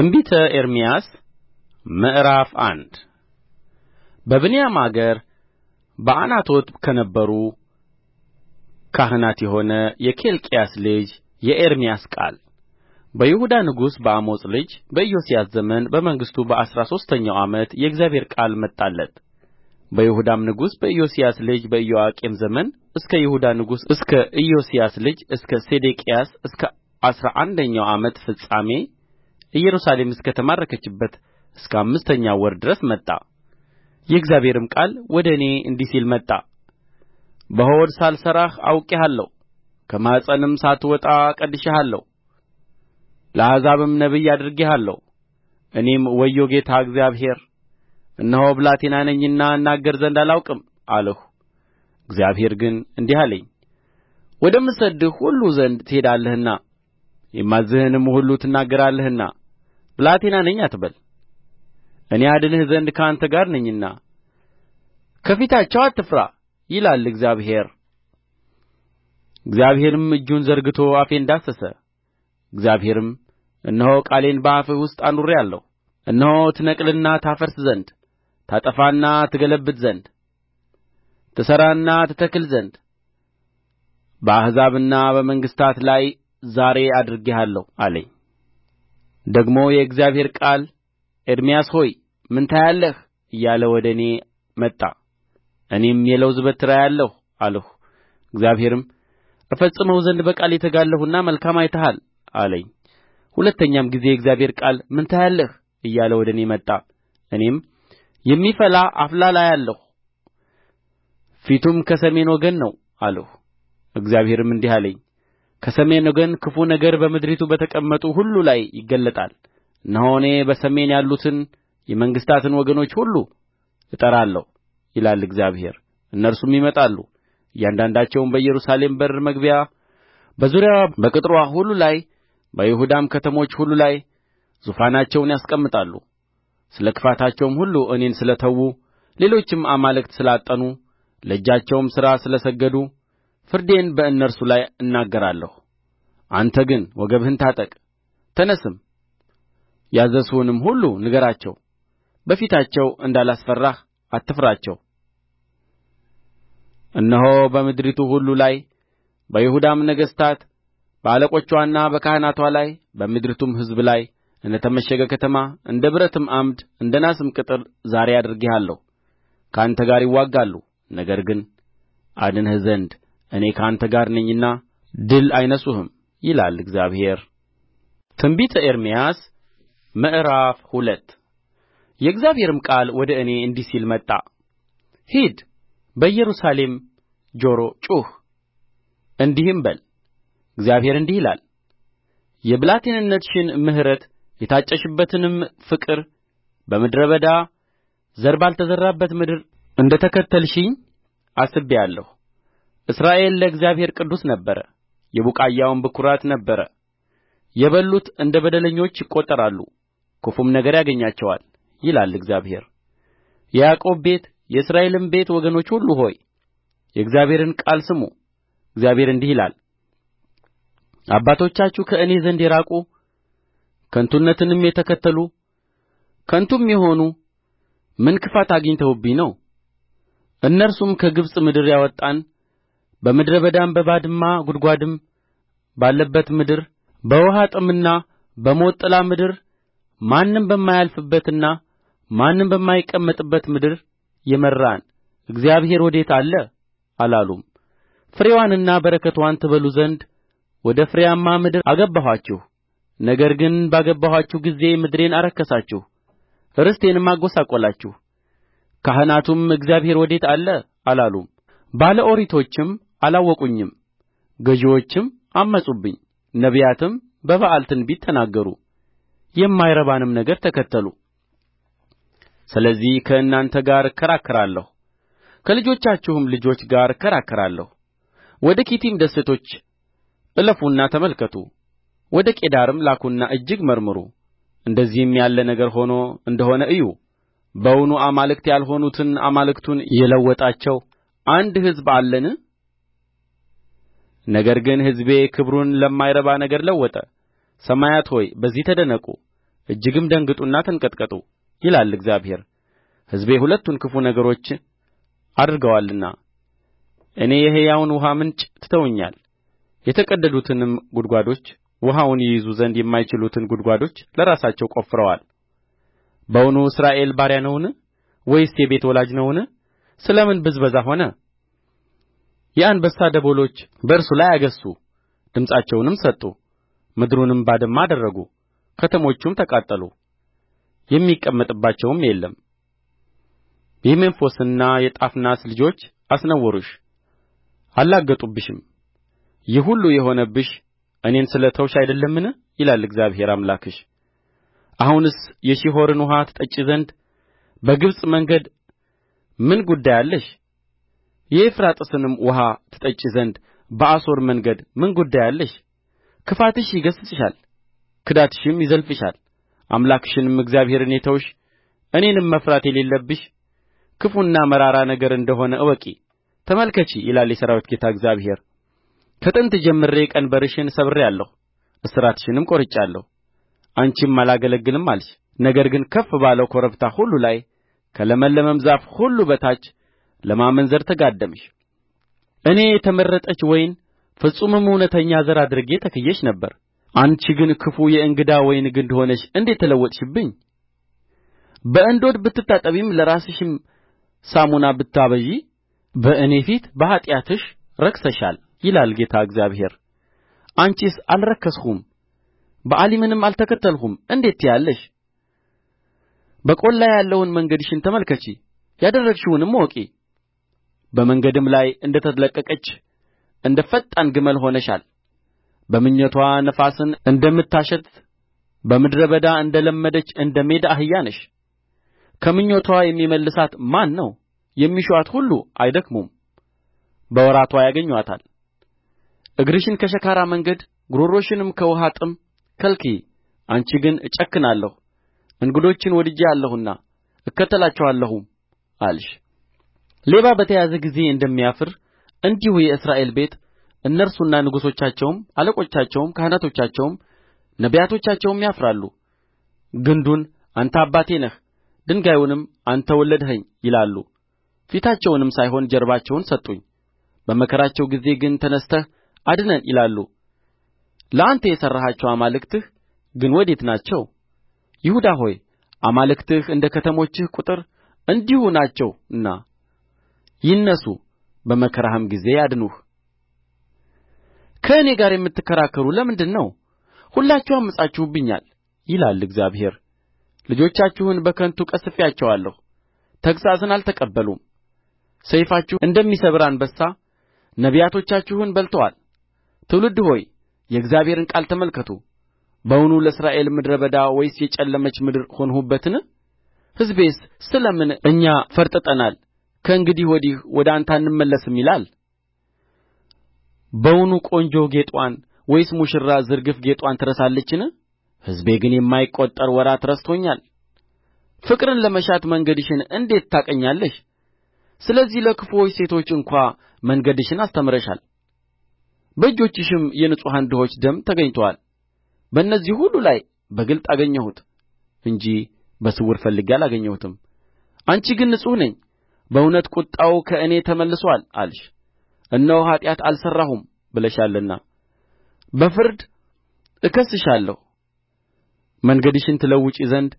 ትንቢተ ኤርምያስ ምዕራፍ አንድ በብንያም አገር በዓናቶት ከነበሩ ካህናት የሆነ የኬልቅያስ ልጅ የኤርምያስ ቃል በይሁዳ ንጉሥ በአሞጽ ልጅ በኢዮስያስ ዘመን በመንግሥቱ በአሥራ ሦስተኛው ዓመት የእግዚአብሔር ቃል መጣለት። በይሁዳም ንጉሥ በኢዮስያስ ልጅ በኢዮአቄም ዘመን እስከ ይሁዳ ንጉሥ እስከ ኢዮስያስ ልጅ እስከ ሴዴቅያስ እስከ አሥራ አንደኛው ዓመት ፍጻሜ ኢየሩሳሌም እስከ ተማረከችበት እስከ አምስተኛው ወር ድረስ መጣ የእግዚአብሔርም ቃል ወደ እኔ እንዲህ ሲል መጣ በሆድ ሳልሠራህ አውቄሃለሁ ከማኅፀንም ሳትወጣ ቀድሼሃለሁ ለአሕዛብም ነቢይ አድርጌሃለሁ እኔም ወዮ ጌታ እግዚአብሔር እነሆ ብላቴና ነኝና እናገር ዘንድ አላውቅም አልሁ እግዚአብሔር ግን እንዲህ አለኝ ወደምሰድድህ ሁሉ ዘንድ ትሄዳለህና የማዝዝህንም ሁሉ ትናገራለህና ብላቴና ነኝ አትበል እኔ አድንህ ዘንድ ከአንተ ጋር ነኝና ከፊታቸው አትፍራ ይላል እግዚአብሔር እግዚአብሔርም እጁን ዘርግቶ አፌን ዳሰሰ እግዚአብሔርም እነሆ ቃሌን በአፍህ ውስጥ አኑሬአለሁ እነሆ ትነቅልና ታፈርስ ዘንድ ታጠፋና ትገለብጥ ዘንድ ትሠራና ትተክል ዘንድ በአሕዛብና በመንግሥታት ላይ ዛሬ አድርጌሃለሁ አለኝ ደግሞ የእግዚአብሔር ቃል ኤርምያስ ሆይ ምን ታያለህ እያለ ወደ እኔ መጣ እኔም የለውዝ በትር አያለሁ አልሁ እግዚአብሔርም እፈጽመው ዘንድ በቃሌ እተጋለሁና መልካም አይተሃል አለኝ ሁለተኛም ጊዜ የእግዚአብሔር ቃል ምን ታያለህ እያለ ወደ እኔ መጣ እኔም የሚፈላ አፍላል አያለሁ ፊቱም ከሰሜን ወገን ነው አልሁ እግዚአብሔርም እንዲህ አለኝ ከሰሜን ወገን ክፉ ነገር በምድሪቱ በተቀመጡ ሁሉ ላይ ይገለጣል እነሆ እኔ በሰሜን ያሉትን የመንግሥታትን ወገኖች ሁሉ እጠራለሁ ይላል እግዚአብሔር እነርሱም ይመጣሉ እያንዳንዳቸውም በኢየሩሳሌም በር መግቢያ በዙሪያዋ በቅጥርዋ ሁሉ ላይ በይሁዳም ከተሞች ሁሉ ላይ ዙፋናቸውን ያስቀምጣሉ ስለ ክፋታቸውም ሁሉ እኔን ስለ ተዉ ሌሎችም አማልክት ስላጠኑ ለእጃቸውም ሥራ ስለ ሰገዱ ፍርዴን በእነርሱ ላይ እናገራለሁ አንተ ግን ወገብህን ታጠቅ ተነሥም ያዘዝሁህንም ሁሉ ንገራቸው በፊታቸው እንዳላስፈራህ አትፍራቸው እነሆ በምድሪቱ ሁሉ ላይ በይሁዳም ነገሥታት በአለቆችዋና በካህናትዋ ላይ በምድሪቱም ሕዝብ ላይ እንደ ተመሸገ ከተማ እንደ ብረትም ዓምድ እንደ ናስም ቅጥር ዛሬ አድርጌሃለሁ ከአንተ ጋር ይዋጋሉ ነገር ግን አድንህ ዘንድ እኔ ከአንተ ጋር ነኝና ድል አይነሡህም ይላል እግዚአብሔር። ትንቢተ ኤርምያስ ምዕራፍ ሁለት የእግዚአብሔርም ቃል ወደ እኔ እንዲህ ሲል መጣ። ሂድ በኢየሩሳሌም ጆሮ ጩኽ፣ እንዲህም በል እግዚአብሔር እንዲህ ይላል የብላቴንነትሽን ምሕረት የታጨሽበትንም ፍቅር በምድረ በዳ ዘር ባልተዘራበት ምድር እንደ ተከተልሽኝ አስቤአለሁ። እስራኤል ለእግዚአብሔር ቅዱስ ነበረ፣ የቡቃያውም ብኩራት ነበረ የበሉት እንደ በደለኞች ይቈጠራሉ ክፉም ነገር ያገኛቸዋል ይላል እግዚአብሔር የያዕቆብ ቤት የእስራኤልም ቤት ወገኖች ሁሉ ሆይ የእግዚአብሔርን ቃል ስሙ እግዚአብሔር እንዲህ ይላል አባቶቻችሁ ከእኔ ዘንድ የራቁ ከንቱነትንም የተከተሉ ከንቱም የሆኑ ምን ክፋት አግኝተውብኝ ነው እነርሱም ከግብጽ ምድር ያወጣን በምድረ በዳም በባድማ ጕድጓድም ባለበት ምድር በውኃ ጥምና በሞት ጥላ ምድር ማንም በማያልፍበትና ማንም በማይቀመጥበት ምድር የመራን እግዚአብሔር ወዴት አለ አላሉም ፍሬዋንና በረከትዋን ትበሉ ዘንድ ወደ ፍሬያማ ምድር አገባኋችሁ ነገር ግን ባገባኋችሁ ጊዜ ምድሬን አረከሳችሁ ርስቴንም አጐሳቈላችሁ ካህናቱም እግዚአብሔር ወዴት አለ አላሉም ባለ ኦሪቶችም አላወቁኝም ገዢዎችም ዐመፁብኝ ነቢያትም በበኣል ትንቢት ተናገሩ የማይረባንም ነገር ተከተሉ ስለዚህ ከእናንተ ጋር እከራከራለሁ ከልጆቻችሁም ልጆች ጋር እከራከራለሁ ወደ ኪቲም ደሴቶች እለፉና ተመልከቱ ወደ ቄዳርም ላኩና እጅግ መርምሩ እንደዚህም ያለ ነገር ሆኖ እንደ ሆነ እዩ በውኑ አማልክት ያልሆኑትን አማልክቱን የለወጣቸው አንድ ሕዝብ አለን ነገር ግን ሕዝቤ ክብሩን ለማይረባ ነገር ለወጠ ሰማያት ሆይ በዚህ ተደነቁ እጅግም ደንግጡና ተንቀጥቀጡ ይላል እግዚአብሔር ሕዝቤ ሁለቱን ክፉ ነገሮች አድርገዋልና እኔ የሕያውን ውኃ ምንጭ ትተውኛል የተቀደዱትንም ጕድጓዶች ውኃውን ይይዙ ዘንድ የማይችሉትን ጕድጓዶች ለራሳቸው ቆፍረዋል በውኑ እስራኤል ባሪያ ነውን ወይስ የቤት ወላጅ ነውን ስለ ምን ብዝበዛ ሆነ የአንበሳ ደቦሎች በእርሱ ላይ አገሡ ድምፃቸውንም ሰጡ ምድሩንም ባድማ አደረጉ ከተሞቹም ተቃጠሉ የሚቀመጥባቸውም የለም የሜምፎስና የጣፍናስ ልጆች አስነወሩሽ አላገጡብሽም ይህ ሁሉ የሆነብሽ እኔን ስለ ተውሽ አይደለምን ይላል እግዚአብሔር አምላክሽ አሁንስ የሺሖርን ውኃ ትጠጪ ዘንድ በግብጽ መንገድ ምን ጉዳይ አለሽ የኤፍራጥስንም ውኃ ትጠጪ ዘንድ በአሦር መንገድ ምን ጉዳይ አለሽ ክፋትሽ ይገሥጽሻል ክዳትሽም ይዘልፍሻል አምላክሽንም እግዚአብሔርን የተውሽ እኔንም መፍራት የሌለብሽ ክፉና መራራ ነገር እንደ ሆነ እወቂ ተመልከቺ ይላል የሠራዊት ጌታ እግዚአብሔር ከጥንት ጀምሬ ቀንበርሽን ሰብሬአለሁ እስራትሽንም ቈርጫለሁ አንቺም አላገለግልም አልሽ ነገር ግን ከፍ ባለው ኮረብታ ሁሉ ላይ ከለመለመም ዛፍ ሁሉ በታች ለማመንዘር ተጋደምሽ እኔ የተመረጠች ወይን ፍጹምም እውነተኛ ዘር አድርጌ ተክዬሽ ነበር አንቺ ግን ክፉ የእንግዳ ወይን ግንድ ሆነሽ እንዴት ተለወጥሽብኝ በእንዶድ ብትታጠቢም ለራስሽም ሳሙና ብታበዢ በእኔ ፊት በኃጢአትሽ ረክሰሻል ይላል ጌታ እግዚአብሔር አንቺስ አልረከስሁም በአሊምንም አልተከተልሁም እንዴት ትያለሽ በቈላ ያለውን መንገድሽን ተመልከቺ ያደረግሽውንም እወቂ በመንገድም ላይ እንደ ተለቀቀች እንደ ፈጣን ግመል ሆነሻል በምኞትዋ ነፋስን እንደምታሸት በምድረ በዳ እንደ ለመደች እንደ ሜዳ አህያ ነሽ ከምኞትዋ የሚመልሳት ማን ነው የሚሹአት ሁሉ አይደክሙም በወራትዋ ያገኙአታል እግርሽን ከሸካራ መንገድ ጉሮሮሽንም ከውኃ ጥም ከልኪ አንቺ ግን እጨክናለሁ እንግዶችን ወድጄአለሁና እከተላቸዋለሁም አልሽ ሌባ በተያዘ ጊዜ እንደሚያፍር እንዲሁ የእስራኤል ቤት እነርሱና ንጉሶቻቸውም አለቆቻቸውም ካህናቶቻቸውም ነቢያቶቻቸውም ያፍራሉ ግንዱን አንተ አባቴ ነህ ድንጋዩንም አንተ ወለድኸኝ ይላሉ ፊታቸውንም ሳይሆን ጀርባቸውን ሰጡኝ በመከራቸው ጊዜ ግን ተነሥተህ አድነን ይላሉ ለአንተ የሠራሃቸው አማልክትህ ግን ወዴት ናቸው ይሁዳ ሆይ አማልክትህ እንደ ከተሞችህ ቍጥር እንዲሁ ናቸውና ይነሡ በመከራህም ጊዜ ያድኑህ ከእኔ ጋር የምትከራከሩ ለምንድር ነው ሁላችሁ ዐምፃችሁብኛል ይላል እግዚአብሔር ልጆቻችሁን በከንቱ ቀሥፌአቸዋለሁ ተግሣጽን አልተቀበሉም ሰይፋችሁ እንደሚሰብር አንበሳ ነቢያቶቻችሁን በልቶአል ትውልድ ሆይ የእግዚአብሔርን ቃል ተመልከቱ በውኑ ለእስራኤል ምድረ በዳ ወይስ የጨለመች ምድር ሆንሁባትን ሕዝቤስ ስለ ምን እኛ ፈርጥጠናል ከእንግዲህ ወዲህ ወደ አንተ አንመለስም ይላል በውኑ ቆንጆ ጌጥዋን ወይስ ሙሽራ ዝርግፍ ጌጥዋን ትረሳለችን ሕዝቤ ግን የማይቈጠር ወራት ረስቶኛል ፍቅርን ለመሻት መንገድሽን እንዴት ታቀኛለሽ ስለዚህ ለክፉዎች ሴቶች እንኳ መንገድሽን አስተምረሻል በእጆችሽም የንጹሐን ድሆች ደም ተገኝቶአል በእነዚህ ሁሉ ላይ በግልጥ አገኘሁት እንጂ በስውር ፈልጌ አላገኘሁትም አንቺ ግን ንጹሕ ነኝ በእውነት ቍጣው ከእኔ ተመልሶአል አልሽ እነሆ ኃጢአት አልሠራሁም ብለሻልና በፍርድ እከስስሻለሁ መንገድሽን ትለውጪ ዘንድ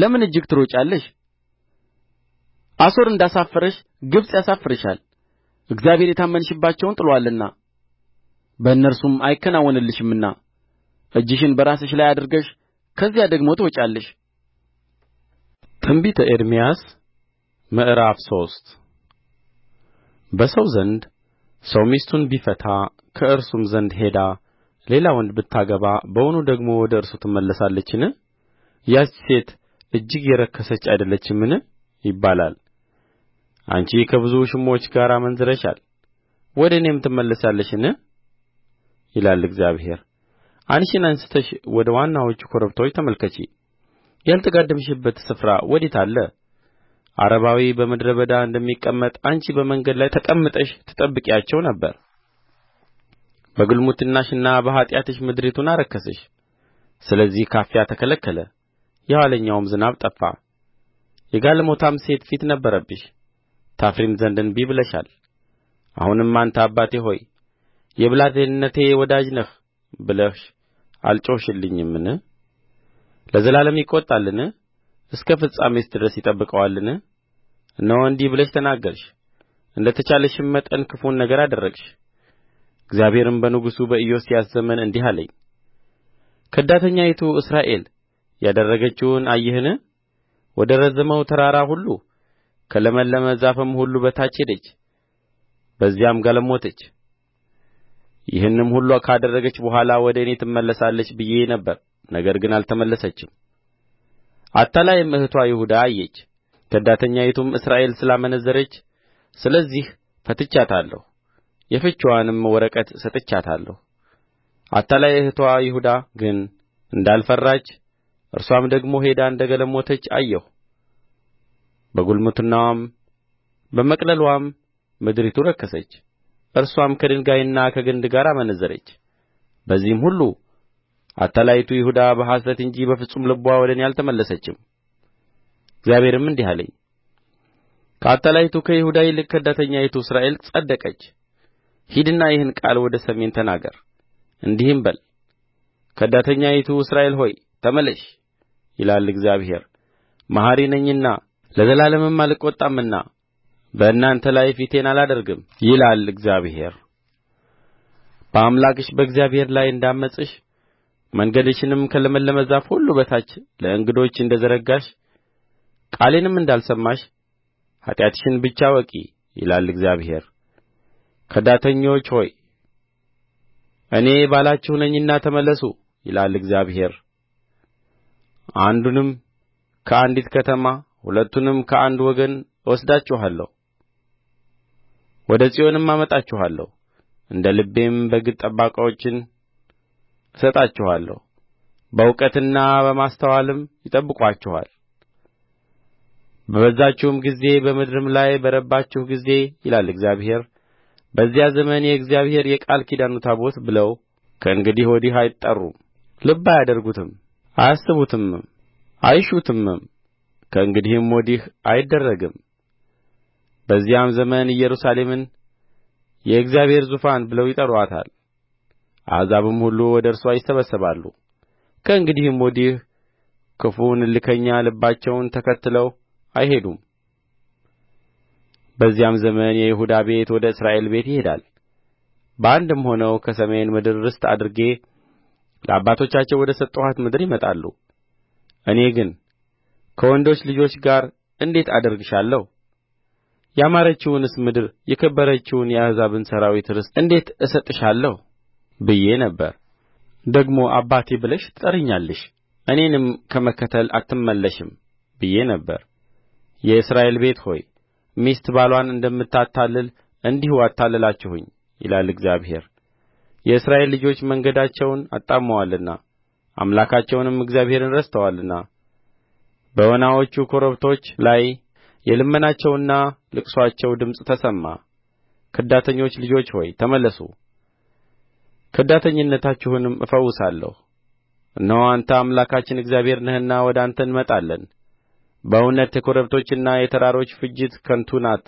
ለምን እጅግ ትሮጫለሽ አሦር እንዳሳፈረሽ ግብጽ ያሳፍርሻል እግዚአብሔር የታመንሽባቸውን ጥሎአልና በእነርሱም አይከናወንልሽምና እጅሽን በራስሽ ላይ አድርገሽ ከዚያ ደግሞ ትወጫለሽ ትንቢተ ኤርምያስ ምዕራፍ ሶስት በሰው ዘንድ ሰው ሚስቱን ቢፈታ ከእርሱም ዘንድ ሄዳ ሌላ ወንድ ብታገባ በውኑ ደግሞ ወደ እርሱ ትመለሳለችን ያች ሴት እጅግ የረከሰች አይደለችምን ይባላል አንቺ ከብዙ ውሽሞች ጋር አመንዝረሻል ወደ እኔም ትመለሻለሽን ይላል እግዚአብሔር ዓይንሽን አንሥተሽ ወደ ዋናዎቹ ኮረብቶች ተመልከቺ ያልተጋደምሽበት ስፍራ ወዴት አለ ዓረባዊ በምድረ በዳ እንደሚቀመጥ አንቺ በመንገድ ላይ ተቀምጠሽ ትጠብቂያቸው ነበር በግልሙትናሽና በኃጢአትሽ ምድሪቱን አረከስሽ ስለዚህ ካፊያ ተከለከለ የኋለኛውም ዝናብ ጠፋ የጋለሞታም ሴት ፊት ነበረብሽ ታፍሪም ዘንድ እንቢ ብለሻል አሁንም አንተ አባቴ ሆይ የብላቴንነቴ ወዳጅ ነህ ብለሽ አልጮኽሽልኝምን ለዘላለም ይቈጣልን እስከ ፍጻሜስ ድረስ ይጠብቀዋልን እነሆ እንዲህ ብለሽ ተናገርሽ እንደ ተቻለሽም መጠን ክፉን ነገር አደረግሽ እግዚአብሔርም በንጉሡ በኢዮስያስ ዘመን እንዲህ አለኝ ከዳተኛይቱ እስራኤል ያደረገችውን አየህን ወደ ረዘመው ተራራ ሁሉ ከለመለመ ዛፍም ሁሉ በታች ሄደች በዚያም ጋለሞተች ይህንም ሁሉ ካደረገች በኋላ ወደ እኔ ትመለሳለች ብዬ ነበር ነገር ግን አልተመለሰችም አታላይም እኅትዋ ይሁዳ አየች ከዳተኛይቱም እስራኤል ስላመነዘረች ስለዚህ ፈትቻታለሁ የፍችዋንም ወረቀት ሰጥቻታለሁ አታላይ እኅትዋ ይሁዳ ግን እንዳልፈራች እርስዋም ደግሞ ሄዳ እንደ ጋለሞተች አየሁ በግልሙትናዋም በመቅለልዋም ምድሪቱ ረከሰች እርስዋም ከድንጋይና ከግንድ ጋር አመነዘረች በዚህም ሁሉ አታላይቱ ይሁዳ በሐሰት እንጂ በፍጹም ልብዋ ወደ እኔ አልተመለሰችም እግዚአብሔርም እንዲህ አለኝ ከአታላይቱ ከይሁዳ ይልቅ ከዳተኛይቱ እስራኤል ጸደቀች ሂድና ይህን ቃል ወደ ሰሜን ተናገር እንዲህም በል ከዳተኛይቱ እስራኤል ሆይ ተመለሽ ይላል እግዚአብሔር መሐሪ ነኝና ለዘላለምም አልቈጣምና በእናንተ ላይ ፊቴን አላደርግም ይላል እግዚአብሔር በአምላክሽ በእግዚአብሔር ላይ እንዳመፅሽ መንገድሽንም ከለመለመ ዛፍ ሁሉ በታች ለእንግዶች እንደ ዘረጋሽ ቃሌንም እንዳልሰማሽ ኃጢአትሽን ብቻ እወቂ ይላል እግዚአብሔር ከዳተኞች ሆይ እኔ ባላችሁ ነኝና ተመለሱ ይላል እግዚአብሔር አንዱንም ከአንዲት ከተማ ሁለቱንም ከአንድ ወገን እወስዳችኋለሁ ወደ ጽዮንም አመጣችኋለሁ እንደ ልቤም በግ ጠባቆችን እሰጣችኋለሁ በእውቀትና በማስተዋልም ይጠብቁአችኋል በበዛችሁም ጊዜ በምድርም ላይ በረባችሁ ጊዜ ይላል እግዚአብሔር በዚያ ዘመን የእግዚአብሔር የቃል ኪዳኑ ታቦት ብለው ከእንግዲህ ወዲህ አይጠሩም ልብ አያደርጉትም አያስቡትምም አይሹትምም ከእንግዲህም ወዲህ አይደረግም በዚያም ዘመን ኢየሩሳሌምን የእግዚአብሔር ዙፋን ብለው ይጠሩአታል አሕዛብም ሁሉ ወደ እርስዋ ይሰበሰባሉ ከእንግዲህም ወዲህ ክፉውን እልከኛ ልባቸውን ተከትለው አይሄዱም በዚያም ዘመን የይሁዳ ቤት ወደ እስራኤል ቤት ይሄዳል በአንድም ሆነው ከሰሜን ምድር ርስት አድርጌ ለአባቶቻቸው ወደ ሰጠኋት ምድር ይመጣሉ እኔ ግን ከወንዶች ልጆች ጋር እንዴት አደርግሻለሁ ያማረችውንስ ምድር የከበረችውን የአሕዛብን ሠራዊት ርስት እንዴት እሰጥሻለሁ ብዬ ነበር ደግሞ አባቴ ብለሽ ትጠሪኛለሽ እኔንም ከመከተል አትመለሽም ብዬ ነበር የእስራኤል ቤት ሆይ ሚስት ባልዋን እንደምታታልል እንዲሁ አታለላችሁኝ ይላል እግዚአብሔር የእስራኤል ልጆች መንገዳቸውን አጣምመዋልና አምላካቸውንም እግዚአብሔርን ረስተዋልና በወናዎቹ ኮረብቶች ላይ የልመናቸውና ልቅሶአቸው ድምፅ ተሰማ ከዳተኞች ልጆች ሆይ ተመለሱ ከዳተኝነታችሁንም እፈውሳለሁ እነሆ አንተ አምላካችን እግዚአብሔር ነህና ወደ አንተ እንመጣለን በእውነት የኮረብቶችና የተራሮች ፍጅት ከንቱ ናት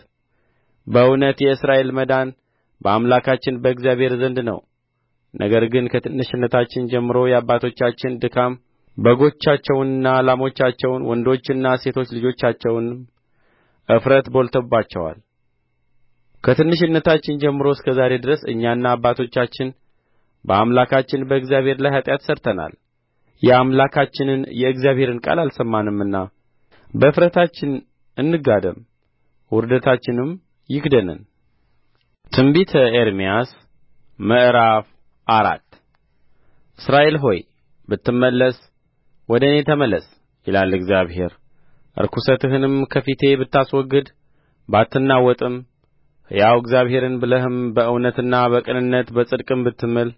በእውነት የእስራኤል መዳን በአምላካችን በእግዚአብሔር ዘንድ ነው ነገር ግን ከትንሽነታችን ጀምሮ የአባቶቻችን ድካም በጎቻቸውንና ላሞቻቸውን ወንዶችና ሴቶች ልጆቻቸውንም እፍረት በልቶባቸዋል ከትንሽነታችን ጀምሮ እስከ ዛሬ ድረስ እኛና አባቶቻችን በአምላካችን በእግዚአብሔር ላይ ኃጢአት ሠርተናል የአምላካችንን የእግዚአብሔርን ቃል አልሰማንምና በእፍረታችን እንጋደም ውርደታችንም ይክደነን ትንቢተ ኤርምያስ ምዕራፍ አራት እስራኤል ሆይ ብትመለስ ወደ እኔ ተመለስ ይላል እግዚአብሔር ርኵሰትህንም ከፊቴ ብታስወግድ ባትናወጥም ሕያው እግዚአብሔርን ብለህም በእውነትና በቅንነት በጽድቅም ብትምል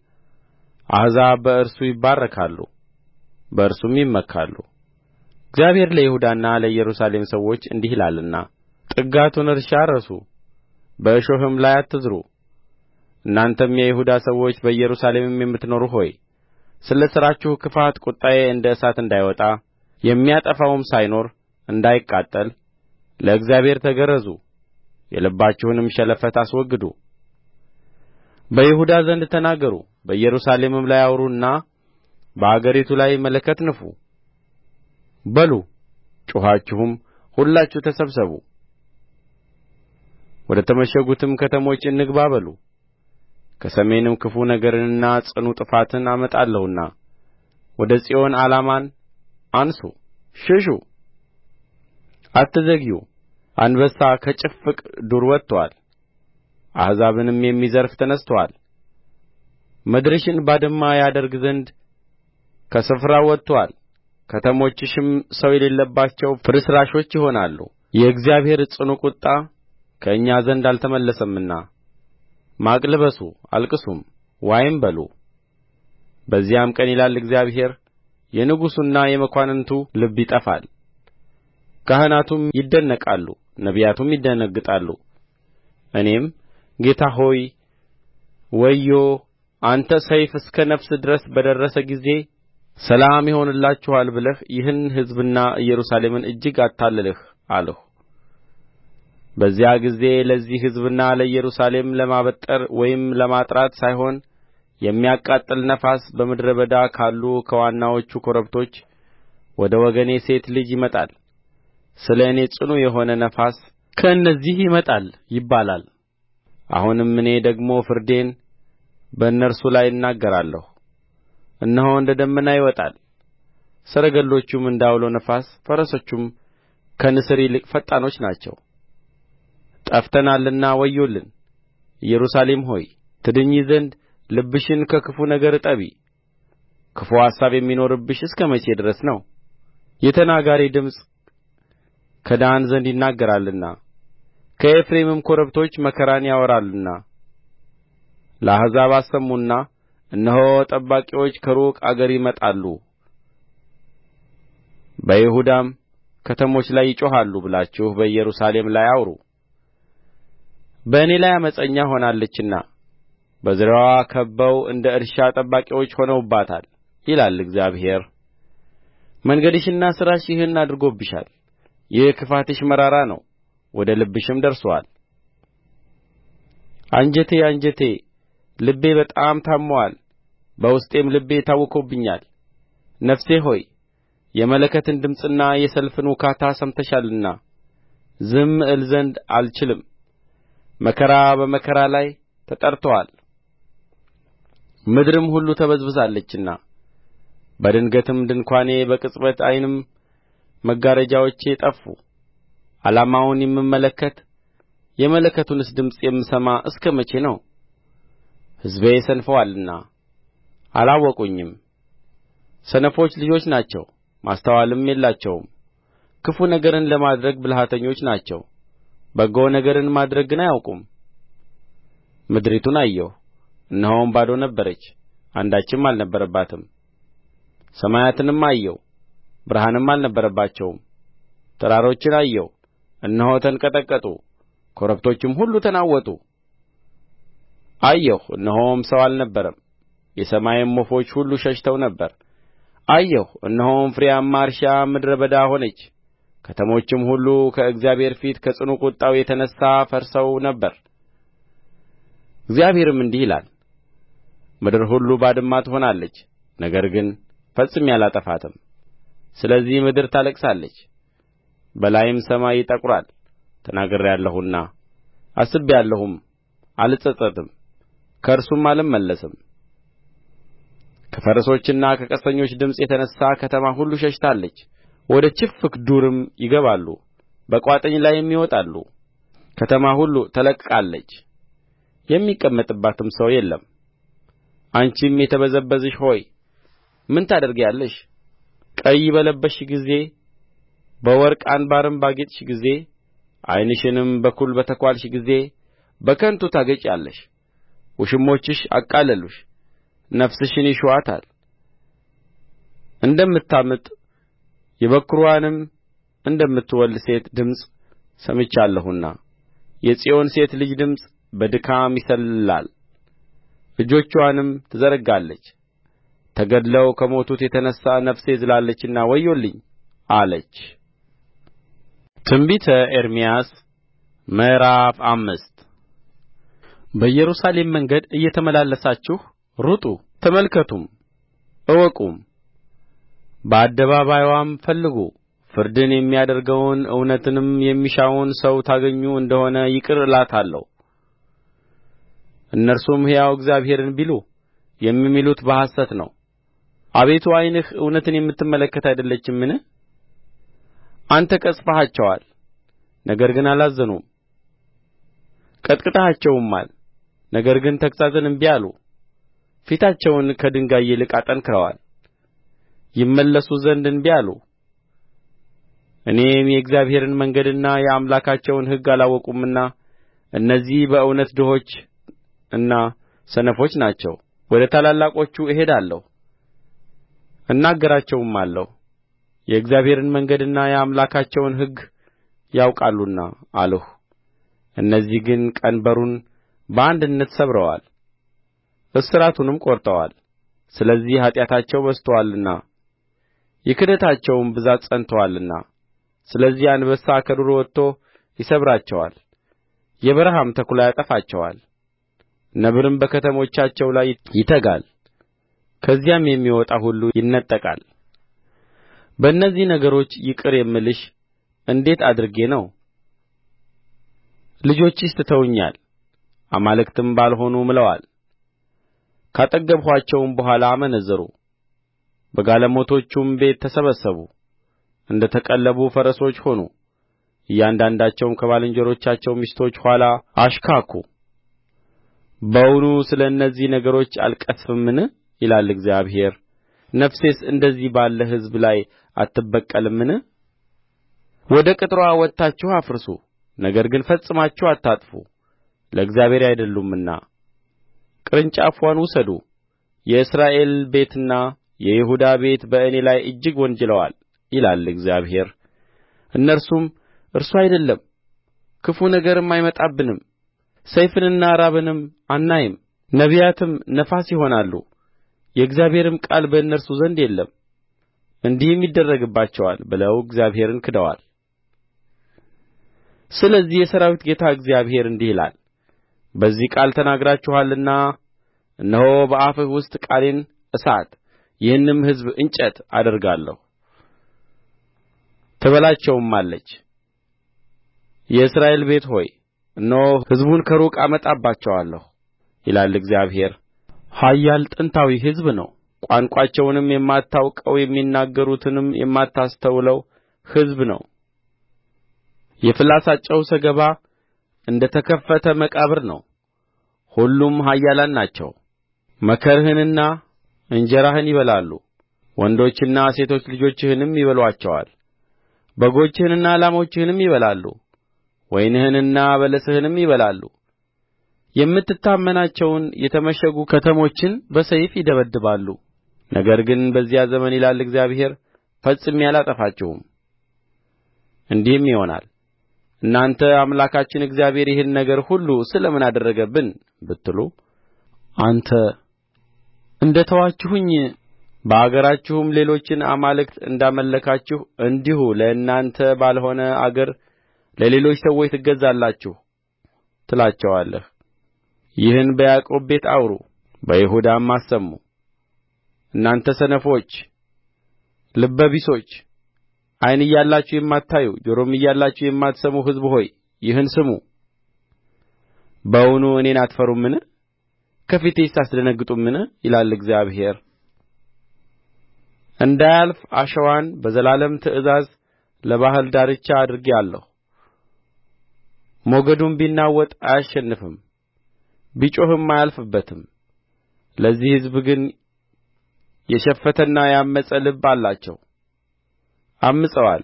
አሕዛብ በእርሱ ይባረካሉ በእርሱም ይመካሉ እግዚአብሔር ለይሁዳና ለኢየሩሳሌም ሰዎች እንዲህ ይላልና ጥጋቱን እርሻ እረሱ በእሾህም ላይ አትዝሩ እናንተም የይሁዳ ሰዎች በኢየሩሳሌምም የምትኖሩ ሆይ ስለ ሥራችሁ ክፋት ቍጣዬ እንደ እሳት እንዳይወጣ የሚያጠፋውም ሳይኖር እንዳይቃጠል ለእግዚአብሔር ተገረዙ የልባችሁንም ሸለፈት አስወግዱ በይሁዳ ዘንድ ተናገሩ በኢየሩሳሌምም ላይ አውሩና በአገሪቱ ላይ መለከት ንፉ በሉ ጮኻችሁም ሁላችሁ ተሰብሰቡ ወደ ተመሸጉትም ከተሞች እንግባ በሉ ከሰሜንም ክፉ ነገርንና ጽኑ ጥፋትን አመጣለሁና ወደ ጽዮን ዓላማን አንሡ ሽሹ አትዘግዩ አንበሳ ከጭፍቅ ዱር ወጥቶአል አሕዛብንም የሚዘርፍ ተነሥቶአል ምድርሽን ባድማ ያደርግ ዘንድ ከስፍራው ወጥቶአል ከተሞችሽም ሰው የሌለባቸው ፍርስራሾች ይሆናሉ የእግዚአብሔር ጽኑ ቍጣ ከእኛ ዘንድ አልተመለሰምና ማቅ ልበሱ አልቅሱም ዋይም በሉ በዚያም ቀን ይላል እግዚአብሔር የንጉሡና የመኳንንቱ ልብ ይጠፋል ካህናቱም ይደነቃሉ ነቢያቱም ይደነግጣሉ እኔም ጌታ ሆይ ወዮ አንተ ሰይፍ እስከ ነፍስ ድረስ በደረሰ ጊዜ ሰላም ይሆንላችኋል ብለህ ይህን ሕዝብና ኢየሩሳሌምን እጅግ አታለልህ አልሁ በዚያ ጊዜ ለዚህ ሕዝብና ለኢየሩሳሌም ለማበጠር ወይም ለማጥራት ሳይሆን የሚያቃጥል ነፋስ በምድረ በዳ ካሉ ከዋናዎቹ ኮረብቶች ወደ ወገኔ ሴት ልጅ ይመጣል ስለ እኔ ጽኑ የሆነ ነፋስ ከእነዚህ ይመጣል ይባላል አሁንም እኔ ደግሞ ፍርዴን በእነርሱ ላይ እናገራለሁ እነሆ እንደ ደመና ይወጣል ሰረገሎቹም እንደ ዐውሎ ነፋስ ፈረሶቹም ከንስር ይልቅ ፈጣኖች ናቸው ጠፍተናልና ወዮልን ኢየሩሳሌም ሆይ ትድኚ ዘንድ ልብሽን ከክፉ ነገር እጠቢ ክፉ አሳብ የሚኖርብሽ እስከ መቼ ድረስ ነው የተናጋሪ ድምፅ ከዳን ዘንድ ይናገራልና ከኤፍሬምም ኮረብቶች መከራን ያወራልና ለአሕዛብ አሰሙና እነሆ ጠባቂዎች ከሩቅ አገር ይመጣሉ በይሁዳም ከተሞች ላይ ይጮኻሉ ብላችሁ በኢየሩሳሌም ላይ አውሩ በእኔ ላይ ዓመፀኛ ሆናለችና በዙሪያዋ ከብበው እንደ እርሻ ጠባቂዎች ሆነውባታል ይላል እግዚአብሔር መንገድሽና ሥራሽ ይህን አድርጎብሻል ይህ ክፋትሽ መራራ ነው ወደ ልብሽም ደርሶአል አንጀቴ አንጀቴ ልቤ በጣም ታምሞአል በውስጤም ልቤ ታውኮብኛል ነፍሴ ሆይ የመለከትን ድምፅና የሰልፍን ውካታ ሰምተሻልና ዝም እል ዘንድ አልችልም መከራ በመከራ ላይ ተጠርቶአል ምድርም ሁሉ ተበዝብዛለችና በድንገትም ድንኳኔ በቅጽበት ዓይንም መጋረጃዎቼ ጠፉ ዓላማውን የምመለከት የመለከቱንስ ድምፅ የምሰማ እስከ መቼ ነው ሕዝቤ ሰንፈዋልና አላወቁኝም ሰነፎች ልጆች ናቸው ማስተዋልም የላቸውም ክፉ ነገርን ለማድረግ ብልሃተኞች ናቸው በጎ ነገርን ማድረግ ግን አያውቁም ምድሪቱን አየሁ እነሆም ባዶ ነበረች አንዳችም አልነበረባትም ሰማያትንም አየሁ ብርሃንም አልነበረባቸውም ተራሮችን አየሁ እነሆ ተንቀጠቀጡ ኮረብቶችም ሁሉ ተናወጡ አየሁ እነሆም ሰው አልነበረም የሰማይም ወፎች ሁሉ ሸሽተው ነበር አየሁ እነሆም ፍሬያማ እርሻ ምድረ በዳ ሆነች ከተሞችም ሁሉ ከእግዚአብሔር ፊት ከጽኑ ቍጣው የተነሣ ፈርሰው ነበር እግዚአብሔርም እንዲህ ይላል ምድር ሁሉ ባድማ ትሆናለች ነገር ግን ፈጽሜ አላጠፋትም ስለዚህ ምድር ታለቅሳለች በላይም ሰማይ ይጠቁራል ተናግሬአለሁና አስቤአለሁም አልጸጸትም ከእርሱም አልመለስም ከፈረሶችና ከቀስተኞች ድምፅ የተነሣ ከተማ ሁሉ ሸሽታለች ወደ ችፍግ ዱርም ይገባሉ በቋጥኝ ላይም ይወጣሉ ከተማ ሁሉ ተለቅቃለች የሚቀመጥባትም ሰው የለም አንቺም የተበዘበዝሽ ሆይ ምን ታደርጊአለሽ ቀይ በለበስሽ ጊዜ በወርቅ አንባርም ባጌጥሽ ጊዜ ዓይንሽንም በኩል በተኳልሽ ጊዜ በከንቱ ታጌጫለሽ ውሽሞችሽ አቃለሉሽ ነፍስሽን ይሹአታል እንደምታምጥ የበኵርዋንም እንደምትወልድ ሴት ድምፅ ሰምቻለሁና የጽዮን ሴት ልጅ ድምፅ በድካም ይሰልላል እጆችዋንም ትዘረጋለች ተገድለው ከሞቱት የተነሣ ነፍሴ ዝላለችና ወዮልኝ አለች ትንቢተ ኤርምያስ ምዕራፍ አምስት በኢየሩሳሌም መንገድ እየተመላለሳችሁ ሩጡ ተመልከቱም እወቁም በአደባባይዋም ፈልጉ ፍርድን የሚያደርገውን እውነትንም የሚሻውን ሰው ታገኙ እንደ ሆነ ይቅር እላታለሁ እነርሱም ሕያው እግዚአብሔርን ቢሉ የሚምሉት በሐሰት ነው አቤቱ ዓይንህ እውነትን የምትመለከት አይደለችምን አንተ ቀሥፈሃቸዋል ነገር ግን አላዘኑም ቀጥቅጠሃቸውማል ነገር ግን ተግሣጽን እንቢ አሉ ፊታቸውን ከድንጋይ ይልቅ አጠንክረዋል ይመለሱ ዘንድ እንቢ አሉ እኔም የእግዚአብሔርን መንገድና የአምላካቸውን ሕግ አላወቁምና እነዚህ በእውነት ድሆችና ሰነፎች ናቸው ወደ ታላላቆቹ እሄዳለሁ እናገራቸውማለሁ የእግዚአብሔርን መንገድና የአምላካቸውን ሕግ ያውቃሉና አልሁ እነዚህ ግን ቀንበሩን በአንድነት ሰብረዋል እስራቱንም ቈርጠዋል ስለዚህ ኃጢአታቸው በዝቶአልና የክዳታቸውም ብዛት ጸንቶአልና ስለዚህ አንበሳ ከዱር ወጥቶ ይሰብራቸዋል የበረሀም ተኵላ ያጠፋቸዋል ነብርም በከተሞቻቸው ላይ ይተጋል ከዚያም የሚወጣ ሁሉ ይነጠቃል በእነዚህ ነገሮች ይቅር የምልሽ እንዴት አድርጌ ነው ልጆችሽ ትተውኛል አማልክትም ባልሆኑ ምለዋል ካጠገብኋቸውም በኋላ አመነዘሩ በጋለሞቶቹም ቤት ተሰበሰቡ እንደ ተቀለቡ ፈረሶች ሆኑ እያንዳንዳቸውም ከባልንጀሮቻቸው ሚስቶች ኋላ አሽካኩ በውኑ ስለ እነዚህ ነገሮች አልቀሥፍምን ይላል እግዚአብሔር ነፍሴስ እንደዚህ ባለ ሕዝብ ላይ አትበቀልምን ወደ ቅጥርዋ ወጥታችሁ አፍርሱ ነገር ግን ፈጽማችሁ አታጥፉ ለእግዚአብሔር አይደሉምና ቅርንጫፍዋን ውሰዱ የእስራኤል ቤትና የይሁዳ ቤት በእኔ ላይ እጅግ ወንጅለዋል ይላል እግዚአብሔር እነርሱም እርሱ አይደለም ክፉ ነገርም አይመጣብንም ሰይፍንና ራብንም አናይም ነቢያትም ነፋስ ይሆናሉ የእግዚአብሔርም ቃል በእነርሱ ዘንድ የለም እንዲህም ይደረግባቸዋል ብለው እግዚአብሔርን ክደዋል ስለዚህ የሠራዊት ጌታ እግዚአብሔር እንዲህ ይላል በዚህ ቃል ተናግራችኋልና እነሆ በአፍህ ውስጥ ቃሌን እሳት ይህንም ሕዝብ እንጨት አደርጋለሁ ትበላቸውማለች የእስራኤል ቤት ሆይ እነሆ ሕዝቡን ከሩቅ አመጣባቸዋለሁ ይላል እግዚአብሔር ኃያል ጥንታዊ ሕዝብ ነው ቋንቋቸውንም የማታውቀው የሚናገሩትንም የማታስተውለው ሕዝብ ነው የፍላጻቸው ሰገባ እንደ ተከፈተ መቃብር ነው ሁሉም ኃያላን ናቸው መከርህንና እንጀራህን ይበላሉ ወንዶችና ሴቶች ልጆችህንም ይበሉአቸዋል በጎችህንና ላሞችህንም ይበላሉ ወይንህንና በለስህንም ይበላሉ የምትታመናቸውን የተመሸጉ ከተሞችን በሰይፍ ይደበድባሉ ነገር ግን በዚያ ዘመን ይላል እግዚአብሔር ፈጽሜ አላጠፋችሁም እንዲህም ይሆናል እናንተ አምላካችን እግዚአብሔር ይህን ነገር ሁሉ ስለ ምን አደረገብን ብትሉ አንተ እንደ ተዋችሁኝ በአገራችሁም ሌሎችን አማልክት እንዳመለካችሁ እንዲሁ ለእናንተ ባልሆነ አገር ለሌሎች ሰዎች ትገዛላችሁ ትላቸዋለህ ይህን በያዕቆብ ቤት አውሩ በይሁዳም አሰሙ እናንተ ሰነፎች ልበ ቢሶች ዓይን እያላችሁ የማታዩ ጆሮም እያላችሁ የማትሰሙ ሕዝብ ሆይ ይህን ስሙ በውኑ እኔን አትፈሩምን ከፊቴስ አትደነግጡምን ይላል እግዚአብሔር እንዳያልፍ አሸዋን በዘላለም ትእዛዝ ለባሕር ዳርቻ አድርጌአለሁ ሞገዱም ቢናወጥ አያሸንፍም ቢጮኽም አያልፍበትም ለዚህ ሕዝብ ግን የሸፈተና ያመፀ ልብ አላቸው ዐምፀዋል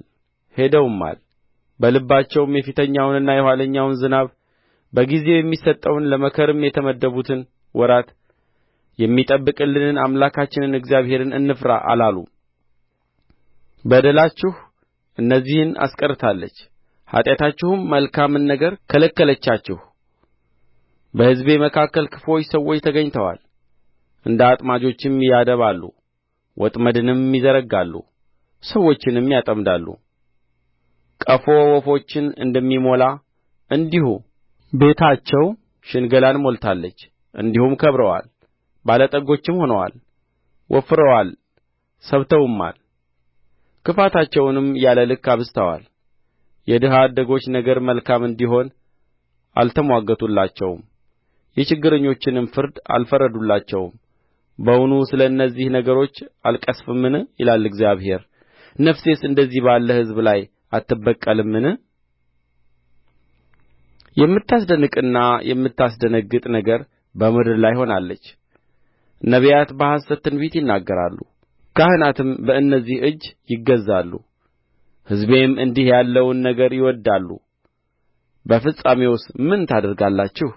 ሄደውማል በልባቸውም የፊተኛውንና የኋለኛውን ዝናብ በጊዜው የሚሰጠውን ለመከርም የተመደቡትን ወራት የሚጠብቅልንን አምላካችንን እግዚአብሔርን እንፍራ አላሉም በደላችሁ እነዚህን አስቀርታለች ኃጢአታችሁም መልካምን ነገር ከለከለቻችሁ በሕዝቤ መካከል ክፉዎች ሰዎች ተገኝተዋል እንደ አጥማጆችም ያደባሉ ወጥመድንም ይዘረጋሉ ሰዎችንም ያጠምዳሉ ቀፎ ወፎችን እንደሚሞላ እንዲሁ ቤታቸው ሽንገላን ሞልታለች እንዲሁም ከብረዋል ባለጠጎችም ሆነዋል ወፍረዋል ሰብተውማል ክፋታቸውንም ያለ ልክ አብዝተዋል የድሀ አደጎች ነገር መልካም እንዲሆን አልተምዋገቱላቸውም የችግረኞችንም ፍርድ አልፈረዱላቸውም በውኑ ስለ እነዚህ ነገሮች አልቀሥፍምን ይላል እግዚአብሔር ነፍሴስ እንደዚህ ባለ ሕዝብ ላይ አትበቀልምን የምታስደንቅና የምታስደነግጥ ነገር በምድር ላይ ሆናለች ነቢያት በሐሰት ትንቢት ይናገራሉ ካህናትም በእነዚህ እጅ ይገዛሉ ሕዝቤም እንዲህ ያለውን ነገር ይወድዳሉ በፍጻሜውስ ምን ታደርጋላችሁ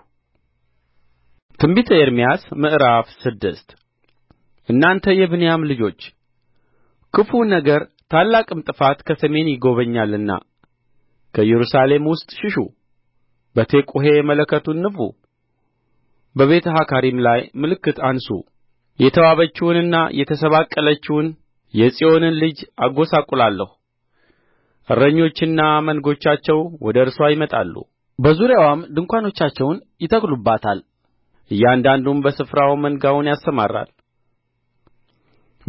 ትንቢተ ኤርምያስ ምዕራፍ ስድስት እናንተ የብንያም ልጆች ክፉ ነገር ታላቅም ጥፋት ከሰሜን ይጐበኛልና ከኢየሩሳሌም ውስጥ ሽሹ በቴቁሔ መለከቱን ንፉ በቤተ ሐካሪም ላይ ምልክት አንሡ የተዋበችውንና የተሰባቀለችውን የጽዮንን ልጅ አጐሳቍላለሁ እረኞችና መንጎቻቸው ወደ እርስዋ ይመጣሉ በዙሪያዋም ድንኳኖቻቸውን ይተክሉባታል እያንዳንዱም በስፍራው መንጋውን ያሰማራል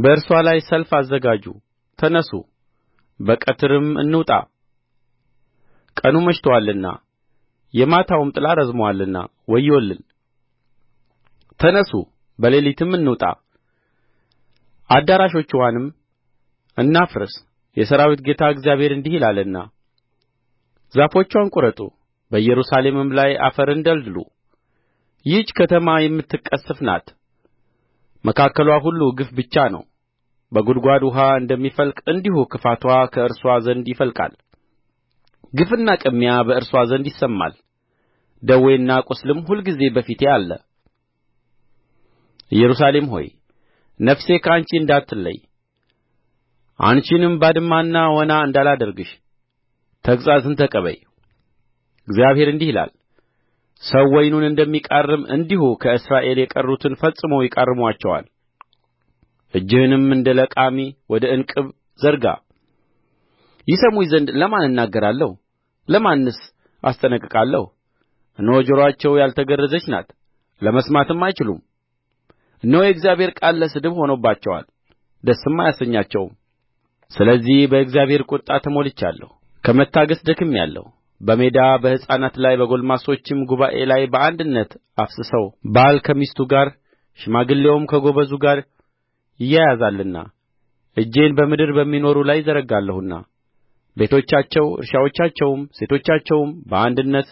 በእርስዋ ላይ ሰልፍ አዘጋጁ ተነሡ በቀትርም እንውጣ ቀኑ መሽቶአልና የማታውም ጥላ ረዝሞአልና ወዮልን ተነሡ በሌሊትም እንውጣ አዳራሾችዋንም እናፍርስ የሠራዊት ጌታ እግዚአብሔር እንዲህ ይላልና ዛፎችዋን ቍረጡ በኢየሩሳሌምም ላይ አፈርን ደልድሉ ይህች ከተማ የምትቀሠፍ ናት መካከልዋ ሁሉ ግፍ ብቻ ነው በጕድጓድ ውኃ እንደሚፈልቅ እንዲሁ ክፋትዋ ከእርስዋ ዘንድ ይፈልቃል ግፍና ቅሚያ በእርስዋ ዘንድ ይሰማል ደዌና ቍስልም ሁልጊዜ በፊቴ አለ ኢየሩሳሌም ሆይ ነፍሴ ከአንቺ እንዳትለይ አንቺንም ባድማና ወና እንዳላደርግሽ ተግሣጽን ተቀበይ እግዚአብሔር እንዲህ ይላል ሰው ወይኑን እንደሚቃርም እንዲሁ ከእስራኤል የቀሩትን ፈጽሞ ይቃርሙአቸዋል እጅህንም እንደ ለቃሚ ወደ እንቅብ ዘርጋ ይሰሙኝ ዘንድ ለማን እናገራለሁ ለማንስ አስጠነቅቃለሁ እነሆ ጆሮአቸው ያልተገረዘች ናት ለመስማትም አይችሉም እነሆ የእግዚአብሔር ቃል ለስድብ ሆኖባቸዋል ደስም አያሰኛቸውም ስለዚህ በእግዚአብሔር ቍጣ ተሞልቻለሁ ከመታገሥ ደክሜአለሁ በሜዳ በሕፃናት ላይ በጕልማሶችም ጉባኤ ላይ በአንድነት አፍስሰው ባል ከሚስቱ ጋር ሽማግሌውም ከጎበዙ ጋር ይያያዛልና እጄን በምድር በሚኖሩ ላይ እዘረጋለሁና ቤቶቻቸው እርሻዎቻቸውም ሴቶቻቸውም በአንድነት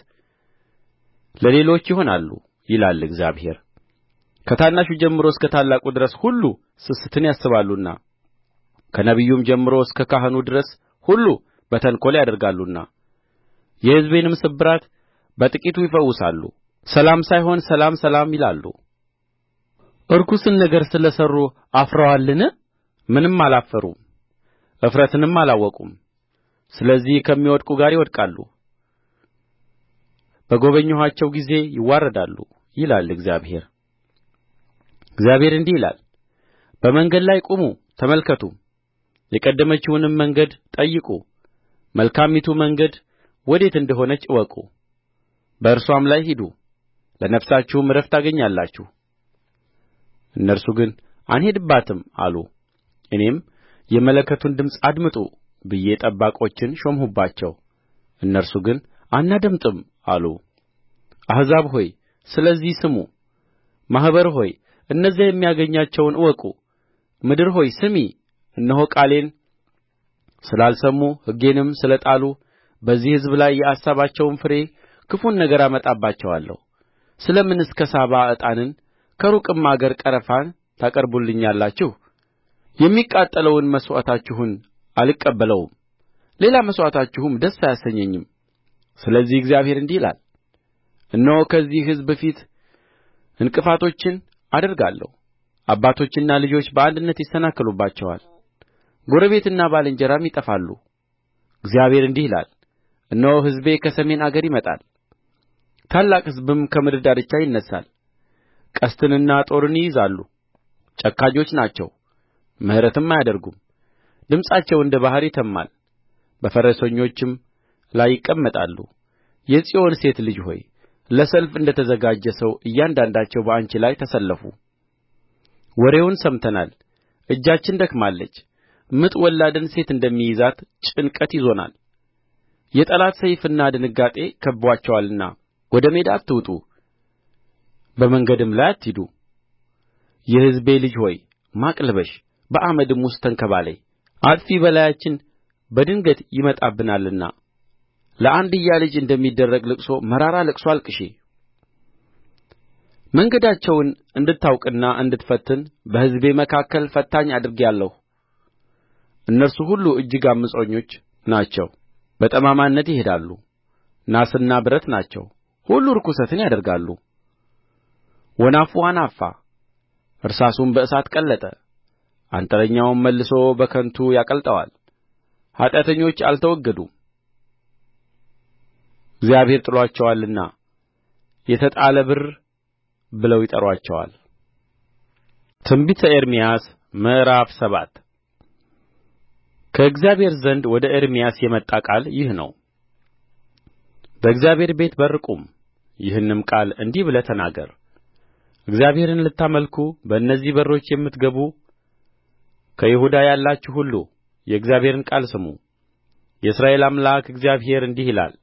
ለሌሎች ይሆናሉ ይላል እግዚአብሔር ከታናሹ ጀምሮ እስከ ታላቁ ድረስ ሁሉ ስስትን ያስባሉና ከነቢዩም ጀምሮ እስከ ካህኑ ድረስ ሁሉ በተንኰል ያደርጋሉና የሕዝቤንም ስብራት በጥቂቱ ይፈውሳሉ ሰላም ሳይሆን ሰላም ሰላም ይላሉ ርኩስን ነገር ስለ ሠሩ አፍረዋልን ምንም አላፈሩም እፍረትንም አላወቁም ስለዚህ ከሚወድቁ ጋር ይወድቃሉ በጐበኘኋቸው ጊዜ ይዋረዳሉ ይላል እግዚአብሔር እግዚአብሔር እንዲህ ይላል በመንገድ ላይ ቁሙ ተመልከቱም የቀደመችውንም መንገድ ጠይቁ መልካሚቱ መንገድ ወዴት እንደ ሆነች እወቁ በእርስዋም ላይ ሂዱ ለነፍሳችሁም ዕረፍት ታገኛላችሁ እነርሱ ግን አንሄድባትም አሉ እኔም የመለከቱን ድምፅ አድምጡ ብዬ ጠባቆችን ሾምሁባቸው እነርሱ ግን አናደምጥም አሉ አሕዛብ ሆይ ስለዚህ ስሙ ማኅበር ሆይ እነዚያ የሚያገኛቸውን እወቁ ምድር ሆይ ስሚ እነሆ ቃሌን ስላልሰሙ ሕጌንም ስለ ጣሉ በዚህ ሕዝብ ላይ የአሳባቸውን ፍሬ ክፉን ነገር አመጣባቸዋለሁ ስለ ምንስ ከሳባ ዕጣንን ከሩቅም አገር ቀረፋን ታቀርቡልኛላችሁ የሚቃጠለውን መሥዋዕታችሁን አልቀበለውም ሌላ መሥዋዕታችሁም ደስ አያሰኘኝም ስለዚህ እግዚአብሔር እንዲህ ይላል እነሆ ከዚህ ሕዝብ ፊት ዕንቅፋቶችን አደርጋለሁ አባቶችና ልጆች በአንድነት ይሰናከሉባቸዋል ጎረቤትና ባልንጀራም ይጠፋሉ እግዚአብሔር እንዲህ ይላል እነሆ ሕዝቤ ከሰሜን አገር ይመጣል ታላቅ ሕዝብም ከምድር ዳርቻ ይነሣል ቀስትንና ጦርን ይይዛሉ ጨካኞች ናቸው ምሕረትም አያደርጉም ድምፃቸው እንደ ባሕር ይተምማል በፈረሰኞችም ላይ ይቀመጣሉ የጽዮን ሴት ልጅ ሆይ ለሰልፍ እንደ ተዘጋጀ ሰው እያንዳንዳቸው በአንቺ ላይ ተሰለፉ ወሬውን ሰምተናል እጃችን ደክማለች ምጥ ወላድን ሴት እንደሚይዛት ጭንቀት ይዞናል የጠላት ሰይፍና ድንጋጤ ከብቦአቸዋልና ወደ ሜዳ አትውጡ በመንገድም ላይ አትሂዱ የሕዝቤ ልጅ ሆይ ማቅ ልበሺ፣ በአመድም ውስጥ ተንከባለዪ አጥፊ በላያችን በድንገት ይመጣብናልና ለአንድያ ልጅ እንደሚደረግ ልቅሶ መራራ ልቅሶ አልቅሺ መንገዳቸውን እንድታውቅና እንድትፈትን በሕዝቤ መካከል ፈታኝ አድርጌአለሁ እነርሱ ሁሉ እጅግ ዓመፀኞች ናቸው በጠማማነት ይሄዳሉ ናስና ብረት ናቸው ሁሉ ርኵሰትን ያደርጋሉ ወናፉ አናፋ እርሳሱም በእሳት ቀለጠ አንጥረኛውም መልሶ በከንቱ ያቀልጠዋል ኃጢአተኞች አልተወገዱም እግዚአብሔር ጥሎአቸዋልና የተጣለ ብር ብለው ይጠሩአቸዋል ትንቢተ ኤርምያስ ምዕራፍ ሰባት ከእግዚአብሔር ዘንድ ወደ ኤርምያስ የመጣ ቃል ይህ ነው በእግዚአብሔር ቤት በር ቁም ይህንም ቃል እንዲህ ብለህ ተናገር እግዚአብሔርን ልታመልኩ በእነዚህ በሮች የምትገቡ ከይሁዳ ያላችሁ ሁሉ የእግዚአብሔርን ቃል ስሙ የእስራኤል አምላክ እግዚአብሔር እንዲህ ይላል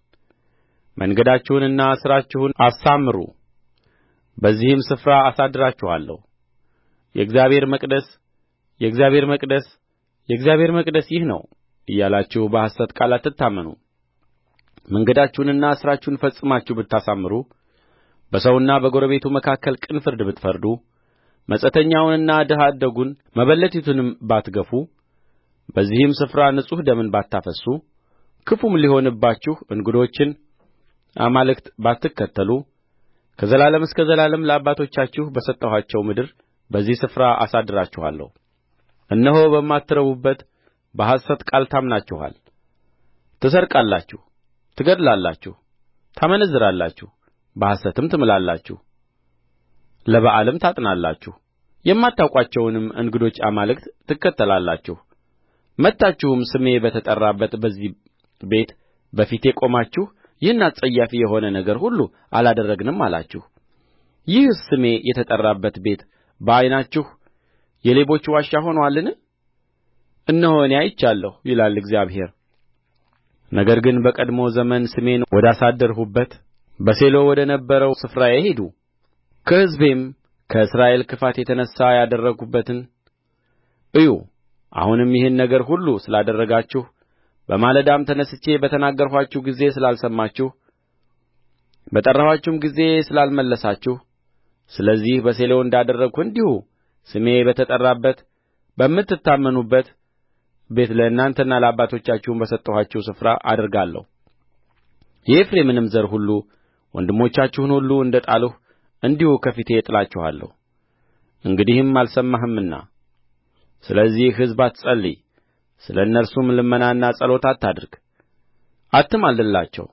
መንገዳችሁንና ሥራችሁን አሳምሩ በዚህም ስፍራ አሳድራችኋለሁ የእግዚአብሔር መቅደስ የእግዚአብሔር መቅደስ የእግዚአብሔር መቅደስ ይህ ነው እያላችሁ በሐሰት ቃል አትታመኑ መንገዳችሁንና ሥራችሁን ፈጽማችሁ ብታሳምሩ በሰውና በጎረቤቱ መካከል ቅን ፍርድ ብትፈርዱ መጻተኛውንና ድሀ አደጉን መበለቲቱንም ባትገፉ በዚህም ስፍራ ንጹሕ ደምን ባታፈስሱ ክፉም ሊሆንባችሁ እንግዶችን አማልክት ባትከተሉ ከዘላለም እስከ ዘላለም ለአባቶቻችሁ በሰጠኋቸው ምድር በዚህ ስፍራ አሳድራችኋለሁ እነሆ በማትረቡበት በሐሰት ቃል ታምናችኋል ትሰርቃላችሁ ትገድላላችሁ ታመነዝራላችሁ በሐሰትም ትምላላችሁ ለበኣልም ታጥናላችሁ የማታውቋቸውንም እንግዶች አማልክት ትከተላላችሁ መጥታችሁም ስሜ በተጠራበት በዚህ ቤት በፊቴ ቆማችሁ ይህን አስጸያፊ የሆነ ነገር ሁሉ አላደረግንም አላችሁ ይህስ ስሜ የተጠራበት ቤት በዓይናችሁ የሌቦች ዋሻ ሆኖአልን እነሆ እኔ አይቻለሁ ይላል እግዚአብሔር ነገር ግን በቀድሞ ዘመን ስሜን ወዳሳደርሁበት በሴሎ ወደ ነበረው ስፍራዬ ሂዱ ከሕዝቤም ከእስራኤል ክፋት የተነሣ ያደረግሁበትን እዩ አሁንም ይህን ነገር ሁሉ ስላደረጋችሁ በማለዳም ተነሥቼ በተናገርኋችሁ ጊዜ ስላልሰማችሁ በጠራኋችሁም ጊዜ ስላልመለሳችሁ ስለዚህ በሴሎ እንዳደረግሁ እንዲሁ ስሜ በተጠራበት በምትታመኑበት ቤት ለእናንተና ለአባቶቻችሁም በሰጠኋችሁ ስፍራ አደርጋለሁ የኤፍሬምንም ዘር ሁሉ ወንድሞቻችሁን ሁሉ እንደ ጣልሁ እንዲሁ ከፊቴ እጥላችኋለሁ እንግዲህም አልሰማህምና ስለዚህ ሕዝብ አትጸልይ ስለ እነርሱም ልመናና ጸሎት አታድርግ አትማልድላቸው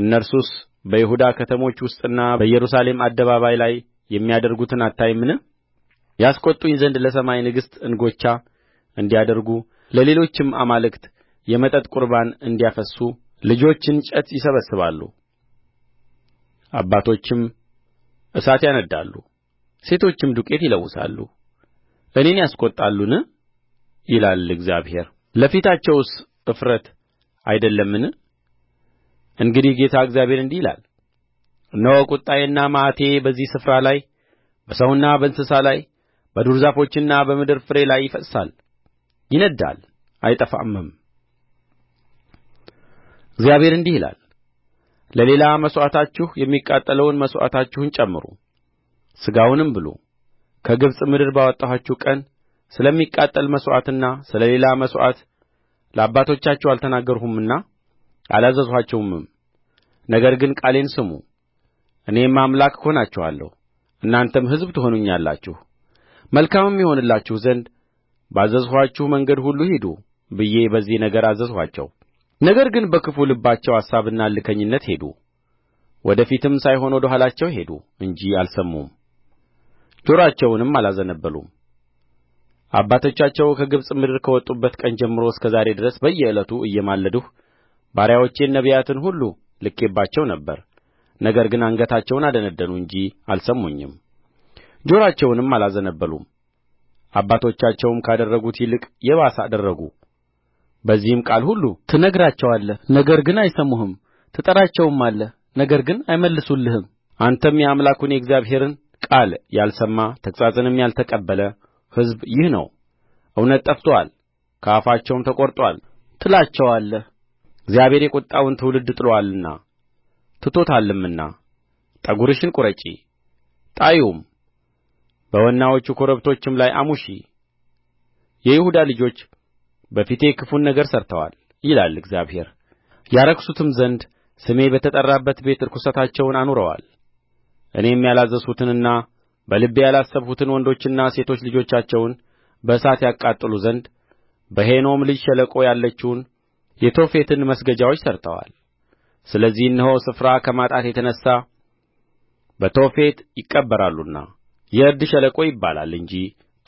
እነርሱስ በይሁዳ ከተሞች ውስጥና በኢየሩሳሌም አደባባይ ላይ የሚያደርጉትን አታይምን ያስቈጡኝ ዘንድ ለሰማይ ንግሥት እንጎቻ እንዲያደርጉ ለሌሎችም አማልክት የመጠጥ ቍርባን እንዲያፈስሱ ልጆች እንጨት ይሰበስባሉ አባቶችም እሳት ያነድዳሉ ሴቶችም ዱቄት ይለውሳሉ እኔን ያስቈጣሉን ይላል እግዚአብሔር ለፊታቸውስ እፍረት አይደለምን እንግዲህ ጌታ እግዚአብሔር እንዲህ ይላል እነሆ ቍጣዬና መዓቴ በዚህ ስፍራ ላይ በሰውና በእንስሳ ላይ በዱር ዛፎችና በምድር ፍሬ ላይ ይፈስሳል ይነድዳል አይጠፋምም እግዚአብሔር እንዲህ ይላል ለሌላ መሥዋዕታችሁ የሚቃጠለውን መሥዋዕታችሁን ጨምሩ ሥጋውንም ብሉ ከግብጽ ምድር ባወጣኋችሁ ቀን ስለሚቃጠል መሥዋዕትና ስለ ሌላ መሥዋዕት ለአባቶቻችሁ አልተናገርሁምና አላዘዝኋቸውምም ነገር ግን ቃሌን ስሙ እኔም አምላክ እሆናችኋለሁ እናንተም ሕዝብ ትሆኑኛላችሁ መልካምም ይሆንላችሁ ዘንድ ባዘዝኋችሁ መንገድ ሁሉ ሂዱ ብዬ በዚህ ነገር አዘዝኋቸው ነገር ግን በክፉ ልባቸው አሳብና እልከኝነት ሄዱ ወደ ፊትም ሳይሆን ወደ ኋላቸው ሄዱ እንጂ አልሰሙም ጆሮአቸውንም አላዘነበሉም አባቶቻቸው ከግብጽ ምድር ከወጡበት ቀን ጀምሮ እስከ ዛሬ ድረስ በየዕለቱ እየማለድሁ ባሪያዎቼን ነቢያትን ሁሉ ልኬባቸው ነበር ነገር ግን አንገታቸውን አደነደኑ እንጂ አልሰሙኝም ጆሮአቸውንም አላዘነበሉም አባቶቻቸውም ካደረጉት ይልቅ የባሰ አደረጉ በዚህም ቃል ሁሉ ትነግራቸዋለህ ነገር ግን አይሰሙህም ትጠራቸውማለህ ነገር ግን አይመልሱልህም አንተም የአምላኩን የእግዚአብሔርን ቃል ያልሰማ ተግሣጽንም ያልተቀበለ ሕዝብ ይህ ነው እውነት ጠፍቶአል ከአፋቸውም ተቈርጦአል ትላቸዋለህ እግዚአብሔር የቍጣውን ትውልድ ጥሎአልና ትቶታልምና ጠጕርሽን ቍረጪ ጣዪውም በወናዎች ኮረብቶችም ላይ አሙሺ የይሁዳ ልጆች በፊቴ ክፉን ነገር ሠርተዋል ይላል እግዚአብሔር ያረክሱትም ዘንድ ስሜ በተጠራበት ቤት ርኵሰታቸውን አኑረዋል እኔም ያላዘዝሁትንና በልቤ ያላሰብሁትን ወንዶችና ሴቶች ልጆቻቸውን በእሳት ያቃጥሉ ዘንድ በሄኖም ልጅ ሸለቆ ያለችውን የቶፌትን መስገጃዎች ሠርተዋል ስለዚህ እነሆ ስፍራ ከማጣት የተነሣ በቶፌት ይቀበራሉና የእርድ ሸለቆ ይባላል እንጂ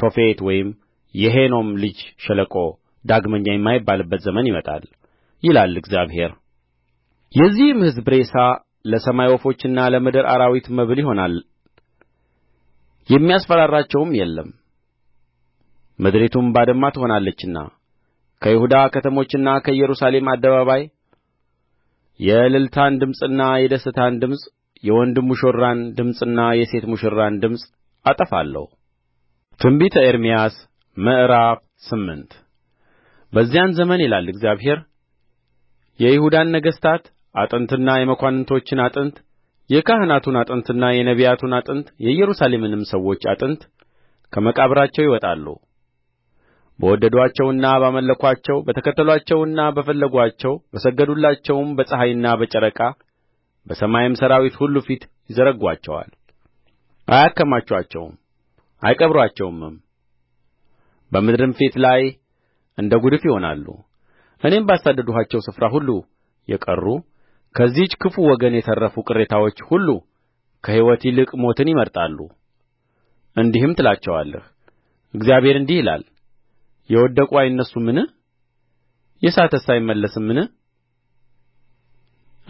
ቶፌት ወይም የሄኖም ልጅ ሸለቆ ዳግመኛ የማይባልበት ዘመን ይመጣል ይላል እግዚአብሔር የዚህም ሕዝብ ሬሳ ለሰማይ ወፎችና ለምድር አራዊት መብል ይሆናል የሚያስፈራራቸውም የለም ምድሪቱም ባድማ ትሆናለችና ከይሁዳ ከተሞችና ከኢየሩሳሌም አደባባይ የእልልታን ድምፅና የደስታን ድምፅ የወንድ ሙሽራን ድምፅና የሴት ሙሽራን ድምፅ አጠፋለሁ። ትንቢተ ኤርምያስ ምዕራፍ ስምንት በዚያን ዘመን ይላል እግዚአብሔር የይሁዳን ነገሥታት አጥንትና የመኳንንቶችን አጥንት የካህናቱን አጥንትና የነቢያቱን አጥንት የኢየሩሳሌምንም ሰዎች አጥንት ከመቃብራቸው ይወጣሉ በወደዱአቸውና ባመለኩአቸው በተከተሉአቸውና በፈለጉአቸው በሰገዱላቸውም በፀሐይና በጨረቃ በሰማይም ሠራዊት ሁሉ ፊት ይዘረጉአቸዋል አያከማቹአቸውም አይቀብሩአቸውምም በምድርም ፊት ላይ እንደ ጕድፍ ይሆናሉ እኔም ባሳደድኋቸው ስፍራ ሁሉ የቀሩ ከዚህች ክፉ ወገን የተረፉ ቅሬታዎች ሁሉ ከሕይወት ይልቅ ሞትን ይመርጣሉ እንዲህም ትላቸዋለህ እግዚአብሔር እንዲህ ይላል የወደቁ አይነሡምን የሳተስ አይመለስምን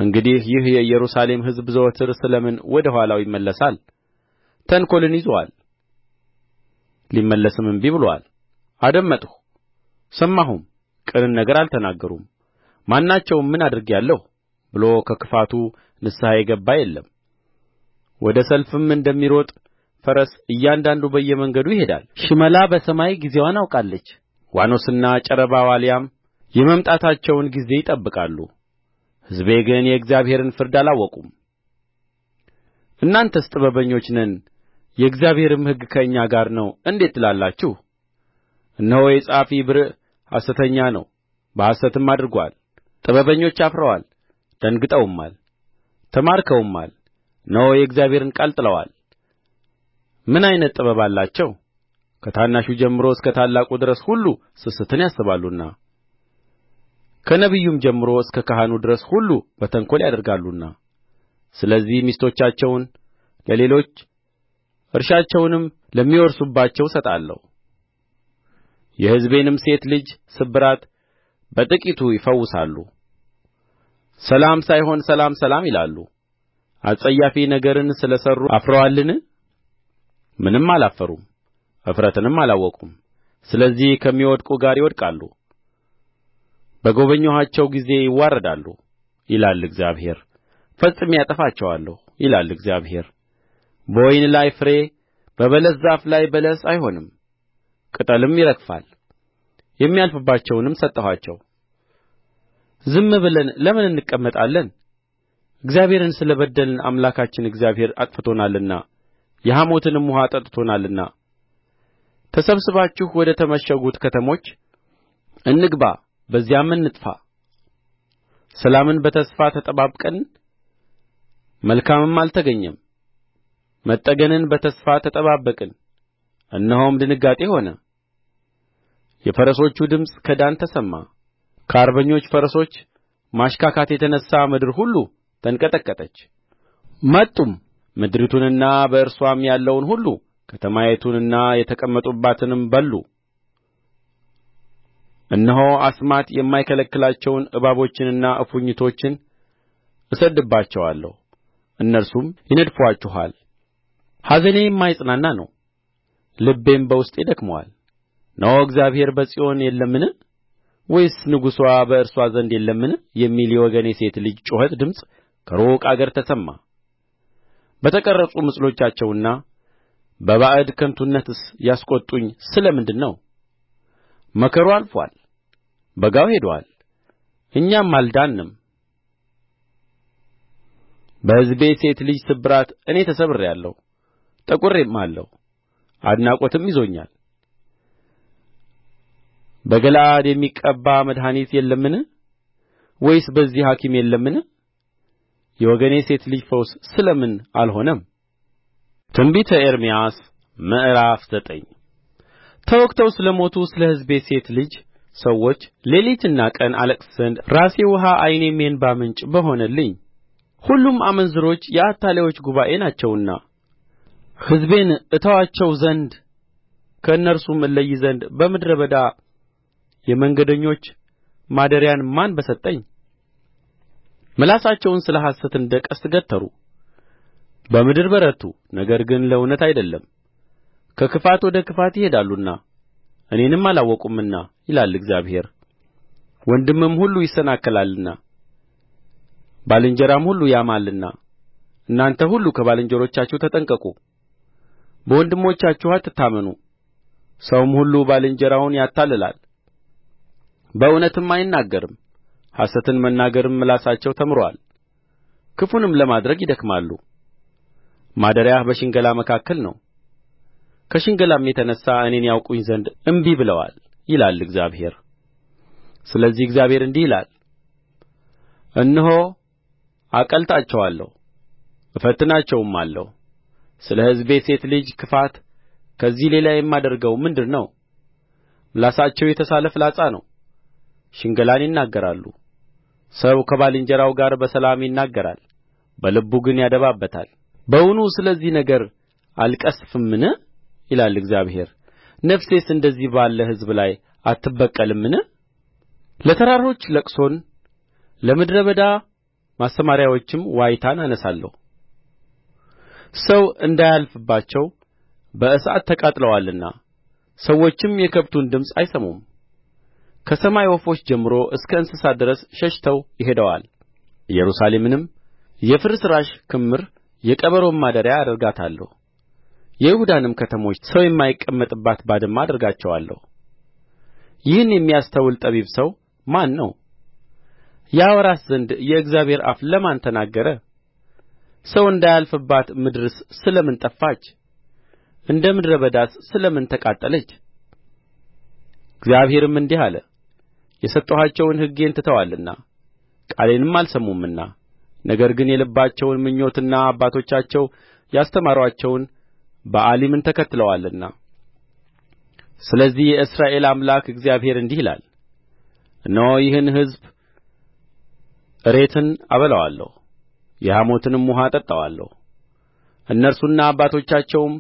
እንግዲህ ይህ የኢየሩሳሌም ሕዝብ ዘወትር ስለ ምን ወደ ኋላው ይመለሳል ተንኰልን ይዞአል ሊመለስም እንቢ ብሎአል አደመጥሁ ሰማሁም ቅንን ነገር አልተናገሩም ማናቸውም ምን አድርጌአለሁ ብሎ ከክፋቱ ንስሐ የገባ የለም ወደ ሰልፍም እንደሚሮጥ ፈረስ እያንዳንዱ በየመንገዱ ይሄዳል ሽመላ በሰማይ ጊዜዋን አውቃለች ዋኖስና ጨረባ ዋልያም የመምጣታቸውን ጊዜ ይጠብቃሉ ሕዝቤ ግን የእግዚአብሔርን ፍርድ አላወቁም እናንተስ ጥበበኞች ነን የእግዚአብሔርም ሕግ ከእኛ ጋር ነው እንዴት ትላላችሁ እነሆ የጸሐፊ ብርዕ ሐሰተኛ ነው በሐሰትም አድርጎአል ጥበበኞች አፍረዋል ደንግጠውማል ተማርከውማል እነሆ የእግዚአብሔርን ቃል ጥለዋል ምን ዓይነት ጥበብ አላቸው ከታናሹ ጀምሮ እስከ ታላቁ ድረስ ሁሉ ስስትን ያስባሉና ከነቢዩም ጀምሮ እስከ ካህኑ ድረስ ሁሉ በተንኰል ያደርጋሉና ስለዚህ ሚስቶቻቸውን ለሌሎች እርሻቸውንም ለሚወርሱባቸው እሰጣለሁ የሕዝቤንም ሴት ልጅ ስብራት በጥቂቱ ይፈውሳሉ ሰላም ሳይሆን ሰላም ሰላም ይላሉ አስጸያፊ ነገርን ስለ ሠሩ አፍረዋልን ምንም አላፈሩም እፍረትንም አላወቁም ስለዚህ ከሚወድቁ ጋር ይወድቃሉ በጐበኘኋቸው ጊዜ ይዋረዳሉ ይላል እግዚአብሔር ፈጽሜ አጠፋቸዋለሁ ይላል እግዚአብሔር በወይን ላይ ፍሬ በበለስ ዛፍ ላይ በለስ አይሆንም ቅጠልም ይረግፋል የሚያልፍባቸውንም ሰጠኋቸው ዝም ብለን ለምን እንቀመጣለን እግዚአብሔርን ስለ በደልን አምላካችን እግዚአብሔር አጥፍቶናልና የሐሞትንም ውኃ አጠጥቶናልና ተሰብስባችሁ ወደ ተመሸጉት ከተሞች እንግባ በዚያም እንጥፋ ሰላምን በተስፋ ተጠባበቅን መልካምም አልተገኘም መጠገንን በተስፋ ተጠባበቅን እነሆም ድንጋጤ ሆነ የፈረሶቹ ድምፅ ከዳን ተሰማ ከአርበኞች ፈረሶች ማሽካካት የተነሣ ምድር ሁሉ ተንቀጠቀጠች መጡም ምድሪቱንና በእርስዋም ያለውን ሁሉ ከተማይቱንና የተቀመጡባትንም በሉ እነሆ አስማት የማይከለክላቸውን እባቦችንና እፉኝቶችን እሰድድባቸዋለሁ እነርሱም ይነድፉአችኋል ኀዘኔ የማይጽናና ነው ልቤም በውስጤ ደክሞአል እነሆ እግዚአብሔር በጽዮን የለምን ወይስ ንጉሥዋ በእርስዋ ዘንድ የለምን የሚል የወገኔ ሴት ልጅ ጩኸት ድምፅ ከሩቅ አገር ተሰማ በተቀረጹ ምስሎቻቸውና በባዕድ ከንቱነትስ ያስቈጡኝ ስለ ምንድር ነው መከሩ አልፎአል በጋው ሄዶአል እኛም አልዳንም። በሕዝቤ ሴት ልጅ ስብራት እኔ ተሰብሬአለሁ ጠቁሬማለሁ አድናቆትም ይዞኛል በገለዓድ የሚቀባ መድኃኒት የለምን ወይስ በዚህ ሐኪም የለምን የወገኔ ሴት ልጅ ፈውስ ስለ ምን አልሆነም ትንቢተ ኤርምያስ ምዕራፍ ዘጠኝ ተወግተው ስለ ሞቱ ስለ ሕዝቤ ሴት ልጅ ሰዎች ሌሊትና ቀን አለቅስ ዘንድ ራሴ ውኃ ዓይኔም የእንባ ምንጭ በሆነልኝ ሁሉም አመንዝሮች የአታላዮች ጉባኤ ናቸውና ሕዝቤን እተዋቸው ዘንድ ከእነርሱም እለይ ዘንድ በምድረ በዳ የመንገደኞች ማደሪያን ማን በሰጠኝ ምላሳቸውን ስለ ሐሰት እንደ ቀስት ገተሩ በምድር በረቱ ነገር ግን ለእውነት አይደለም ከክፋት ወደ ክፋት ይሄዳሉና እኔንም አላወቁምና ይላል እግዚአብሔር ወንድምም ሁሉ ይሰናከላልና ባልንጀራም ሁሉ ያማልና እናንተ ሁሉ ከባልንጀሮቻችሁ ተጠንቀቁ በወንድሞቻችሁ አትታመኑ ሰውም ሁሉ ባልንጀራውን ያታልላል በእውነትም አይናገርም ሐሰትን መናገርም ምላሳቸው ተምሮአል ክፉንም ለማድረግ ይደክማሉ ማደሪያህ በሽንገላ መካከል ነው ከሽንገላም የተነሣ እኔን ያውቁኝ ዘንድ እንቢ ብለዋል ይላል እግዚአብሔር ስለዚህ እግዚአብሔር እንዲህ ይላል እነሆ አቀልጣቸዋለሁ እፈትናቸውማለሁ ስለ ሕዝቤ ሴት ልጅ ክፋት ከዚህ ሌላ የማደርገው ምንድር ነው ምላሳቸው የተሳለ ፍላጻ ነው ሽንገላን ይናገራሉ ሰው ከባልንጀራው ጋር በሰላም ይናገራል በልቡ ግን ያደባበታል በውኑ ስለዚህ ነገር አልቀሥፍምን ይላል እግዚአብሔር ነፍሴስ እንደዚህ ባለ ሕዝብ ላይ አትበቀልምን ለተራሮች ልቅሶን ለምድረ በዳ ማሰማርያዎችም ዋይታን አነሣለሁ ሰው እንዳያልፍባቸው በእሳት ተቃጥለዋልና ሰዎችም የከብቱን ድምፅ አይሰሙም ከሰማይ ወፎች ጀምሮ እስከ እንስሳ ድረስ ሸሽተው ሄደዋል ኢየሩሳሌምንም የፍርስራሽ ክምር የቀበሮም ማደሪያ አደርጋታለሁ የይሁዳንም ከተሞች ሰው የማይቀመጥባት ባድማ አደርጋቸዋለሁ ይህን የሚያስተውል ጠቢብ ሰው ማን ነው ያወራስ ዘንድ የእግዚአብሔር አፍ ለማን ተናገረ ሰው እንዳያልፍባት ምድርስ ስለ ምን ጠፋች እንደ ምድረ በዳስ ስለ ምን ተቃጠለች እግዚአብሔርም እንዲህ አለ የሰጠኋቸውን ሕጌን ትተዋልና ቃሌንም አልሰሙምና ነገር ግን የልባቸውን ምኞትና አባቶቻቸው ያስተማሩአቸውን በኣሊምን ተከትለዋልና ስለዚህ የእስራኤል አምላክ እግዚአብሔር እንዲህ ይላል እነሆ ይህን ሕዝብ እሬትን አበላዋለሁ የሐሞትንም ውኃ አጠጣዋለሁ እነርሱና አባቶቻቸውም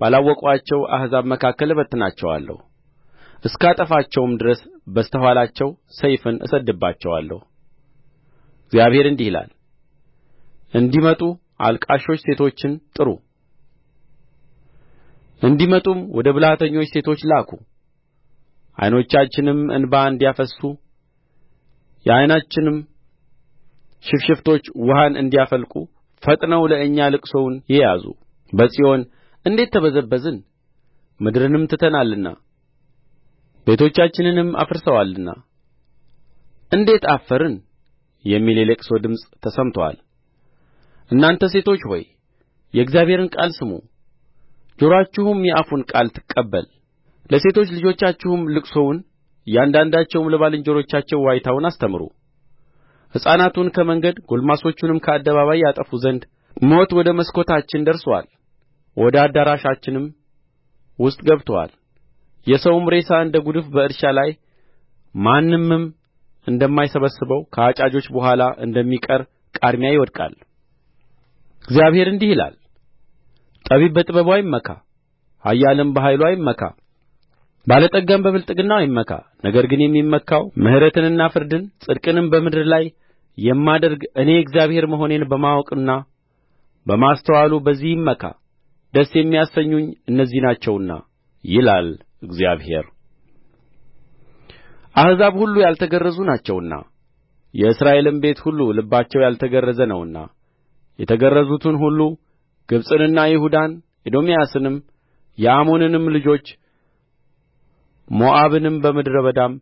ባላወቋቸው አሕዛብ መካከል እበትናቸዋለሁ እስካጠፋቸውም ድረስ በስተ ኋላቸው ሰይፍን እሰድድባቸዋለሁ እግዚአብሔር እንዲህ ይላል እንዲመጡ አልቃሾች ሴቶችን ጥሩ እንዲመጡም ወደ ብልሃተኞች ሴቶች ላኩ ዓይኖቻችንም እንባ እንዲያፈስሱ የዓይናችንም ሽፋሽፍቶች ውኃን እንዲያፈልቁ ፈጥነው ለእኛ ልቅሶውን ይያዙ በጽዮን እንዴት ተበዘበዝን ምድርንም ትተናልና ቤቶቻችንንም አፍርሰዋልና እንዴት አፈርን የሚል የልቅሶ ድምፅ ተሰምቶአል እናንተ ሴቶች ሆይ የእግዚአብሔርን ቃል ስሙ ጆሮአችሁም የአፉን ቃል ትቀበል ለሴቶች ልጆቻችሁም ልቅሶውን እያንዳንዳቸውም ለባልንጀሮቻቸው ዋይታውን አስተምሩ ሕፃናቱን ከመንገድ ጕልማሶቹንም ከአደባባይ ያጠፉ ዘንድ ሞት ወደ መስኮታችን ደርሶአል ወደ አዳራሻችንም ውስጥ ገብቶአል የሰውም ሬሳ እንደ ጕድፍ በእርሻ ላይ ማንምም እንደማይሰበስበው ከአጫጆች በኋላ እንደሚቀር ቃርሚያ ይወድቃል እግዚአብሔር እንዲህ ይላል ጠቢብ በጥበቡ አይመካ ኃያልም በኃይሉ አይመካ ባለጠጋም በብልጥግናው አይመካ ነገር ግን የሚመካው ምሕረትንና ፍርድን ጽድቅንም በምድር ላይ የማደርግ እኔ እግዚአብሔር መሆኔን በማወቅና በማስተዋሉ በዚህ ይመካ ደስ የሚያሰኙኝ እነዚህ ናቸውና ይላል እግዚአብሔር አሕዛብ ሁሉ ያልተገረዙ ናቸውና የእስራኤልም ቤት ሁሉ ልባቸው ያልተገረዘ ነውና የተገረዙትን ሁሉ ግብጽንና ይሁዳን ኤዶምያስንም የአሞንንም ልጆች ሞዓብንም በምድረ በዳም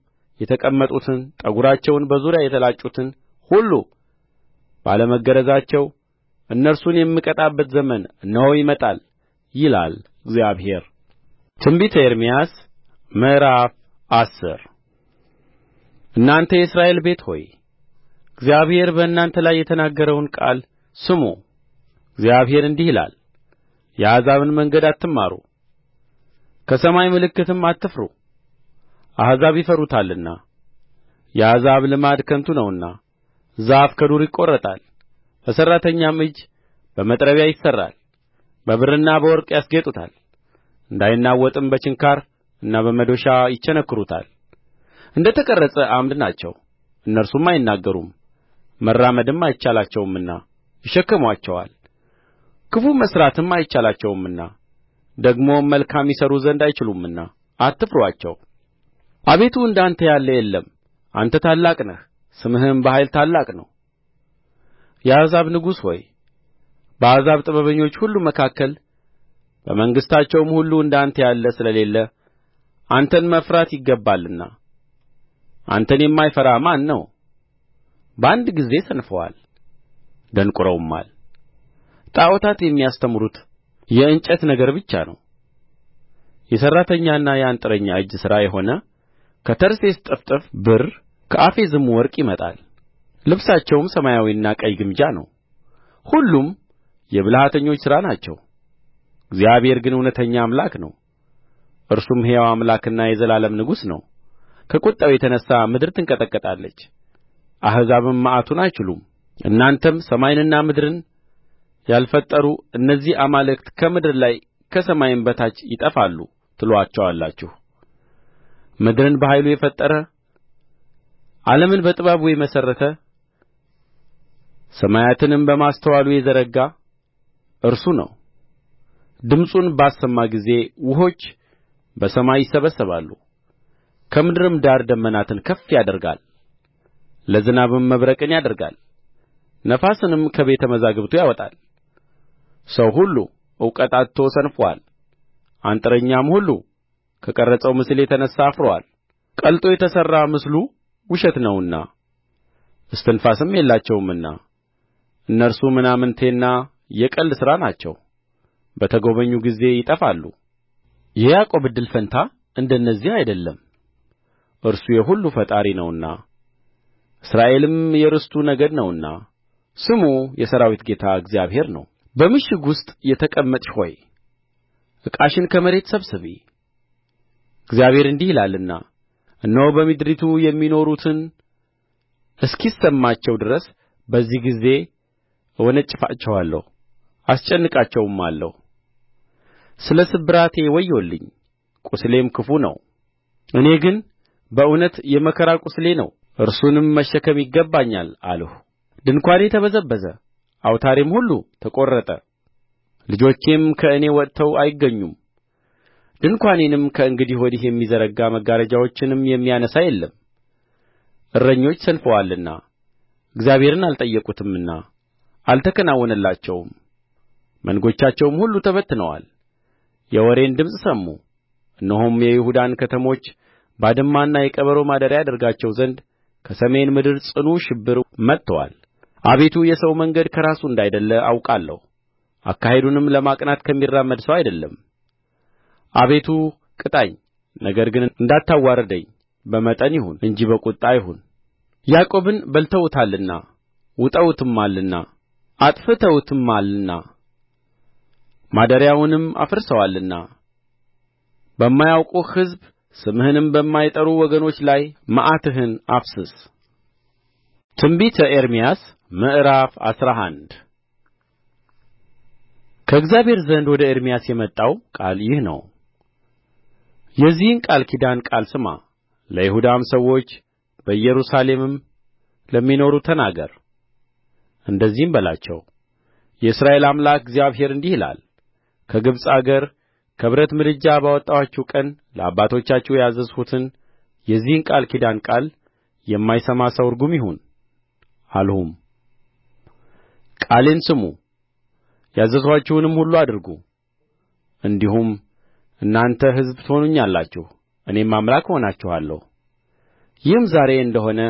የተቀመጡትን ጠጕራቸውን በዙሪያ የተላጩትን ሁሉ ባለመገረዛቸው እነርሱን የምቀጣበት ዘመን እነሆ ይመጣል ይላል እግዚአብሔር ትንቢተ ኤርምያስ ምዕራፍ አስር እናንተ የእስራኤል ቤት ሆይ እግዚአብሔር በእናንተ ላይ የተናገረውን ቃል ስሙ እግዚአብሔር እንዲህ ይላል የአሕዛብን መንገድ አትማሩ ከሰማይ ምልክትም አትፍሩ አሕዛብ ይፈሩታልና የአሕዛብ ልማድ ከንቱ ነውና ዛፍ ከዱር ይቈረጣል በሠራተኛም እጅ በመጥረቢያ ይሠራል በብርና በወርቅ ያስጌጡታል እንዳይናወጥም በችንካርና በመዶሻ ይቸነክሩታል እንደ ተቀረጸ ዓምድ ናቸው እነርሱም አይናገሩም መራመድም አይቻላቸውምና ይሸከሙአቸዋል ክፉ መሥራትም አይቻላቸውምና ደግሞም መልካም ይሠሩ ዘንድ አይችሉምና አትፍሩአቸው አቤቱ እንደ አንተ ያለ የለም አንተ ታላቅ ነህ ስምህም በኃይል ታላቅ ነው የአሕዛብ ንጉሥ ሆይ በአሕዛብ ጥበበኞች ሁሉ መካከል በመንግሥታቸውም ሁሉ እንደ አንተ ያለ ስለሌለ አንተን መፍራት ይገባልና አንተን የማይፈራ ማን ነው በአንድ ጊዜ ሰንፈዋል ደንቍረውማል ጣዖታት የሚያስተምሩት የእንጨት ነገር ብቻ ነው የሠራተኛና የአንጥረኛ እጅ ሥራ የሆነ ከተርሴስ ጥፍጥፍ ብር ከአፌዝም ወርቅ ይመጣል ልብሳቸውም ሰማያዊና ቀይ ግምጃ ነው ሁሉም የብልሃተኞች ሥራ ናቸው እግዚአብሔር ግን እውነተኛ አምላክ ነው እርሱም ሕያው አምላክና የዘላለም ንጉሥ ነው ከቍጣው የተነሣ ምድር ትንቀጠቀጣለች አሕዛብም መዓቱን አይችሉም እናንተም ሰማይንና ምድርን ያልፈጠሩ እነዚህ አማልክት ከምድር ላይ ከሰማይም በታች ይጠፋሉ ትሉአቸዋላችሁ ምድርን በኃይሉ የፈጠረ ዓለምን በጥበቡ የመሠረተ ሰማያትንም በማስተዋሉ የዘረጋ እርሱ ነው ድምፁን ባሰማ ጊዜ ውኆች በሰማይ ይሰበሰባሉ ከምድርም ዳር ደመናትን ከፍ ያደርጋል ለዝናብም መብረቅን ያደርጋል ነፋስንም ከቤተ መዛግብቱ ያወጣል ሰው ሁሉ እውቀት አጥቶ ሰንፎአል አንጥረኛም ሁሉ ከቀረጸው ምስል የተነሣ አፍሮአል ቀልጦ የተሠራ ምስሉ ውሸት ነውና እስትንፋስም የላቸውምና እነርሱ ምናምንቴና የቀልድ ሥራ ናቸው በተጐበኙ ጊዜ ይጠፋሉ የያዕቆብ እድል ፈንታ እንደነዚህ አይደለም እርሱ የሁሉ ፈጣሪ ነውና እስራኤልም የርስቱ ነገድ ነውና ስሙ የሠራዊት ጌታ እግዚአብሔር ነው በምሽግ ውስጥ የተቀመጥሽ ሆይ ዕቃሽን ከመሬት ሰብስቢ እግዚአብሔር እንዲህ ይላልና እነሆ በምድሪቱ የሚኖሩትን እስኪሰማቸው ድረስ በዚህ ጊዜ እወነጭፋቸዋለሁ አስጨንቃቸውማለሁ ስለ ስብራቴ ወዮልኝ ቍስሌም ክፉ ነው እኔ ግን በእውነት የመከራ ቍስሌ ነው እርሱንም መሸከም ይገባኛል አልሁ ድንኳኔ ተበዘበዘ አውታሬም ሁሉ ተቈረጠ ልጆቼም ከእኔ ወጥተው አይገኙም ድንኳኔንም ከእንግዲህ ወዲህ የሚዘረጋ መጋረጃዎችንም የሚያነሣ የለም እረኞች ሰንፈዋልና እግዚአብሔርን አልጠየቁትምና አልተከናወነላቸውም መንጎቻቸውም ሁሉ ተበትነዋል የወሬን ድምፅ ሰሙ እነሆም የይሁዳን ከተሞች ባድማና የቀበሮ ማደሪያ ያደርጋቸው ዘንድ ከሰሜን ምድር ጽኑ ሽብር መጥቶአል አቤቱ የሰው መንገድ ከራሱ እንዳይደለ አውቃለሁ አካሄዱንም ለማቅናት ከሚራመድ ሰው አይደለም አቤቱ ቅጣኝ ነገር ግን እንዳታዋርደኝ በመጠን ይሁን እንጂ በቍጣ አይሁን ያዕቆብን በልተውታልና ውጠውትማልና አጥፍተውትማልና ማደሪያውንም አፍርሰዋልና በማያውቁህ ሕዝብ ስምህንም በማይጠሩ ወገኖች ላይ መዓትህን አፍስስ ትንቢተ ኤርምያስ ምዕራፍ አስራ አንድ ከእግዚአብሔር ዘንድ ወደ ኤርምያስ የመጣው ቃል ይህ ነው የዚህን ቃል ኪዳን ቃል ስማ ለይሁዳም ሰዎች በኢየሩሳሌምም ለሚኖሩ ተናገር እንደዚህም በላቸው የእስራኤል አምላክ እግዚአብሔር እንዲህ ይላል ከግብጽ አገር ከብረት ምድጃ ባወጣኋችሁ ቀን ለአባቶቻችሁ ያዘዝሁትን የዚህን ቃል ኪዳን ቃል የማይሰማ ሰው ርጉም ይሁን አልሁም ቃሌን ስሙ ያዘዝኋችሁንም ሁሉ አድርጉ እንዲሁም እናንተ ሕዝብ ትሆኑኛላችሁ እኔም አምላክ እሆናችኋለሁ ይህም ዛሬ እንደ ሆነ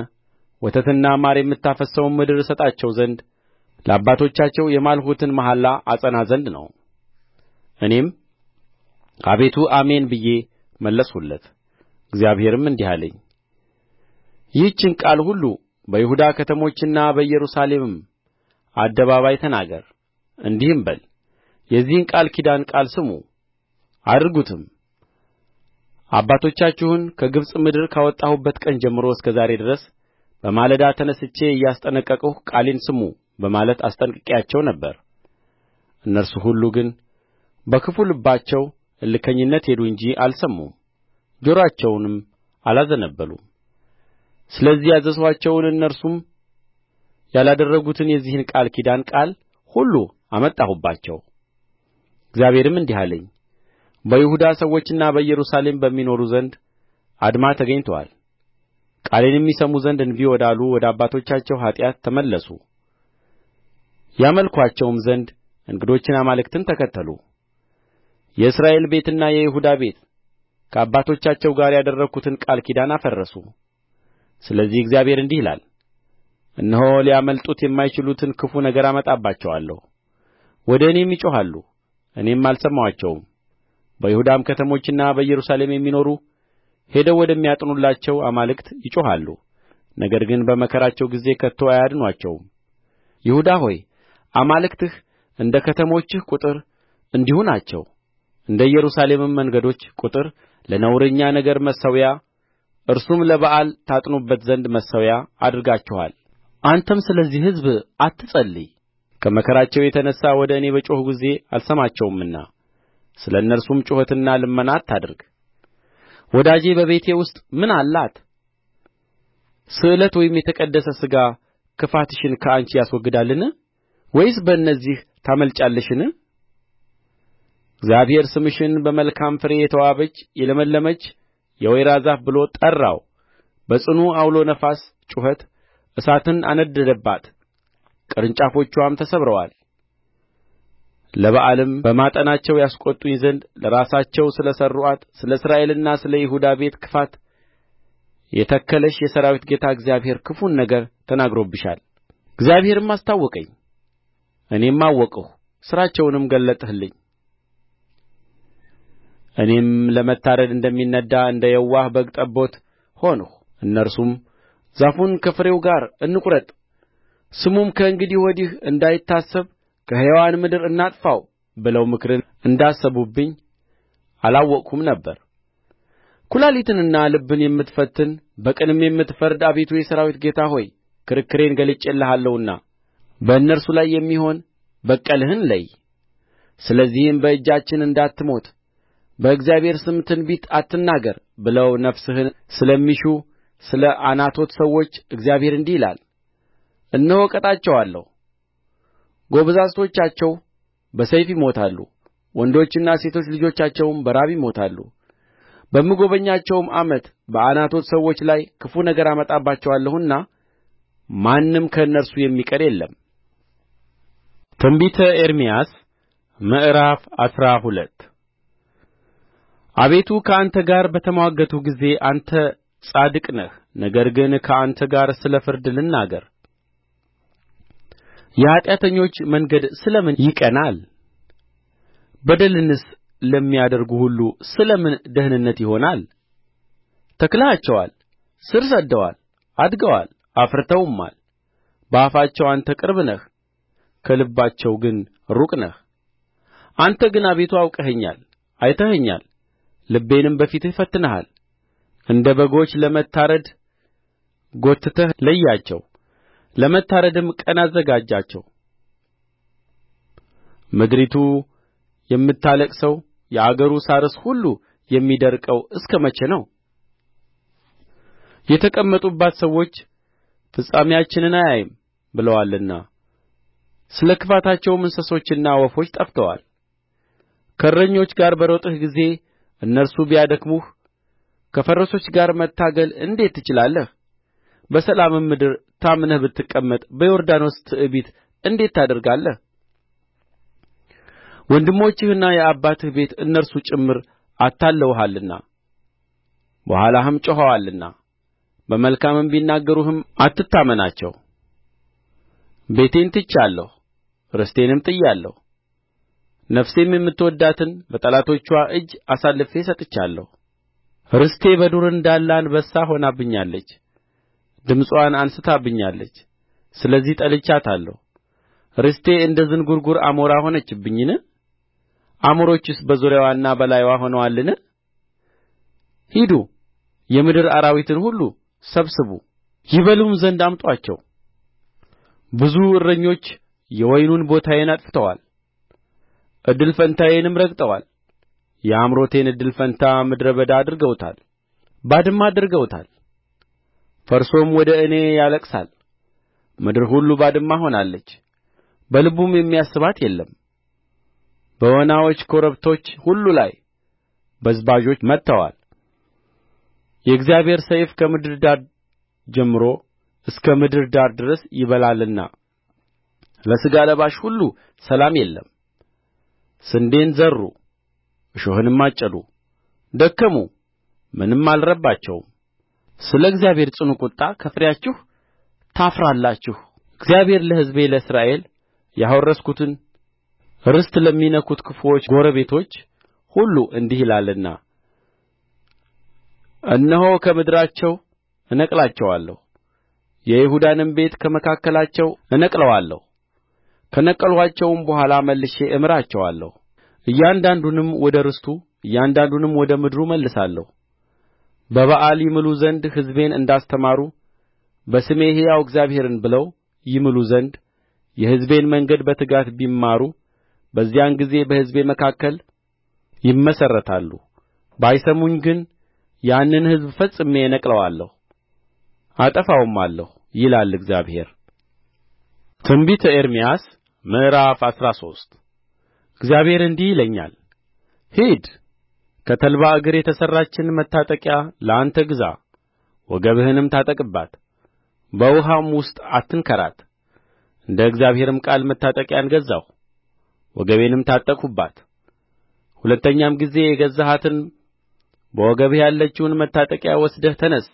ወተትና ማር የምታፈስሰውን ምድር እሰጣቸው ዘንድ ለአባቶቻቸው የማልሁትን መሐላ አጸና ዘንድ ነው እኔም አቤቱ አሜን ብዬ መለስሁለት እግዚአብሔርም እንዲህ አለኝ ይህችን ቃል ሁሉ በይሁዳ ከተሞችና በኢየሩሳሌምም አደባባይ ተናገር እንዲህም በል የዚህን ቃል ኪዳን ቃል ስሙ አድርጉትም አባቶቻችሁን ከግብጽ ምድር ካወጣሁበት ቀን ጀምሮ እስከ ዛሬ ድረስ በማለዳ ተነሥቼ እያስጠነቀቅሁ ቃሌን ስሙ በማለት አስጠንቅቄአቸው ነበር እነርሱ ሁሉ ግን በክፉ ልባቸው እልከኝነት ሄዱ እንጂ አልሰሙም ጆሮአቸውንም አላዘነበሉም ስለዚህ ያዘዝኋቸውን እነርሱም ያላደረጉትን የዚህን ቃል ኪዳን ቃል ሁሉ አመጣሁባቸው እግዚአብሔርም እንዲህ አለኝ በይሁዳ ሰዎችና በኢየሩሳሌም በሚኖሩ ዘንድ አድማ ተገኝቶአል ቃሌንም ይሰሙ ዘንድ እንቢ ወዳሉ ወደ አባቶቻቸው ኃጢአት ተመለሱ ያመልኩአቸውም ዘንድ እንግዶችን አማልክትን ተከተሉ የእስራኤል ቤትና የይሁዳ ቤት ከአባቶቻቸው ጋር ያደረግሁትን ቃል ኪዳን አፈረሱ ስለዚህ እግዚአብሔር እንዲህ ይላል እነሆ ሊያመልጡት የማይችሉትን ክፉ ነገር አመጣባቸዋለሁ ወደ እኔም ይጮኻሉ እኔም አልሰማቸውም በይሁዳም ከተሞችና በኢየሩሳሌም የሚኖሩ ሄደው ወደሚያጥኑላቸው አማልክት ይጮኻሉ ነገር ግን በመከራቸው ጊዜ ከቶ አያድኑአቸውም ይሁዳ ሆይ አማልክትህ እንደ ከተሞችህ ቍጥር እንዲሁ ናቸው እንደ ኢየሩሳሌምም መንገዶች ቍጥር ለነውረኛ ነገር መሠዊያ እርሱም ለበኣል ታጥኑበት ዘንድ መሠዊያ አድርጋችኋል አንተም ስለዚህ ሕዝብ አትጸልይ ከመከራቸው የተነሣ ወደ እኔ በጮኹ ጊዜ አልሰማቸውምና ስለ እነርሱም ጩኸትና ልመና አታድርግ ወዳጄ በቤቴ ውስጥ ምን አላት ስእለት ወይም የተቀደሰ ሥጋ ክፋትሽን ከአንቺ ያስወግዳልን ወይስ በእነዚህ ታመልጫለሽን እግዚአብሔር ስምሽን በመልካም ፍሬ የተዋበች የለመለመች የወይራ ዛፍ ብሎ ጠራው በጽኑ ዐውሎ ነፋስ ጩኸት እሳትን አነደደባት ቅርንጫፎችዋም ተሰብረዋል ለበኣልም በማጠናቸው ያስቈጡኝ ዘንድ ለራሳቸው ስለ ሠሩአት ስለ እስራኤልና ስለ ይሁዳ ቤት ክፋት የተከለሽ የሠራዊት ጌታ እግዚአብሔር ክፉን ነገር ተናግሮብሻል እግዚአብሔርም አስታወቀኝ እኔም አወቅሁ ሥራቸውንም ገለጥህልኝ እኔም ለመታረድ እንደሚነዳ እንደ የዋህ በግ ጠቦት ሆንሁ እነርሱም ዛፉን ከፍሬው ጋር እንቍረጥ ስሙም ከእንግዲህ ወዲህ እንዳይታሰብ ከሕያዋን ምድር እናጥፋው ብለው ምክርን እንዳሰቡብኝ አላወቅሁም ነበር ኵላሊትንና ልብን የምትፈትን በቅንም የምትፈርድ አቤቱ የሠራዊት ጌታ ሆይ ክርክሬን ገልጬልሃለሁና በእነርሱ ላይ የሚሆን በቀልህን ለይ ስለዚህም በእጃችን እንዳትሞት በእግዚአብሔር ስም ትንቢት አትናገር ብለው ነፍስህን ስለሚሹ ስለ ዓናቶት ሰዎች እግዚአብሔር እንዲህ ይላል እነሆ እቀጣቸዋለሁ ጐበዛዝቶቻቸው በሰይፍ ይሞታሉ ወንዶችና ሴቶች ልጆቻቸውም በራብ ይሞታሉ በምጐበኛቸውም ዓመት በዓናቶት ሰዎች ላይ ክፉ ነገር አመጣባቸዋለሁና ማንም ከእነርሱ የሚቀር የለም ትንቢተ ኤርምያስ ምዕራፍ አስራ ሁለት አቤቱ ከአንተ ጋር በተምዋገትሁ ጊዜ አንተ ጻድቅ ነህ ነገር ግን ከአንተ ጋር ስለ ፍርድ ልናገር የኃጢአተኞች መንገድ ስለ ምን ይቀናል በደልንስ ለሚያደርጉ ሁሉ ስለ ምን ደኅንነት ይሆናል ተክለሃቸዋል ሥር ሰድደዋል አድገዋል አፍርተውማል በአፋቸው አንተ ቅርብ ነህ ከልባቸው ግን ሩቅ ነህ አንተ ግን አቤቱ አውቀኸኛል አይተኸኛል ልቤንም በፊትህ ፈትነሃል እንደ በጎች ለመታረድ ጐትተህ ለያቸው ለመታረድም ቀን አዘጋጃቸው ምድሪቱ የምታለቅሰው የአገሩ ሣርስ ሁሉ የሚደርቀው እስከ መቼ ነው የተቀመጡባት ሰዎች ፍጻሜያችንን አያይም ብለዋልና ስለ ክፋታቸውም እንስሶችና ወፎች ጠፍተዋል ከእረኞች ጋር በሮጥህ ጊዜ እነርሱ ቢያደክሙህ ከፈረሶች ጋር መታገል እንዴት ትችላለህ በሰላምም ምድር ታምነህ ብትቀመጥ በዮርዳኖስ ትዕቢት እንዴት ታደርጋለህ ወንድሞችህና የአባትህ ቤት እነርሱ ጭምር አታልለውሃልና በኋላህም ጮኸዋልና በመልካምም ቢናገሩህም አትታመናቸው ቤቴን ትቼአለሁ ርስቴንም ጥያለሁ ነፍሴም የምትወድዳትን በጠላቶችዋ እጅ አሳልፌ ሰጥቻለሁ ርስቴ በዱር እንዳለ አንበሳ ሆናብኛለች ድምፅዋን አንሥታብኛለች ስለዚህ ጠልቻታለሁ ርስቴ እንደ ዝንጕርጕር አሞራ ሆነችብኝን አሞሮችስ በዙሪያዋና በላይዋ ሆነዋልን ሂዱ የምድር አራዊትን ሁሉ ሰብስቡ ይበሉም ዘንድ አምጡአቸው ብዙ እረኞች የወይኑን ቦታዬን አጥፍተዋል እድል ፈንታዬንም ረግጠዋል የአምሮቴን እድል ፈንታ ምድረ በዳ አድርገውታል ባድማ አድርገውታል ፈርሶም ወደ እኔ ያለቅሳል ምድር ሁሉ ባድማ ሆናለች በልቡም የሚያስባት የለም በወናዎች ኮረብቶች ሁሉ ላይ በዝባዦች መጥተዋል የእግዚአብሔር ሰይፍ ከምድር ዳር ጀምሮ እስከ ምድር ዳር ድረስ ይበላልና ለሥጋ ለባሽ ሁሉ ሰላም የለም ስንዴን ዘሩ እሾህንም አጨዱ ደከሙ ምንም አልረባቸውም ስለ እግዚአብሔር ጽኑ ቍጣ ከፍሬያችሁ ታፍራላችሁ እግዚአብሔር ለሕዝቤ ለእስራኤል ያወረስሁትን ርስት ለሚነኩት ክፉዎች ጎረቤቶች ሁሉ እንዲህ ይላልና እነሆ ከምድራቸው እነቅላቸዋለሁ የይሁዳንም ቤት ከመካከላቸው እነቅለዋለሁ ከነቀልኋቸውም በኋላ መልሼ እምራቸዋለሁ እያንዳንዱንም ወደ ርስቱ እያንዳንዱንም ወደ ምድሩ እመልሳለሁ በበኣል ይምሉ ዘንድ ሕዝቤን እንዳስተማሩ በስሜ ሕያው እግዚአብሔርን ብለው ይምሉ ዘንድ የሕዝቤን መንገድ በትጋት ቢማሩ በዚያን ጊዜ በሕዝቤ መካከል ይመሠረታሉ። ባይሰሙኝ ግን ያንን ሕዝብ ፈጽሜ እነቅለዋለሁ፣ አጠፋውማለሁ ይላል እግዚአብሔር። ትንቢተ ኤርምያስ ምዕራፍ አስራ ሶስት እግዚአብሔር እንዲህ ይለኛል ሂድ ከተልባ እግር የተሠራችን መታጠቂያ ለአንተ ግዛ ወገብህንም ታጠቅባት በውሃም ውስጥ አትንከራት እንደ እግዚአብሔርም ቃል መታጠቂያን ገዛሁ ወገቤንም ታጠቅሁባት ሁለተኛም ጊዜ የገዛሃትን በወገብህ ያለችውን መታጠቂያ ወስደህ ተነሥ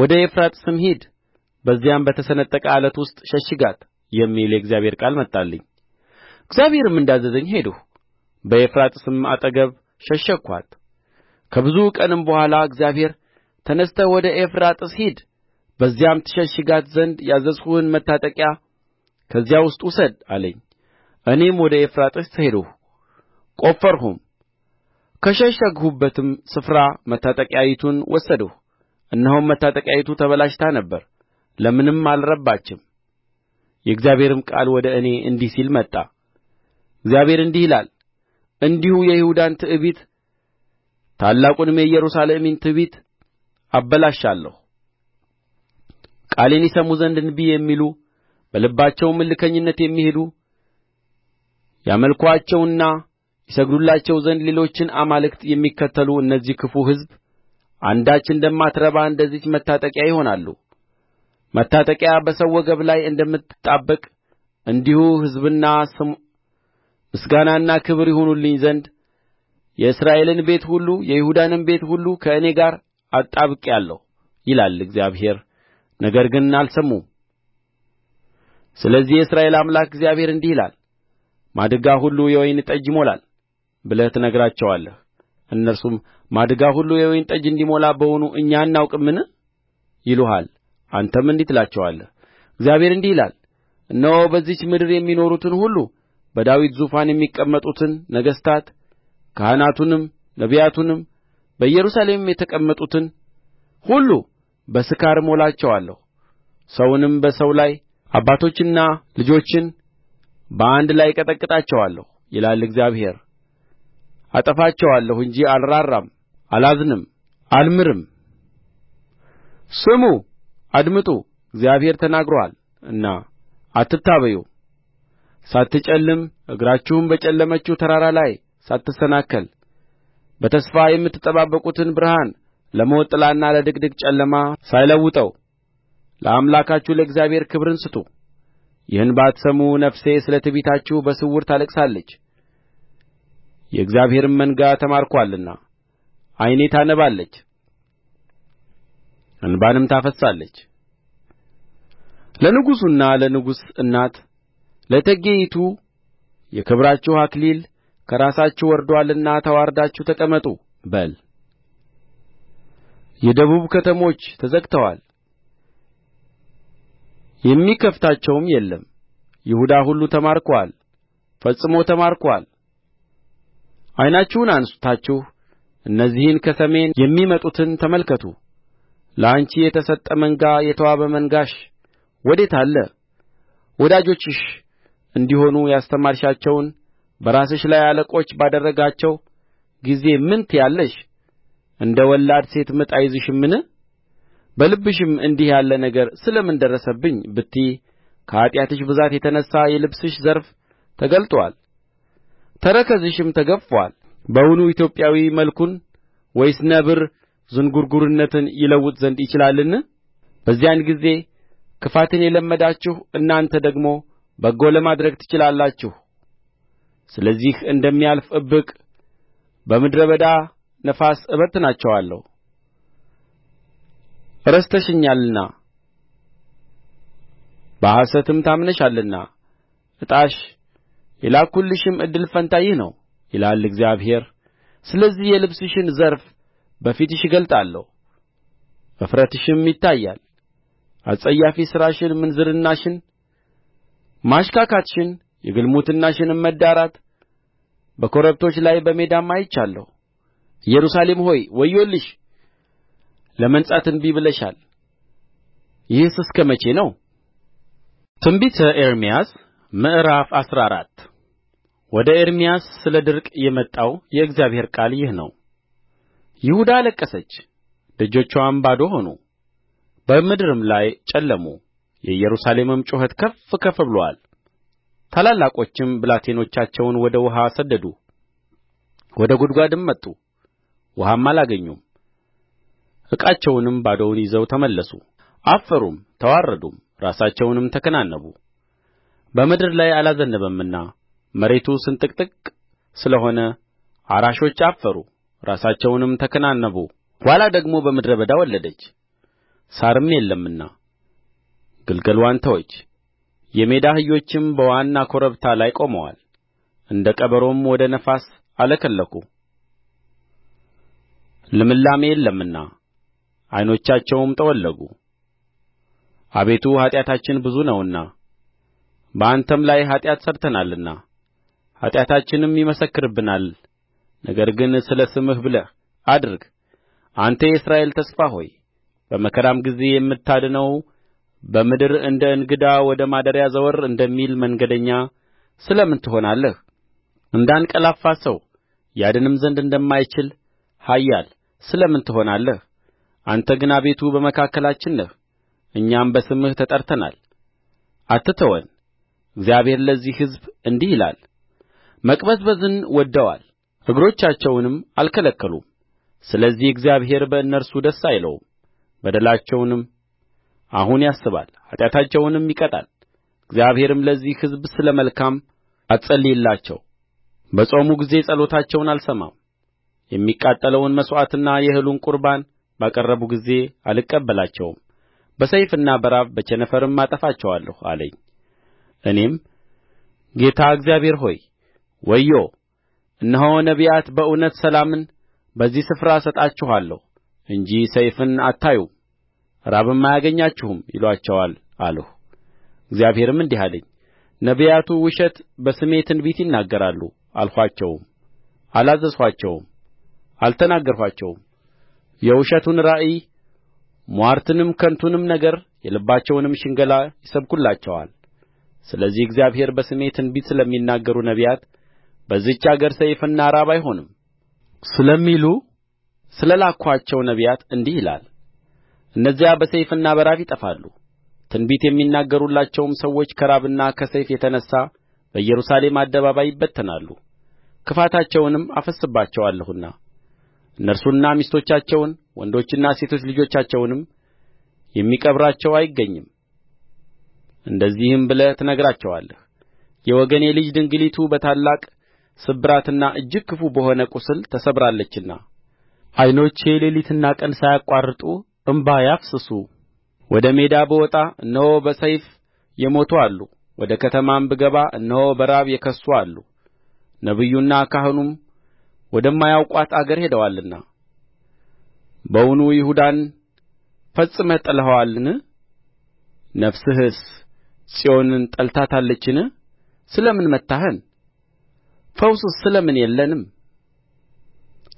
ወደ ኤፍራጥስም ሂድ በዚያም በተሰነጠቀ ዓለት ውስጥ ሸሽጋት የሚል የእግዚአብሔር ቃል መጣልኝ እግዚአብሔርም እንዳዘዘኝ ሄድሁ በኤፍራጥስም አጠገብ ሸሸግኋት ከብዙ ቀንም በኋላ እግዚአብሔር ተነሥተህ ወደ ኤፍራጥስ ሂድ በዚያም ትሸሽጋት ዘንድ ያዘዝሁህን መታጠቂያ ከዚያ ውስጥ ውሰድ አለኝ እኔም ወደ ኤፍራጥስ ሄድሁ ቈፈርሁም ከሸሸግሁበትም ስፍራ መታጠቂያይቱን ወሰድሁ እነሆም መታጠቂያይቱ ተበላሽታ ነበር ለምንም አልረባችም የእግዚአብሔርም ቃል ወደ እኔ እንዲህ ሲል መጣ እግዚአብሔር እንዲህ ይላል እንዲሁ የይሁዳን ትዕቢት ታላቁንም የኢየሩሳሌምን ትዕቢት አበላሻለሁ ቃሌን ይሰሙ ዘንድ እንቢ የሚሉ በልባቸውም እልከኝነት የሚሄዱ ያመልኩአቸውና ይሰግዱላቸው ዘንድ ሌሎችን አማልክት የሚከተሉ እነዚህ ክፉ ሕዝብ አንዳች እንደማትረባ እንደዚች መታጠቂያ ይሆናሉ መታጠቂያ በሰው ወገብ ላይ እንደምትጣበቅ እንዲሁ ሕዝብና ስም ምስጋናና ክብር ይሆኑልኝ ዘንድ የእስራኤልን ቤት ሁሉ የይሁዳንም ቤት ሁሉ ከእኔ ጋር አጣብቄአለሁ ይላል እግዚአብሔር ነገር ግን አልሰሙም ስለዚህ የእስራኤል አምላክ እግዚአብሔር እንዲህ ይላል ማድጋ ሁሉ የወይን ጠጅ ይሞላል ብለህ ትነግራቸዋለህ እነርሱም ማድጋ ሁሉ የወይን ጠጅ እንዲሞላ በውኑ እኛ አናውቅምን ይሉሃል አንተም እንዲህ ትላቸዋለህ እግዚአብሔር እንዲህ ይላል እነሆ በዚህች ምድር የሚኖሩትን ሁሉ በዳዊት ዙፋን የሚቀመጡትን ነገሥታት ካህናቱንም ነቢያቱንም በኢየሩሳሌምም የተቀመጡትን ሁሉ በስካር እሞላቸዋለሁ ሰውንም በሰው ላይ አባቶችንና ልጆችን በአንድ ላይ እቀጠቅጣቸዋለሁ ይላል እግዚአብሔር አጠፋቸዋለሁ እንጂ አልራራም አላዝንም አልምርም ስሙ አድምጡ እግዚአብሔር ተናግሮአልና አትታበዩ ሳትጨልም እግራችሁም በጨለመችው ተራራ ላይ ሳትሰናከል በተስፋ የምትጠባበቁትን ብርሃን ለሞት ጥላና ለድቅድቅ ጨለማ ሳይለውጠው ለአምላካችሁ ለእግዚአብሔር ክብርን ስጡ ይህን ባትሰሙ ነፍሴ ስለ ትዕቢታችሁ በስውር ታለቅሳለች የእግዚአብሔርም መንጋ ተማርኮአልና ዓይኔ ታነባለች እንባንም ታፈስሳለች ለንጉሡና ለንጉሥ እናት ለእቴጌይቱ የክብራችሁ አክሊል ከራሳችሁ ወርዶአልና ተዋርዳችሁ ተቀመጡ በል የደቡብ ከተሞች ተዘግተዋል የሚከፍታቸውም የለም ይሁዳ ሁሉ ተማርኮአል ፈጽሞ ተማርኮአል ዓይናችሁን አንሥታችሁ እነዚህን ከሰሜን የሚመጡትን ተመልከቱ ለአንቺ የተሰጠ መንጋ የተዋበ መንጋሽ ወዴት አለ ወዳጆችሽ እንዲሆኑ ያስተማርሻቸውን በራስሽ ላይ አለቆች ባደረጋቸው ጊዜ ምን ትያለሽ እንደ ወላድ ሴት ምጥ አይዝሽምን በልብሽም እንዲህ ያለ ነገር ስለ ምን ደረሰብኝ ብትዪ ከኃጢአትሽ ብዛት የተነሣ የልብስሽ ዘርፍ ተገልጦአል ተረከዝሽም ተገፍፎአል በውኑ ኢትዮጵያዊ መልኩን ወይስ ነብር ዝንጕርጕርነትን ይለውጥ ዘንድ ይችላልን በዚያን ጊዜ ክፋትን የለመዳችሁ እናንተ ደግሞ በጎ ለማድረግ ትችላላችሁ ስለዚህ እንደሚያልፍ እብቅ በምድረ በዳ ነፋስ እበትናቸዋለሁ ረስተሽኛልና በሐሰትም ታምነሻልና ዕጣሽ የላክሁልሽም እድል ፈንታ ይህ ነው ይላል እግዚአብሔር ስለዚህ የልብስሽን ዘርፍ በፊትሽ እገልጣለሁ እፍረትሽም ይታያል አስጸያፊ ሥራሽን ምንዝርናሽን ማሽካካትሽን የግልሙትናሽንም መዳራት በኮረብቶች ላይ በሜዳም አይቻለሁ ኢየሩሳሌም ሆይ ወዮልሽ ለመንጻት እንቢ ብለሻል ይህስ እስከ መቼ ነው ትንቢተ ኤርምያስ ምዕራፍ አስራ አራት ወደ ኤርምያስ ስለ ድርቅ የመጣው የእግዚአብሔር ቃል ይህ ነው ይሁዳ አለቀሰች ደጆችዋም ባዶ ሆኑ በምድርም ላይ ጨለሙ የኢየሩሳሌምም ጩኸት ከፍ ከፍ ብሎአል ታላላቆችም ብላቴኖቻቸውን ወደ ውኃ ሰደዱ ወደ ጕድጓድም መጡ ውኃም አላገኙም ዕቃቸውንም ባዶውን ይዘው ተመለሱ አፈሩም ተዋረዱም ራሳቸውንም ተከናነቡ በምድር ላይ አላዘነበምና መሬቱ ስንጥቅጥቅ ስለ ሆነ አራሾች አፈሩ ራሳቸውንም ተከናነቡ ዋላ ደግሞ በምድረ በዳ ወለደች ሣርም የለምና ግልገልዋን ተወች የሜዳ አህዮችም በወና ኮረብታ ላይ ቆመዋል እንደ ቀበሮም ወደ ነፋስ አለከለኩ ልምላሜ የለምና ዓይኖቻቸውም ጠወለጉ አቤቱ ኃጢአታችን ብዙ ነውና በአንተም ላይ ኃጢአት ሠርተናልና ኃጢአታችንም ይመሰክርብናል ነገር ግን ስለ ስምህ ብለህ አድርግ አንተ የእስራኤል ተስፋ ሆይ በመከራም ጊዜ የምታድነው በምድር እንደ እንግዳ ወደ ማደሪያ ዘወር እንደሚል መንገደኛ ስለ ምን ትሆናለህ እንዳንቀላፋ ሰው ያድንም ዘንድ እንደማይችል ኃያል ስለ ምን ትሆናለህ አንተ ግን አቤቱ በመካከላችን ነህ እኛም በስምህ ተጠርተናል አትተወን እግዚአብሔር ለዚህ ሕዝብ እንዲህ ይላል መቅበዝበዝን ወድደዋል እግሮቻቸውንም አልከለከሉም ስለዚህ እግዚአብሔር በእነርሱ ደስ አይለውም በደላቸውንም አሁን ያስባል ኃጢአታቸውንም ይቀጣል እግዚአብሔርም ለዚህ ሕዝብ ስለ መልካም አትጸልይላቸው በጾሙ ጊዜ ጸሎታቸውን አልሰማም የሚቃጠለውን መሥዋዕትና የእህሉን ቍርባን ባቀረቡ ጊዜ አልቀበላቸውም በሰይፍና በራብ በቸነፈርም አጠፋቸዋለሁ አለኝ እኔም ጌታ እግዚአብሔር ሆይ ወዮ እነሆ ነቢያት በእውነት ሰላምን በዚህ ስፍራ እሰጣችኋለሁ እንጂ ሰይፍን አታዩም ራብም አያገኛችሁም ይሉአቸዋል አልሁ እግዚአብሔርም እንዲህ አለኝ ነቢያቱ ውሸት በስሜ ትንቢት ይናገራሉ አልኋቸውም፣ አላዘዝኋቸውም አልተናገርኋቸውም የውሸቱን ራእይ ምዋርትንም ከንቱንም ነገር የልባቸውንም ሽንገላ ይሰብኩላቸዋል ስለዚህ እግዚአብሔር በስሜ ትንቢት ስለሚናገሩ ነቢያት በዚህች አገር ሰይፍና ራብ አይሆንም ስለሚሉ ስለ ላክኋቸው ነቢያት እንዲህ ይላል እነዚያ በሰይፍና በራብ ይጠፋሉ ትንቢት የሚናገሩላቸውም ሰዎች ከራብና ከሰይፍ የተነሣ በኢየሩሳሌም አደባባይ ይበተናሉ ክፋታቸውንም አፈስስባቸዋለሁና እነርሱንና ሚስቶቻቸውን ወንዶችና ሴቶች ልጆቻቸውንም የሚቀብራቸው አይገኝም እንደዚህም ብለህ ትነግራቸዋለህ የወገኔ ልጅ ድንግሊቱ በታላቅ ስብራትና እጅግ ክፉ በሆነ ቍስል ተሰብራለችና ዓይኖቼ ሌሊትና ቀን ሳያቋርጡ እንባ ያፍስሱ ወደ ሜዳ ብወጣ እነሆ በሰይፍ የሞቱ አሉ ወደ ከተማም ብገባ እነሆ በራብ የከሱ አሉ ነቢዩና ካህኑም ወደማያውቋት አገር ሄደዋልና በውኑ ይሁዳን ፈጽመህ ጥለኸዋልን ነፍስህስ ጽዮንን ጠልታታለችን ስለ ምን መታኸን ፈውስስ ስለ ምን የለንም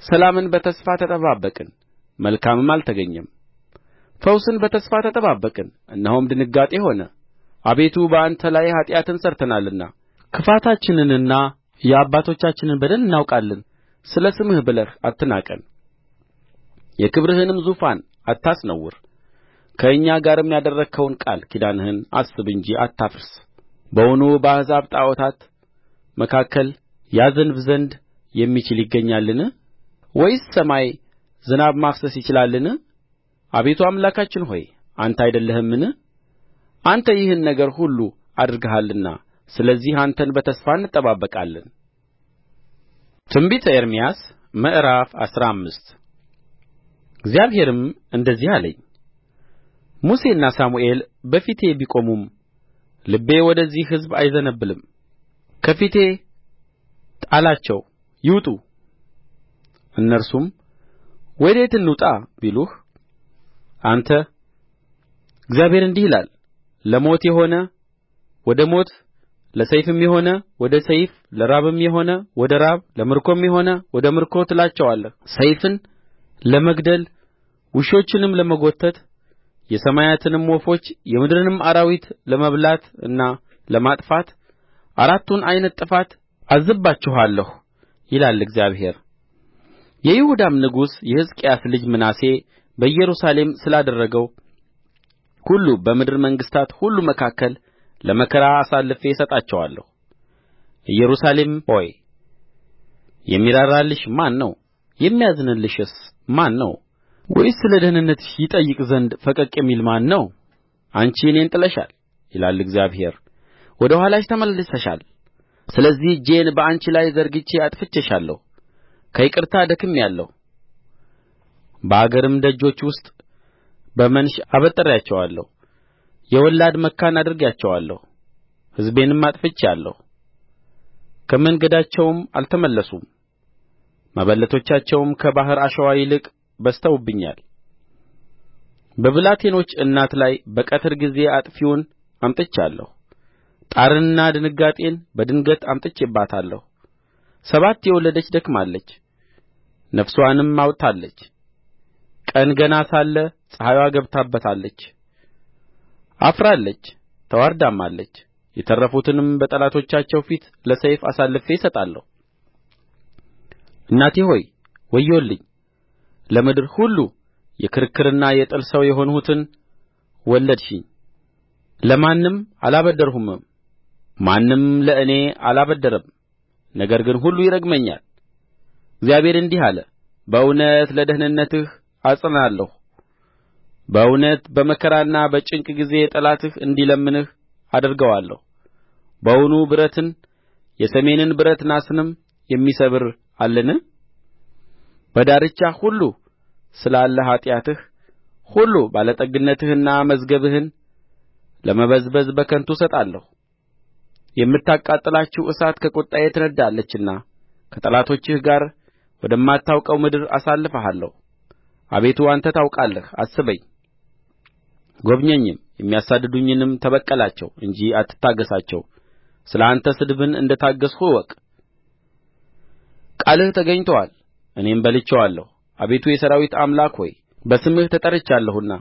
ሰላምን በተስፋ ተጠባበቅን መልካምም አልተገኘም ፈውስን በተስፋ ተጠባበቅን እነሆም ድንጋጤ ሆነ አቤቱ በአንተ ላይ ኃጢአትን ሠርተናልና ክፋታችንንና የአባቶቻችንን በደል እናውቃለን ስለ ስምህ ብለህ አትናቀን የክብርህንም ዙፋን አታስነውር ከእኛ ጋርም ያደረግኸውን ቃል ኪዳንህን አስብ እንጂ አታፍርስ በውኑ በአሕዛብ ጣዖታት መካከል ያዘንብ ዘንድ የሚችል ይገኛልን ወይስ ሰማይ ዝናብ ማፍሰስ ይችላልን አቤቱ አምላካችን ሆይ አንተ አይደለህምን አንተ ይህን ነገር ሁሉ አድርገሃልና ስለዚህ አንተን በተስፋ እንጠባበቃለን ትንቢተ ኤርምያስ ምዕራፍ አስራ አምስት እግዚአብሔርም እንደዚህ አለኝ ሙሴና ሳሙኤል በፊቴ ቢቆሙም ልቤ ወደዚህ ሕዝብ አይዘነብልም ከፊቴ አላቸው ይውጡ እነርሱም ወዴት እንውጣ ቢሉህ አንተ እግዚአብሔር እንዲህ ይላል ለሞት የሆነ ወደ ሞት ለሰይፍም የሆነ ወደ ሰይፍ ለራብም የሆነ ወደ ራብ ለምርኮም የሆነ ወደ ምርኮ ትላቸዋለህ ሰይፍን ለመግደል ውሾችንም ለመጐተት የሰማያትንም ወፎች የምድርንም አራዊት ለመብላትና ለማጥፋት አራቱን ዓይነት ጥፋት አዝዝባችኋለሁ ይላል እግዚአብሔር የይሁዳም ንጉሥ የሕዝቅያስ ልጅ ምናሴ በኢየሩሳሌም ስላደረገው ሁሉ በምድር መንግሥታት ሁሉ መካከል ለመከራ አሳልፌ እሰጣቸዋለሁ ኢየሩሳሌም ሆይ የሚራራልሽ ማን ነው የሚያዝንልሽስ ማን ነው ወይስ ስለ ደኅንነትሽ ይጠይቅ ዘንድ ፈቀቅ የሚል ማን ነው አንቺ እኔን ጥለሻል ይላል እግዚአብሔር ወደ ኋላሽ ተመልሰሻል ስለዚህ እጄን በአንቺ ላይ ዘርግቼ አጥፍቼሻለሁ ከይቅርታ ደክሜአለሁ በአገርም ደጆች ውስጥ በመንሽ አበጥሬአቸዋለሁ የወላድ መካን አድርጌአቸዋለሁ ሕዝቤንም አጥፍቼአለሁ ከመንገዳቸውም አልተመለሱም መበለቶቻቸውም ከባሕር አሸዋ ይልቅ በዝተውብኛል በብላቴኖች እናት ላይ በቀትር ጊዜ አጥፊውን አምጥቻለሁ ጣርንና ድንጋጤን በድንገት አምጥቼባታለሁ ሰባት የወለደች ደክማለች ነፍስዋንም አውጥታለች ቀን ገና ሳለ ፀሐይዋ ገብታባታለች አፍራለች ተዋርዳማለች የተረፉትንም በጠላቶቻቸው ፊት ለሰይፍ አሳልፌ እሰጣለሁ እናቴ ሆይ ወዮልኝ ለምድር ሁሉ የክርክርና የጥል ሰው የሆንሁትን ወለድሽኝ ለማንም አላበደርሁምም ማንም ለእኔ አላበደረም ነገር ግን ሁሉ ይረግመኛል እግዚአብሔር እንዲህ አለ በእውነት ለደኅንነትህ አጸናሃለሁ በእውነት በመከራና በጭንቅ ጊዜ ጠላትህ እንዲለምንህ አደርገዋለሁ በውኑ ብረትን የሰሜንን ብረት ናስንም የሚሰብር አለን በዳርቻህ ሁሉ ስላለ ኃጢአትህ ሁሉ ባለጠግነትህንና መዝገብህን ለመበዝበዝ በከንቱ እሰጣለሁ የምታቃጥላችሁ እሳት ከቍጣዬ ትነድዳለችና ከጠላቶችህ ጋር ወደማታውቀው ምድር አሳልፍሃለሁ አቤቱ አንተ ታውቃለህ አስበኝ ጐብኘኝም የሚያሳድዱኝንም ተበቀላቸው እንጂ አትታገሣቸው ስለ አንተ ስድብን እንደ ታገሥሁ እወቅ ቃልህ ተገኝቶአል እኔም በልቼዋለሁ አቤቱ የሠራዊት አምላክ ሆይ በስምህ ተጠርቻለሁና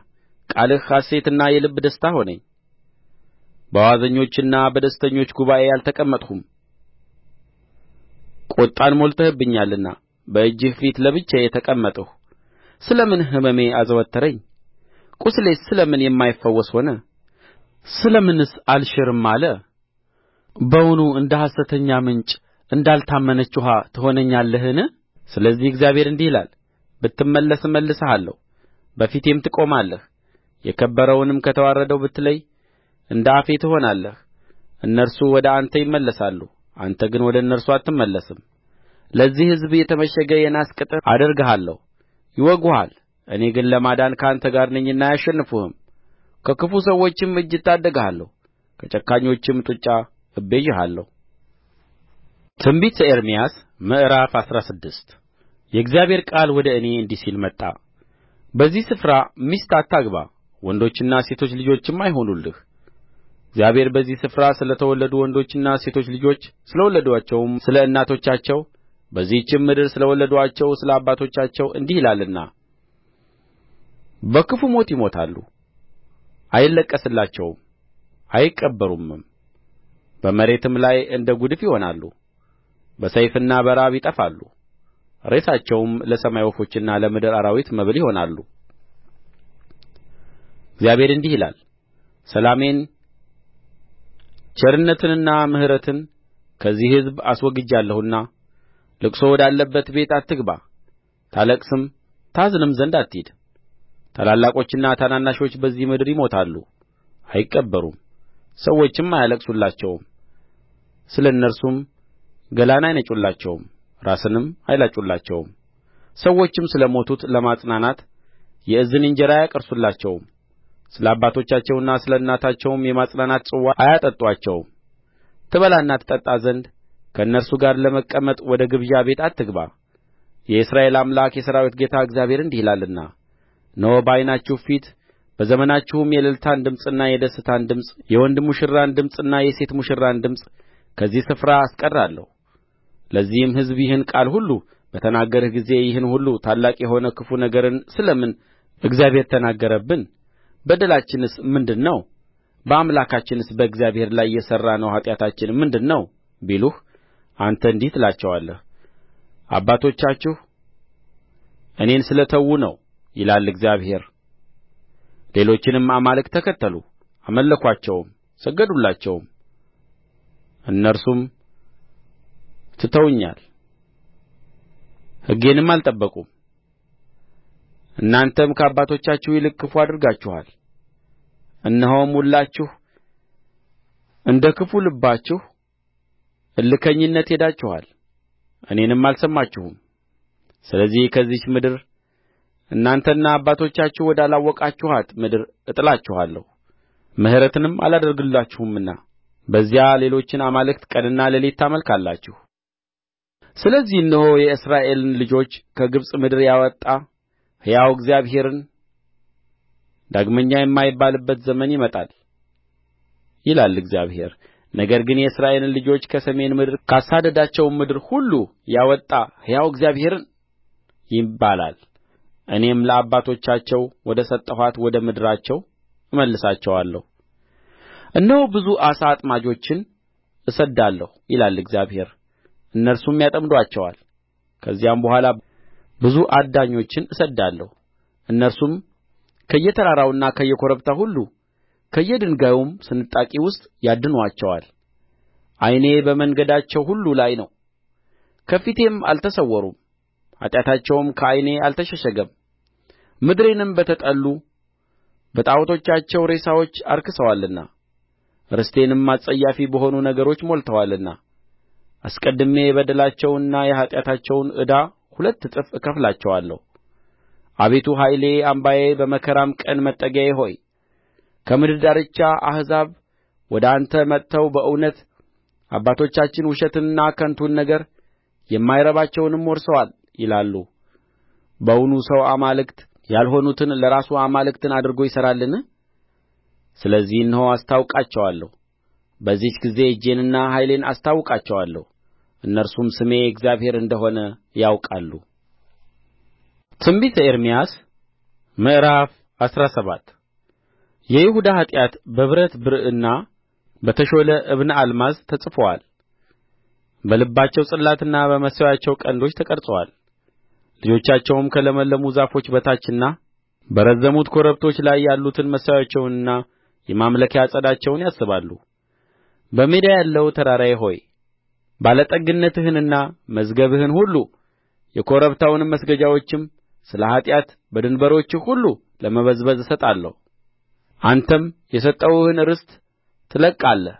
ቃልህ ሐሤትና የልብ ደስታ ሆነኝ በዋዘኞችና በደስተኞች ጉባኤ አልተቀመጥሁም ቍጣን ሞልተህብኛልና በእጅህ ፊት ለብቻዬ ተቀመጥሁ ስለ ምን ሕመሜ አዘወተረኝ ቍስሌስ ስለ ምን የማይፈወስ ሆነ ስለ ምንስ አልሽርም አለ በውኑ እንደ ሐሰተኛ ምንጭ እንዳልታመነች ውኃ ትሆነኛለህን ስለዚህ እግዚአብሔር እንዲህ ይላል ብትመለስ እመልስሃለሁ በፊቴም ትቆማለህ የከበረውንም ከተዋረደው ብትለይ እንደ አፌ ትሆናለህ እነርሱ ወደ አንተ ይመለሳሉ አንተ ግን ወደ እነርሱ አትመለስም ለዚህ ሕዝብ የተመሸገ የናስ ቅጥር አደርግሃለሁ ይወጉሃል እኔ ግን ለማዳን ከአንተ ጋር ነኝና አያሸንፉህም ከክፉ ሰዎችም እጅ እታደግሃለሁ ከጨካኞችም ጡጫ እቤዥሃለሁ ትንቢተ ኤርምያስ ምዕራፍ አስራ ስድስት የእግዚአብሔር ቃል ወደ እኔ እንዲህ ሲል መጣ በዚህ ስፍራ ሚስት አታግባ ወንዶችና ሴቶች ልጆችም አይሁኑልህ እግዚአብሔር በዚህ ስፍራ ስለ ተወለዱ ወንዶችና ሴቶች ልጆች ስለ ወለዱአቸውም ስለ እናቶቻቸው በዚህችም ምድር ስለ ወለዱአቸው ስለ አባቶቻቸው እንዲህ ይላልና በክፉ ሞት ይሞታሉ አይለቀስላቸውም አይቀበሩምም በመሬትም ላይ እንደ ጕድፍ ይሆናሉ በሰይፍና በራብ ይጠፋሉ ሬሳቸውም ለሰማይ ወፎችና ለምድር አራዊት መብል ይሆናሉ እግዚአብሔር እንዲህ ይላል ሰላሜን ቸርነትንና ምሕረትን ከዚህ ሕዝብ አስወግጃለሁና ልቅሶ ወዳለበት ቤት አትግባ ታለቅስም ታዝንም ዘንድ አትሂድ ታላላቆችና ታናናሾች በዚህ ምድር ይሞታሉ አይቀበሩም ሰዎችም አያለቅሱላቸውም ስለ እነርሱም ገላን አይነጩላቸውም ራስንም አይላጩላቸውም ሰዎችም ስለ ሞቱት ለማጽናናት የእዝን እንጀራ አያቀርሱላቸውም ስለ አባቶቻቸውና ስለ እናታቸውም የማጽናናት ጽዋ አያጠጡአቸውም ትበላና ትጠጣ ዘንድ ከእነርሱ ጋር ለመቀመጥ ወደ ግብዣ ቤት አትግባ የእስራኤል አምላክ የሠራዊት ጌታ እግዚአብሔር እንዲህ ይላልና እነሆ በዓይናችሁ ፊት በዘመናችሁም የእልልታን ድምፅና የደስታን ድምፅ የወንድ ሙሽራን ድምፅና የሴት ሙሽራን ድምፅ ከዚህ ስፍራ አስቀራለሁ ለዚህም ሕዝብ ይህን ቃል ሁሉ በተናገርህ ጊዜ ይህን ሁሉ ታላቅ የሆነ ክፉ ነገርን ስለ ምን እግዚአብሔር ተናገረብን በደላችንስ ምንድር ነው በአምላካችንስ በእግዚአብሔር ላይ የሠራነው ኃጢአታችን ምንድር ነው ቢሉህ አንተ እንዲህ ትላቸዋለህ አባቶቻችሁ እኔን ስለ ተዉ ነው ይላል እግዚአብሔር ሌሎችንም አማልክት ተከተሉ አመለኩአቸውም ሰገዱላቸውም እነርሱም ትተውኛል ሕጌንም አልጠበቁም እናንተም ከአባቶቻችሁ ይልቅ ክፉ አድርጋችኋል እነሆም ሁላችሁ እንደ ክፉ ልባችሁ እልከኝነት ሄዳችኋል እኔንም አልሰማችሁም ስለዚህ ከዚህች ምድር እናንተና አባቶቻችሁ ወዳላወቃችኋት ምድር እጥላችኋለሁ ምሕረትንም አላደርግላችሁምና በዚያ ሌሎችን አማልክት ቀንና ሌሊት ታመልካላችሁ ስለዚህ እነሆ የእስራኤልን ልጆች ከግብጽ ምድር ያወጣ ሕያው እግዚአብሔርን ዳግመኛ የማይባልበት ዘመን ይመጣል ይላል እግዚአብሔር ነገር ግን የእስራኤልን ልጆች ከሰሜን ምድር ካሳደዳቸውም ምድር ሁሉ ያወጣ ሕያው እግዚአብሔርን ይባላል እኔም ለአባቶቻቸው ወደ ሰጠኋት ወደ ምድራቸው እመልሳቸዋለሁ እነሆ ብዙ ዓሣ አጥማጆችን እሰድዳለሁ ይላል እግዚአብሔር እነርሱም ያጠምዱአቸዋል ከዚያም በኋላ ብዙ አዳኞችን እሰድዳለሁ እነርሱም ከየተራራውና ከየኮረብታው ሁሉ ከየድንጋዩም ስንጣቂ ውስጥ ያድኑአቸዋል ዓይኔ በመንገዳቸው ሁሉ ላይ ነው ከፊቴም አልተሰወሩም ኃጢአታቸውም ከዓይኔ አልተሸሸገም ምድሬንም በተጠሉ በጣዖቶቻቸው ሬሳዎች አርክሰዋልና ርስቴንም አስጸያፊ በሆኑ ነገሮች ሞልተዋልና አስቀድሜ የበደላቸውንና የኃጢአታቸውን ዕዳ ሁለት እጥፍ እከፍላቸዋለሁ አቤቱ ኃይሌ አምባዬ በመከራም ቀን መጠጊያዬ ሆይ ከምድር ዳርቻ አሕዛብ ወደ አንተ መጥተው በእውነት አባቶቻችን ውሸትንና ከንቱን ነገር የማይረባቸውንም ወርሰዋል ይላሉ በውኑ ሰው አማልክት ያልሆኑትን ለራሱ አማልክትን አድርጎ ይሠራልን ስለዚህ እነሆ አስታውቃቸዋለሁ በዚህች ጊዜ እጄንና ኃይሌን አስታውቃቸዋለሁ እነርሱም ስሜ እግዚአብሔር እንደ ሆነ ያውቃሉ ትንቢተ ኤርምያስ ምዕራፍ አስራ ሰባት የይሁዳ ኃጢአት በብረት ብርዕና በተሾለ ዕብነ አልማዝ ተጽፎአል በልባቸው ጽላትና በመሠዊያቸው ቀንዶች ተቀርጾአል ልጆቻቸውም ከለመለሙ ዛፎች በታችና በረዘሙት ኮረብቶች ላይ ያሉትን መሠዊያቸውንና የማምለኪያ ዐፀዳቸውን ያስባሉ በሜዳ ያለው ተራራዬ ሆይ ባለጠግነትህንና መዝገብህን ሁሉ የኮረብታውንም መስገጃዎችም ስለ ኃጢአት በድንበሮችህ ሁሉ ለመበዝበዝ እሰጣለሁ አንተም የሰጠሁህን ርስት ትለቅቃለህ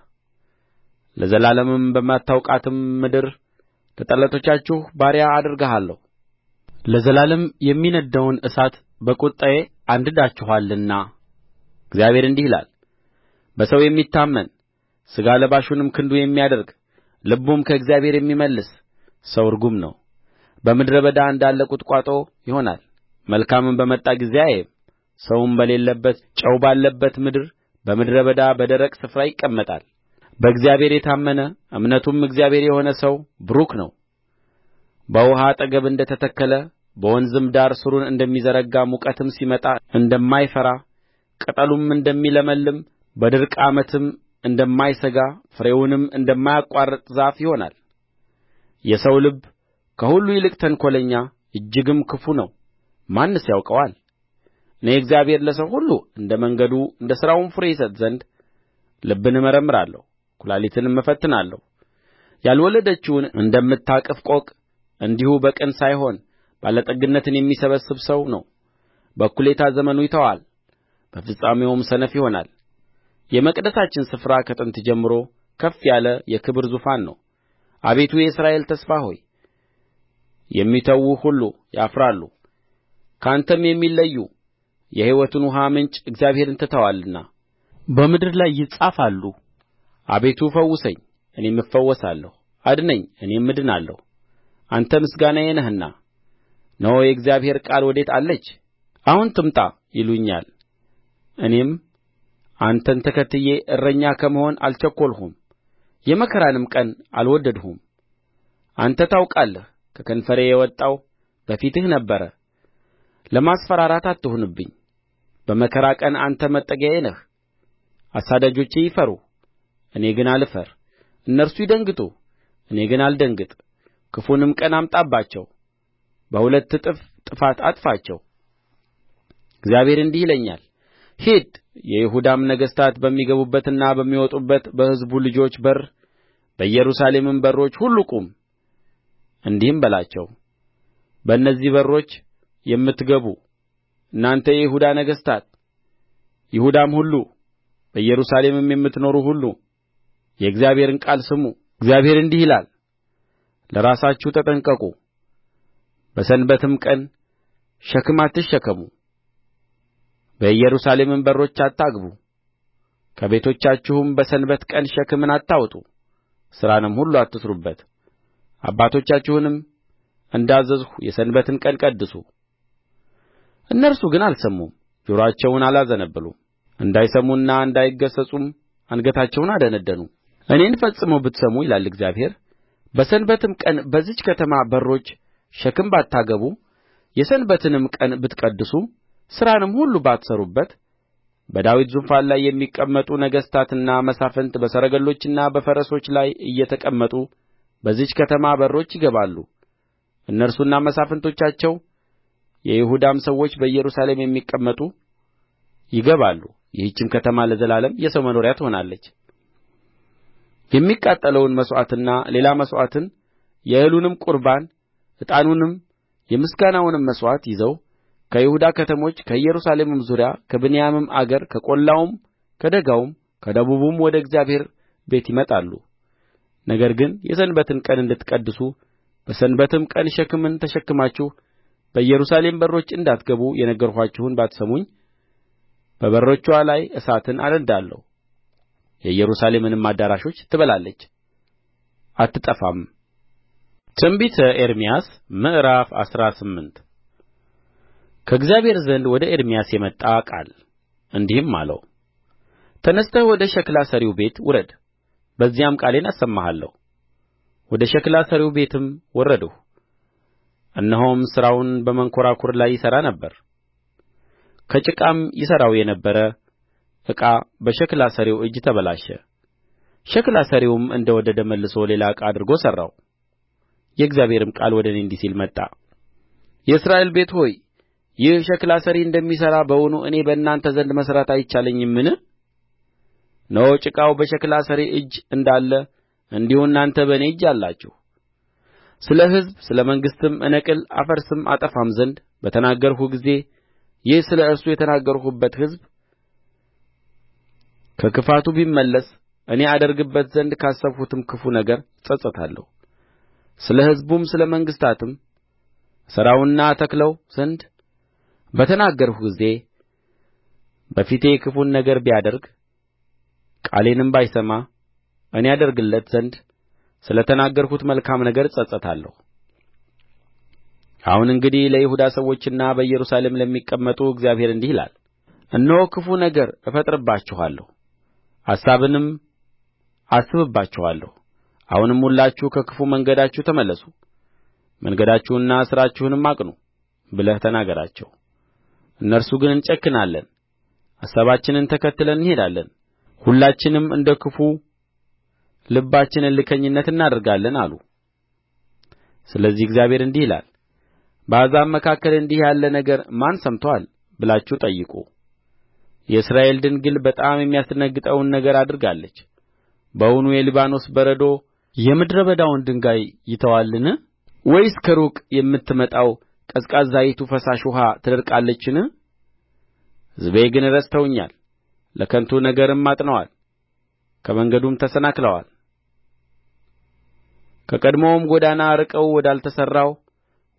ለዘላለምም በማታውቃትም ምድር ለጠላቶቻችሁ ባሪያ አደርግሃለሁ ለዘላለም የሚነድደውን እሳት በቍጣዬ አንድዳችኋልና እግዚአብሔር እንዲህ ይላል በሰው የሚታመን ሥጋ ለባሹንም ክንዱ የሚያደርግ ልቡም ከእግዚአብሔር የሚመለስ ሰው ርጉም ነው በምድረ በዳ እንዳለ ቍጥቋጦ ይሆናል መልካምም በመጣ ጊዜ አያይም ሰውም በሌለበት ጨው ባለበት ምድር በምድረ በዳ በደረቅ ስፍራ ይቀመጣል በእግዚአብሔር የታመነ እምነቱም እግዚአብሔር የሆነ ሰው ቡሩክ ነው በውኃ አጠገብ እንደ ተተከለ በወንዝም ዳር ሥሩን እንደሚዘረጋ ሙቀትም ሲመጣ እንደማይፈራ ቅጠሉም እንደሚለመልም በድርቅ ዓመትም እንደማይሠጋ ፍሬውንም እንደማያቋርጥ ዛፍ ይሆናል የሰው ልብ ከሁሉ ይልቅ ተንኰለኛ እጅግም ክፉ ነው ማንስ ያውቀዋል እኔ እግዚአብሔር ለሰው ሁሉ እንደ መንገዱ እንደ ሥራውም ፍሬ ይሰጥ ዘንድ ልብን እመረምራለሁ ኵላሊትንም እፈትናለሁ ያልወለደችውን እንደምታቅፍ ቆቅ እንዲሁ በቅን ሳይሆን ባለጠግነትን የሚሰበስብ ሰው ነው በእኩሌታ ዘመኑ ይተዋል በፍጻሜውም ሰነፍ ይሆናል የመቅደሳችን ስፍራ ከጥንት ጀምሮ ከፍ ያለ የክብር ዙፋን ነው አቤቱ የእስራኤል ተስፋ ሆይ የሚተዉህ ሁሉ ያፍራሉ ከአንተም የሚለዩ የሕይወትን ውኃ ምንጭ እግዚአብሔርን ትተዋልና በምድር ላይ ይጻፋሉ አቤቱ ፈውሰኝ እኔም እፈወሳለሁ አድነኝ እኔም እድናለሁ አንተ ምስጋናዬ ነህና እነሆ የእግዚአብሔር ቃል ወዴት አለች አሁን ትምጣ ይሉኛል እኔም አንተን ተከትዬ እረኛ ከመሆን አልቸኰልሁም የመከራንም ቀን አልወደድሁም አንተ ታውቃለህ ከከንፈሬ የወጣው በፊትህ ነበረ ለማስፈራራት አትሁንብኝ በመከራ ቀን አንተ መጠጊያዬ ነህ አሳዳጆቼ ይፈሩ እኔ ግን አልፈር እነርሱ ይደንግጡ እኔ ግን አልደንግጥ ክፉንም ቀን አምጣባቸው በሁለት እጥፍ ጥፋት አጥፋቸው እግዚአብሔር እንዲህ ይለኛል ሂድ የይሁዳም ነገሥታት በሚገቡበትና በሚወጡበት በሕዝቡ ልጆች በር በኢየሩሳሌምም በሮች ሁሉ ቁም እንዲህም በላቸው በእነዚህ በሮች የምትገቡ እናንተ የይሁዳ ነገሥታት ይሁዳም ሁሉ በኢየሩሳሌምም የምትኖሩ ሁሉ የእግዚአብሔርን ቃል ስሙ እግዚአብሔር እንዲህ ይላል ለራሳችሁ ተጠንቀቁ በሰንበትም ቀን ሸክም አትሸከሙ በኢየሩሳሌምም በሮች አታግቡ ከቤቶቻችሁም በሰንበት ቀን ሸክምን አታውጡ ሥራንም ሁሉ አትሥሩበት አባቶቻችሁንም እንዳዘዝሁ የሰንበትን ቀን ቀድሱ እነርሱ ግን አልሰሙም ጆሮአቸውን አላዘነበሉም እንዳይሰሙና እንዳይገሠጹም አንገታቸውን አደነደኑ እኔን ፈጽሞ ብትሰሙ ይላል እግዚአብሔር በሰንበትም ቀን በዚህች ከተማ በሮች ሸክም ባታገቡ የሰንበትንም ቀን ብትቀድሱ ሥራንም ሁሉ ባትሠሩበት በዳዊት ዙፋን ላይ የሚቀመጡ ነገሥታትና መሳፍንት በሰረገሎችና በፈረሶች ላይ እየተቀመጡ በዚህች ከተማ በሮች ይገባሉ እነርሱና መሳፍንቶቻቸው የይሁዳም ሰዎች በኢየሩሳሌም የሚቀመጡ ይገባሉ ይህችም ከተማ ለዘላለም የሰው መኖሪያ ትሆናለች የሚቃጠለውን መሥዋዕትና ሌላ መሥዋዕትን የእህሉንም ቍርባን ዕጣኑንም የምስጋናውንም መሥዋዕት ይዘው ከይሁዳ ከተሞች ከኢየሩሳሌምም ዙሪያ ከብንያምም አገር ከቈላውም ከደጋውም ከደቡቡም ወደ እግዚአብሔር ቤት ይመጣሉ ነገር ግን የሰንበትን ቀን እንድትቀድሱ በሰንበትም ቀን ሸክምን ተሸክማችሁ በኢየሩሳሌም በሮች እንዳትገቡ የነገርኋችሁን ባትሰሙኝ በበሮችዋ ላይ እሳትን አነድዳለሁ የኢየሩሳሌምንም አዳራሾች ትበላለች አትጠፋም ትንቢተ ኤርምያስ ምዕራፍ አስራ ስምንት ከእግዚአብሔር ዘንድ ወደ ኤርምያስ የመጣ ቃል እንዲህም አለው ተነሥተህ ወደ ሸክላ ሠሪው ቤት ውረድ በዚያም ቃሌን አሰማሃለሁ ወደ ሸክላ ሠሪው ቤትም ወረድሁ እነሆም ሥራውን በመንኰራኵር ላይ ይሠራ ነበር ከጭቃም ይሠራው የነበረ ዕቃ በሸክላ ሠሪው እጅ ተበላሸ ሸክላ ሠሪውም እንደ ወደደ መልሶ ሌላ ዕቃ አድርጎ ሠራው የእግዚአብሔርም ቃል ወደ እኔ እንዲህ ሲል መጣ የእስራኤል ቤት ሆይ ይህ ሸክላ ሠሪ እንደሚሠራ በውኑ እኔ በእናንተ ዘንድ መሥራት አይቻለኝምን እነሆ ጭቃው በሸክላ ሠሪ እጅ እንዳለ እንዲሁ እናንተ በእኔ እጅ አላችሁ ስለ ሕዝብ ስለ መንግሥትም እነቅል አፈርስም አጠፋም ዘንድ በተናገርሁ ጊዜ ይህ ስለ እርሱ የተናገርሁበት ሕዝብ ከክፋቱ ቢመለስ እኔ አደርግበት ዘንድ ካሰብሁትም ክፉ ነገር እጸጸታለሁ ስለ ሕዝቡም ስለ መንግሥታትም እሠራውና እተክለው ዘንድ በተናገርሁ ጊዜ በፊቴ ክፉን ነገር ቢያደርግ ቃሌንም ባይሰማ እኔ አደርግለት ዘንድ ስለ ተናገርሁት መልካም ነገር እጸጸታለሁ አሁን እንግዲህ ለይሁዳ ሰዎችና በኢየሩሳሌም ለሚቀመጡ እግዚአብሔር እንዲህ ይላል እነሆ ክፉ ነገር እፈጥርባችኋለሁ አሳብንም አስብባችኋለሁ አሁንም ሁላችሁ ከክፉ መንገዳችሁ ተመለሱ መንገዳችሁንና ሥራችሁንም አቅኑ ብለህ ተናገራቸው እነርሱ ግን እንጨክናለን አሳባችንን ተከትለን እንሄዳለን ሁላችንም እንደ ክፉው ልባችን እልከኝነት እናደርጋለን አሉ ስለዚህ እግዚአብሔር እንዲህ ይላል በአሕዛብ መካከል እንዲህ ያለ ነገር ማን ሰምቶአል ብላችሁ ጠይቁ የእስራኤል ድንግል በጣም የሚያስደነግጠውን ነገር አድርጋለች በውኑ የሊባኖስ በረዶ የምድረ በዳውን ድንጋይ ይተዋልን ወይስ ከሩቅ የምትመጣው ቀዝቃዛይቱ ፈሳሽ ውኃ ትደርቃለችን ሕዝቤ ግን ረስተውኛል ለከንቱ ነገርም ዐጥነዋል ከመንገዱም ተሰናክለዋል ከቀድሞውም ጐዳና ርቀው ወዳልተሠራው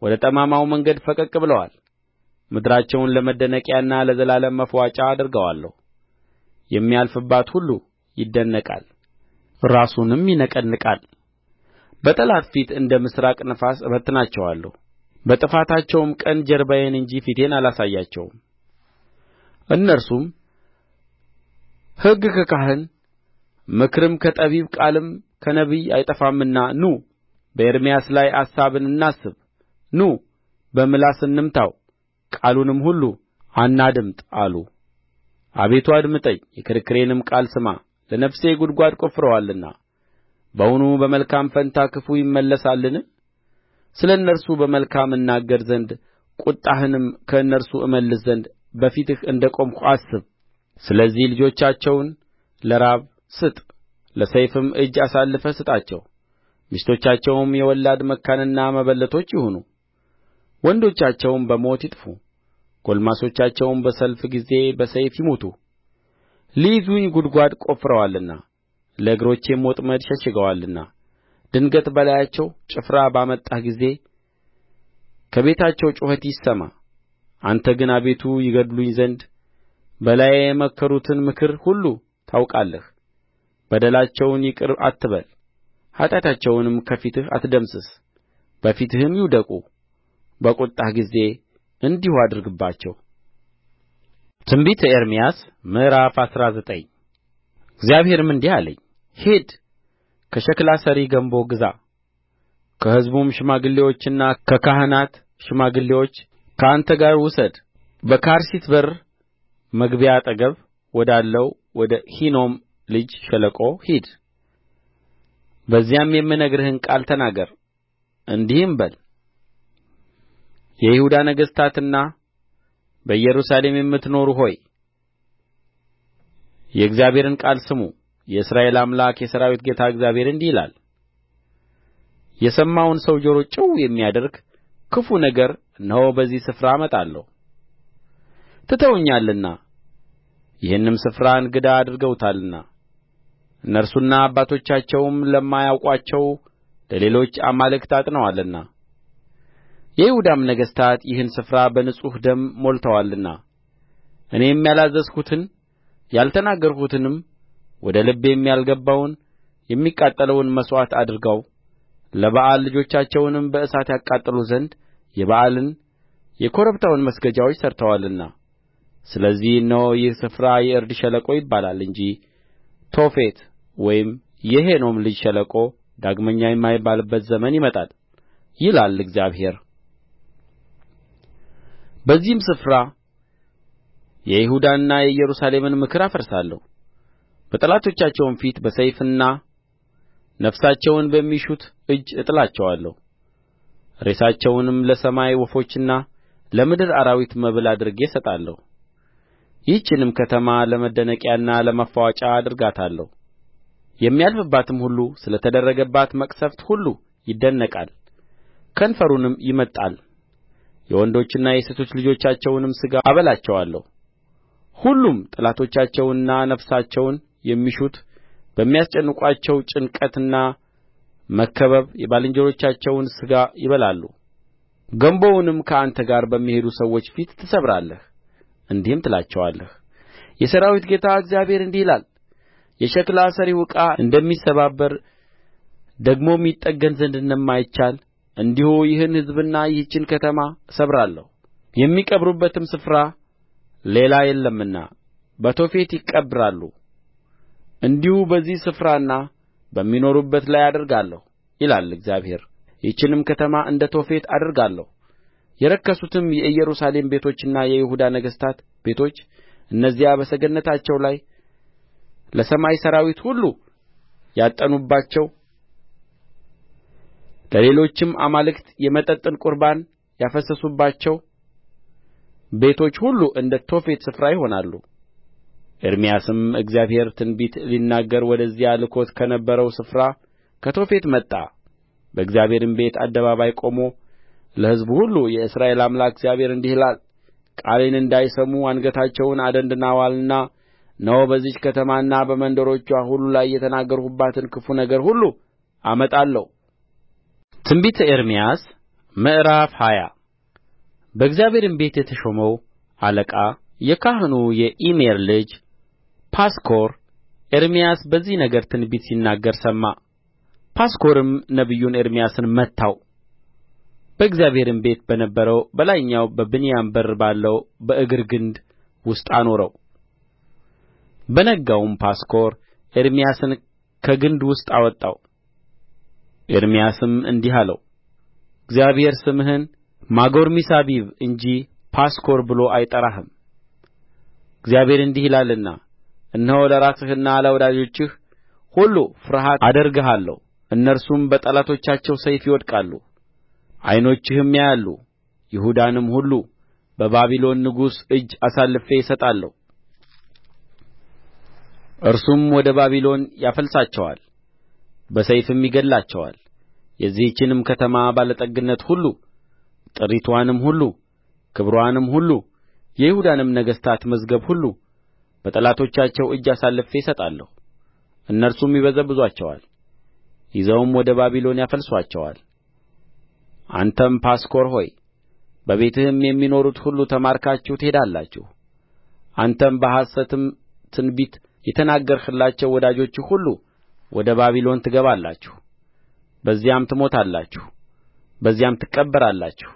ወደ ጠማማው መንገድ ፈቀቅ ብለዋል ምድራቸውን ለመደነቂያና ለዘላለም ማፍዋጫ አደርገዋለሁ የሚያልፍባት ሁሉ ይደነቃል ራሱንም ይነቀንቃል በጠላት ፊት እንደ ምሥራቅ ነፋስ እበትናቸዋለሁ በጥፋታቸውም ቀን ጀርባዬን እንጂ ፊቴን አላሳያቸውም እነርሱም ሕግ ከካህን ምክርም ከጠቢብ ቃልም ከነቢይ አይጠፋምና ኑ በኤርምያስ ላይ አሳብን እናስብ ኑ በምላስ እንምታው ቃሉንም ሁሉ አናድምጥ አሉ አቤቱ አድምጠኝ የክርክሬንም ቃል ስማ ለነፍሴ ጕድጓድ ቈፍረዋልና በውኑ በመልካም ፋንታ ክፉ ይመለሳልን ስለ እነርሱ በመልካም እናገር ዘንድ ቍጣህንም ከእነርሱ እመልስ ዘንድ በፊትህ እንደ ቆምሁ አስብ ስለዚህ ልጆቻቸውን ለራብ ስጥ ለሰይፍም እጅ አሳልፈህ ስጣቸው ሚስቶቻቸውም የወላድ መካንና መበለቶች ይሁኑ ወንዶቻቸውም በሞት ይጥፉ ጕልማሶቻቸውም በሰልፍ ጊዜ በሰይፍ ይሙቱ ሊይዙኝ ጕድጓድ ቈፍረዋልና ለእግሮቼም ወጥመድ ሸሽገዋልና ድንገት በላያቸው ጭፍራ ባመጣህ ጊዜ ከቤታቸው ጩኸት ይሰማ አንተ ግን አቤቱ ይገድሉኝ ዘንድ በላዬ የመከሩትን ምክር ሁሉ ታውቃለህ በደላቸውን ይቅር አትበል ኃጢአታቸውንም ከፊትህ አትደምስስ በፊትህም ይውደቁ በቍጣህ ጊዜ እንዲሁ አድርግባቸው ትንቢተ ኤርምያስ ምዕራፍ አስራ ዘጠኝ እግዚአብሔርም እንዲህ አለኝ ሂድ ከሸክላ ሠሪ ገምቦ ግዛ ከሕዝቡም ሽማግሌዎችና ከካህናት ሽማግሌዎች ከአንተ ጋር ውሰድ በካርሲት በር መግቢያ አጠገብ ወዳለው ወደ ሂኖም ልጅ ሸለቆ ሂድ በዚያም የምነግርህን ቃል ተናገር እንዲህም በል የይሁዳ ነገሥታትና በኢየሩሳሌም የምትኖሩ ሆይ የእግዚአብሔርን ቃል ስሙ የእስራኤል አምላክ የሠራዊት ጌታ እግዚአብሔር እንዲህ ይላል የሰማውን ሰው ጆሮ ጭው የሚያደርግ ክፉ ነገር እነሆ በዚህ ስፍራ አመጣለሁ ትተውኛልና ይህንም ስፍራ እንግዳ አድርገውታልና እነርሱና አባቶቻቸውም ለማያውቋቸው ለሌሎች አማልክት ዐጥነዋልና የይሁዳም ነገሥታት ይህን ስፍራ በንጹሕ ደም ሞልተዋልና እኔም ያላዘዝሁትን ያልተናገርሁትንም ወደ ልቤም ያልገባውን የሚቃጠለውን መሥዋዕት አድርገው ለበኣል ልጆቻቸውንም በእሳት ያቃጥሉ ዘንድ የበኣልን የኮረብታውን መስገጃዎች ሠርተዋልና ስለዚህ እነሆ ይህ ስፍራ የእርድ ሸለቆ ይባላል እንጂ ቶፌት ወይም የሄኖም ልጅ ሸለቆ ዳግመኛ የማይባልበት ዘመን ይመጣል ይላል እግዚአብሔር በዚህም ስፍራ የይሁዳንና የኢየሩሳሌምን ምክር አፈርሳለሁ በጠላቶቻቸውም ፊት በሰይፍና ነፍሳቸውን በሚሹት እጅ እጥላቸዋለሁ ሬሳቸውንም ለሰማይ ወፎችና ለምድር አራዊት መብል አድርጌ እሰጣለሁ ይህችንም ከተማ ለመደነቂያና ለማፍዋጫ አደርጋታለሁ የሚያልፍባትም ሁሉ ስለ ተደረገባት መቅሠፍት ሁሉ ይደነቃል ከንፈሩንም ይመጣል። የወንዶችና የሴቶች ልጆቻቸውንም ሥጋ አበላቸዋለሁ ሁሉም ጠላቶቻቸውንና ነፍሳቸውን የሚሹት በሚያስጨንቋቸው ጭንቀትና መከበብ የባልንጀሮቻቸውን ሥጋ ይበላሉ ገምቦውንም ከአንተ ጋር በሚሄዱ ሰዎች ፊት ትሰብራለህ እንዲህም ትላቸዋለህ የሠራዊት ጌታ እግዚአብሔር እንዲህ ይላል የሸክላ ሠሪው ዕቃ እንደሚሰባበር ደግሞም ይጠገን ዘንድ እንደማይቻል እንዲሁ ይህን ሕዝብና ይህችን ከተማ እሰብራለሁ የሚቀብሩበትም ስፍራ ሌላ የለምና በቶፌት ይቀብራሉ እንዲሁ በዚህ ስፍራና በሚኖሩበት ላይ አደርጋለሁ ይላል እግዚአብሔር ይህችንም ከተማ እንደ ቶፌት አደርጋለሁ የረከሱትም የኢየሩሳሌም ቤቶችና የይሁዳ ነገሥታት ቤቶች እነዚያ በሰገነታቸው ላይ ለሰማይ ሠራዊት ሁሉ ያጠኑባቸው ለሌሎችም አማልክት የመጠጥን ቁርባን ያፈሰሱባቸው ቤቶች ሁሉ እንደ ቶፌት ስፍራ ይሆናሉ ኤርምያስም እግዚአብሔር ትንቢት ሊናገር ወደዚያ ልኮት ከነበረው ስፍራ ከቶፌት መጣ በእግዚአብሔርም ቤት አደባባይ ቆሞ ለሕዝቡ ሁሉ የእስራኤል አምላክ እግዚአብሔር እንዲህ ይላል ቃሌን እንዳይሰሙ አንገታቸውን አደንድነዋልና እነሆ በዚህች ከተማና በመንደሮችዋ ሁሉ ላይ የተናገርሁባትን ክፉ ነገር ሁሉ አመጣለሁ ትንቢተ ኤርምያስ ምዕራፍ ሃያ በእግዚአብሔርም ቤት የተሾመው አለቃ የካህኑ የኢሜር ልጅ ጳስኮር ኤርምያስ በዚህ ነገር ትንቢት ሲናገር ሰማ ጳስኮርም ነቢዩን ኤርምያስን መታው በእግዚአብሔርም ቤት በነበረው በላይኛው በብንያም በር ባለው በእግር ግንድ ውስጥ አኖረው በነጋውም ጳስኮር ኤርምያስን ከግንድ ውስጥ አወጣው ኤርምያስም እንዲህ አለው እግዚአብሔር ስምህን ማጎርሚሳቢብ እንጂ ጳስኮር ብሎ አይጠራህም እግዚአብሔር እንዲህ ይላልና እነሆ ለራስህና ለወዳጆችህ ሁሉ ፍርሃት አደርግሃለሁ እነርሱም በጠላቶቻቸው ሰይፍ ይወድቃሉ ዓይኖችህም ያያሉ ይሁዳንም ሁሉ በባቢሎን ንጉሥ እጅ አሳልፌ እሰጣለሁ እርሱም ወደ ባቢሎን ያፈልሳቸዋል በሰይፍም ይገድላቸዋል የዚህችንም ከተማ ባለጠግነት ሁሉ ጥሪትዋንም ሁሉ ክብርዋንም ሁሉ የይሁዳንም ነገሥታት መዝገብ ሁሉ በጠላቶቻቸው እጅ አሳልፌ እሰጣለሁ እነርሱም ይበዘብዙአቸዋል ይዘውም ወደ ባቢሎን ያፈልሱአቸዋል አንተም ጳስኮር ሆይ በቤትህም የሚኖሩት ሁሉ ተማርካችሁ ትሄዳላችሁ አንተም በሐሰትም ትንቢት የተናገርህላቸው ወዳጆችህ ሁሉ ወደ ባቢሎን ትገባላችሁ በዚያም ትሞታላችሁ በዚያም ትቀበራላችሁ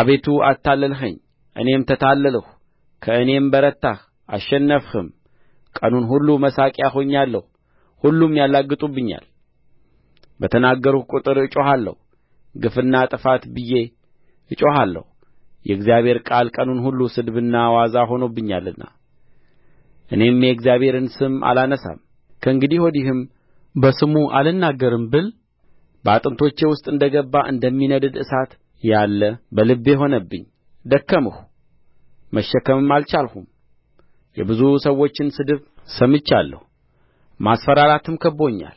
አቤቱ አታለልኸኝ እኔም ተታለልሁ ከእኔም በረታህ አሸነፍህም ቀኑን ሁሉ መሳቂያ ሆኛለሁ ሁሉም ያላግጡብኛል በተናገርሁ ቍጥር እጮኻለሁ ግፍና ጥፋት ብዬ እጮኻለሁ የእግዚአብሔር ቃል ቀኑን ሁሉ ስድብና ዋዛ ሆኖብኛልና እኔም የእግዚአብሔርን ስም አላነሣም ከእንግዲህ ወዲህም በስሙ አልናገርም ብል በአጥንቶቼ ውስጥ እንደ ገባ እንደሚነድድ እሳት ያለ በልቤ ሆነብኝ ደከምሁ መሸከምም አልቻልሁም የብዙ ሰዎችን ስድብ ሰምቻለሁ ማስፈራራትም ከብቦኛል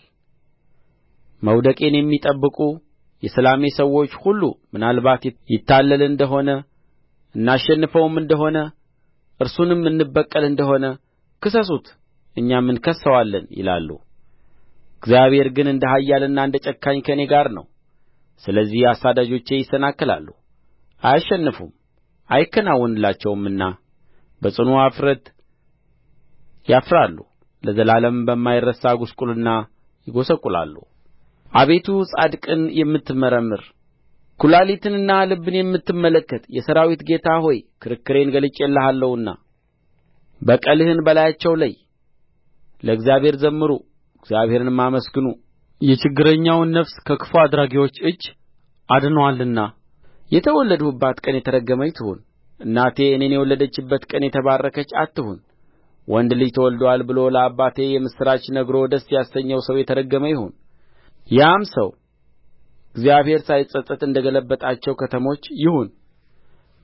መውደቄን የሚጠብቁ የሰላሜ ሰዎች ሁሉ ምናልባት ይታለል እንደ ሆነ እናሸንፈውም እንደ ሆነ እርሱንም እንበቀል እንደ ሆነ ክሰሱት እኛም እንከስሰዋለን ይላሉ እግዚአብሔር ግን እንደ ኃያልና እንደ ጨካኝ ከእኔ ጋር ነው ስለዚህ አሳዳጆቼ ይሰናከላሉ አያሸንፉም አይከናወንላቸውምና በጽኑ እፍረት ያፍራሉ ለዘላለምም በማይረሳ ጕስቍልና ይጐሰቍላሉ አቤቱ ጻድቅን የምትመረምር ኵላሊትንና ልብን የምትመለከት የሠራዊት ጌታ ሆይ ክርክሬን ገልጬልሃለሁና በቀልህን በላያቸው ለይ ለእግዚአብሔር ዘምሩ እግዚአብሔርንም አመስግኑ የችግረኛውን ነፍስ ከክፉ አድራጊዎች እጅ አድኖአልና የተወለድሁባት ቀን የተረገመች ትሁን እናቴ እኔን የወለደችበት ቀን የተባረከች አትሁን ወንድ ልጅ ተወልዶአል ብሎ ለአባቴ የምስራች ነግሮ ደስ ያሰኘው ሰው የተረገመ ይሁን ያም ሰው እግዚአብሔር ሳይጸጸት እንደ ገለበጣቸው ከተሞች ይሁን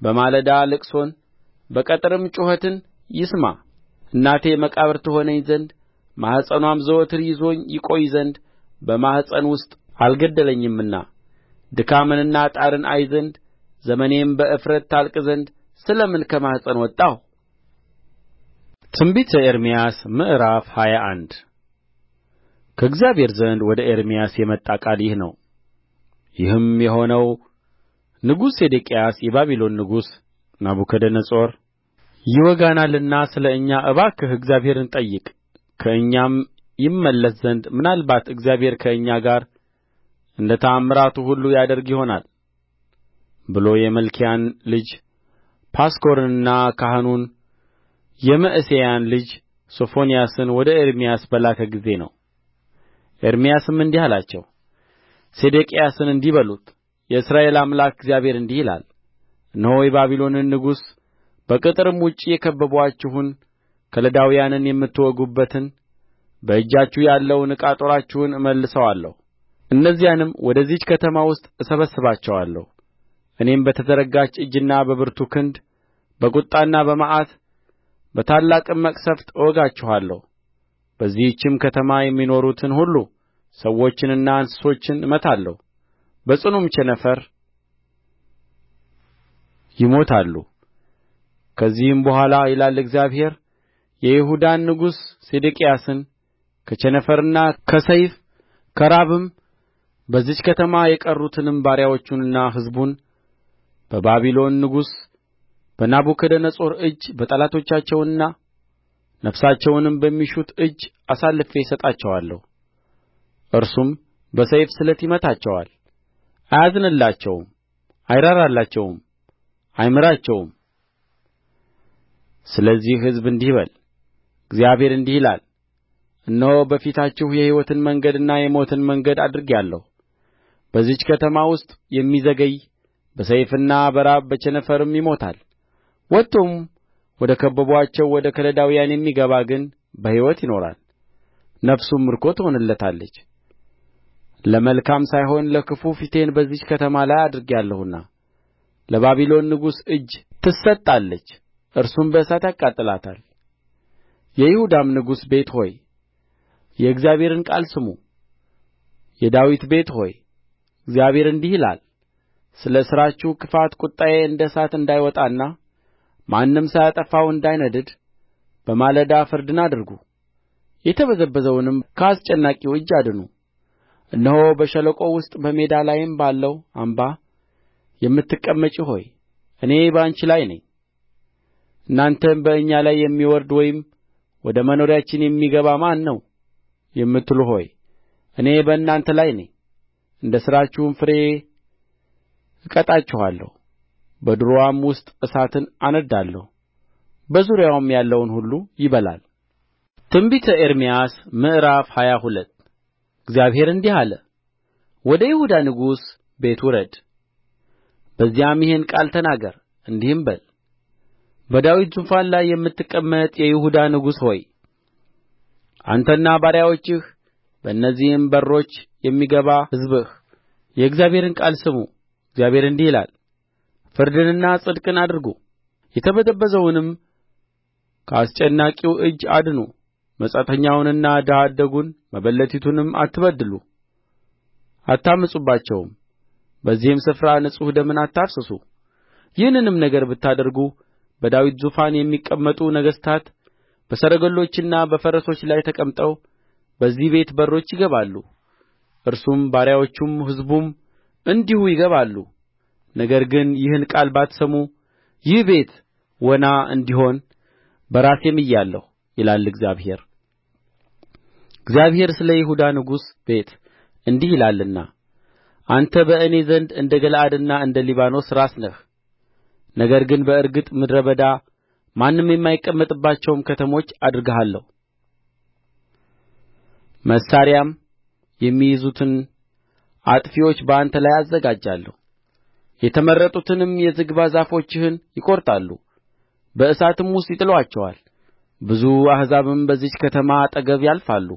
በማለዳ ልቅሶን በቀትርም ጩኸትን ይስማ እናቴ መቃብር ትሆነኝ ዘንድ ማኅፀንዋም ዘወትር ይዞኝ ይቈይ ዘንድ በማኅፀን ውስጥ አልገደለኝምና ድካምንና ጣርን አይ ዘንድ ዘመኔም በእፍረት ታልቅ ዘንድ ስለ ምን ከማኅፀን ወጣሁ ትንቢተ ኤርምያስ ምዕራፍ ሃያ አንድ ከእግዚአብሔር ዘንድ ወደ ኤርምያስ የመጣ ቃል ይህ ነው። ይህም የሆነው ንጉሡ ሴዴቅያስ የባቢሎን ንጉሥ ናቡከደነፆር ይወጋናልና ስለ እኛ እባክህ እግዚአብሔርን ጠይቅ፣ ከእኛም ይመለስ ዘንድ ምናልባት እግዚአብሔር ከእኛ ጋር እንደ ተአምራቱ ሁሉ ያደርግ ይሆናል ብሎ የመልክያን ልጅ ጳስኮርንና ካህኑን የመዕሤያን ልጅ ሶፎንያስን ወደ ኤርምያስ በላከ ጊዜ ነው ኤርምያስም እንዲህ አላቸው ሴዴቅያስን እንዲህ በሉት የእስራኤል አምላክ እግዚአብሔር እንዲህ ይላል እነሆ የባቢሎንን ንጉሥ በቅጥርም ውጭ የከበቡአችሁን ከለዳውያንን የምትወጉበትን በእጃችሁ ያለውን ዕቃ ጦራችሁን እመልሰዋለሁ እነዚያንም ወደዚች ከተማ ውስጥ እሰበስባቸዋለሁ እኔም በተዘረጋች እጅና በብርቱ ክንድ በቍጣና በመዓት በታላቅም መቅሠፍት እወጋችኋለሁ በዚህችም ከተማ የሚኖሩትን ሁሉ ሰዎችንና እንስሶችን እመታለሁ በጽኑም ቸነፈር ይሞታሉ ከዚህም በኋላ ይላል እግዚአብሔር የይሁዳን ንጉሥ ሴዴቅያስን ከቸነፈርና ከሰይፍ ከራብም በዚህች ከተማ የቀሩትንም ባሪያዎቹንና ሕዝቡን በባቢሎን ንጉሥ በናቡከደነፆር እጅ በጠላቶቻቸውና ነፍሳቸውንም በሚሹት እጅ አሳልፌ እሰጣቸዋለሁ እርሱም በሰይፍ ስለት ይመታቸዋል አያዝንላቸውም አይራራላቸውም አይምራቸውም ስለዚህ ሕዝብ እንዲህ በል እግዚአብሔር እንዲህ ይላል እነሆ በፊታችሁ የሕይወትን መንገድና የሞትን መንገድ አድርጌአለሁ በዚህች ከተማ ውስጥ የሚዘገይ በሰይፍና በራብ በቸነፈርም ይሞታል ወጥቶም ወደ ከበቡአቸው ወደ ከለዳውያን የሚገባ ግን በሕይወት ይኖራል ነፍሱም ምርኮ ትሆንለታለች ለመልካም ሳይሆን ለክፉ ፊቴን በዚህች ከተማ ላይ አድርጌአለሁና ለባቢሎን ንጉሥ እጅ ትሰጣለች እርሱም በእሳት ያቃጥላታል የይሁዳም ንጉሥ ቤት ሆይ የእግዚአብሔርን ቃል ስሙ የዳዊት ቤት ሆይ እግዚአብሔር እንዲህ ይላል ስለ ሥራችሁ ክፋት ቍጣዬ እንደ እሳት እንዳይወጣና ማንም ሳያጠፋው እንዳይነድድ በማለዳ ፍርድን አድርጉ የተበዘበዘውንም ከአስጨናቂው እጅ አድኑ እነሆ በሸለቆው ውስጥ በሜዳ ላይም ባለው አምባ የምትቀመጪ ሆይ እኔ በአንቺ ላይ ነኝ እናንተም በእኛ ላይ የሚወርድ ወይም ወደ መኖሪያችን የሚገባ ማን ነው የምትሉ ሆይ እኔ በእናንተ ላይ ነኝ እንደ ሥራችሁም ፍሬ እቀጣችኋለሁ በዱርዋም ውስጥ እሳትን አነድዳለሁ በዙሪያዋም ያለውን ሁሉ ይበላል ትንቢተ ኤርምያስ ምዕራፍ ሃያ ሁለት እግዚአብሔር እንዲህ አለ ወደ ይሁዳ ንጉሥ ቤት ውረድ በዚያም ይህን ቃል ተናገር እንዲህም በል በዳዊት ዙፋን ላይ የምትቀመጥ የይሁዳ ንጉሥ ሆይ አንተና ባሪያዎችህ በእነዚህም በሮች የሚገባ ሕዝብህ የእግዚአብሔርን ቃል ስሙ እግዚአብሔር እንዲህ ይላል ፍርድንና ጽድቅን አድርጉ የተበዘበዘውንም ከአስጨናቂው እጅ አድኑ መጻተኛውንና ድሀ አደጉን መበለቲቱንም አትበድሉ አታምፁባቸውም በዚህም ስፍራ ንጹሕ ደምን አታፍስሱ ይህንንም ነገር ብታደርጉ በዳዊት ዙፋን የሚቀመጡ ነገሥታት በሰረገሎችና በፈረሶች ላይ ተቀምጠው በዚህ ቤት በሮች ይገባሉ እርሱም ባሪያዎቹም ሕዝቡም እንዲሁ ይገባሉ ነገር ግን ይህን ቃል ባትሰሙ ይህ ቤት ወና እንዲሆን በራሴ ምያለሁ ይላል እግዚአብሔር እግዚአብሔር ስለ ይሁዳ ንጉሥ ቤት እንዲህ ይላልና አንተ በእኔ ዘንድ እንደ ገለዓድና እንደ ሊባኖስ ራስ ነህ ነገር ግን በእርግጥ ምድረ በዳ ማንም የማይቀመጥባቸውም ከተሞች አደርግሃለሁ መሣሪያም የሚይዙትን አጥፊዎች በአንተ ላይ አዘጋጃለሁ የተመረጡትንም የዝግባ ዛፎችህን ይቈርጣሉ በእሳትም ውስጥ ይጥሉአቸዋል ብዙ አሕዛብም በዚህች ከተማ አጠገብ ያልፋሉ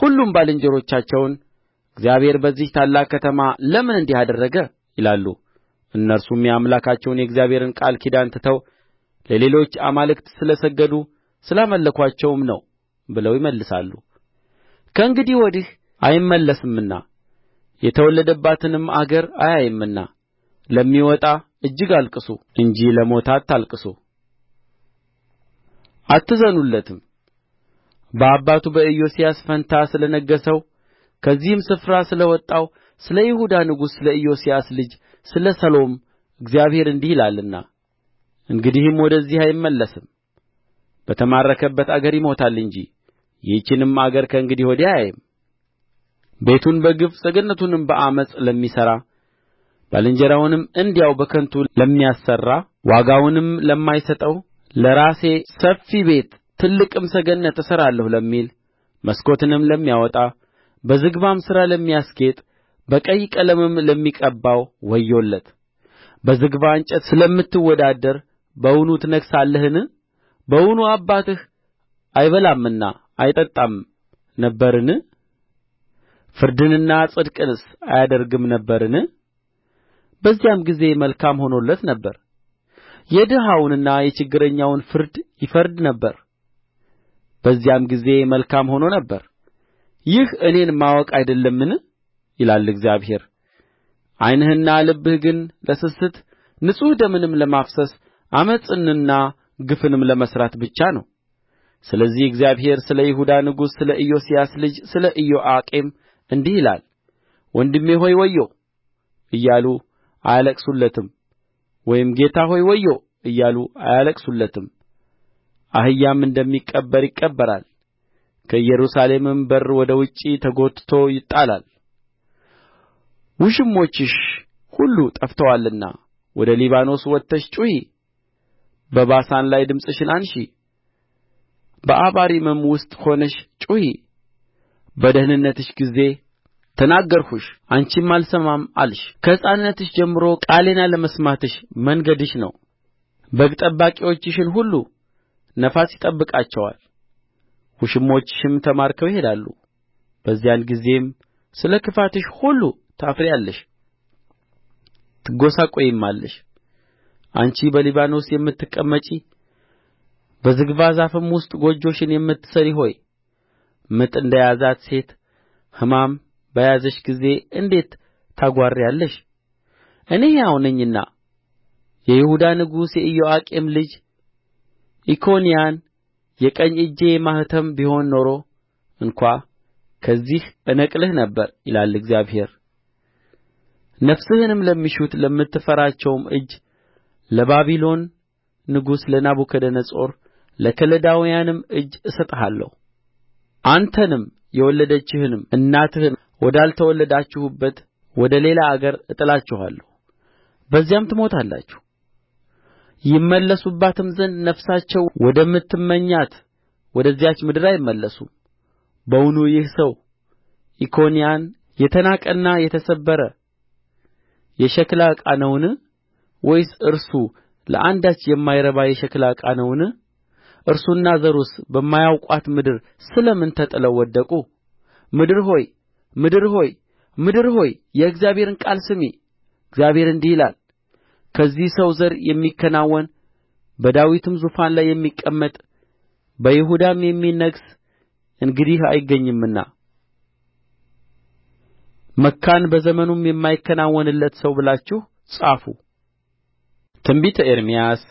ሁሉም ባልንጀሮቻቸውን እግዚአብሔር በዚህች ታላቅ ከተማ ለምን እንዲህ አደረገ ይላሉ እነርሱም የአምላካቸውን የእግዚአብሔርን ቃል ኪዳን ትተው ለሌሎች አማልክት ስለ ሰገዱ ስላመለኩአቸውም ነው ብለው ይመልሳሉ ከእንግዲህ ወዲህ አይመለስምና የተወለደባትንም አገር አያይምና ለሚወጣ እጅግ አልቅሱ እንጂ ለሞተ አታልቅሱ አትዘኑለትም በአባቱ በኢዮስያስ ፋንታ ስለ ነገሠው ከዚህም ስፍራ ስለ ወጣው ስለ ይሁዳ ንጉሥ ስለ ኢዮስያስ ልጅ ስለ ሰሎም እግዚአብሔር እንዲህ ይላልና እንግዲህም ወደዚህ አይመለስም በተማረከበት አገር ይሞታል እንጂ ይህችንም አገር ከእንግዲህ ወዲህ አያይም ቤቱን በግፍ ሰገነቱንም በዓመፅ ለሚሠራ ባልንጀራውንም እንዲያው በከንቱ ለሚያሠራ ዋጋውንም ለማይሰጠው ለራሴ ሰፊ ቤት ትልቅም ሰገነት እሠራለሁ ለሚል መስኮትንም ለሚያወጣ በዝግባም ሥራ ለሚያስጌጥ በቀይ ቀለምም ለሚቀባው ወዮለት በዝግባ እንጨት ስለምትወዳደር በውኑ ትነግሣለህን በውኑ አባትህ አይበላምና አይጠጣም ነበርን ፍርድንና ጽድቅንስ አያደርግም ነበርን በዚያም ጊዜ መልካም ሆኖለት ነበር የድሀውንና የችግረኛውን ፍርድ ይፈርድ ነበር በዚያም ጊዜ መልካም ሆኖ ነበር ይህ እኔን ማወቅ አይደለምን ይላል እግዚአብሔር ዓይንህና ልብህ ግን ለስስት ንጹሕ ደምንም ለማፍሰስ ዓመፅንና ግፍንም ለመሥራት ብቻ ነው ስለዚህ እግዚአብሔር ስለ ይሁዳ ንጉሥ ስለ ኢዮስያስ ልጅ ስለ ኢዮአቄም እንዲህ ይላል ወንድሜ ሆይ ወዮ እያሉ አያለቅሱለትም ወይም ጌታ ሆይ ወዮ እያሉ አያለቅሱለትም አህያም እንደሚቀበር ይቀበራል ከኢየሩሳሌምም በር ወደ ውጭ ተጐትቶ ይጣላል ውሽሞችሽ ሁሉ ጠፍተዋልና ወደ ሊባኖስ ወጥተሽ ጩኺ በባሳን ላይ ድምፅሽን አንሺ በአባሪምም ውስጥ ሆነሽ ጩኺ በደኅንነትሽ ጊዜ ተናገርሁሽ አንቺም አልሰማም አልሽ ከሕፃንነትሽ ጀምሮ ቃሌን አለመስማትሽ መንገድሽ ነው በግ ጠባቂዎችሽን ሁሉ ነፋስ ይጠብቃቸዋል ውሽሞችሽም ተማርከው ይሄዳሉ በዚያን ጊዜም ስለ ክፋትሽ ሁሉ ታፍሪያለሽ ትጐሳቈይማለሽ አንቺ በሊባኖስ የምትቀመጪ በዝግባ ዛፍም ውስጥ ጎጆሽን የምትሠሪ ሆይ ምጥ እንደ ያዛት ሴት ሕማም በያዘሽ ጊዜ እንዴት ታጓሪያለሽ እኔ ሕያው ነኝና የይሁዳ ንጉሥ የኢዮአቄም ልጅ ኢኮንያን የቀኝ እጄ ማኅተም ቢሆን ኖሮ እንኳ ከዚህ እነቅልህ ነበር ይላል እግዚአብሔር ነፍስህንም ለሚሹት ለምትፈራቸውም እጅ ለባቢሎን ንጉሥ ለናቡከደነፆር ለከለዳውያንም እጅ እሰጥሃለሁ አንተንም የወለደችህንም እናትህን ወዳልተወለዳችሁበት ወደ ሌላ አገር እጥላችኋለሁ በዚያም ትሞታላችሁ ይመለሱባትም ዘንድ ነፍሳቸው ወደምትመኛት ወደዚያች ምድር አይመለሱም በውኑ ይህ ሰው ኢኮንያን የተናቀና የተሰበረ የሸክላ ዕቃ ነውን ወይስ እርሱ ለአንዳች የማይረባ የሸክላ ዕቃ ነውን እርሱና ዘሩስ በማያውቋት ምድር ስለ ምን ተጥለው ወደቁ ምድር ሆይ ምድር ሆይ ምድር ሆይ የእግዚአብሔርን ቃል ስሚ እግዚአብሔር እንዲህ ይላል ከዚህ ሰው ዘር የሚከናወን በዳዊትም ዙፋን ላይ የሚቀመጥ በይሁዳም የሚነግሥ እንግዲህ አይገኝምና መካን በዘመኑም የማይከናወንለት ሰው ብላችሁ ጻፉ። ትንቢተ ኤርምያስ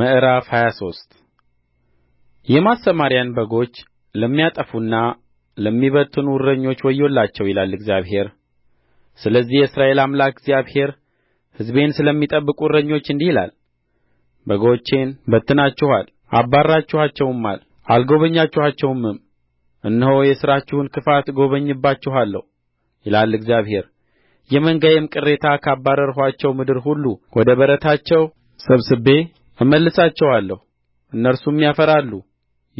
ምዕራፍ ሃያ ሶስት የማሰማርያን በጎች ለሚያጠፉና ለሚበትኑ እረኞች ወዮላቸው ይላል እግዚአብሔር ስለዚህ የእስራኤል አምላክ እግዚአብሔር ሕዝቤን ስለሚጠብቁ እረኞች እንዲህ ይላል በጎቼን በትናችኋል አባርራችኋቸውማል አልጐበኛችኋቸውምም እነሆ የሥራችሁን ክፋት እጐበኝባችኋለሁ ይላል እግዚአብሔር የመንጋዬም ቅሬታ ካባረርኋቸው ምድር ሁሉ ወደ በረታቸው ሰብስቤ እመልሳቸዋለሁ እነርሱም ያፈራሉ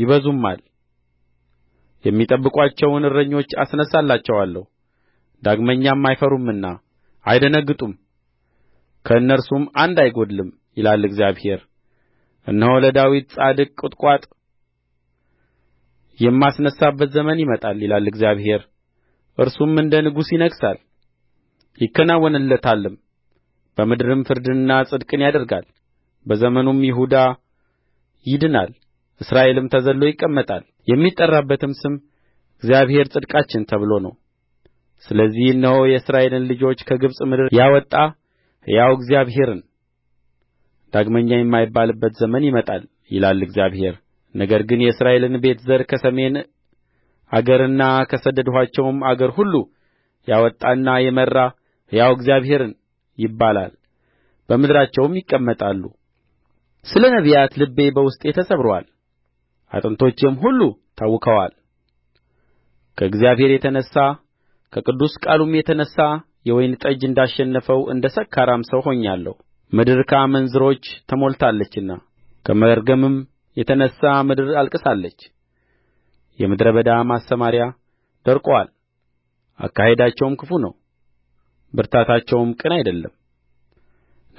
ይበዙማል የሚጠብቋቸውን እረኞች አስነሣላቸዋለሁ ዳግመኛም አይፈሩምና አይደነግጡም ከእነርሱም አንድ አይጐድልም ይላል እግዚአብሔር እነሆ ለዳዊት ጻድቅ ቍጥቋጥ የማስነሣበት ዘመን ይመጣል ይላል እግዚአብሔር እርሱም እንደ ንጉሥ ይነግሣል ይከናወንለታልም በምድርም ፍርድንና ጽድቅን ያደርጋል በዘመኑም ይሁዳ ይድናል እስራኤልም ተዘልሎ ይቀመጣል የሚጠራበትም ስም እግዚአብሔር ጽድቃችን ተብሎ ነው ስለዚህ እነሆ የእስራኤልን ልጆች ከግብጽ ምድር ያወጣ ሕያው እግዚአብሔርን ዳግመኛ የማይባልበት ዘመን ይመጣል ይላል እግዚአብሔር ነገር ግን የእስራኤልን ቤት ዘር ከሰሜን አገርና ከሰደድኋቸውም አገር ሁሉ ያወጣና የመራ ሕያው እግዚአብሔርን ይባላል በምድራቸውም ይቀመጣሉ ስለ ነቢያት ልቤ በውስጤ ተሰብሮአል አጥንቶቼም ሁሉ ታውከዋል ከእግዚአብሔር የተነሣ ከቅዱስ ቃሉም የተነሣ የወይን ጠጅ እንዳሸነፈው እንደ ሰካራም ሰው ሆኛለሁ ምድር ከአመንዝሮች ተሞልታለችና ከመርገምም የተነሣ ምድር አልቅሳለች የምድረ በዳ ማሰማርያ ደርቆአል አካሄዳቸውም ክፉ ነው ብርታታቸውም ቅን አይደለም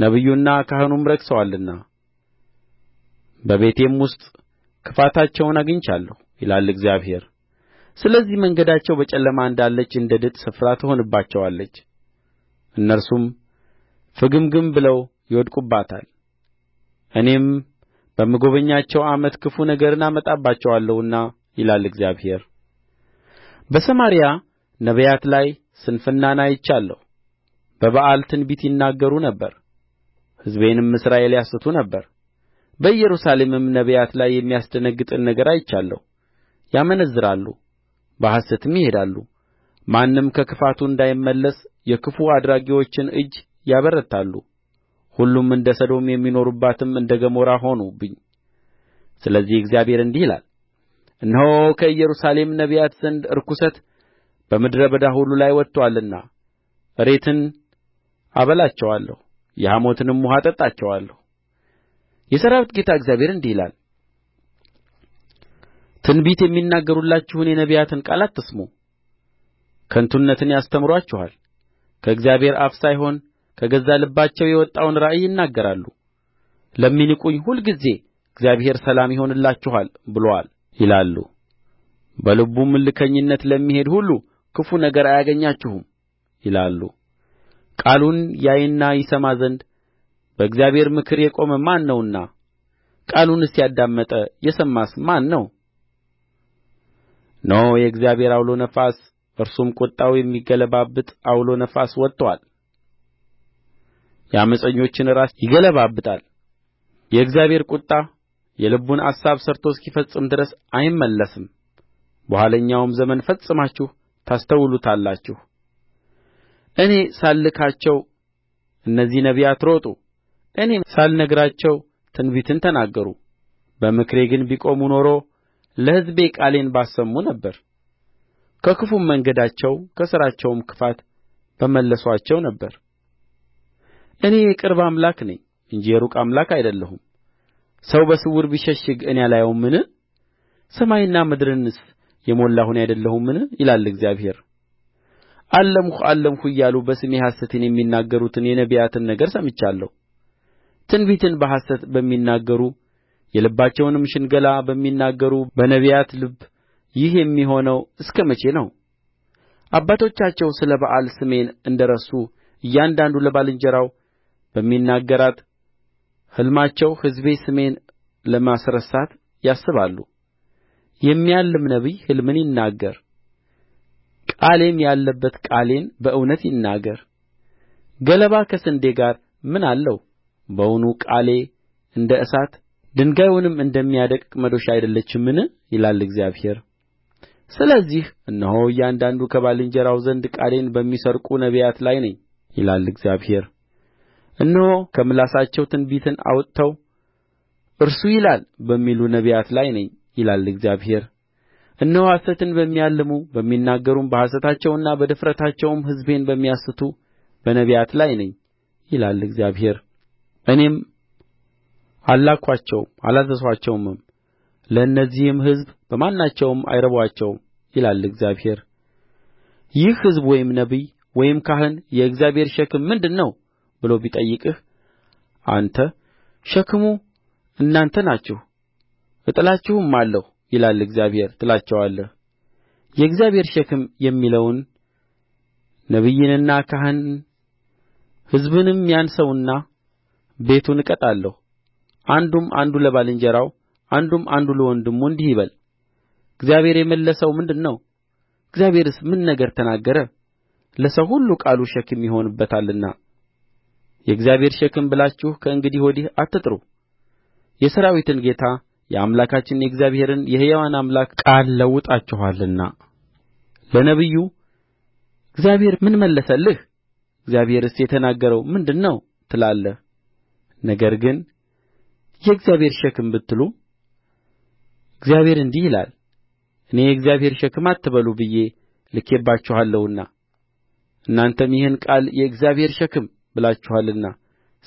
ነቢዩና ካህኑም ረክሰዋልና በቤቴም ውስጥ ክፋታቸውን አግኝቻለሁ ይላል እግዚአብሔር ስለዚህ መንገዳቸው በጨለማ እንዳለች እንደ ድጥ ስፍራ ትሆንባቸዋለች እነርሱም ፍግምግም ብለው ይወድቁባታል እኔም በምጐበኛቸው ዓመት ክፉ ነገርን አመጣባቸዋለሁና ይላል እግዚአብሔር በሰማርያ ነቢያት ላይ ስንፍናን አይቻለሁ በበኣል ትንቢት ይናገሩ ነበር ሕዝቤንም እስራኤል ያስቱ ነበር በኢየሩሳሌምም ነቢያት ላይ የሚያስደነግጥን ነገር አይቻለሁ ያመነዝራሉ በሐሰትም ይሄዳሉ ማንም ከክፋቱ እንዳይመለስ የክፉ አድራጊዎችን እጅ ያበረታሉ ሁሉም እንደ ሰዶም የሚኖሩባትም እንደ ገሞራ ሆኑብኝ ስለዚህ እግዚአብሔር እንዲህ ይላል እነሆ ከኢየሩሳሌም ነቢያት ዘንድ ርኵሰት በምድረ በዳ ሁሉ ላይ ወጥቶአልና እሬትን አበላቸዋለሁ የሐሞትንም ውኃ አጠጣቸዋለሁ የሠራዊት ጌታ እግዚአብሔር እንዲህ ይላል ትንቢት የሚናገሩላችሁን የነቢያትን ቃል አትስሙ ከንቱነትን ያስተምሩአችኋል ከእግዚአብሔር አፍ ሳይሆን ከገዛ ልባቸው የወጣውን ራእይ ይናገራሉ ለሚንቁኝ ሁልጊዜ እግዚአብሔር ሰላም ይሆንላችኋል ብሎአል ይላሉ በልቡም እልከኝነት ለሚሄድ ሁሉ ክፉ ነገር አያገኛችሁም ይላሉ ቃሉን ያይና ይሰማ ዘንድ በእግዚአብሔር ምክር የቆመ ማን ነውና ቃሉንስ ያዳመጠ የሰማስ ማን ነው እነሆ የእግዚአብሔር ዐውሎ ነፋስ እርሱም ቍጣው የሚገለባብጥ ዐውሎ ነፋስ ወጥቶአል የዓመፀኞችን ራስ ይገለባብጣል የእግዚአብሔር ቍጣ የልቡን አሳብ ሠርቶ እስኪፈጽም ድረስ አይመለስም በኋለኛውም ዘመን ፈጽማችሁ ታስተውሉታላችሁ እኔ ሳልልካቸው እነዚህ ነቢያት ሮጡ እኔ ሳልነግራቸው ትንቢትን ተናገሩ በምክሬ ግን ቢቆሙ ኖሮ ለሕዝቤ ቃሌን ባሰሙ ነበር ከክፉም መንገዳቸው ከሥራቸውም ክፋት በመለሱአቸው ነበር እኔ የቅርብ አምላክ ነኝ እንጂ የሩቅ አምላክ አይደለሁም ሰው በስውር ቢሸሽግ እኔ አላየውምን ሰማይና ምድርንስ የሞላሁ እኔ አይደለሁምን ይላል እግዚአብሔር አለምሁ አለምሁ እያሉ በስሜ ሐሰትን የሚናገሩትን የነቢያትን ነገር ሰምቻለሁ ትንቢትን በሐሰት በሚናገሩ የልባቸውንም ሽንገላ በሚናገሩ በነቢያት ልብ ይህ የሚሆነው እስከ መቼ ነው አባቶቻቸው ስለ በኣል ስሜን እንደ ረሱ እያንዳንዱ ለባልንጀራው በሚናገራት ሕልማቸው ሕዝቤ ስሜን ለማስረሳት ያስባሉ የሚያልም ነቢይ ሕልምን ይናገር ቃሌም ያለበት ቃሌን በእውነት ይናገር ገለባ ከስንዴ ጋር ምን አለው በውኑ ቃሌ እንደ እሳት ድንጋዩንም እንደሚያደቅቅ መዶሻ አይደለችምን ይላል እግዚአብሔር ስለዚህ እነሆ እያንዳንዱ ከባልንጀራው ዘንድ ቃሌን በሚሰርቁ ነቢያት ላይ ነኝ ይላል እግዚአብሔር እነሆ ከምላሳቸው ትንቢትን አውጥተው እርሱ ይላል በሚሉ ነቢያት ላይ ነኝ ይላል እግዚአብሔር እነሆ ሐሰትን በሚያልሙ በሚናገሩም በሐሰታቸውና በድፍረታቸውም ሕዝቤን በሚያስቱ በነቢያት ላይ ነኝ ይላል እግዚአብሔር እኔም አልላክኋቸውም አላዘዝኋቸውምም ለእነዚህም ሕዝብ በማናቸውም አይረቡአቸውም ይላል እግዚአብሔር ይህ ሕዝብ ወይም ነቢይ ወይም ካህን የእግዚአብሔር ሸክም ምንድር ነው ብሎ ቢጠይቅህ አንተ ሸክሙ እናንተ ናችሁ እጥላችሁማለሁ ይላል እግዚአብሔር ትላቸዋለህ የእግዚአብሔር ሸክም የሚለውን ነቢይንና ካህንን ሕዝብንም ያን ሰውና ቤቱን እቀጣለሁ አንዱም አንዱ ለባልንጀራው አንዱም አንዱ ለወንድሙ እንዲህ ይበል እግዚአብሔር የመለሰው ምንድር ነው እግዚአብሔርስ ምን ነገር ተናገረ ለሰው ሁሉ ቃሉ ሸክም ይሆንበታልና የእግዚአብሔር ሸክም ብላችሁ ከእንግዲህ ወዲህ አትጥሩ የሠራዊትን ጌታ የአምላካችንን የእግዚአብሔርን የሕያዋን አምላክ ቃል ለውጣችኋልና ለነቢዩ እግዚአብሔር ምን መለሰልህ እግዚአብሔርስ የተናገረው ምንድር ነው ትላለህ ነገር ግን የእግዚአብሔር ሸክም ብትሉ እግዚአብሔር እንዲህ ይላል እኔ የእግዚአብሔር ሸክም አትበሉ ብዬ ልኬባችኋለሁና እናንተም ይህን ቃል የእግዚአብሔር ሸክም ብላችኋልና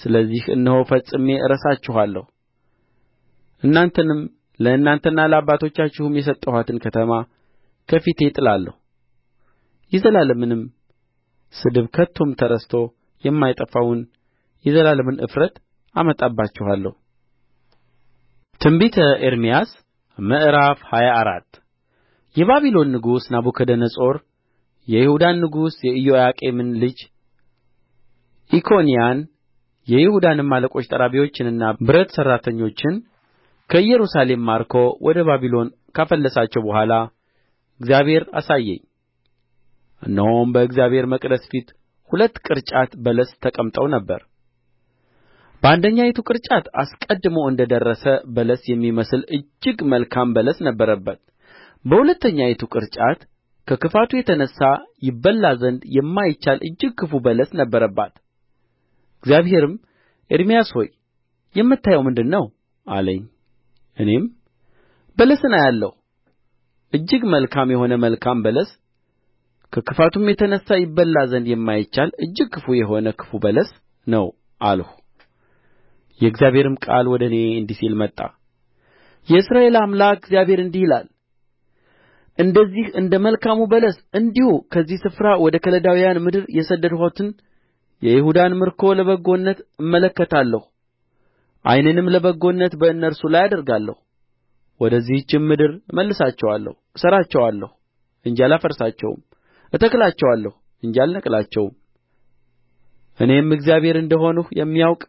ስለዚህ እነሆ ፈጽሜ እረሳችኋለሁ እናንተንም ለእናንተና ለአባቶቻችሁም የሰጠኋትን ከተማ ከፊቴ እጥላለሁ የዘላለምንም ስድብ ከቶም ተረስቶ የማይጠፋውን የዘላለምን እፍረት አመጣባችኋለሁ ትንቢተ ኤርምያስ ምዕራፍ ሃያ አራት የባቢሎን ንጉሥ ናቡከደነፆር የይሁዳን ንጉሥ የኢዮአቄምን ልጅ ኢኮንያን የይሁዳንም አለቆች ጠራቢዎችንና ብረት ሠራተኞችን ከኢየሩሳሌም ማርኮ ወደ ባቢሎን ካፈለሳቸው በኋላ እግዚአብሔር አሳየኝ። እነሆም በእግዚአብሔር መቅደስ ፊት ሁለት ቅርጫት በለስ ተቀምጠው ነበር። በአንደኛይቱ ቅርጫት አስቀድሞ እንደ ደረሰ በለስ የሚመስል እጅግ መልካም በለስ ነበረበት በሁለተኛይቱ ቅርጫት ከክፋቱ የተነሣ ይበላ ዘንድ የማይቻል እጅግ ክፉ በለስ ነበረባት እግዚአብሔርም ኤርምያስ ሆይ የምታየው ምንድር ነው አለኝ እኔም በለስን አያለሁ እጅግ መልካም የሆነ መልካም በለስ ከክፋቱም የተነሣ ይበላ ዘንድ የማይቻል እጅግ ክፉ የሆነ ክፉ በለስ ነው አልሁ የእግዚአብሔርም ቃል ወደ እኔ እንዲህ ሲል መጣ የእስራኤል አምላክ እግዚአብሔር እንዲህ ይላል እንደዚህ እንደ መልካሙ በለስ እንዲሁ ከዚህ ስፍራ ወደ ከለዳውያን ምድር የሰደድሁትን የይሁዳን ምርኮ ለበጎነት እመለከታለሁ ዓይኔንም ለበጎነት በእነርሱ ላይ አደርጋለሁ ወደዚህችም ምድር እመልሳቸዋለሁ እሠራቸዋለሁ እንጂ አላፈርሳቸውም እተክላቸዋለሁ እንጂ አልነቅላቸውም እኔም እግዚአብሔር እንደ ሆንሁ የሚያውቅ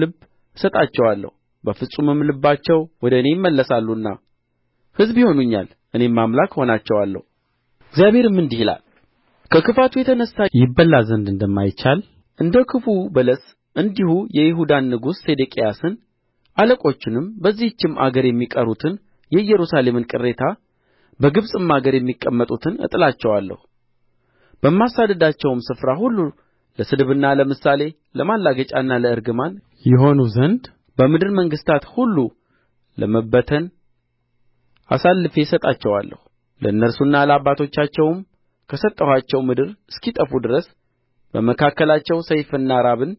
ልብ እሰጣቸዋለሁ በፍጹምም ልባቸው ወደ እኔ ይመለሳሉና ሕዝብ ይሆኑኛል እኔም አምላክ እሆናቸዋለሁ እግዚአብሔርም እንዲህ ይላል ከክፋቱ የተነሣ ይበላ ዘንድ እንደማይቻል እንደ ክፉው በለስ እንዲሁ የይሁዳን ንጉሥ ሴዴቅያስን አለቆቹንም በዚህችም አገር የሚቀሩትን የኢየሩሳሌምን ቅሬታ በግብጽም አገር የሚቀመጡትን እጥላቸዋለሁ በማሳድዳቸውም ስፍራ ሁሉ ለስድብና ለምሳሌ ለማላገጫና ለእርግማን ይሆኑ ዘንድ በምድር መንግሥታት ሁሉ ለመበተን አሳልፌ እሰጣቸዋለሁ ለእነርሱና ለአባቶቻቸውም ከሰጠኋቸው ምድር እስኪጠፉ ድረስ በመካከላቸው ሰይፍንና ራብን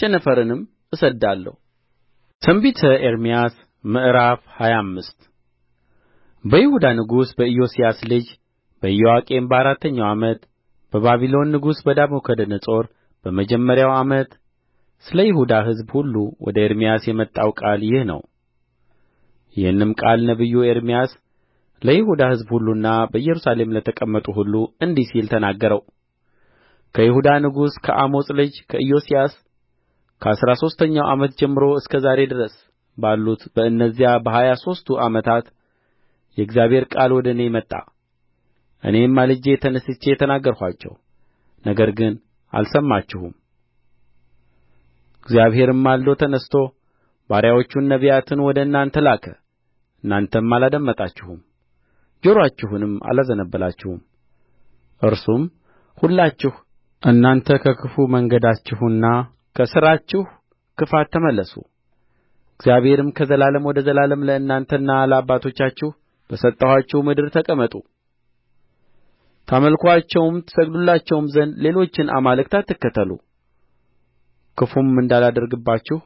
ቸነፈርንም እሰድዳለሁ። ትንቢተ ኤርምያስ ምዕራፍ ሃያ አምስት በይሁዳ ንጉሥ በኢዮስያስ ልጅ በኢዮአቄም በአራተኛው ዓመት በባቢሎን ንጉሥ በናቡከደነፆር በመጀመሪያው ዓመት ስለ ይሁዳ ሕዝብ ሁሉ ወደ ኤርምያስ የመጣው ቃል ይህ ነው ይህንም ቃል ነቢዩ ኤርምያስ ለይሁዳ ሕዝብ ሁሉና በኢየሩሳሌም ለተቀመጡ ሁሉ እንዲህ ሲል ተናገረው ከይሁዳ ንጉሥ ከአሞጽ ልጅ ከኢዮስያስ ከአሥራ ሦስተኛው ዓመት ጀምሮ እስከ ዛሬ ድረስ ባሉት በእነዚያ በሀያ ሦስቱ ዓመታት የእግዚአብሔር ቃል ወደ እኔ መጣ እኔም ማልጄ ተነሥቼ ተናገርኋቸው፣ ነገር ግን አልሰማችሁም እግዚአብሔርም ማልዶ ተነሥቶ ባሪያዎቹን ነቢያትን ወደ እናንተ ላከ እናንተም አላደመጣችሁም ጆሮአችሁንም አላዘነበላችሁም እርሱም ሁላችሁ እናንተ ከክፉ መንገዳችሁና ከሥራችሁ ክፋት ተመለሱ እግዚአብሔርም ከዘላለም ወደ ዘላለም ለእናንተና ለአባቶቻችሁ በሰጠኋችሁ ምድር ተቀመጡ ታመልኩአቸውም ትሰግዱላቸውም ዘንድ ሌሎችን አማልክት አትከተሉ ክፉም እንዳላደርግባችሁ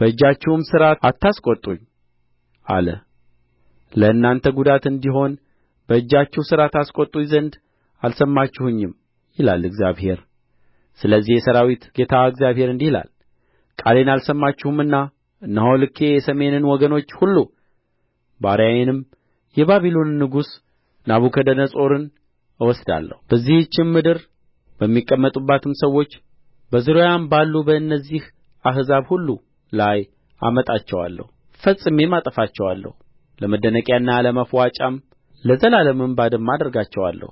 በእጃችሁም ሥራ አታስቈጡኝ አለ ለእናንተ ጕዳት እንዲሆን በእጃችሁ ሥራ ታስቈጡኝ ዘንድ አልሰማችሁኝም ይላል እግዚአብሔር ስለዚህ የሠራዊት ጌታ እግዚአብሔር እንዲህ ይላል ቃሌን አልሰማችሁምና እነሆ ልኬ የሰሜንን ወገኖች ሁሉ ባሪያዬንም የባቢሎንን ንጉሥ ናቡከደነፆርን እወስዳለሁ በዚህችም ምድር በሚቀመጡባትም ሰዎች በዙሪያዋም ባሉ በእነዚህ አሕዛብ ሁሉ ላይ አመጣቸዋለሁ ፈጽሜም አጠፋቸዋለሁ ለመደነቂያና ለማፍዋጫም ለዘላለምም ባድማ አደርጋቸዋለሁ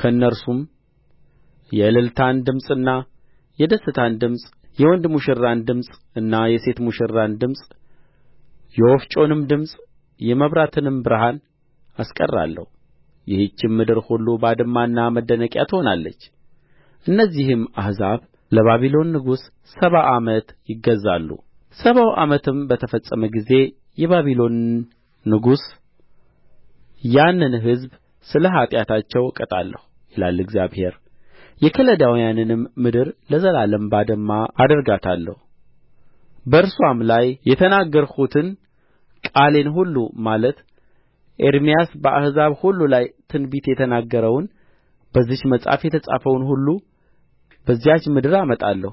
ከእነርሱም የእልልታን ድምፅና የደስታን ድምፅ የወንድ ሙሽራን ድምፅና የሴት ሙሽራን ድምፅ የወፍጮንም ድምፅ የመብራትንም ብርሃን አስቀራለሁ ይህችም ምድር ሁሉ ባድማና መደነቂያ ትሆናለች እነዚህም አሕዛብ ለባቢሎን ንጉሥ ሰባ ዓመት ይገዛሉ ሰባው ዓመትም በተፈጸመ ጊዜ የባቢሎን ንጉሥ ያንን ሕዝብ ስለ ኃጢአታቸው እቀጣለሁ ይላል እግዚአብሔር የከለዳውያንንም ምድር ለዘላለም ባድማ አደርጋታለሁ በእርስዋም ላይ የተናገርሁትን ቃሌን ሁሉ ማለት ኤርምያስ በአሕዛብ ሁሉ ላይ ትንቢት የተናገረውን በዚህች መጽሐፍ የተጻፈውን ሁሉ በዚያች ምድር አመጣለሁ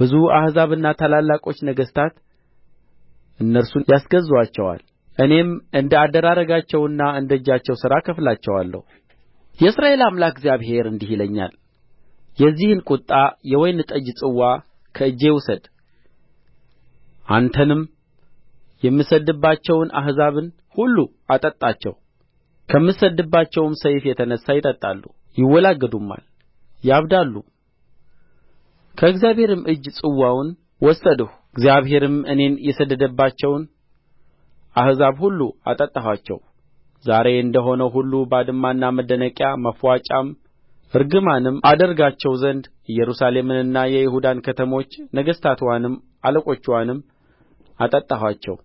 ብዙ አሕዛብና ታላላቆች ነገሥታት እነርሱን ያስገዙአቸዋል እኔም እንደ አደራረጋቸውና እንደ እጃቸው ሥራ እከፍላቸዋለሁ የእስራኤል አምላክ እግዚአብሔር እንዲህ ይለኛል የዚህን ቍጣ የወይን ጠጅ ጽዋ ከእጄ ውሰድ አንተንም የምሰድድባቸውን አሕዛብን ሁሉ አጠጣቸው ከምሰድድባቸውም ሰይፍ የተነሣ ይጠጣሉ ይወላገዱማል ያብዳሉ ከእግዚአብሔርም እጅ ጽዋውን ወሰድሁ እግዚአብሔርም እኔን የሰደደባቸውን አሕዛብ ሁሉ አጠጣኋቸው ዛሬ እንደ ሆነው ሁሉ ባድማና መደነቂያ ማፍዋጫም እርግማንም አደርጋቸው ዘንድ ኢየሩሳሌምንና የይሁዳን ከተሞች ነገሥታትዋንም አለቆችዋንም አጠጣኋቸው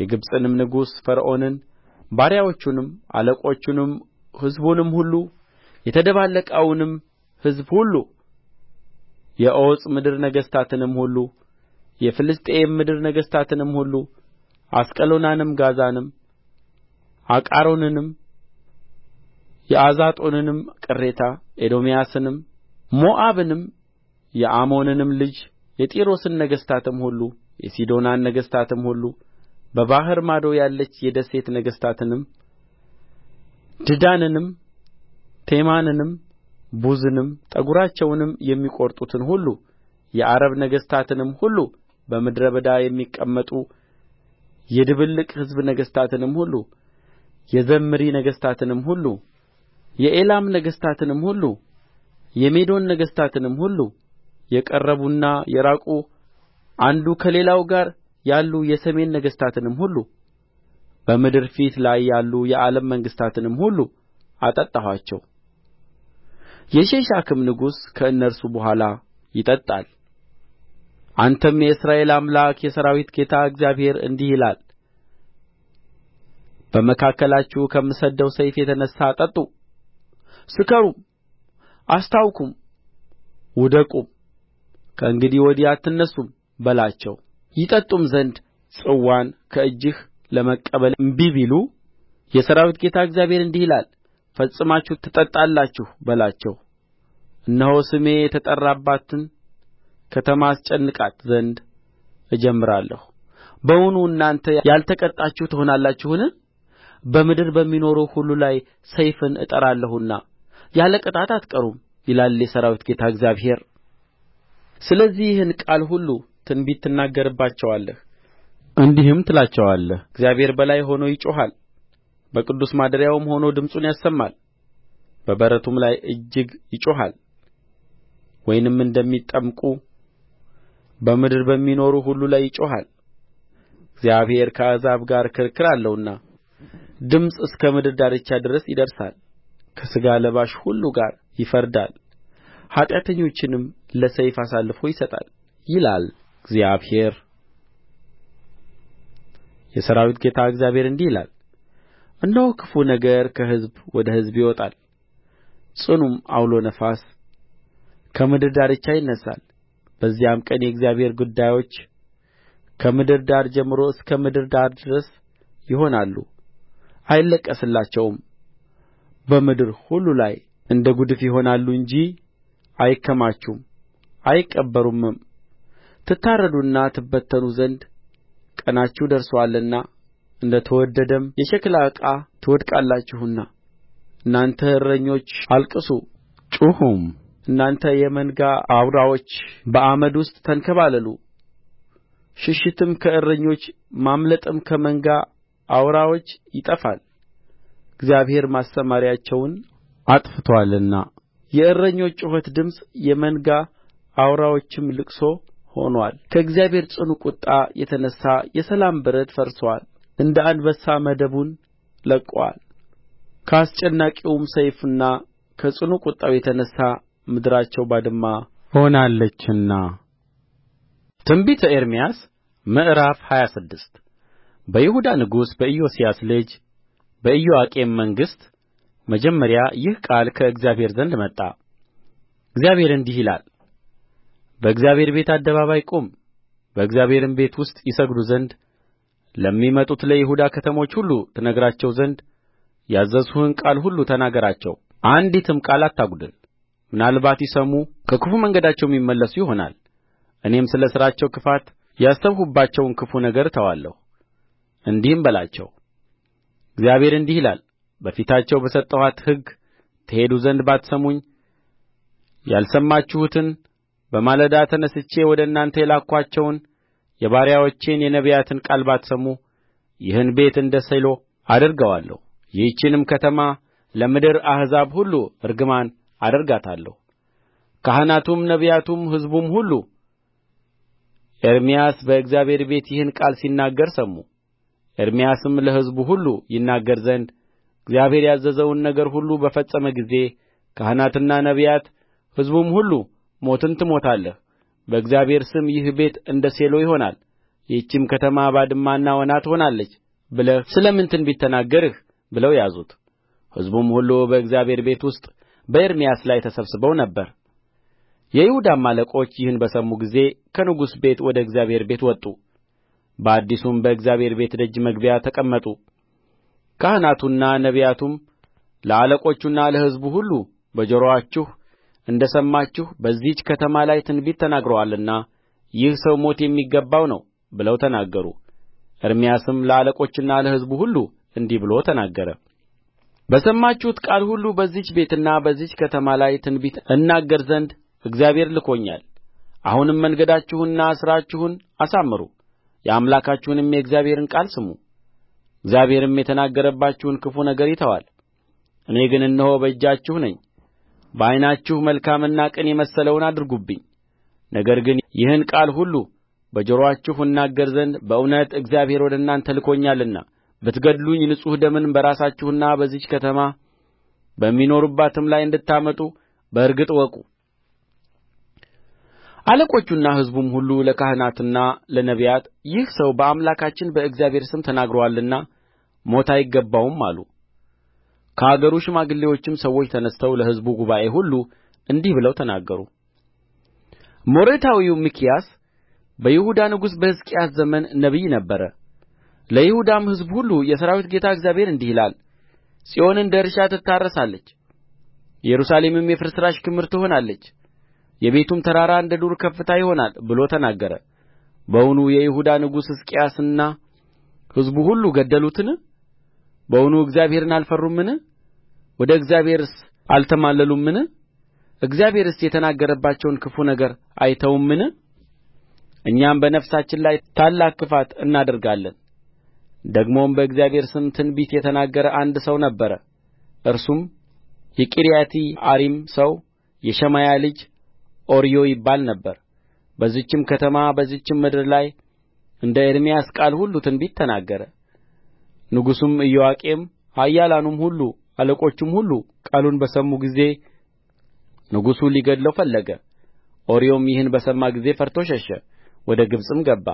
የግብጽንም ንጉሥ ፈርዖንን ባሪያዎቹንም አለቆቹንም ሕዝቡንም ሁሉ የተደባለቀውንም ሕዝብ ሁሉ የዖፅ ምድር ነገሥታትንም ሁሉ የፍልስጥኤም ምድር ነገሥታትንም ሁሉ አስቀሎናንም ጋዛንም አቃሮንንም የአዛጦንንም ቅሬታ ኤዶምያስንም ሞዓብንም የአሞንንም ልጅ የጢሮስን ነገሥታትም ሁሉ የሲዶናን ነገሥታትም ሁሉ በባሕር ማዶ ያለች የደሴት ነገሥታትንም ድዳንንም ቴማንንም ቡዝንም ጠጕራቸውንም የሚቈርጡትን ሁሉ የዓረብ ነገሥታትንም ሁሉ በምድረ በዳ የሚቀመጡ የድብልቅ ሕዝብ ነገሥታትንም ሁሉ የዘምሪ ነገሥታትንም ሁሉ የኤላም ነገሥታትንም ሁሉ የሜዶን ነገሥታትንም ሁሉ የቀረቡና የራቁ አንዱ ከሌላው ጋር ያሉ የሰሜን ነገሥታትንም ሁሉ በምድር ፊት ላይ ያሉ የዓለም መንግሥታትንም ሁሉ አጠጣኋቸው የሼሻክም ንጉሥ ከእነርሱ በኋላ ይጠጣል አንተም የእስራኤል አምላክ የሠራዊት ጌታ እግዚአብሔር እንዲህ ይላል በመካከላችሁ ከምሰድደው ሰይፍ የተነሣ ጠጡ ስከሩም አስታውኩም ውደቁም ከእንግዲህ ወዲህ አትነሡም በላቸው ይጠጡም ዘንድ ጽዋን ከእጅህ ለመቀበል እንቢ ቢሉ የሠራዊት ጌታ እግዚአብሔር እንዲህ ይላል ፈጽማችሁ ትጠጣላችሁ በላቸው እነሆ ስሜ የተጠራባትን ከተማ አስጨንቃት ዘንድ እጀምራለሁ በውኑ እናንተ ያልተቀጣችሁ ትሆናላችሁን በምድር በሚኖሩ ሁሉ ላይ ሰይፍን እጠራለሁና ያለ ቅጣት አትቀሩም ይላል የሠራዊት ጌታ እግዚአብሔር ስለዚህ ይህን ቃል ሁሉ ትንቢት ትናገርባቸዋለህ እንዲህም ትላቸዋለህ እግዚአብሔር በላይ ሆኖ ይጮኻል በቅዱስ ማደሪያውም ሆኖ ድምፁን ያሰማል በበረቱም ላይ እጅግ ይጮኻል ወይንም እንደሚጠምቁ በምድር በሚኖሩ ሁሉ ላይ ይጮኻል እግዚአብሔር ከአሕዛብ ጋር ክርክር አለውና ድምፅ እስከ ምድር ዳርቻ ድረስ ይደርሳል ከሥጋ ለባሽ ሁሉ ጋር ይፈርዳል ኃጢአተኞችንም ለሰይፍ አሳልፎ ይሰጣል ይላል እግዚአብሔር የሠራዊት ጌታ እግዚአብሔር እንዲህ ይላል እነሆ ክፉ ነገር ከሕዝብ ወደ ሕዝብ ይወጣል ጽኑም ዐውሎ ነፋስ ከምድር ዳርቻ ይነሣል በዚያም ቀን የእግዚአብሔር ጉዳዮች ከምድር ዳር ጀምሮ እስከ ምድር ዳር ድረስ ይሆናሉ አይለቀስላቸውም በምድር ሁሉ ላይ እንደ ጕድፍ ይሆናሉ እንጂ አይከማቹም አይቀበሩምም ትታረዱና ትበተኑ ዘንድ ቀናችሁ ደርሶአልና እንደ ተወደደም የሸክላ ዕቃ ትወድቃላችሁና እናንተ እረኞች አልቅሱ ጩኹም እናንተ የመንጋ አውራዎች በአመድ ውስጥ ተንከባለሉ ሽሽትም ከእረኞች ማምለጥም ከመንጋ አውራዎች ይጠፋል እግዚአብሔር ማሰማርያቸውን አጥፍቶአልና የእረኞች ጩኸት ድምፅ የመንጋ አውራዎችም ልቅሶ ሆኖአል ከእግዚአብሔር ጽኑ ቍጣ የተነሣ የሰላም በረት ፈርሶአል እንደ አንበሳ መደቡን ለቅቆአል ከአስጨናቂውም ሰይፍና ከጽኑ ቍጣው የተነሣ ምድራቸው ባድማ ሆናለችና ትንቢተ ኤርምያስ ምዕራፍ ሃያ ስድስት በይሁዳ ንጉሥ በኢዮስያስ ልጅ በኢዮአቄም መንግሥት መጀመሪያ ይህ ቃል ከእግዚአብሔር ዘንድ መጣ እግዚአብሔር እንዲህ ይላል በእግዚአብሔር ቤት አደባባይ ቁም በእግዚአብሔርም ቤት ውስጥ ይሰግዱ ዘንድ ለሚመጡት ለይሁዳ ከተሞች ሁሉ ትነግራቸው ዘንድ ያዘዝሁህን ቃል ሁሉ ተናገራቸው አንዲትም ቃል አታጕድል ምናልባት ይሰሙ ከክፉ መንገዳቸውም ይመለሱ ይሆናል እኔም ስለ ሥራቸው ክፋት ያሰብሁባቸውን ክፉ ነገር እተዋለሁ እንዲህም በላቸው እግዚአብሔር እንዲህ ይላል በፊታቸው በሰጠኋት ሕግ ትሄዱ ዘንድ ባትሰሙኝ ያልሰማችሁትን በማለዳ ተነሥቼ ወደ እናንተ የላክኋቸውን የባሪያዎቼን የነቢያትን ቃል ባትሰሙ ይህን ቤት እንደ ሴሎ አደርገዋለሁ ይህችንም ከተማ ለምድር አሕዛብ ሁሉ እርግማን አደርጋታለሁ ካህናቱም ነቢያቱም ሕዝቡም ሁሉ ኤርምያስ በእግዚአብሔር ቤት ይህን ቃል ሲናገር ሰሙ ኤርምያስም ለሕዝቡ ሁሉ ይናገር ዘንድ እግዚአብሔር ያዘዘውን ነገር ሁሉ በፈጸመ ጊዜ ካህናትና ነቢያት ሕዝቡም ሁሉ ሞትን ትሞታለህ በእግዚአብሔር ስም ይህ ቤት እንደ ሴሎ ይሆናል ይህችም ከተማ ባድማና ወና ትሆናለች ብለህ ስለ ምን ትንቢት ተናገርህ ብለው ያዙት ሕዝቡም ሁሉ በእግዚአብሔር ቤት ውስጥ በኤርምያስ ላይ ተሰብስበው ነበር የይሁዳም አለቆች ይህን በሰሙ ጊዜ ከንጉሥ ቤት ወደ እግዚአብሔር ቤት ወጡ በአዲሱም በእግዚአብሔር ቤት ደጅ መግቢያ ተቀመጡ ካህናቱና ነቢያቱም ለአለቆቹና ለሕዝቡ ሁሉ በጆሮአችሁ እንደ ሰማችሁ በዚህች ከተማ ላይ ትንቢት ተናግረዋልና ይህ ሰው ሞት የሚገባው ነው ብለው ተናገሩ ኤርምያስም ለአለቆችና ለሕዝቡ ሁሉ እንዲህ ብሎ ተናገረ በሰማችሁት ቃል ሁሉ በዚህች ቤትና በዚህች ከተማ ላይ ትንቢት እናገር ዘንድ እግዚአብሔር ልኮኛል አሁንም መንገዳችሁንና ሥራችሁን አሳምሩ የአምላካችሁንም የእግዚአብሔርን ቃል ስሙ እግዚአብሔርም የተናገረባችሁን ክፉ ነገር ይተዋል እኔ ግን እነሆ በእጃችሁ ነኝ በዓይናችሁ መልካምና ቅን የመሰለውን አድርጉብኝ ነገር ግን ይህን ቃል ሁሉ በጆሮአችሁ እናገር ዘንድ በእውነት እግዚአብሔር ወደ እናንተ ልኮኛልና ብትገድሉኝ ንጹሕ ደምን በራሳችሁና በዚህች ከተማ በሚኖሩባትም ላይ እንድታመጡ በእርግጥ እወቁ አለቆቹና ሕዝቡም ሁሉ ለካህናትና ለነቢያት ይህ ሰው በአምላካችን በእግዚአብሔር ስም ተናግሮአልና ሞት አይገባውም አሉ ከአገሩ ሽማግሌዎችም ሰዎች ተነሥተው ለሕዝቡ ጉባኤ ሁሉ እንዲህ ብለው ተናገሩ ሞሬታዊው ሚክያስ በይሁዳ ንጉሥ በሕዝቅያስ ዘመን ነቢይ ነበረ ለይሁዳም ሕዝብ ሁሉ የሠራዊት ጌታ እግዚአብሔር እንዲህ ይላል ጽዮን እንደ እርሻ ትታረሳለች ኢየሩሳሌምም የፍርስራሽ ክምር ትሆናለች የቤቱም ተራራ እንደ ዱር ከፍታ ይሆናል ብሎ ተናገረ በውኑ የይሁዳ ንጉሥ ሕዝቅያስና ሕዝቡ ሁሉ ገደሉትን በውኑ እግዚአብሔርን አልፈሩምን ወደ እግዚአብሔርስ አልተማለሉምን እግዚአብሔርስ የተናገረባቸውን ክፉ ነገር አይተውምን እኛም በነፍሳችን ላይ ታላቅ ክፋት እናደርጋለን ደግሞም በእግዚአብሔር ስም ትንቢት የተናገረ አንድ ሰው ነበረ እርሱም የቂርያትይዓሪም ሰው የሸማያ ልጅ ኦርዮ ይባል ነበር በዚህችም ከተማ በዚህችም ምድር ላይ እንደ ኤርምያስ ቃል ሁሉ ትንቢት ተናገረ ንጉሡም ኢዮአቄም ኃያላኑም ሁሉ አለቆቹም ሁሉ ቃሉን በሰሙ ጊዜ ንጉሡ ሊገድለው ፈለገ ኦርዮም ይህን በሰማ ጊዜ ፈርቶ ሸሸ ወደ ግብጽም ገባ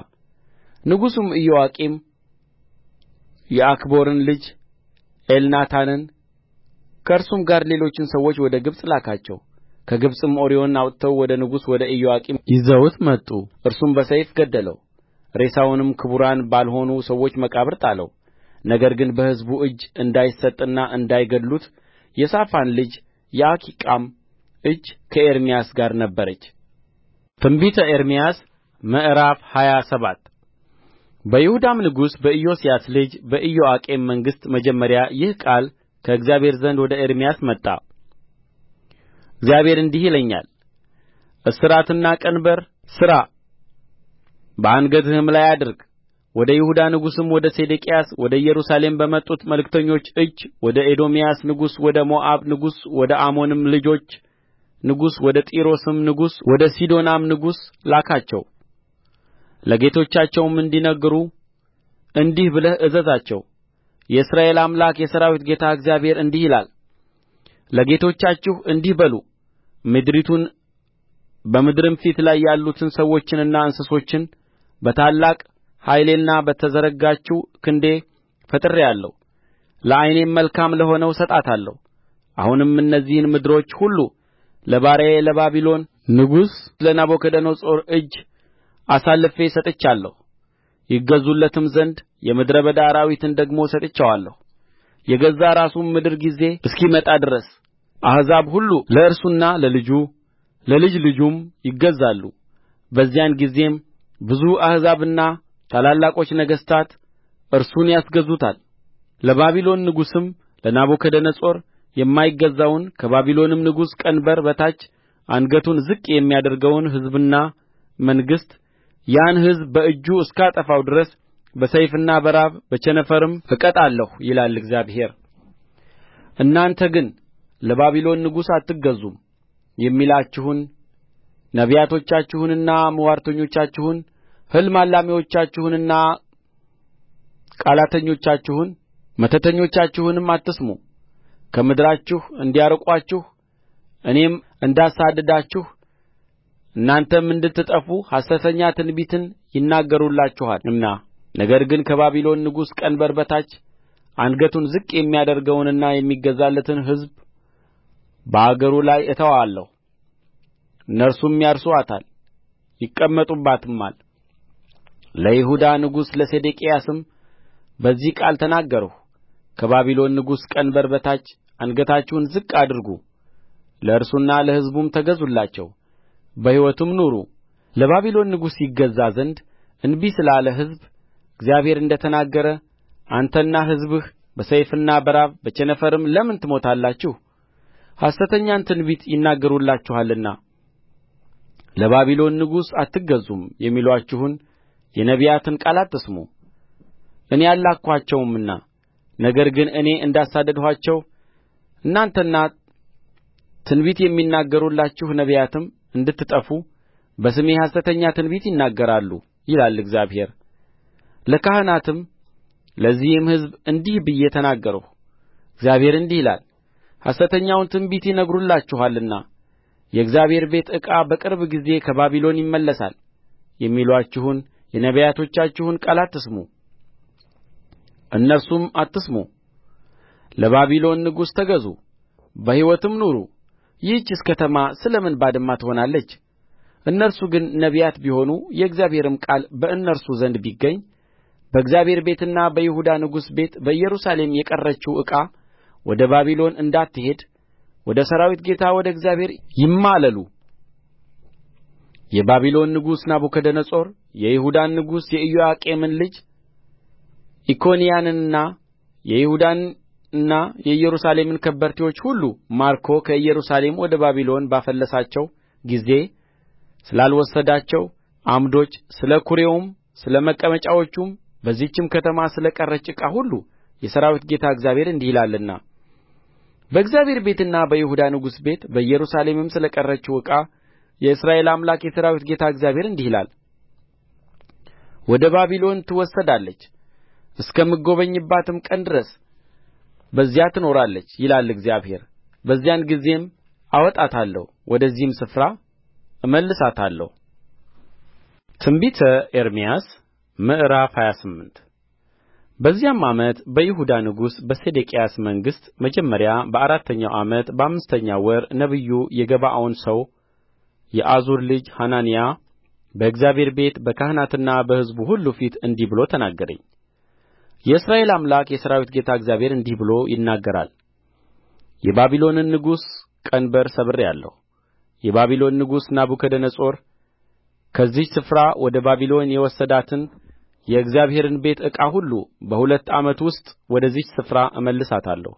ንጉሡም ኢዮአቄም የዓክቦርን ልጅ ኤልናታንን ከእርሱም ጋር ሌሎችን ሰዎች ወደ ግብጽ ላካቸው ከግብጽም ኦርዮን አውጥተው ወደ ንጉሡ ወደ ኢዮአቄም ይዘውት መጡ እርሱም በሰይፍ ገደለው ሬሳውንም ክቡራን ባልሆኑ ሰዎች መቃብር ጣለው ነገር ግን በሕዝቡ እጅ እንዳይሰጥና እንዳይገድሉት የሳፋን ልጅ የአኪቃም እጅ ከኤርምያስ ጋር ነበረች ትንቢተ ኤርምያስ ምዕራፍ ሃያ ሰባት በይሁዳም ንጉሥ በኢዮስያስ ልጅ በኢዮአቄም መንግሥት መጀመሪያ ይህ ቃል ከእግዚአብሔር ዘንድ ወደ ኤርምያስ መጣ እግዚአብሔር እንዲህ ይለኛል እስራትና ቀንበር ሥራ በአንገትህም ላይ አድርግ ወደ ይሁዳ ንጉሥም ወደ ሴዴቅያስ ወደ ኢየሩሳሌም በመጡት መልእክተኞች እጅ ወደ ኤዶምያስ ንጉሥ ወደ ሞዓብ ንጉሥ ወደ አሞንም ልጆች ንጉሥ ወደ ጢሮስም ንጉሥ ወደ ሲዶናም ንጉሥ ላካቸው ለጌቶቻቸውም እንዲነግሩ እንዲህ ብለህ እዘዛቸው የእስራኤል አምላክ የሠራዊት ጌታ እግዚአብሔር እንዲህ ይላል ለጌቶቻችሁ እንዲህ በሉ ምድሪቱን በምድርም ፊት ላይ ያሉትን ሰዎችንና እንስሶችን በታላቅ ኃይሌና በተዘረጋችው ክንዴ ፈጥሬአለሁ ለዓይኔም መልካም ለሆነው እሰጣታለሁ አሁንም እነዚህን ምድሮች ሁሉ ለባሪያዬ ለባቢሎን ንጉሥ ለናቡከደነፆር እጅ አሳልፌ ሰጥቻለሁ ይገዙለትም ዘንድ የምድረ በዳ አራዊትን ደግሞ ሰጥቼዋለሁ የገዛ ራሱም ምድር ጊዜ እስኪመጣ ድረስ አሕዛብ ሁሉ ለእርሱና ለልጁ ለልጅ ልጁም ይገዛሉ በዚያን ጊዜም ብዙ አሕዛብና ታላላቆች ነገሥታት እርሱን ያስገዙታል ለባቢሎን ንጉሥም ለናቡከደነፆር የማይገዛውን ከባቢሎንም ንጉሥ ቀንበር በታች አንገቱን ዝቅ የሚያደርገውን ሕዝብና መንግሥት ያን ሕዝብ በእጁ እስካጠፋው ድረስ በሰይፍና በራብ በቸነፈርም እቀጣለሁ ይላል እግዚአብሔር እናንተ ግን ለባቢሎን ንጉሥ አትገዙም የሚላችሁን ነቢያቶቻችሁንና ምዋርተኞቻችሁን ሕልም አላሚዎቻችሁንና ቃላተኞቻችሁን መተተኞቻችሁንም አትስሙ ከምድራችሁ እንዲያርቁአችሁ እኔም እንዳሳድዳችሁ እናንተም እንድትጠፉ ሐሰተኛ ትንቢትን ይናገሩላችኋልና ነገር ግን ከባቢሎን ንጉሥ ቀንበር በታች አንገቱን ዝቅ የሚያደርገውንና የሚገዛለትን ሕዝብ በአገሩ ላይ እተወዋለሁ እነርሱም ያርሱአታል ይቀመጡባትማል ለይሁዳ ንጉሥ ለሴዴቅያስም በዚህ ቃል ተናገርሁ ከባቢሎን ንጉሥ ቀንበር በታች አንገታችሁን ዝቅ አድርጉ ለእርሱና ለሕዝቡም ተገዙላቸው በሕይወትም ኑሩ ለባቢሎን ንጉሥ ይገዛ ዘንድ እንቢ ስላለ ሕዝብ እግዚአብሔር እንደ ተናገረ አንተና ሕዝብህ በሰይፍና በራብ በቸነፈርም ለምን ትሞታላችሁ ሐሰተኛን ትንቢት ይናገሩላችኋልና ለባቢሎን ንጉሥ አትገዙም የሚሉአችሁን የነቢያትን ቃል አትስሙ እኔ አልላክኋቸውምና ነገር ግን እኔ እንዳሳደድኋቸው እናንተና ትንቢት የሚናገሩላችሁ ነቢያትም እንድትጠፉ በስሜ ሐሰተኛ ትንቢት ይናገራሉ ይላል እግዚአብሔር ለካህናትም ለዚህም ሕዝብ እንዲህ ብዬ ተናገርሁ እግዚአብሔር እንዲህ ይላል ሐሰተኛውን ትንቢት ይነግሩላችኋልና የእግዚአብሔር ቤት ዕቃ በቅርብ ጊዜ ከባቢሎን ይመለሳል የሚሉአችሁን የነቢያቶቻችሁን ቃል አትስሙ እነርሱም አትስሙ ለባቢሎን ንጉሥ ተገዙ በሕይወትም ኑሩ ይህችስ ከተማ ስለ ምን ባድማ ትሆናለች እነርሱ ግን ነቢያት ቢሆኑ የእግዚአብሔርም ቃል በእነርሱ ዘንድ ቢገኝ በእግዚአብሔር ቤትና በይሁዳ ንጉሥ ቤት በኢየሩሳሌም የቀረችው ዕቃ ወደ ባቢሎን እንዳትሄድ ወደ ሠራዊት ጌታ ወደ እግዚአብሔር ይማለሉ የባቢሎን ንጉሥ ናቡከደነፆር የይሁዳን ንጉሥ የኢዮአቄምን ልጅ ኢኮንያንንና የይሁዳንና የኢየሩሳሌምን ከበርቴዎች ሁሉ ማርኮ ከኢየሩሳሌም ወደ ባቢሎን ባፈለሳቸው ጊዜ ስላልወሰዳቸው ዓምዶች ስለ ኵሬውም ስለ መቀመጫዎቹም በዚህችም ከተማ ስለ ቀረች ዕቃ ሁሉ የሠራዊት ጌታ እግዚአብሔር እንዲህ ይላልና በእግዚአብሔር ቤትና በይሁዳ ንጉሥ ቤት በኢየሩሳሌምም ስለ ቀረችው ዕቃ የእስራኤል አምላክ የሠራዊት ጌታ እግዚአብሔር እንዲህ ይላል ወደ ባቢሎን ትወሰዳለች እስከምጐበኝባትም ቀን ድረስ በዚያ ትኖራለች ይላል እግዚአብሔር በዚያን ጊዜም አወጣታለሁ ወደዚህም ስፍራ እመልሳታለሁ ትንቢተ ኤርምያስ ምዕራፍ ሃያ ስምንት በዚያም ዓመት በይሁዳ ንጉሥ በሴዴቅያስ መንግሥት መጀመሪያ በአራተኛው ዓመት በአምስተኛው ወር ነቢዩ የገባዖን ሰው የዓዙር ልጅ ሐናንያ በእግዚአብሔር ቤት በካህናትና በሕዝቡ ሁሉ ፊት እንዲህ ብሎ ተናገረኝ የእስራኤል አምላክ የሠራዊት ጌታ እግዚአብሔር እንዲህ ብሎ ይናገራል የባቢሎንን ንጉሥ ቀንበር ሰብሬአለሁ የባቢሎን ንጉሥ ናቡከደነፆር ከዚህች ስፍራ ወደ ባቢሎን የወሰዳትን የእግዚአብሔርን ቤት ዕቃ ሁሉ በሁለት ዓመት ውስጥ ወደዚህች ስፍራ እመልሳታለሁ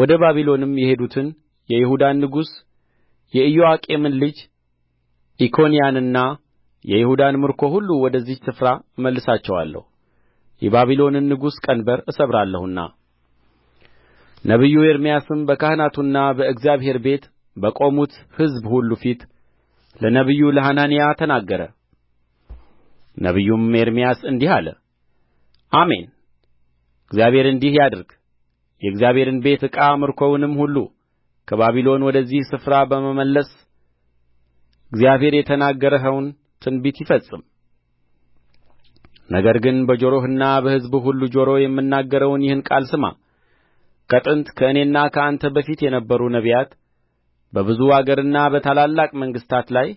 ወደ ባቢሎንም የሄዱትን የይሁዳን ንጉሥ የኢዮአቄምን ልጅ ኢኮንያንና የይሁዳን ምርኮ ሁሉ ወደዚህች ስፍራ እመልሳቸዋለሁ የባቢሎንን ንጉሥ ቀንበር እሰብራለሁና ነቢዩ ኤርምያስም በካህናቱና በእግዚአብሔር ቤት በቆሙት ሕዝብ ሁሉ ፊት ለነቢዩ ለሐናንያ ተናገረ ነቢዩም ኤርምያስ እንዲህ አለ አሜን እግዚአብሔር እንዲህ ያድርግ የእግዚአብሔርን ቤት ዕቃ ምርኮውንም ሁሉ ከባቢሎን ወደዚህ ስፍራ በመመለስ እግዚአብሔር የተናገርኸውን ትንቢት ይፈጽም ነገር ግን በጆሮህና በሕዝቡ ሁሉ ጆሮ የምናገረውን ይህን ቃል ስማ ከጥንት ከእኔና ከአንተ በፊት የነበሩ ነቢያት በብዙ አገርና በታላላቅ መንግሥታት ላይ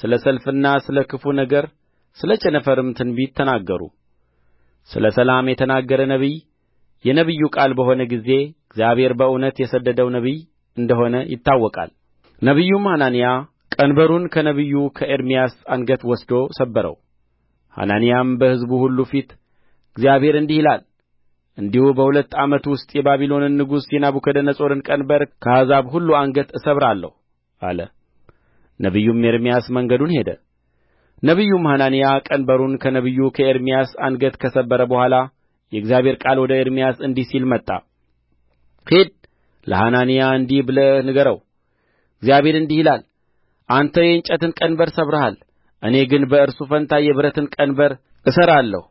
ስለ ሰልፍና ስለ ክፉ ነገር ስለ ቸነፈርም ትንቢት ተናገሩ ስለ ሰላም የተናገረ ነቢይ የነቢዩ ቃል በሆነ ጊዜ እግዚአብሔር በእውነት የሰደደው ነቢይ እንደሆነ ይታወቃል ነቢዩም ሐናንያ ቀንበሩን ከነቢዩ ከኤርምያስ አንገት ወስዶ ሰበረው ሐናንያም በሕዝቡ ሁሉ ፊት እግዚአብሔር እንዲህ ይላል እንዲሁ በሁለት ዓመት ውስጥ የባቢሎንን ንጉሥ የናቡከደነፆርን ቀንበር ከአሕዛብ ሁሉ አንገት እሰብራለሁ አለ ነቢዩም ኤርምያስ መንገዱን ሄደ ነቢዩም ሐናንያ ቀንበሩን ከነቢዩ ከኤርምያስ አንገት ከሰበረ በኋላ የእግዚአብሔር ቃል ወደ ኤርምያስ እንዲህ ሲል መጣ ሂድ ለሐናንያ እንዲህ ብለህ ንገረው እግዚአብሔር እንዲህ ይላል አንተ የእንጨትን ቀንበር ሰብረሃል እኔ ግን በእርሱ ፋንታ የብረትን ቀንበር እሠራለሁ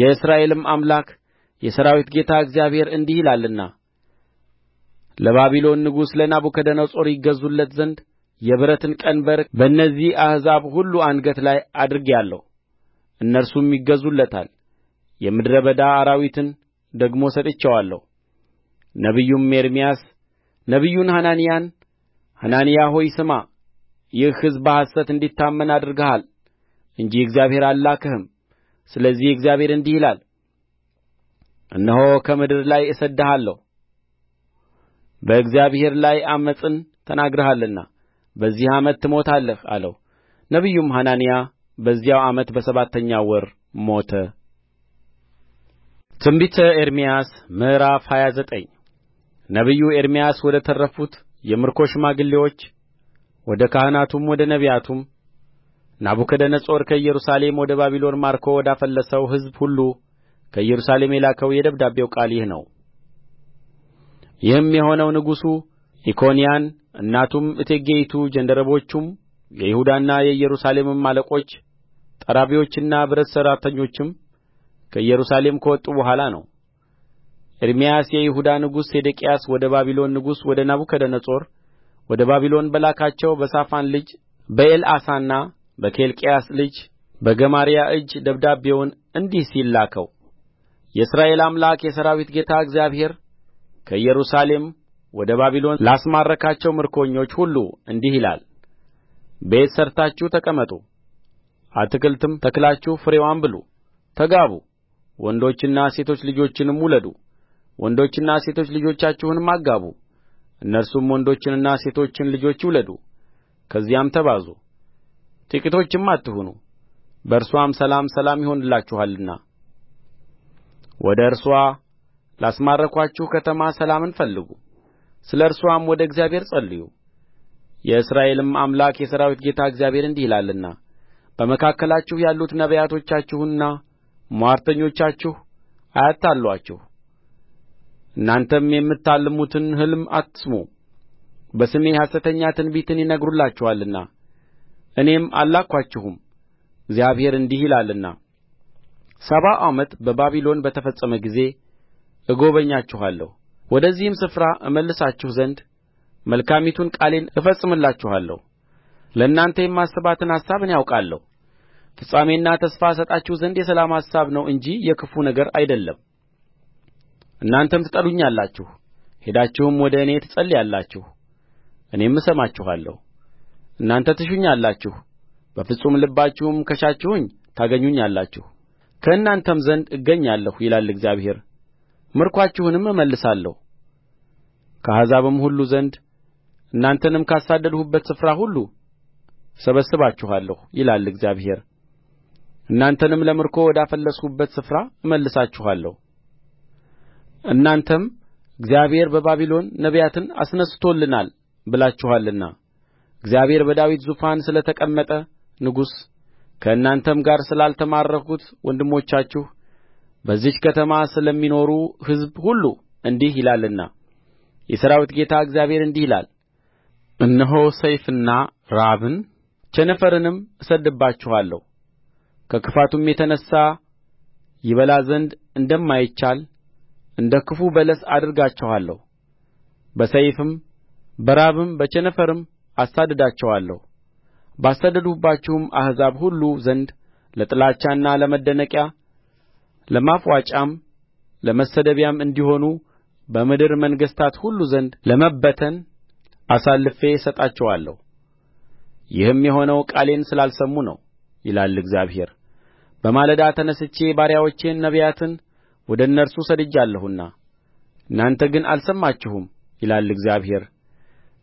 የእስራኤልም አምላክ የሠራዊት ጌታ እግዚአብሔር እንዲህ ይላልና ለባቢሎን ንጉሥ ለናቡከደነፆር ይገዙለት ዘንድ የብረትን ቀንበር በእነዚህ አሕዛብ ሁሉ አንገት ላይ አድርጌአለሁ እነርሱም ይገዙለታል የምድረ በዳ አራዊትን ደግሞ ሰጥቼዋለሁ ነቢዩም ኤርምያስ ነቢዩን ሐናንያን ሐናንያ ሆይ ስማ ይህ ሕዝብ በሐሰት እንዲታመን አድርገሃል እንጂ እግዚአብሔር አልላከህም ስለዚህ እግዚአብሔር እንዲህ ይላል እነሆ ከምድር ላይ እሰድድሃለሁ በእግዚአብሔር ላይ ዓመፅን ተናግረሃልና በዚህ ዓመት ትሞታለህ አለው ነቢዩም ሐናንያ በዚያው ዓመት በሰባተኛው ወር ሞተ ትንቢተ ኤርምያስ ምዕራፍ ሃያ ዘጠኝ ነቢዩ ኤርምያስ ወደ ተረፉት የምርኮ ሽማግሌዎች ወደ ካህናቱም ወደ ነቢያቱም ናቡከደነፆር ከኢየሩሳሌም ወደ ባቢሎን ማርኮ ወዳፈለሰው ሕዝብ ሁሉ ከኢየሩሳሌም የላከው የደብዳቤው ቃል ይህ ነው ይህም የሆነው ንጉሡ ኢኮንያን እናቱም እቴጌይቱ ጃንደረቦቹም የይሁዳና የኢየሩሳሌምም አለቆች ጠራቢዎችና ብረት ሠራተኞችም ከኢየሩሳሌም ከወጡ በኋላ ነው ኤርምያስ የይሁዳ ንጉሥ ሴዴቅያስ ወደ ባቢሎን ንጉሥ ወደ ናቡከደነፆር ወደ ባቢሎን በላካቸው በሳፋን ልጅ በኤልዓሣና በኬልቅያስ ልጅ በገማርያ እጅ ደብዳቤውን እንዲህ ሲል ላከው የእስራኤል አምላክ የሠራዊት ጌታ እግዚአብሔር ከኢየሩሳሌም ወደ ባቢሎን ላስማረካቸው ምርኮኞች ሁሉ እንዲህ ይላል ቤት ሠርታችሁ ተቀመጡ፣ አትክልትም ተክላችሁ ፍሬዋን ብሉ፣ ተጋቡ፣ ወንዶችና ሴቶች ልጆችንም ውለዱ፣ ወንዶችና ሴቶች ልጆቻችሁንም አጋቡ እነርሱም ወንዶችንና ሴቶችን ልጆች ይውለዱ ከዚያም ተባዙ ጥቂቶችም አትሁኑ በእርስዋም ሰላም ሰላም ይሆንላችኋልና ወደ እርስዋ ላስማረኳችሁ ከተማ ሰላምን ፈልጉ ስለ እርስዋም ወደ እግዚአብሔር ጸልዩ የእስራኤልም አምላክ የሠራዊት ጌታ እግዚአብሔር እንዲህ ይላልና በመካከላችሁ ያሉት ነቢያቶቻችሁና ምዋርተኞቻችሁ አያታልሉአችሁ እናንተም የምታልሙትን ሕልም አትስሙ በስሜ ሐሰተኛ ትንቢትን ይናገሩላችኋልና እኔም አልላክኋቸውም እግዚአብሔር እንዲህ ይላልና ሰባው ዓመት በባቢሎን በተፈጸመ ጊዜ እጐበኛችኋለሁ ወደዚህም ስፍራ እመልሳችሁ ዘንድ መልካሚቱን ቃሌን እፈጽምላችኋለሁ ለእናንተ የማስባትን አሳብ እኔ አውቃለሁ ፍጻሜና ተስፋ እሰጣችሁ ዘንድ የሰላም አሳብ ነው እንጂ የክፉ ነገር አይደለም እናንተም ትጠሩኛላችሁ ሄዳችሁም ወደ እኔ ትጸልያላችሁ እኔም እሰማችኋለሁ እናንተ ትሹኛላችሁ በፍጹም ልባችሁም ከሻችሁኝ ታገኙኛላችሁ ከእናንተም ዘንድ እገኛለሁ ይላል እግዚአብሔር ምርኮአችሁንም እመልሳለሁ ከአሕዛብም ሁሉ ዘንድ እናንተንም ካሳደድሁበት ስፍራ ሁሉ እሰበስባችኋለሁ ይላል እግዚአብሔር እናንተንም ለምርኮ ወዳፈለስሁበት ስፍራ እመልሳችኋለሁ እናንተም እግዚአብሔር በባቢሎን ነቢያትን አስነሥቶልናል ብላችኋልና እግዚአብሔር በዳዊት ዙፋን ስለ ተቀመጠ ንጉሥ ከእናንተም ጋር ስላልተማረኩት ወንድሞቻችሁ በዚህች ከተማ ስለሚኖሩ ሕዝብ ሁሉ እንዲህ ይላልና የሠራዊት ጌታ እግዚአብሔር እንዲህ ይላል እነሆ ሰይፍንና ራብን ቸነፈርንም እሰድድባችኋለሁ ከክፋቱም የተነሣ ይበላ ዘንድ እንደማይቻል እንደ ክፉ በለስ አደርጋቸዋለሁ በሰይፍም በራብም በቸነፈርም አሳድዳቸዋለሁ ባሳደድሁባቸውም አሕዛብ ሁሉ ዘንድ ለጥላቻና ለመደነቂያ ለማፍዋጫም ለመሰደቢያም እንዲሆኑ በምድር መንግሥታት ሁሉ ዘንድ ለመበተን አሳልፌ እሰጣቸዋለሁ ይህም የሆነው ቃሌን ስላልሰሙ ነው ይላል እግዚአብሔር በማለዳ ተነሥቼ ባሪያዎቼን ነቢያትን ወደ እነርሱ ሰድጃለሁና እናንተ ግን አልሰማችሁም ይላል እግዚአብሔር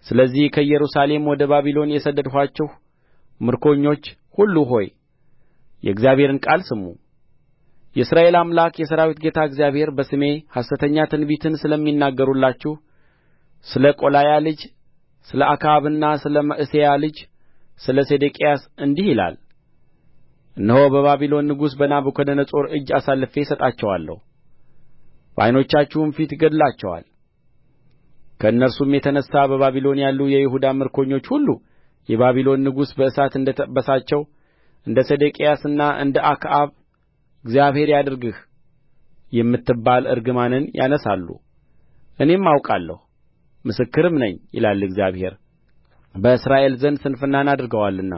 ስለዚህ ከኢየሩሳሌም ወደ ባቢሎን የሰደድኋችሁ ምርኮኞች ሁሉ ሆይ የእግዚአብሔርን ቃል ስሙ የእስራኤል አምላክ የሠራዊት ጌታ እግዚአብሔር በስሜ ሐሰተኛ ትንቢትን ስለሚናገሩላችሁ ስለ ቆላያ ልጅ ስለ አክዓብና ስለ መዕሤያ ልጅ ስለ ሴዴቅያስ እንዲህ ይላል እነሆ በባቢሎን ንጉሥ በናቡከደነፆር እጅ አሳልፌ እሰጣቸዋለሁ በዓይኖቻችሁም ፊት ገድላቸዋል ከእነርሱም የተነሣ በባቢሎን ያሉ የይሁዳ ምርኮኞች ሁሉ የባቢሎን ንጉሥ በእሳት እንደ ጠበሳቸው እንደ ሴዴቅያስና እንደ አክዓብ እግዚአብሔር ያድርግህ የምትባል እርግማንን ያነሣሉ እኔም አውቃለሁ ምስክርም ነኝ ይላል እግዚአብሔር በእስራኤል ዘንድ ስንፍናን አድርገዋልና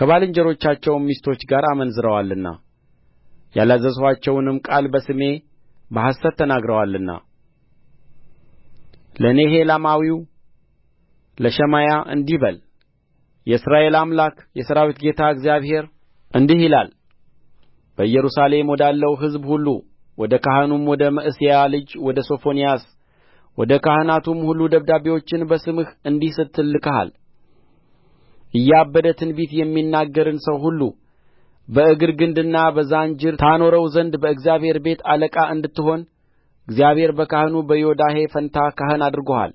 ከባልንጀሮቻቸውም ሚስቶች ጋር አመንዝረዋልና ያላዘዝኋቸውንም ቃል በስሜ በሐሰት ተናግረዋልና ለኔሔላማዊው ለሸማያ እንዲህ በል የእስራኤል አምላክ የሠራዊት ጌታ እግዚአብሔር እንዲህ ይላል በኢየሩሳሌም ወዳለው ሕዝብ ሁሉ ወደ ካህኑም ወደ መዕሤያ ልጅ ወደ ሶፎንያስ ወደ ካህናቱም ሁሉ ደብዳቤዎችን በስምህ እንዲህ ስትል ልከሃል እያበደ ትንቢት የሚናገርን ሰው ሁሉ በእግር ግንድና በዛንጅር ታኖረው ዘንድ በእግዚአብሔር ቤት አለቃ እንድትሆን እግዚአብሔር በካህኑ በዮዳሄ ፋንታ ካህን አድርጎሃል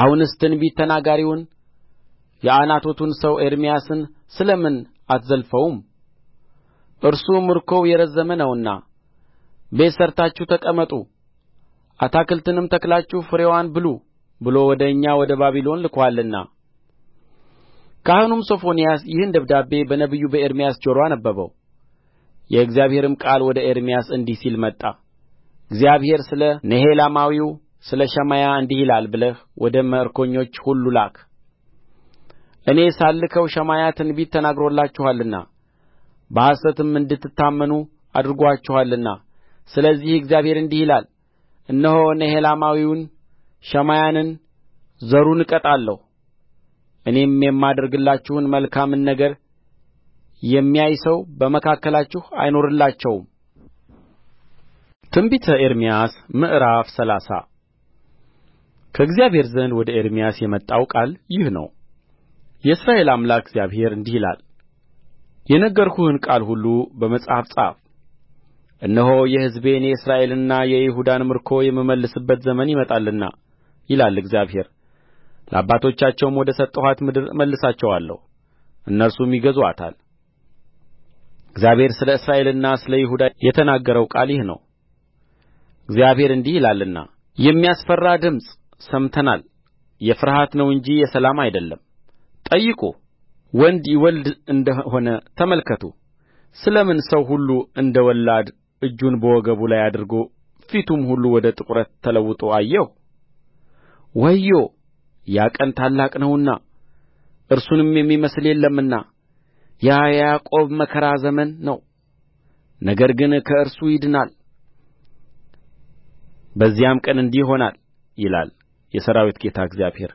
አሁንስ ትንቢት ተናጋሪውን የዓናቶቱን ሰው ኤርምያስን ስለ ምን አትዘልፈውም እርሱ ምርኮው የረዘመ ነውና ቤት ሠርታችሁ ተቀመጡ አታክልትንም ተክላችሁ ፍሬዋን ብሉ ብሎ ወደ እኛ ወደ ባቢሎን ልኮአልና ካህኑም ሶፎንያስ ይህን ደብዳቤ በነቢዩ በኤርምያስ ጆሮ አነበበው የእግዚአብሔርም ቃል ወደ ኤርምያስ እንዲህ ሲል መጣ እግዚአብሔር ስለ ኔሔላማዊው ስለ ሸማያ እንዲህ ይላል ብለህ ወደ ምርኮኞች ሁሉ ላክ እኔ ሳልልከው ሸማያ ትንቢት ተናግሮላችኋልና በሐሰትም እንድትታመኑ አድርጎአችኋልና ስለዚህ እግዚአብሔር እንዲህ ይላል እነሆ ኔሔላማዊውን ሸማያንን ዘሩን እቀጣለሁ እኔም የማደርግላችሁን መልካምን ነገር የሚያይ ሰው በመካከላችሁ አይኖርላቸውም ትንቢተ ኤርምያስ ምዕራፍ ሰላሳ ከእግዚአብሔር ዘንድ ወደ ኤርምያስ የመጣው ቃል ይህ ነው የእስራኤል አምላክ እግዚአብሔር እንዲህ ይላል የነገርሁህን ቃል ሁሉ በመጽሐፍ ጻፍ እነሆ የሕዝቤን የእስራኤልንና የይሁዳን ምርኮ የምመልስበት ዘመን ይመጣልና ይላል እግዚአብሔር ለአባቶቻቸውም ወደ ሰጠኋት ምድር እመልሳቸዋለሁ እነርሱም ይገዙአታል እግዚአብሔር ስለ እስራኤልና ስለ ይሁዳ የተናገረው ቃል ይህ ነው እግዚአብሔር እንዲህ ይላልና የሚያስፈራ ድምፅ ሰምተናል የፍርሃት ነው እንጂ የሰላም አይደለም ጠይቁ ወንድ ይወልድ እንደሆነ ተመልከቱ ስለ ምን ሰው ሁሉ እንደ ወላድ እጁን በወገቡ ላይ አድርጎ ፊቱም ሁሉ ወደ ጥቁረት ተለውጦ አየሁ ወዮ ያ ቀን ታላቅ ነውና እርሱንም የሚመስል የለምና ያ የያዕቆብ መከራ ዘመን ነው ነገር ግን ከእርሱ ይድናል በዚያም ቀን እንዲህ ይሆናል ይላል የሠራዊት ጌታ እግዚአብሔር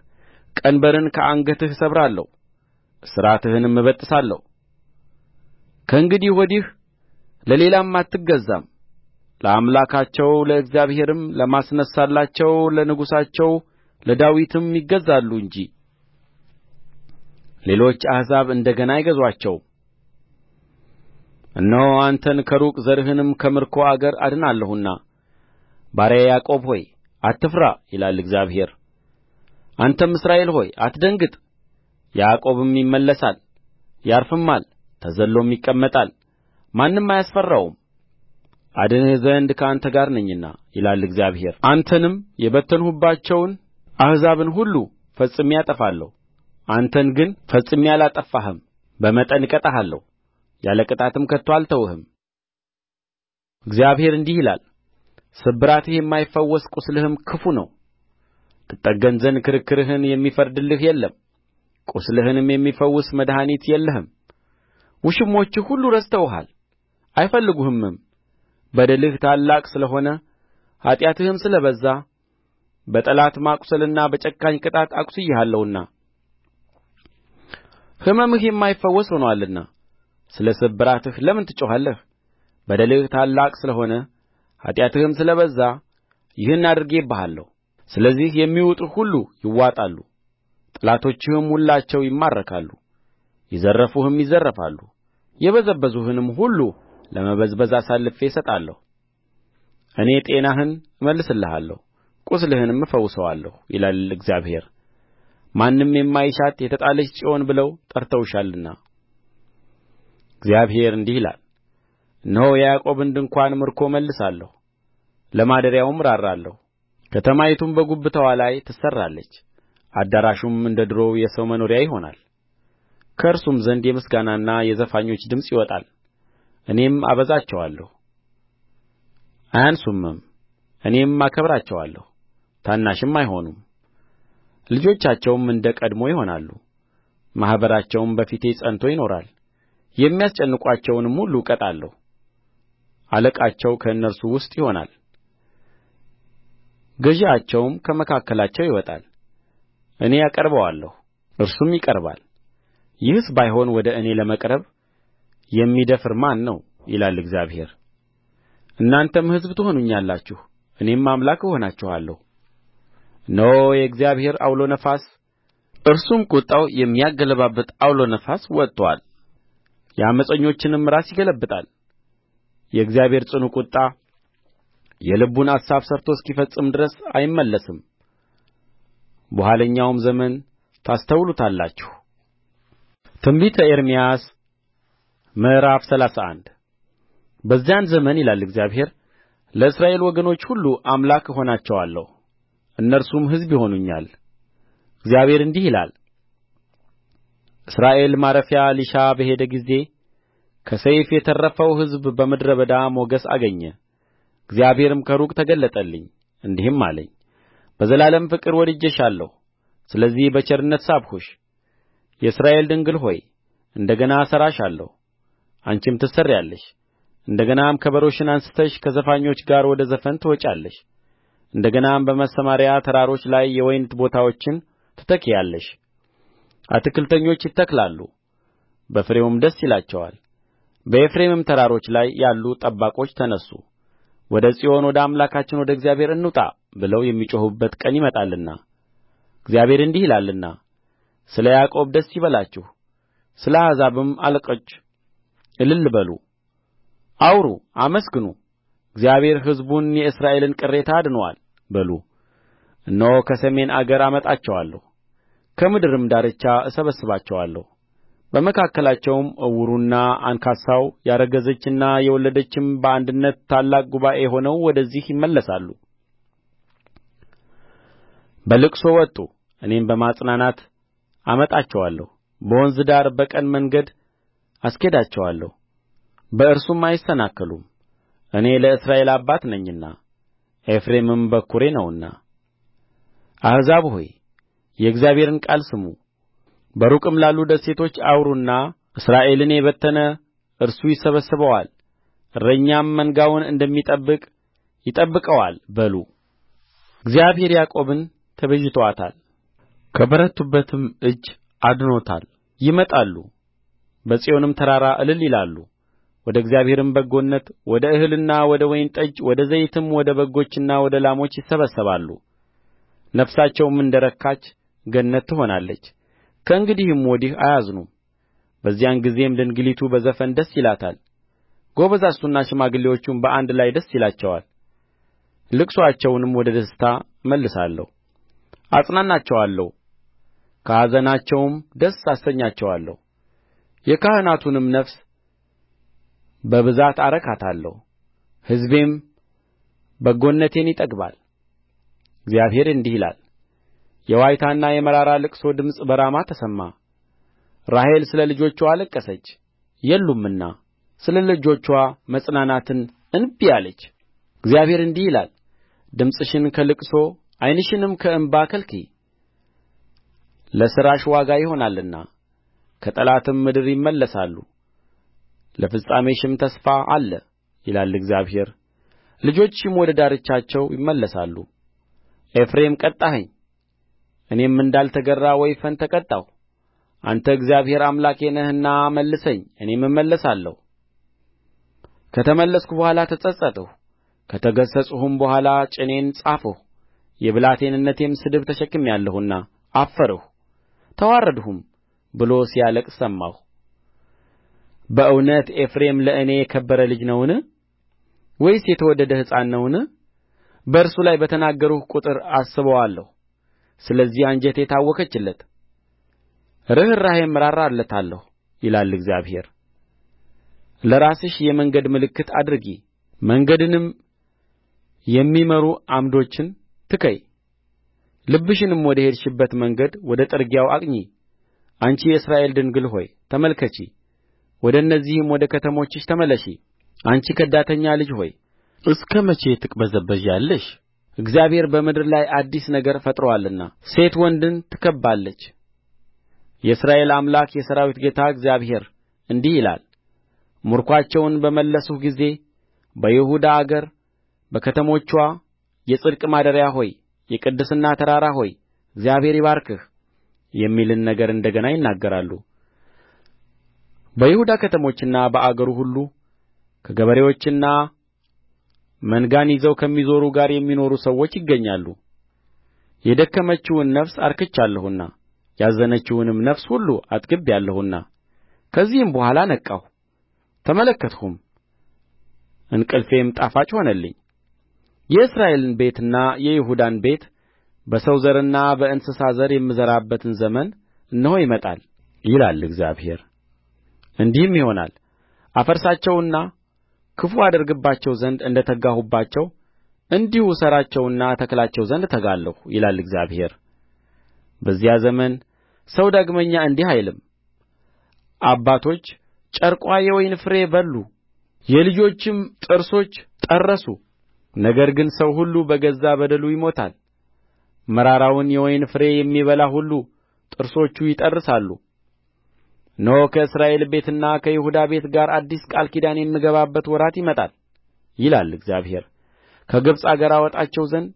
ቀንበርን ከአንገትህ እሰብራለሁ እስራትህንም እበጥሳለሁ ከእንግዲህ ወዲህ ለሌላም አትገዛም ለአምላካቸው ለእግዚአብሔርም ለማስነሣላቸው ለንጉሣቸው ለዳዊትም ይገዛሉ እንጂ ሌሎች አሕዛብ እንደ ገና አይገዙአቸውም እነሆ አንተን ከሩቅ ዘርህንም ከምርኮ አገር አድናለሁና ባሪያዬ ያዕቆብ ሆይ አትፍራ ይላል እግዚአብሔር አንተም እስራኤል ሆይ አትደንግጥ ያዕቆብም ይመለሳል ያርፍማል ተዘልሎም ይቀመጣል ማንም አያስፈራውም አድንህ ዘንድ ከአንተ ጋር ነኝና ይላል እግዚአብሔር አንተንም የበተንሁባቸውን አሕዛብን ሁሉ ፈጽሜ አጠፋለሁ አንተን ግን ፈጽሜ አላጠፋህም በመጠን እቀጣሃለሁ ያለ ቅጣትም ከቶ አልተውህም እግዚአብሔር እንዲህ ይላል ስብራትህ የማይፈወስ ቍስልህም ክፉ ነው ትጠገን ዘንድ ክርክርህን የሚፈርድልህ የለም ቍስልህንም የሚፈውስ መድኃኒት የለህም ውሽሞችህ ሁሉ ረስተውሃል አይፈልጉህምም በደልህ ታላቅ ስለ ሆነ ኃጢአትህም ስለ በዛ በጠላት ማቍሰልና በጨካኝ ቅጣት አቍስዬሃለሁና ሕመምህ የማይፈወስ ሆኖአልና ስለ ስብራትህ ለምን ትጮኻለህ በደልህ ታላቅ ስለ ሆነ ኃጢአትህም ስለ በዛ ይህን አድርጌብሃለሁ ስለዚህ የሚውጡህ ሁሉ ይዋጣሉ ጠላቶችህም ሁላቸው ይማረካሉ የዘረፉህም ይዘረፋሉ የበዘበዙህንም ሁሉ ለመበዝበዝ አሳልፌ እሰጣለሁ እኔ ጤናህን እመልስልሃለሁ ቍስልህንም እፈውሰዋለሁ ይላል እግዚአብሔር ማንም የማይሻት የተጣለች ጽዮን ብለው ጠርተውሻልና እግዚአብሔር እንዲህ ይላል እነሆ የያዕቆብን ድንኳን ምርኮ እመልሳለሁ ለማደሪያውም እራራለሁ ከተማይቱም በጉብታዋ ላይ ትሠራለች አዳራሹም እንደ ዱሮው የሰው መኖሪያ ይሆናል ከእርሱም ዘንድ የምስጋናና የዘፋኞች ድምፅ ይወጣል እኔም አበዛቸዋለሁ አያንሱምም እኔም አከብራቸዋለሁ ታናሽም አይሆኑም ልጆቻቸውም እንደ ቀድሞ ይሆናሉ ማኅበራቸውም በፊቴ ጸንቶ ይኖራል የሚያስጨንቋቸውንም ሁሉ እቀጣለሁ አለቃቸው ከእነርሱ ውስጥ ይሆናል ገዢአቸውም ከመካከላቸው ይወጣል እኔ አቀርበዋለሁ እርሱም ይቀርባል ይህስ ባይሆን ወደ እኔ ለመቅረብ የሚደፍር ማን ነው ይላል እግዚአብሔር እናንተም ሕዝብ ትሆኑኛላችሁ እኔም አምላክ እሆናችኋለሁ እነሆ የእግዚአብሔር ዐውሎ ነፋስ እርሱም ቍጣው የሚያገለባብጥ ዐውሎ ነፋስ ወጥቶአል የዓመፀኞችንም ራስ ይገለብጣል የእግዚአብሔር ጽኑ ቍጣ የልቡን አሳብ ሠርቶ እስኪፈጽም ድረስ አይመለስም በኋለኛውም ዘመን ታስተውሉታላችሁ ትንቢተ ኤርምያስ ምዕራፍ ሰላሳ አንድ በዚያን ዘመን ይላል እግዚአብሔር ለእስራኤል ወገኖች ሁሉ አምላክ እሆናቸዋለሁ እነርሱም ሕዝብ ይሆኑኛል እግዚአብሔር እንዲህ ይላል እስራኤል ማረፊያ ሊሻ በሄደ ጊዜ ከሰይፍ የተረፈው ሕዝብ በምድረ በዳ ሞገስ አገኘ እግዚአብሔርም ከሩቅ ተገለጠልኝ እንዲህም አለኝ በዘላለም ፍቅር ወድጄሻለሁ ስለዚህ በቸርነት ሳብሁሽ የእስራኤል ድንግል ሆይ እንደ ገና እሠራሻለሁ አንቺም ትሠሪያለሽ እንደ ገናም ከበሮሽን አንሥተሽ ከዘፋኞች ጋር ወደ ዘፈን ትወጫለሽ እንደ ገናም በሰማርያ ተራሮች ላይ የወይን ቦታዎችን ትተክያለሽ አትክልተኞች ይተክላሉ በፍሬውም ደስ ይላቸዋል በኤፍሬምም ተራሮች ላይ ያሉ ጠባቆች ተነሡ ወደ ጽዮን ወደ አምላካችን ወደ እግዚአብሔር እንውጣ ብለው የሚጮኹበት ቀን ይመጣልና እግዚአብሔር እንዲህ ይላልና ስለ ያዕቆብ ደስ ይበላችሁ ስለ አሕዛብም አለቆች እልል በሉ አውሩ አመስግኑ እግዚአብሔር ሕዝቡን የእስራኤልን ቅሬታ አድኖአል በሉ እነሆ ከሰሜን አገር አመጣቸዋለሁ ከምድርም ዳርቻ እሰበስባቸዋለሁ በመካከላቸውም ዕውሩና አንካሳው ያረገዘችና የወለደችም በአንድነት ታላቅ ጉባኤ ሆነው ወደዚህ ይመለሳሉ በልቅሶ ወጡ እኔም በማጽናናት አመጣቸዋለሁ በወንዝ ዳር በቀን መንገድ አስኬዳቸዋለሁ በእርሱም አይሰናከሉም እኔ ለእስራኤል አባት ነኝና ኤፍሬምም በኵሬ ነውና አሕዛብ ሆይ የእግዚአብሔርን ቃል ስሙ በሩቅም ላሉ ደሴቶች አውሩና እስራኤልን የበተነ እርሱ ይሰበስበዋል እረኛም መንጋውን እንደሚጠብቅ ይጠብቀዋል በሉ እግዚአብሔር ያዕቆብን ተቤዥቶአታል፣ ከበረቱበትም እጅ አድኖታል ይመጣሉ በጽዮንም ተራራ እልል ይላሉ ወደ እግዚአብሔርም በጎነት ወደ እህልና ወደ ወይን ጠጅ ወደ ዘይትም ወደ በጎችና ወደ ላሞች ይሰበሰባሉ ነፍሳቸውም እንደ ረካች ገነት ትሆናለች ከእንግዲህም ወዲህ አያዝኑም በዚያን ጊዜም ድንግሊቱ በዘፈን ደስ ይላታል ጐበዛዝቱና ሽማግሌዎቹም በአንድ ላይ ደስ ይላቸዋል ልቅሶአቸውንም ወደ ደስታ እመልሳለሁ አጽናናቸዋለሁ ከኀዘናቸውም ደስ አሰኛቸዋለሁ የካህናቱንም ነፍስ በብዛት አረካታለሁ ሕዝቤም በጎነቴን ይጠግባል እግዚአብሔር እንዲህ ይላል የዋይታና የመራራ ልቅሶ ድምፅ በራማ ተሰማ ራሔል ስለ ልጆችዋ አለቀሰች የሉምና ስለ ልጆችዋ መጽናናትን እንቢ አለች እግዚአብሔር እንዲህ ይላል ድምፅሽን ከልቅሶ ዓይንሽንም ከእንባ ከልክዪ ለሥራሽ ዋጋ ይሆናልና ከጠላትም ምድር ይመለሳሉ ለፍጻሜሽም ተስፋ አለ ይላል እግዚአብሔር ልጆችሽም ወደ ዳርቻቸው ይመለሳሉ ኤፍሬም ቀጣኸኝ እኔም እንዳልተገራ ወይፈን ተቀጣሁ አንተ እግዚአብሔር አምላኬ ነህና መልሰኝ እኔም እመለሳለሁ ከተመለስሁ በኋላ ተጸጸትሁ ከተገሠጽሁም በኋላ ጭኔን ጻፍሁ የብላቴንነቴም ስድብ ተሸክሜአለሁና አፈርሁ ተዋረድሁም ብሎ ሲያለቅስ ሰማሁ በእውነት ኤፍሬም ለእኔ የከበረ ልጅ ነውን ወይስ የተወደደ ሕፃን ነውን በእርሱ ላይ በተናገርሁ ቍጥር አስበዋለሁ ስለዚህ አንጀቴ ታወከችለት ርኅራኄም እራራለታለሁ ይላል እግዚአብሔር ለራስሽ የመንገድ ምልክት አድርጊ መንገድንም የሚመሩ ዓምዶችን ትከዪ ልብሽንም ወደ ሄድሽበት መንገድ ወደ ጥርጊያው አቅኚ አንቺ የእስራኤል ድንግል ሆይ ተመልከቺ ወደ እነዚህም ወደ ከተሞችሽ ተመለሺ አንቺ ከዳተኛ ልጅ ሆይ እስከ መቼ ትቅበዘበዣለሽ እግዚአብሔር በምድር ላይ አዲስ ነገር ፈጥሮአልና ሴት ወንድን ትከብባለች የእስራኤል አምላክ የሠራዊት ጌታ እግዚአብሔር እንዲህ ይላል ምርኮአቸውን በመለስሁ ጊዜ በይሁዳ አገር በከተሞችዋ የጽድቅ ማደሪያ ሆይ የቅድስና ተራራ ሆይ እግዚአብሔር ይባርክህ የሚልን ነገር እንደ ገና ይናገራሉ በይሁዳ ከተሞችና በአገሩ ሁሉ ከገበሬዎችና መንጋን ይዘው ከሚዞሩ ጋር የሚኖሩ ሰዎች ይገኛሉ የደከመችውን ነፍስ አርክቻለሁና ያዘነችውንም ነፍስ ሁሉ አጥግቤአለሁና ከዚህም በኋላ ነቃሁ ተመለከትሁም እንቅልፌም ጣፋጭ ሆነልኝ የእስራኤልን ቤትና የይሁዳን ቤት በሰው ዘርና በእንስሳ ዘር የምዘራበትን ዘመን እነሆ ይመጣል ይላል እግዚአብሔር እንዲህም ይሆናል አፈርሳቸውና ክፉ አደርግባቸው ዘንድ እንደ ተጋሁባቸው እንዲሁ እሠራቸውና እተክላቸው ዘንድ እተጋለሁ ይላል እግዚአብሔር በዚያ ዘመን ሰው ዳግመኛ እንዲህ አይልም አባቶች ጨርቋ የወይን ፍሬ በሉ የልጆችም ጥርሶች ጠረሱ ነገር ግን ሰው ሁሉ በገዛ በደሉ ይሞታል መራራውን የወይን ፍሬ የሚበላ ሁሉ ጥርሶቹ ይጠርሳሉ እነሆ ከእስራኤል ቤትና ከይሁዳ ቤት ጋር አዲስ ቃል ኪዳን የምገባበት ወራት ይመጣል ይላል እግዚአብሔር ከግብጽ አገር አወጣቸው ዘንድ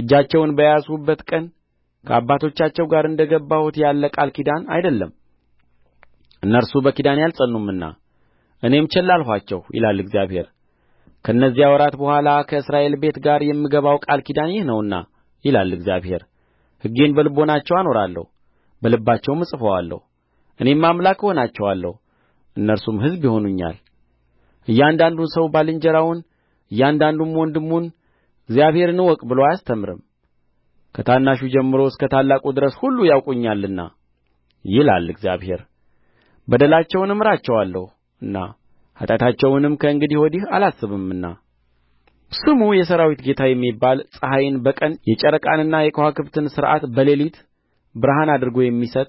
እጃቸውን በያዝሁበት ቀን ከአባቶቻቸው ጋር እንደ ገባሁት ያለ ቃል ኪዳን አይደለም እነርሱ በኪዳኔ አልጸኑምና እኔም ቸል አልኋቸው ይላል እግዚአብሔር ከእነዚያ ወራት በኋላ ከእስራኤል ቤት ጋር የምገባው ቃል ኪዳን ይህ ነውና ይላል እግዚአብሔር ሕጌን በልቡናቸው አኖራለሁ በልባቸውም እጽፈዋለሁ እኔም አምላክ እሆናቸዋለሁ እነርሱም ሕዝብ ይሆኑኛል እያንዳንዱ ሰው ባልንጀራውን እያንዳንዱም ወንድሙን እግዚአብሔርን እወቅ ብሎ አያስተምርም ከታናሹ ጀምሮ እስከ ታላቁ ድረስ ሁሉ ያውቁኛልና ይላል እግዚአብሔር በደላቸውን እምራቸዋለሁና ኃጢአታቸውንም ከእንግዲህ ወዲህ አላስብምና ስሙ የሠራዊት ጌታ የሚባል ፀሐይን በቀን የጨረቃንና የከዋክብትን ሥርዓት በሌሊት ብርሃን አድርጎ የሚሰጥ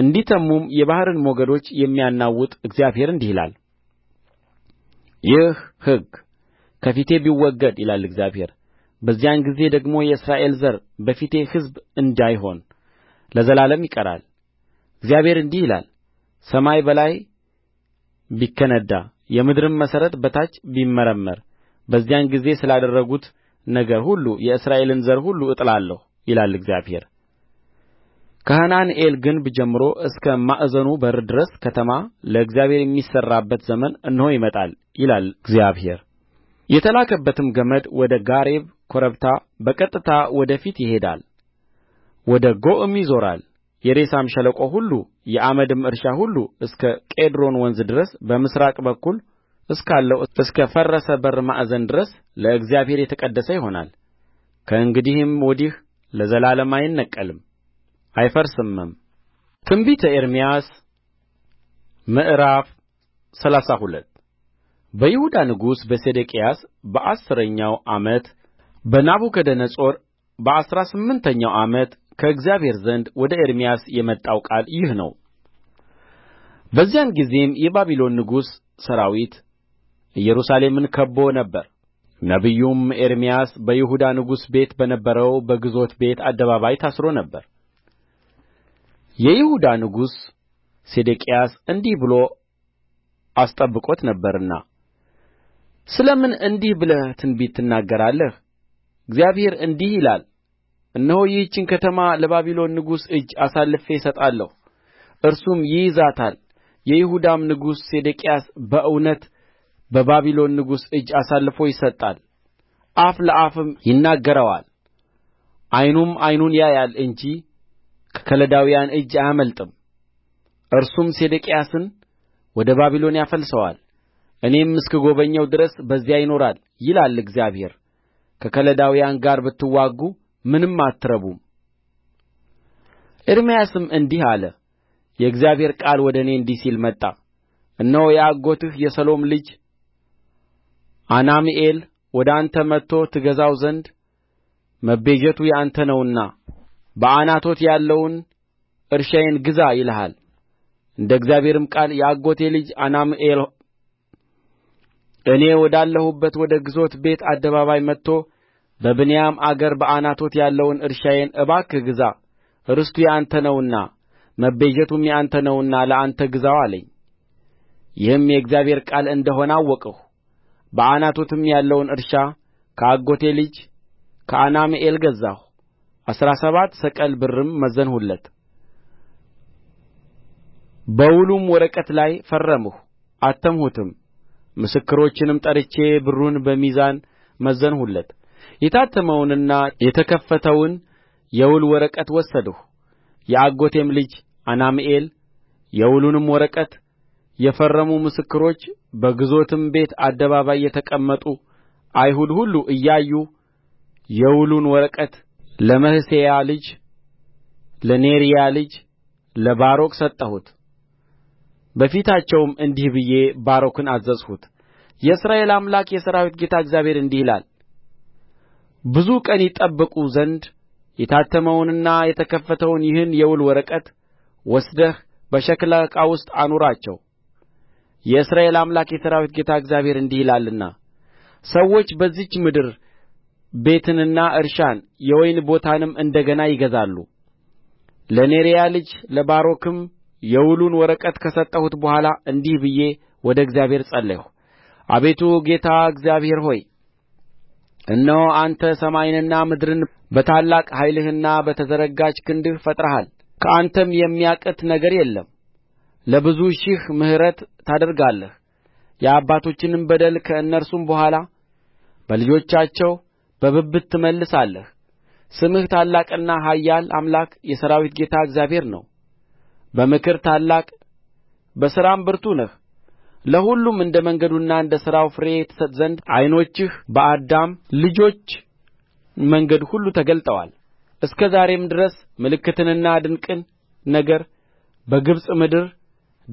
እንዲተምሙም የባሕርን ሞገዶች የሚያናውጥ እግዚአብሔር እንዲህ ይላል ይህ ሕግ ከፊቴ ቢወገድ ይላል እግዚአብሔር በዚያን ጊዜ ደግሞ የእስራኤል ዘር በፊቴ ሕዝብ እንዳይሆን ለዘላለም ይቀራል እግዚአብሔር እንዲህ ይላል ሰማይ በላይ ቢከነዳ የምድርም መሠረት በታች ቢመረመር በዚያን ጊዜ ስላደረጉት ነገር ሁሉ የእስራኤልን ዘር ሁሉ እጥላለሁ ይላል እግዚአብሔር ከሐናንኤል ግንብ ጀምሮ እስከ ማዕዘኑ በር ድረስ ከተማ ለእግዚአብሔር የሚሠራበት ዘመን እነሆ ይመጣል ይላል እግዚአብሔር የተላከበትም ገመድ ወደ ጋሬብ ኮረብታ በቀጥታ ወደ ፊት ይሄዳል ወደ ጎዓም ይዞራል የሬሳም ሸለቆ ሁሉ የአመድም እርሻ ሁሉ እስከ ቄድሮን ወንዝ ድረስ በምሥራቅ በኩል እስካለው እስከ ፈረሰ በር ማዕዘን ድረስ ለእግዚአብሔር የተቀደሰ ይሆናል ከእንግዲህም ወዲህ ለዘላለም አይነቀልም አይፈርስምም ትንቢተ ኤርምያስ ምዕራፍ ሰላሳ ሁለት በይሁዳ ንጉሥ በሴዴቅያስ በአሥረኛው ዓመት በናቡከደነፆር በአሥራ ስምንተኛው ዓመት ከእግዚአብሔር ዘንድ ወደ ኤርምያስ የመጣው ቃል ይህ ነው። በዚያን ጊዜም የባቢሎን ንጉሥ ሠራዊት ኢየሩሳሌምን ከብቦ ነበር። ነቢዩም ኤርምያስ በይሁዳ ንጉሥ ቤት በነበረው በግዞት ቤት አደባባይ ታስሮ ነበር። የይሁዳ ንጉሥ ሴዴቅያስ እንዲህ ብሎ አስጠብቆት ነበርና ስለ ምን እንዲህ ብለህ ትንቢት ትናገራለህ እግዚአብሔር እንዲህ ይላል እነሆ ይህችን ከተማ ለባቢሎን ንጉሥ እጅ አሳልፌ እሰጣለሁ እርሱም ይይዛታል የይሁዳም ንጉሥ ሴዴቅያስ በእውነት በባቢሎን ንጉሥ እጅ አሳልፎ ይሰጣል አፍ ለአፍም ይናገረዋል ዓይኑም ዓይኑን ያያል እንጂ ከከለዳውያን እጅ አያመልጥም እርሱም ሴዴቅያስን ወደ ባቢሎን ያፈልሰዋል እኔም እስክጐበኘው ድረስ በዚያ ይኖራል ይላል እግዚአብሔር ከከለዳውያን ጋር ብትዋጉ ምንም አትረቡም ኤርምያስም እንዲህ አለ የእግዚአብሔር ቃል ወደ እኔ እንዲህ ሲል መጣ እነሆ የአጎትህ የሰሎም ልጅ አናምኤል ወደ አንተ መጥቶ ትገዛው ዘንድ መቤዠቱ የአንተ ነውና በዓናቶት ያለውን እርሻዬን ግዛ ይልሃል እንደ እግዚአብሔርም ቃል የአጐቴ ልጅ አናምኤል እኔ ወዳለሁበት ወደ ግዞት ቤት አደባባይ መጥቶ በብንያም አገር በዓናቶት ያለውን እርሻዬን እባክህ ግዛ ርስቱ የአንተ ነውና መቤዠቱም የአንተ ነውና ለአንተ ግዛው አለኝ ይህም የእግዚአብሔር ቃል እንደሆነ አወቅሁ በዓናቶትም ያለውን እርሻ ከአጐቴ ልጅ ከአናምኤል ገዛሁ አሥራ ሰባት ሰቅል ብርም መዘንሁለት በውሉም ወረቀት ላይ ፈረምሁ አተምሁትም ምስክሮችንም ጠርቼ ብሩን በሚዛን መዘንሁለት የታተመውንና የተከፈተውን የውል ወረቀት ወሰድሁ የአጐቴም ልጅ አናምኤል የውሉንም ወረቀት የፈረሙ ምስክሮች በግዞትም ቤት አደባባይ የተቀመጡ አይሁድ ሁሉ እያዩ የውሉን ወረቀት ለመሕሤያ ልጅ ለኔርያ ልጅ ለባሮክ ሰጠሁት በፊታቸውም እንዲህ ብዬ ባሮክን አዘዝሁት የእስራኤል አምላክ የሠራዊት ጌታ እግዚአብሔር እንዲህ ይላል ብዙ ቀን ይጠብቁ ዘንድ የታተመውንና የተከፈተውን ይህን የውል ወረቀት ወስደህ በሸክላ ዕቃ ውስጥ አኑራቸው የእስራኤል አምላክ የሠራዊት ጌታ እግዚአብሔር እንዲህ ይላልና ሰዎች በዚህች ምድር ቤትንና እርሻን የወይን ቦታንም እንደ ገና ይገዛሉ ለኔርያ ልጅ ለባሮክም የውሉን ወረቀት ከሰጠሁት በኋላ እንዲህ ብዬ ወደ እግዚአብሔር ጸለይሁ አቤቱ ጌታ እግዚአብሔር ሆይ እነሆ አንተ ሰማይንና ምድርን በታላቅ ኃይልህና በተዘረጋች ክንድህ ፈጥረሃል ከአንተም የሚያቅት ነገር የለም ለብዙ ሺህ ምሕረት ታደርጋለህ የአባቶችንም በደል ከእነርሱም በኋላ በልጆቻቸው በብብት ትመልሳለህ ስምህ ታላቅና ኃያል አምላክ የሠራዊት ጌታ እግዚአብሔር ነው በምክር ታላቅ በሥራም ብርቱ ነህ ለሁሉም እንደ መንገዱና እንደ ሥራው ፍሬ ትሰጥ ዘንድ ዓይኖችህ በአዳም ልጆች መንገድ ሁሉ ተገልጠዋል እስከ ዛሬም ድረስ ምልክትንና ድንቅን ነገር በግብጽ ምድር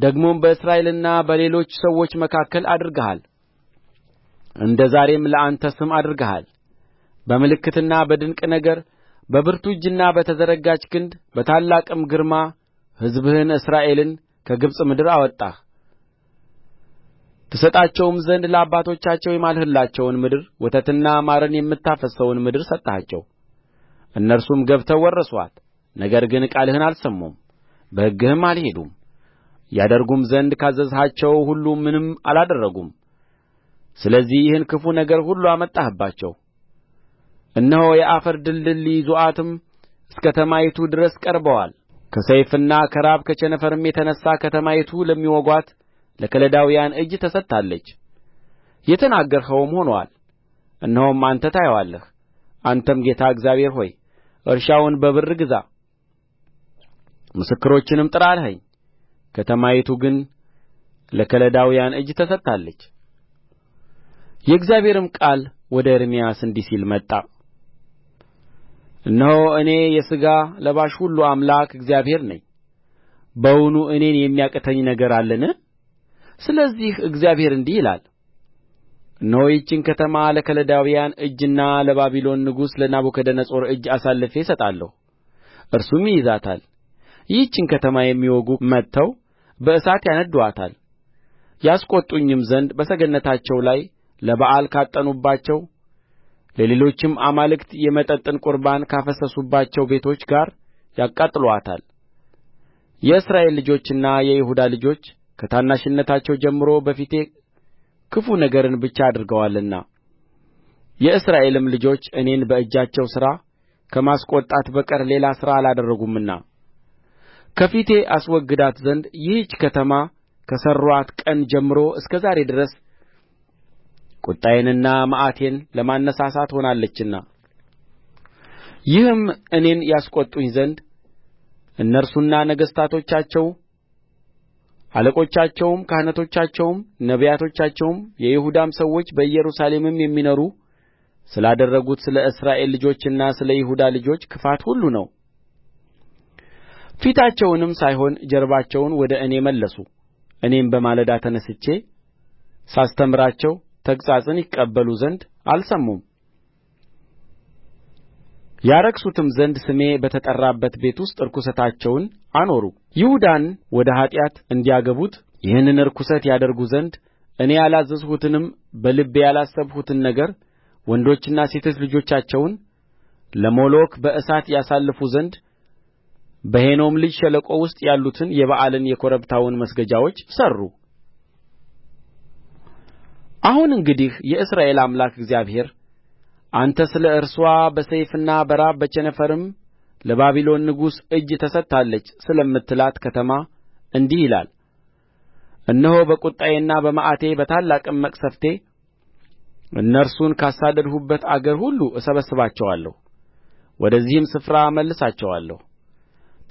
ደግሞም በእስራኤልና በሌሎች ሰዎች መካከል አድርገሃል እንደ ዛሬም ለአንተ ስም አድርገሃል በምልክትና በድንቅ ነገር በብርቱ እጅና በተዘረጋች ክንድ በታላቅም ግርማ ሕዝብህን እስራኤልን ከግብጽ ምድር አወጣህ ትሰጣቸውም ዘንድ ለአባቶቻቸው የማልህላቸውን ምድር ወተትና ማርን የምታፈስሰውን ምድር ሰጠሃቸው እነርሱም ገብተው ወረሱአት ነገር ግን ቃልህን አልሰሙም በሕግህም አልሄዱም ያደርጉም ዘንድ ካዘዝሃቸው ሁሉ ምንም አላደረጉም ስለዚህ ይህን ክፉ ነገር ሁሉ አመጣህባቸው እነሆ የአፈር ድልድል ሊይዙአትም እስከ ከተማይቱ ድረስ ቀርበዋል ከሰይፍና ከራብ ከቸነፈርም የተነሣ ከተማይቱ ለሚዋጉአት ለከለዳውያን እጅ ተሰጥታለች የተናገርኸውም ሆኖአል እነሆም አንተ ታየዋለህ አንተም ጌታ እግዚአብሔር ሆይ እርሻውን በብር ግዛ ምስክሮችንም ጥራ አልኸኝ ከተማይቱ ግን ለከለዳውያን እጅ ተሰጥታለች የእግዚአብሔርም ቃል ወደ ኤርምያስ እንዲህ ሲል መጣ እነሆ እኔ የሥጋ ለባሽ ሁሉ አምላክ እግዚአብሔር ነኝ በውኑ እኔን የሚያቅተኝ ነገር አለን ስለዚህ እግዚአብሔር እንዲህ ይላል እነሆ ይህችን ከተማ ለከለዳውያን እጅና ለባቢሎን ንጉሥ ለናቡከደነፆር እጅ አሳልፌ እሰጣለሁ እርሱም ይይዛታል ይህችን ከተማ የሚወጉ መጥተው በእሳት ያነድዱአታል ያስቈጡኝም ዘንድ በሰገነታቸው ላይ ለበኣል ካጠኑባቸው ለሌሎችም አማልክት የመጠጥን ቍርባን ካፈሰሱባቸው ቤቶች ጋር ያቃጥሉአታል የእስራኤል ልጆችና የይሁዳ ልጆች ከታናሽነታቸው ጀምሮ በፊቴ ክፉ ነገርን ብቻ አድርገዋልና የእስራኤልም ልጆች እኔን በእጃቸው ሥራ ከማስቈጣት በቀር ሌላ ሥራ አላደረጉምና ከፊቴ አስወግዳት ዘንድ ይህች ከተማ ከሠሩአት ቀን ጀምሮ እስከ ዛሬ ድረስ ቍጣዬንና መዓቴን ለማነሣሣት ሆናለችና ይህም እኔን ያስቈጡኝ ዘንድ እነርሱና ነገሥታቶቻቸው አለቆቻቸውም ካህናቶቻቸውም ነቢያቶቻቸውም የይሁዳም ሰዎች በኢየሩሳሌምም የሚኖሩ ስላደረጉት ስለ እስራኤል ልጆችና ስለ ይሁዳ ልጆች ክፋት ሁሉ ነው ፊታቸውንም ሳይሆን ጀርባቸውን ወደ እኔ መለሱ እኔም በማለዳ ተነሥቼ ሳስተምራቸው ተግሣጽን ይቀበሉ ዘንድ አልሰሙም ያረክሱትም ዘንድ ስሜ በተጠራበት ቤት ውስጥ ርኵሰታቸውን አኖሩ ይሁዳን ወደ ኃጢአት እንዲያገቡት ይህንን ርኵሰት ያደርጉ ዘንድ እኔ ያላዘዝሁትንም በልቤ ያላሰብሁትን ነገር ወንዶችና ሴቶች ልጆቻቸውን ለሞሎክ በእሳት ያሳልፉ ዘንድ በሄኖም ልጅ ሸለቆ ውስጥ ያሉትን የበኣልን የኮረብታውን መስገጃዎች ሠሩ አሁን እንግዲህ የእስራኤል አምላክ እግዚአብሔር አንተ ስለ እርስዋ በሰይፍና በራብ በቸነፈርም ለባቢሎን ንጉሥ እጅ ተሰጥታለች ስለምትላት ከተማ እንዲህ ይላል እነሆ በቍጣዬና በመዓቴ በታላቅም መቅሠፍቴ እነርሱን ካሳደድሁበት አገር ሁሉ እሰበስባቸዋለሁ ወደዚህም ስፍራ እመልሳቸዋለሁ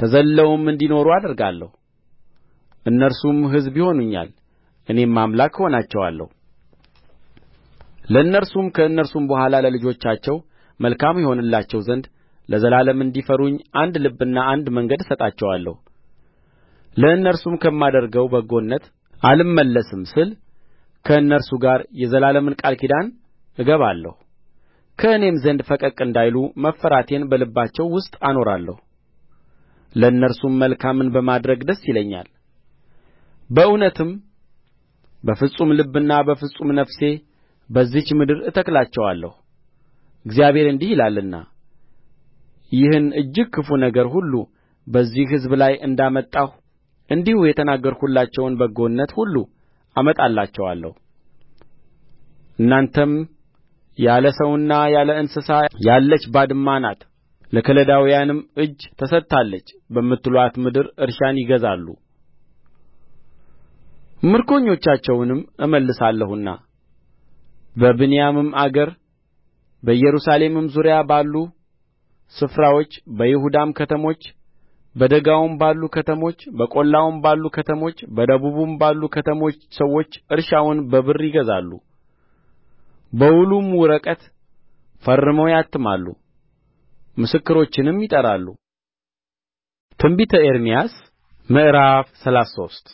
ተዘልለውም እንዲኖሩ አደርጋለሁ እነርሱም ሕዝብ ይሆኑኛል እኔም አምላክ እሆናቸዋለሁ ለእነርሱም ከእነርሱም በኋላ ለልጆቻቸው መልካም ይሆንላቸው ዘንድ ለዘላለም እንዲፈሩኝ አንድ ልብና አንድ መንገድ እሰጣቸዋለሁ ለእነርሱም ከማደርገው በጎነት አልመለስም ስል ከእነርሱ ጋር የዘላለምን ቃል ኪዳን እገባለሁ ከእኔም ዘንድ ፈቀቅ እንዳይሉ መፈራቴን በልባቸው ውስጥ አኖራለሁ ለእነርሱም መልካምን በማድረግ ደስ ይለኛል በእውነትም በፍጹም ልብና በፍጹም ነፍሴ በዚህች ምድር እተክላቸዋለሁ እግዚአብሔር እንዲህ ይላልና ይህን እጅግ ክፉ ነገር ሁሉ በዚህ ሕዝብ ላይ እንዳመጣሁ እንዲሁ የተናገርሁላቸውን በጎነት ሁሉ አመጣላቸዋለሁ እናንተም ያለ ሰውና ያለ እንስሳ ያለች ባድማ ናት ለከለዳውያንም እጅ ተሰጥታለች በምትሉአት ምድር እርሻን ይገዛሉ ምርኮኞቻቸውንም እመልሳለሁና በብንያምም አገር በኢየሩሳሌምም ዙሪያ ባሉ ስፍራዎች በይሁዳም ከተሞች በደጋውም ባሉ ከተሞች በቈላውም ባሉ ከተሞች በደቡብም ባሉ ከተሞች ሰዎች እርሻውን በብር ይገዛሉ በውሉም ወረቀት ፈርመው ያትማሉ ምስክሮችንም ይጠራሉ ትንቢተ ኤርምያስ ምዕራፍ ሰላሳ ሶስት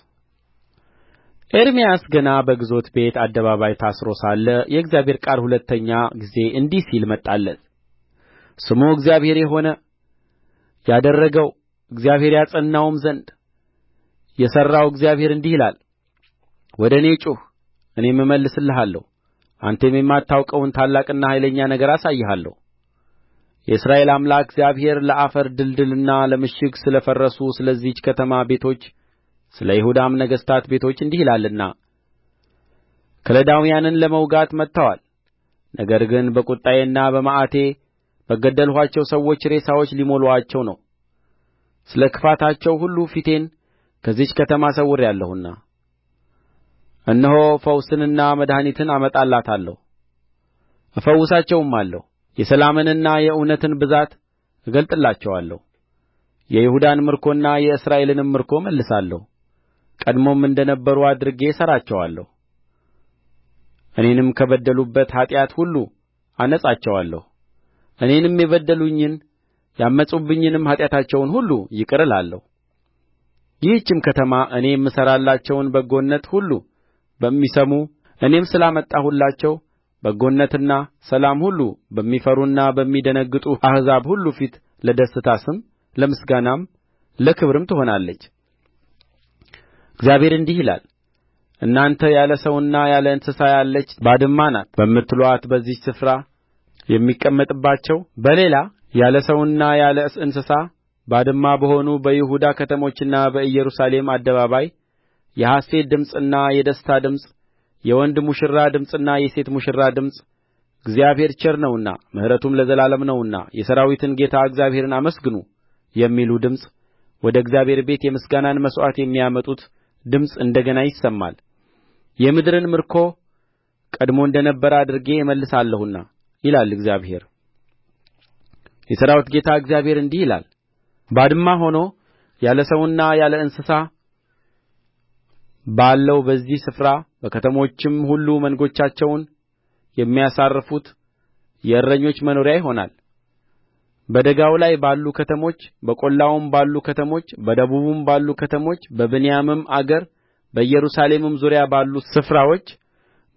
ኤርምያስ ገና በግዞት ቤት አደባባይ ታስሮ ሳለ የእግዚአብሔር ቃል ሁለተኛ ጊዜ እንዲህ ሲል መጣለት ስሙ እግዚአብሔር የሆነ ያደረገው እግዚአብሔር ያጸናውም ዘንድ የሠራው እግዚአብሔር እንዲህ ይላል ወደ እኔ ጩኽ እኔም እመልስልሃለሁ አንተም የማታውቀውን ታላቅና ኃይለኛ ነገር አሳይሃለሁ የእስራኤል አምላክ እግዚአብሔር ለአፈር ድልድልና ለምሽግ ስለ ፈረሱ ስለዚህች ከተማ ቤቶች ስለ ይሁዳም ነገሥታት ቤቶች እንዲህ ይላልና ከለዳውያንን ለመውጋት መጥተዋል ነገር ግን በቍጣዬና በመዓቴ በገደልኋቸው ሰዎች ሬሳዎች ሊሞሉአቸው ነው ስለ ክፋታቸው ሁሉ ፊቴን ከዚህች ከተማ ሰውሬአለሁና እነሆ ፈውስንና መድኃኒትን አመጣላታለሁ እፈውሳቸውማለሁ የሰላምንና የእውነትን ብዛት እገልጥላቸዋለሁ የይሁዳን ምርኮና የእስራኤልንም ምርኮ እመልሳለሁ ቀድሞም እንደ ነበሩ አድርጌ እሠራቸዋለሁ እኔንም ከበደሉበት ኃጢአት ሁሉ አነጻቸዋለሁ እኔንም የበደሉኝን ያመፁብኝንም ኃጢአታቸውን ሁሉ ይቅር እላለሁ ይህችም ከተማ እኔ የምሠራላቸውን በጎነት ሁሉ በሚሰሙ እኔም ስላመጣሁላቸው በጎነትና ሰላም ሁሉ በሚፈሩና በሚደነግጡ አሕዛብ ሁሉ ፊት ለደስታ ስም ለምስጋናም ለክብርም ትሆናለች እግዚአብሔር እንዲህ ይላል እናንተ ያለ ሰውና ያለ እንስሳ ያለች ባድማ ናት በምትሉአት በዚህች ስፍራ የሚቀመጥባቸው በሌላ ያለ ሰውና ያለ እንስሳ ባድማ በሆኑ በይሁዳ ከተሞችና በኢየሩሳሌም አደባባይ የሐሤት ድምፅና የደስታ ድምፅ የወንድ ሙሽራ ድምፅና የሴት ሙሽራ ድምፅ እግዚአብሔር ቸር ነውና ምሕረቱም ለዘላለም ነውና የሠራዊትን ጌታ እግዚአብሔርን አመስግኑ የሚሉ ድምፅ ወደ እግዚአብሔር ቤት የምስጋናን መሥዋዕት የሚያመጡት ድምፅ እንደ ገና ይሰማል የምድርን ምርኮ ቀድሞ እንደ ነበረ አድርጌ እመልሳለሁና ይላል እግዚአብሔር የሠራዊት ጌታ እግዚአብሔር እንዲህ ይላል ባድማ ሆኖ ያለ ሰውና ያለ እንስሳ ባለው በዚህ ስፍራ በከተሞችም ሁሉ መንጎቻቸውን የሚያሳርፉት የእረኞች መኖሪያ ይሆናል በደጋው ላይ ባሉ ከተሞች በቈላውም ባሉ ከተሞች በደቡብም ባሉ ከተሞች በብንያምም አገር በኢየሩሳሌምም ዙሪያ ባሉ ስፍራዎች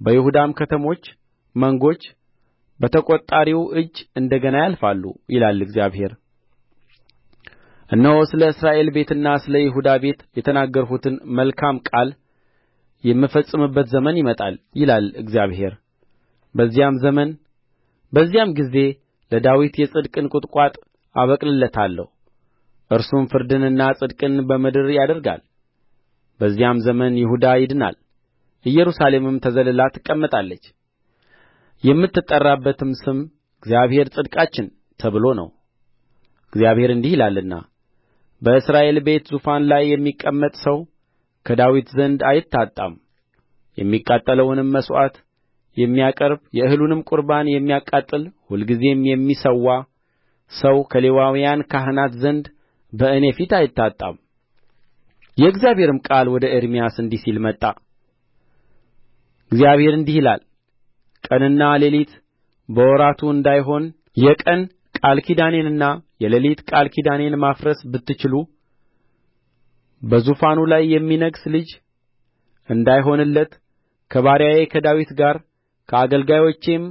በይሁዳም ከተሞች መንጎች በተቈጣሪው እጅ እንደ ገና ያልፋሉ ይላል እግዚአብሔር እነሆ ስለ እስራኤል ቤትና ስለ ይሁዳ ቤት የተናገርሁትን መልካም ቃል የምፈጽምበት ዘመን ይመጣል ይላል እግዚአብሔር በዚያም ዘመን በዚያም ጊዜ ለዳዊት የጽድቅን ቍጥቋጥ አበቅልለታለሁ እርሱም ፍርድንና ጽድቅን በምድር ያደርጋል በዚያም ዘመን ይሁዳ ይድናል ኢየሩሳሌምም ተዘልላ ትቀመጣለች የምትጠራበትም ስም እግዚአብሔር ጽድቃችን ተብሎ ነው እግዚአብሔር እንዲህ ይላልና በእስራኤል ቤት ዙፋን ላይ የሚቀመጥ ሰው ከዳዊት ዘንድ አይታጣም የሚቃጠለውንም መሥዋዕት የሚያቀርብ የእህሉንም ቍርባን የሚያቃጥል ሁልጊዜም የሚሠዋ ሰው ከሌዋውያን ካህናት ዘንድ በእኔ ፊት አይታጣም የእግዚአብሔርም ቃል ወደ ኤርምያስ እንዲህ ሲል መጣ እግዚአብሔር እንዲህ ይላል ቀንና ሌሊት በወራቱ እንዳይሆን የቀን ቃል ኪዳኔንና የሌሊት ቃል ኪዳኔን ማፍረስ ብትችሉ በዙፋኑ ላይ የሚነግሥ ልጅ እንዳይሆንለት ከባሪያዬ ከዳዊት ጋር ከአገልጋዮቼም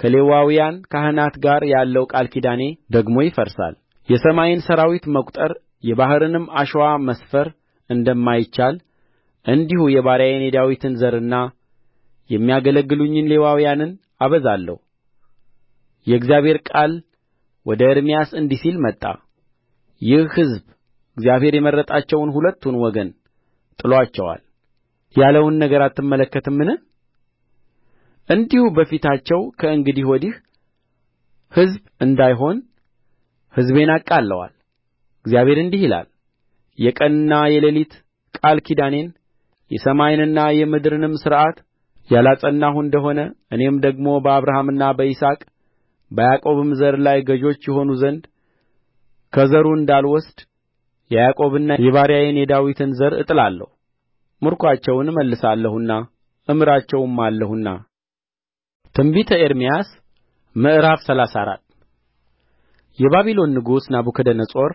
ከሌዋውያን ካህናት ጋር ያለው ቃል ኪዳኔ ደግሞ ይፈርሳል የሰማይን ሠራዊት መቍጠር የባሕርንም አሸዋ መስፈር እንደማይቻል እንዲሁ የባሪያዬን የዳዊትን ዘርና የሚያገለግሉኝን ሌዋውያንን አበዛለሁ የእግዚአብሔር ቃል ወደ ኤርምያስ እንዲህ ሲል መጣ ይህ ሕዝብ እግዚአብሔር የመረጣቸውን ሁለቱን ወገን ጥሎአቸዋል ያለውን ነገር አትመለከትምን እንዲሁ በፊታቸው ከእንግዲህ ወዲህ ሕዝብ እንዳይሆን ሕዝቤን አቃልለዋል እግዚአብሔር እንዲህ ይላል የቀንና የሌሊት ቃል ኪዳኔን የሰማይንና የምድርንም ሥርዓት ያላጸናሁ እንደ ሆነ እኔም ደግሞ በአብርሃምና በይስሐቅ በያዕቆብም ዘር ላይ ገዦች ይሆኑ ዘንድ ከዘሩ እንዳልወስድ የያዕቆብንና የባሪያዬን የዳዊትን ዘር እጥላለሁ ምርኮአቸውን እመልሳለሁና እምራቸውማለሁና ትንቢተ ኤርምያስ ምዕራፍ ሰላሳ አራት የባቢሎን ንጉሥ ናቡከደነፆር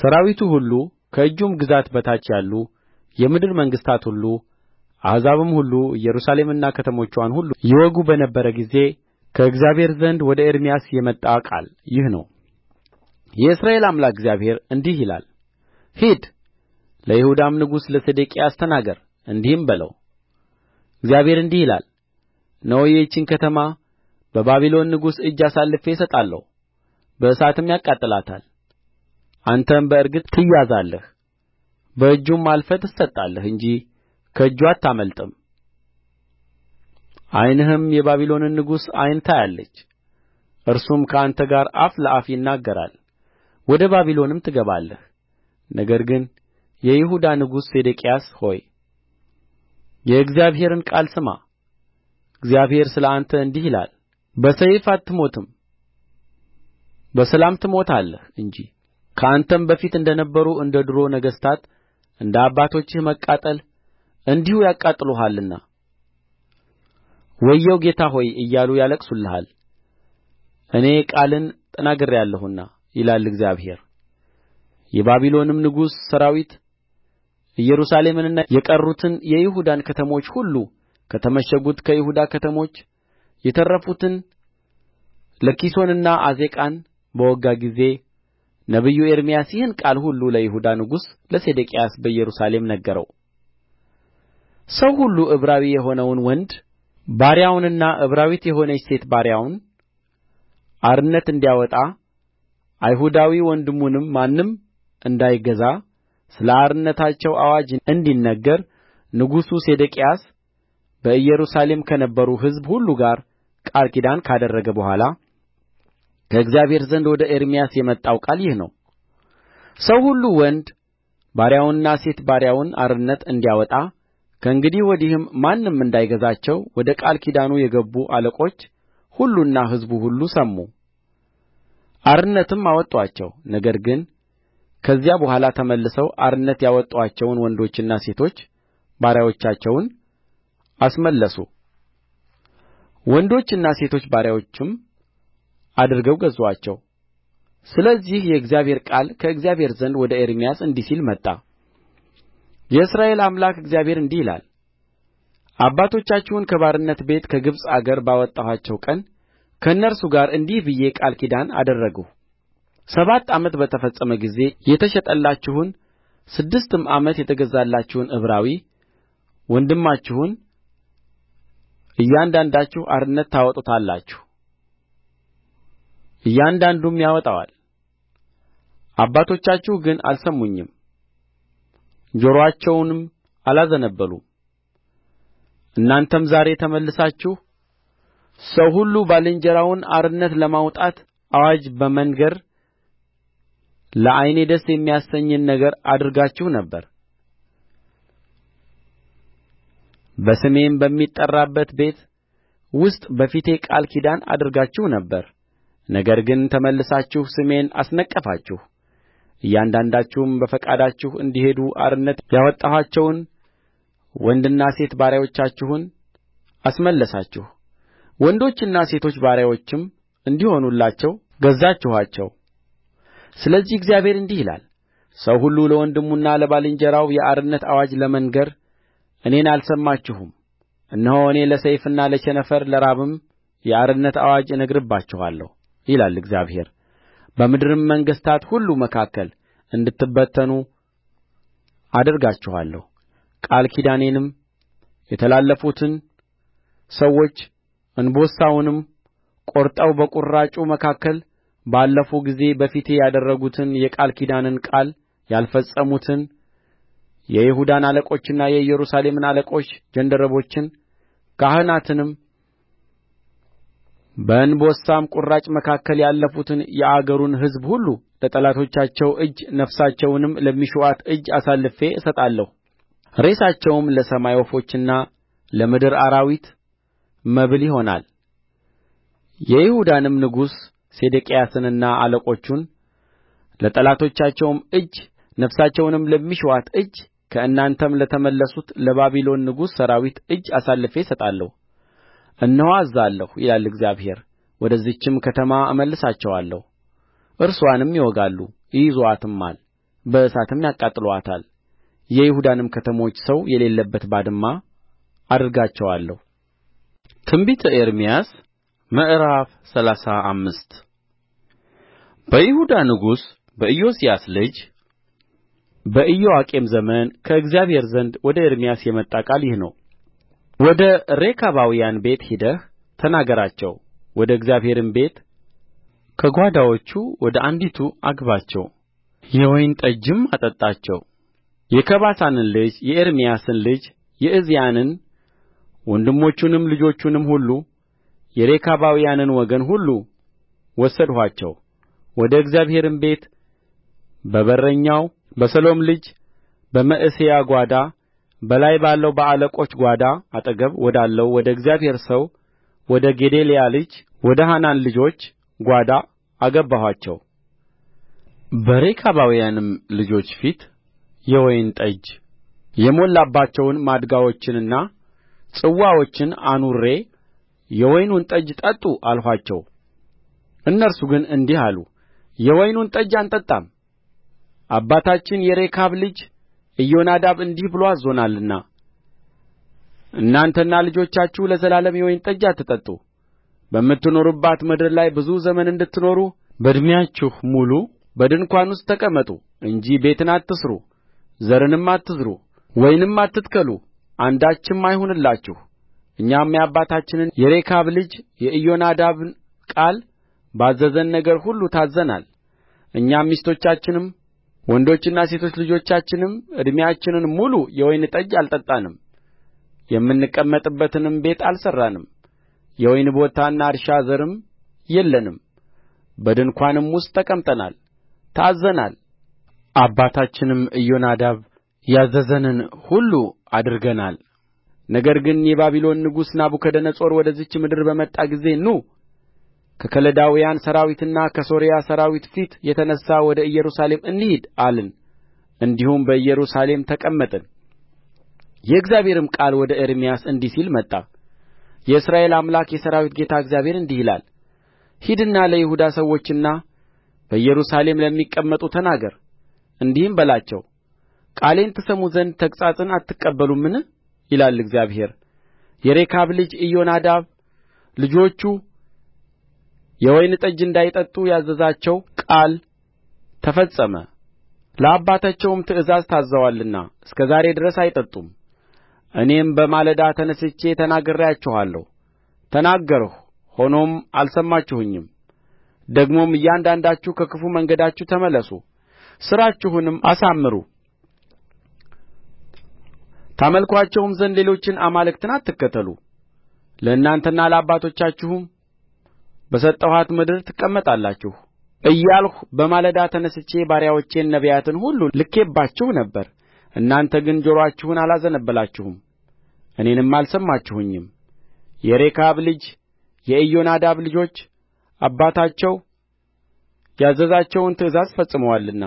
ሠራዊቱ ሁሉ ከእጁም ግዛት በታች ያሉ የምድር መንግሥታት ሁሉ አሕዛብም ሁሉ ኢየሩሳሌምንና ከተሞችዋን ሁሉ ይወጉ በነበረ ጊዜ ከእግዚአብሔር ዘንድ ወደ ኤርምያስ የመጣ ቃል ይህ ነው የእስራኤል አምላክ እግዚአብሔር እንዲህ ይላል ሂድ ለይሁዳም ንጉሥ ለሴዴቅያስ ተናገር እንዲህም በለው እግዚአብሔር እንዲህ ይላል እነሆ ይህችን ከተማ በባቢሎን ንጉሥ እጅ አሳልፌ እሰጣለሁ በእሳትም ያቃጥላታል አንተም በእርግጥ ትያዛለህ በእጁም አልፈህ ትሰጣለህ እንጂ ከእጁ አታመልጥም ዓይንህም የባቢሎንን ንጉሥ ዓይን ታያለች እርሱም ከአንተ ጋር አፍ ለአፍ ይናገራል ወደ ባቢሎንም ትገባለህ ነገር ግን የይሁዳ ንጉሥ ሴዴቅያስ ሆይ የእግዚአብሔርን ቃል ስማ እግዚአብሔር ስለ አንተ እንዲህ ይላል በሰይፍ አትሞትም በሰላም ትሞታለህ እንጂ ከአንተም በፊት እንደ ነበሩ እንደ ዱሮ ነገሥታት እንደ አባቶችህ መቃጠል እንዲሁ ያቃጥሉሃልና ወየው ጌታ ሆይ እያሉ ያለቅሱልሃል እኔ ቃልን ተናግሬአለሁና ይላል እግዚአብሔር የባቢሎንም ንጉሥ ሠራዊት ኢየሩሳሌምንና የቀሩትን የይሁዳን ከተሞች ሁሉ ከተመሸጉት ከይሁዳ ከተሞች የተረፉትን ለኪሶንና ዓዜቃን በወጋ ጊዜ ነቢዩ ኤርምያስ ይህን ቃል ሁሉ ለይሁዳ ንጉሥ ለሴዴቅያስ በኢየሩሳሌም ነገረው ሰው ሁሉ ዕብራዊ የሆነውን ወንድ ባሪያውንና ዕብራዊት የሆነች ሴት ባሪያውን አርነት እንዲያወጣ አይሁዳዊ ወንድሙንም ማንም እንዳይገዛ ስለ አርነታቸው አዋጅ እንዲነገር ንጉሡ ሴዴቅያስ በኢየሩሳሌም ከነበሩ ሕዝብ ሁሉ ጋር ቃል ኪዳን ካደረገ በኋላ ከእግዚአብሔር ዘንድ ወደ ኤርምያስ የመጣው ቃል ይህ ነው ሰው ሁሉ ወንድ ባሪያውንና ሴት ባሪያውን አርነት እንዲያወጣ ከእንግዲህ ወዲህም ማንም እንዳይገዛቸው ወደ ቃል ኪዳኑ የገቡ አለቆች ሁሉና ሕዝቡ ሁሉ ሰሙ አርነትም አወጡአቸው ነገር ግን ከዚያ በኋላ ተመልሰው አርነት ያወጡአቸውን ወንዶችና ሴቶች ባሪያዎቻቸውን አስመለሱ ወንዶችና ሴቶች ባሪያዎችም አድርገው ገዙአቸው ስለዚህ የእግዚአብሔር ቃል ከእግዚአብሔር ዘንድ ወደ ኤርምያስ እንዲህ ሲል መጣ የእስራኤል አምላክ እግዚአብሔር እንዲህ ይላል አባቶቻችሁን ከባርነት ቤት ከግብጽ አገር ባወጣኋቸው ቀን ከእነርሱ ጋር እንዲህ ብዬ ቃል ኪዳን አደረግሁ ሰባት ዓመት በተፈጸመ ጊዜ የተሸጠላችሁን ስድስትም ዓመት የተገዛላችሁን ዕብራዊ ወንድማችሁን እያንዳንዳችሁ አርነት ታወጡታላችሁ እያንዳንዱም ያወጣዋል አባቶቻችሁ ግን አልሰሙኝም ጆሮአቸውንም አላዘነበሉም እናንተም ዛሬ ተመልሳችሁ ሰው ሁሉ ባልንጀራውን አርነት ለማውጣት አዋጅ በመንገር ለዓይኔ ደስ የሚያሰኝን ነገር አድርጋችሁ ነበር በስሜም በሚጠራበት ቤት ውስጥ በፊቴ ቃል ኪዳን አድርጋችሁ ነበር ነገር ግን ተመልሳችሁ ስሜን አስነቀፋችሁ እያንዳንዳችሁም በፈቃዳችሁ እንዲሄዱ አርነት ያወጣኋቸውን ወንድና ሴት ባሪያዎቻችሁን አስመለሳችሁ ወንዶችና ሴቶች ባሪያዎችም እንዲሆኑላቸው ገዛችኋቸው ስለዚህ እግዚአብሔር እንዲህ ይላል ሰው ሁሉ ለወንድሙና ለባልንጀራው የአርነት አዋጅ ለመንገር እኔን አልሰማችሁም እነሆ እኔ ለሰይፍና ለቸነፈር ለራብም የአርነት አዋጅ እነግርባችኋለሁ ይላል እግዚአብሔር በምድርም መንግሥታት ሁሉ መካከል እንድትበተኑ አደርጋችኋለሁ ቃል ኪዳኔንም የተላለፉትን ሰዎች እንቦሳውንም ቈርጠው በቍራጩ መካከል ባለፉ ጊዜ በፊቴ ያደረጉትን የቃል ኪዳንን ቃል ያልፈጸሙትን የይሁዳን አለቆችና የኢየሩሳሌምን አለቆች ጃንደረቦችን ካህናትንም በእንቦሳም ቍራጭ መካከል ያለፉትን የአገሩን ሕዝብ ሁሉ ለጠላቶቻቸው እጅ ነፍሳቸውንም ለሚሹአት እጅ አሳልፌ እሰጣለሁ ሬሳቸውም ለሰማይ ወፎችና ለምድር አራዊት መብል ይሆናል የይሁዳንም ንጉሥ ሴዴቅያስንና አለቆቹን ለጠላቶቻቸውም እጅ ነፍሳቸውንም ለሚሹአት እጅ ከእናንተም ለተመለሱት ለባቢሎን ንጉሥ ሠራዊት እጅ አሳልፌ እሰጣለሁ እነሆ አዝዛለሁ ይላል እግዚአብሔር ወደዚህችም ከተማ እመልሳቸዋለሁ እርስዋንም ይወጋሉ ይይዙአትማል በእሳትም ያቃጥሉአታል የይሁዳንም ከተሞች ሰው የሌለበት ባድማ አደርጋቸዋለሁ ትንቢተ ኤርምያስ ምዕራፍ ሰላሳ አምስት በይሁዳ ንጉሥ በኢዮስያስ ልጅ በኢዮአቄም ዘመን ከእግዚአብሔር ዘንድ ወደ ኤርምያስ የመጣ ቃል ይህ ነው ወደ ሬካባውያን ቤት ሄደህ ተናገራቸው ወደ እግዚአብሔርም ቤት ከጓዳዎቹ ወደ አንዲቱ አግባቸው የወይን ጠጅም አጠጣቸው የከባሳንን ልጅ የኤርምያስን ልጅ የዕዝያንን ወንድሞቹንም ልጆቹንም ሁሉ የሬካባውያንን ወገን ሁሉ ወሰድኋቸው ወደ እግዚአብሔርም ቤት በበረኛው በሰሎም ልጅ በመዕሤያ ጓዳ በላይ ባለው በአለቆች ጓዳ አጠገብ ወዳለው ወደ እግዚአብሔር ሰው ወደ ጌዴልያ ልጅ ወደ ሐናን ልጆች ጓዳ አገባኋቸው በሬካባውያንም ልጆች ፊት የወይን ጠጅ የሞላባቸውን ማድጋዎችንና ጽዋዎችን አኑሬ የወይኑን ጠጅ ጠጡ አልኋቸው እነርሱ ግን እንዲህ አሉ የወይኑን ጠጅ አንጠጣም አባታችን የሬካብ ልጅ ኢዮናዳብ እንዲህ ብሎ አዝዞናልና እናንተና ልጆቻችሁ ለዘላለም የወይን ጠጅ አትጠጡ በምትኖሩባት ምድር ላይ ብዙ ዘመን እንድትኖሩ በዕድሜአችሁ ሙሉ በድንኳን ውስጥ ተቀመጡ እንጂ ቤትን አትሥሩ ዘርንም አትዝሩ ወይንም አትትከሉ አንዳችም አይሁንላችሁ እኛም የአባታችንን የሬካብ ልጅ የኢዮናዳብን ቃል ባዘዘን ነገር ሁሉ ታዝዘናል እኛም ሚስቶቻችንም ወንዶችና ሴቶች ልጆቻችንም ዕድሜያችንን ሙሉ የወይን ጠጅ አልጠጣንም የምንቀመጥበትንም ቤት አልሠራንም የወይን ቦታና እርሻ ዘርም የለንም በድንኳንም ውስጥ ተቀምጠናል ታዝዘናል አባታችንም ኢዮናዳብ ያዘዘንን ሁሉ አድርገናል ነገር ግን የባቢሎን ንጉሥ ናቡከደነፆር ወደዚች ምድር በመጣ ጊዜ ኑ ከከለዳውያን ሠራዊትና ከሶርያ ሠራዊት ፊት የተነሣ ወደ ኢየሩሳሌም እንሂድ አልን እንዲሁም በኢየሩሳሌም ተቀመጥን የእግዚአብሔርም ቃል ወደ ኤርምያስ እንዲህ ሲል መጣ የእስራኤል አምላክ የሠራዊት ጌታ እግዚአብሔር እንዲህ ይላል ሂድና ለይሁዳ ሰዎችና በኢየሩሳሌም ለሚቀመጡ ተናገር እንዲህም በላቸው ቃሌን ትሰሙ ዘንድ ተግሣጽን አትቀበሉምን ይላል እግዚአብሔር የሬካብ ልጅ ኢዮናዳብ ልጆቹ የወይን ጠጅ እንዳይጠጡ ያዘዛቸው ቃል ተፈጸመ ለአባታቸውም ትእዛዝ ታዝዘዋልና እስከ ዛሬ ድረስ አይጠጡም እኔም በማለዳ ተነሥቼ ተናግሬአችኋለሁ ተናገርሁ ሆኖም አልሰማችሁኝም ደግሞም እያንዳንዳችሁ ከክፉ መንገዳችሁ ተመለሱ ሥራችሁንም አሳምሩ ታመልኩአቸውም ዘንድ ሌሎችን አማልክትን አትከተሉ ለእናንተና ለአባቶቻችሁም በሰጠኋት ምድር ትቀመጣላችሁ እያልሁ በማለዳ ተነሥቼ ባሪያዎቼን ነቢያትን ሁሉ ልኬባችሁ ነበር እናንተ ግን ጆሮአችሁን አላዘነበላችሁም እኔንም አልሰማችሁኝም የሬካብ ልጅ የኢዮናዳብ ልጆች አባታቸው ያዘዛቸውን ትእዛዝ ፈጽመዋልና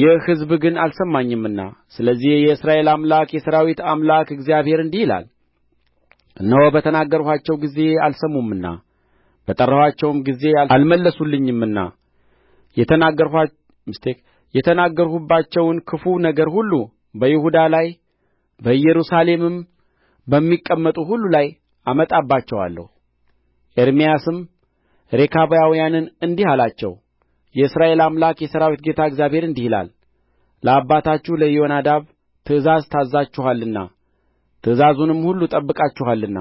ይህ ሕዝብ ግን አልሰማኝምና ስለዚህ የእስራኤል አምላክ የሠራዊት አምላክ እግዚአብሔር እንዲህ ይላል እነሆ በተናገርኋቸው ጊዜ አልሰሙምና በጠራኋቸውም ጊዜ አልመለሱልኝምና የተናገርሁባቸውን ክፉ ነገር ሁሉ በይሁዳ ላይ በኢየሩሳሌምም በሚቀመጡ ሁሉ ላይ አመጣባቸዋለሁ ኤርምያስም ሬካባውያንን እንዲህ አላቸው የእስራኤል አምላክ የሠራዊት ጌታ እግዚአብሔር እንዲህ ይላል ለአባታችሁ ለኢዮናዳብ ትእዛዝ ታዝዛችኋልና ትእዛዙንም ሁሉ ጠብቃችኋልና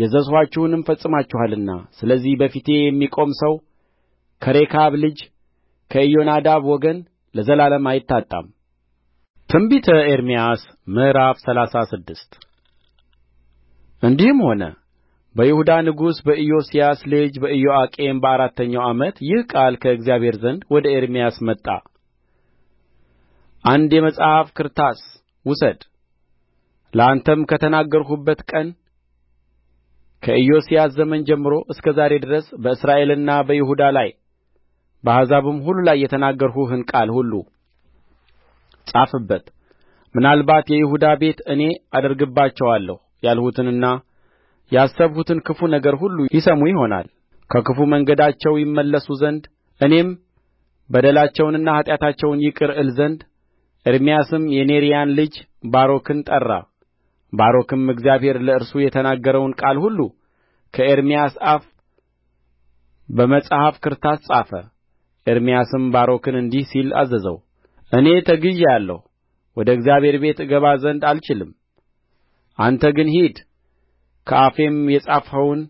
ያዘዝኋችሁንም ፈጽማችኋልና ስለዚህ በፊቴ የሚቆም ሰው ከሬካብ ልጅ ከኢዮናዳብ ወገን ለዘላለም አይታጣም ትንቢተ ኤርምያስ ምዕራፍ ሰላሳ ስድስት እንዲህም ሆነ በይሁዳ ንጉሥ በኢዮስያስ ልጅ በኢዮአቄም በአራተኛው ዓመት ይህ ቃል ከእግዚአብሔር ዘንድ ወደ ኤርምያስ መጣ አንድ የመጽሐፍ ክርታስ ውሰድ ለአንተም ከተናገርሁበት ቀን ከኢዮስያስ ዘመን ጀምሮ እስከ ዛሬ ድረስ በእስራኤልና በይሁዳ ላይ በአሕዛብም ሁሉ ላይ የተናገርሁህን ቃል ሁሉ ጻፍበት ምናልባት የይሁዳ ቤት እኔ አደርግባቸዋለሁ ያልሁትንና ያሰብሁትን ክፉ ነገር ሁሉ ይሰሙ ይሆናል ከክፉ መንገዳቸው ይመለሱ ዘንድ እኔም በደላቸውንና ኃጢአታቸውን ይቅር እል ዘንድ ኤርምያስም የኔርያን ልጅ ባሮክን ጠራ ባሮክም እግዚአብሔር ለእርሱ የተናገረውን ቃል ሁሉ ከኤርምያስ አፍ በመጽሐፍ ክርታስ ጻፈ ኤርምያስም ባሮክን እንዲህ ሲል አዘዘው እኔ ተግዤአለሁ ወደ እግዚአብሔር ቤት እገባ ዘንድ አልችልም አንተ ግን ሂድ ከአፌም የጻፍኸውን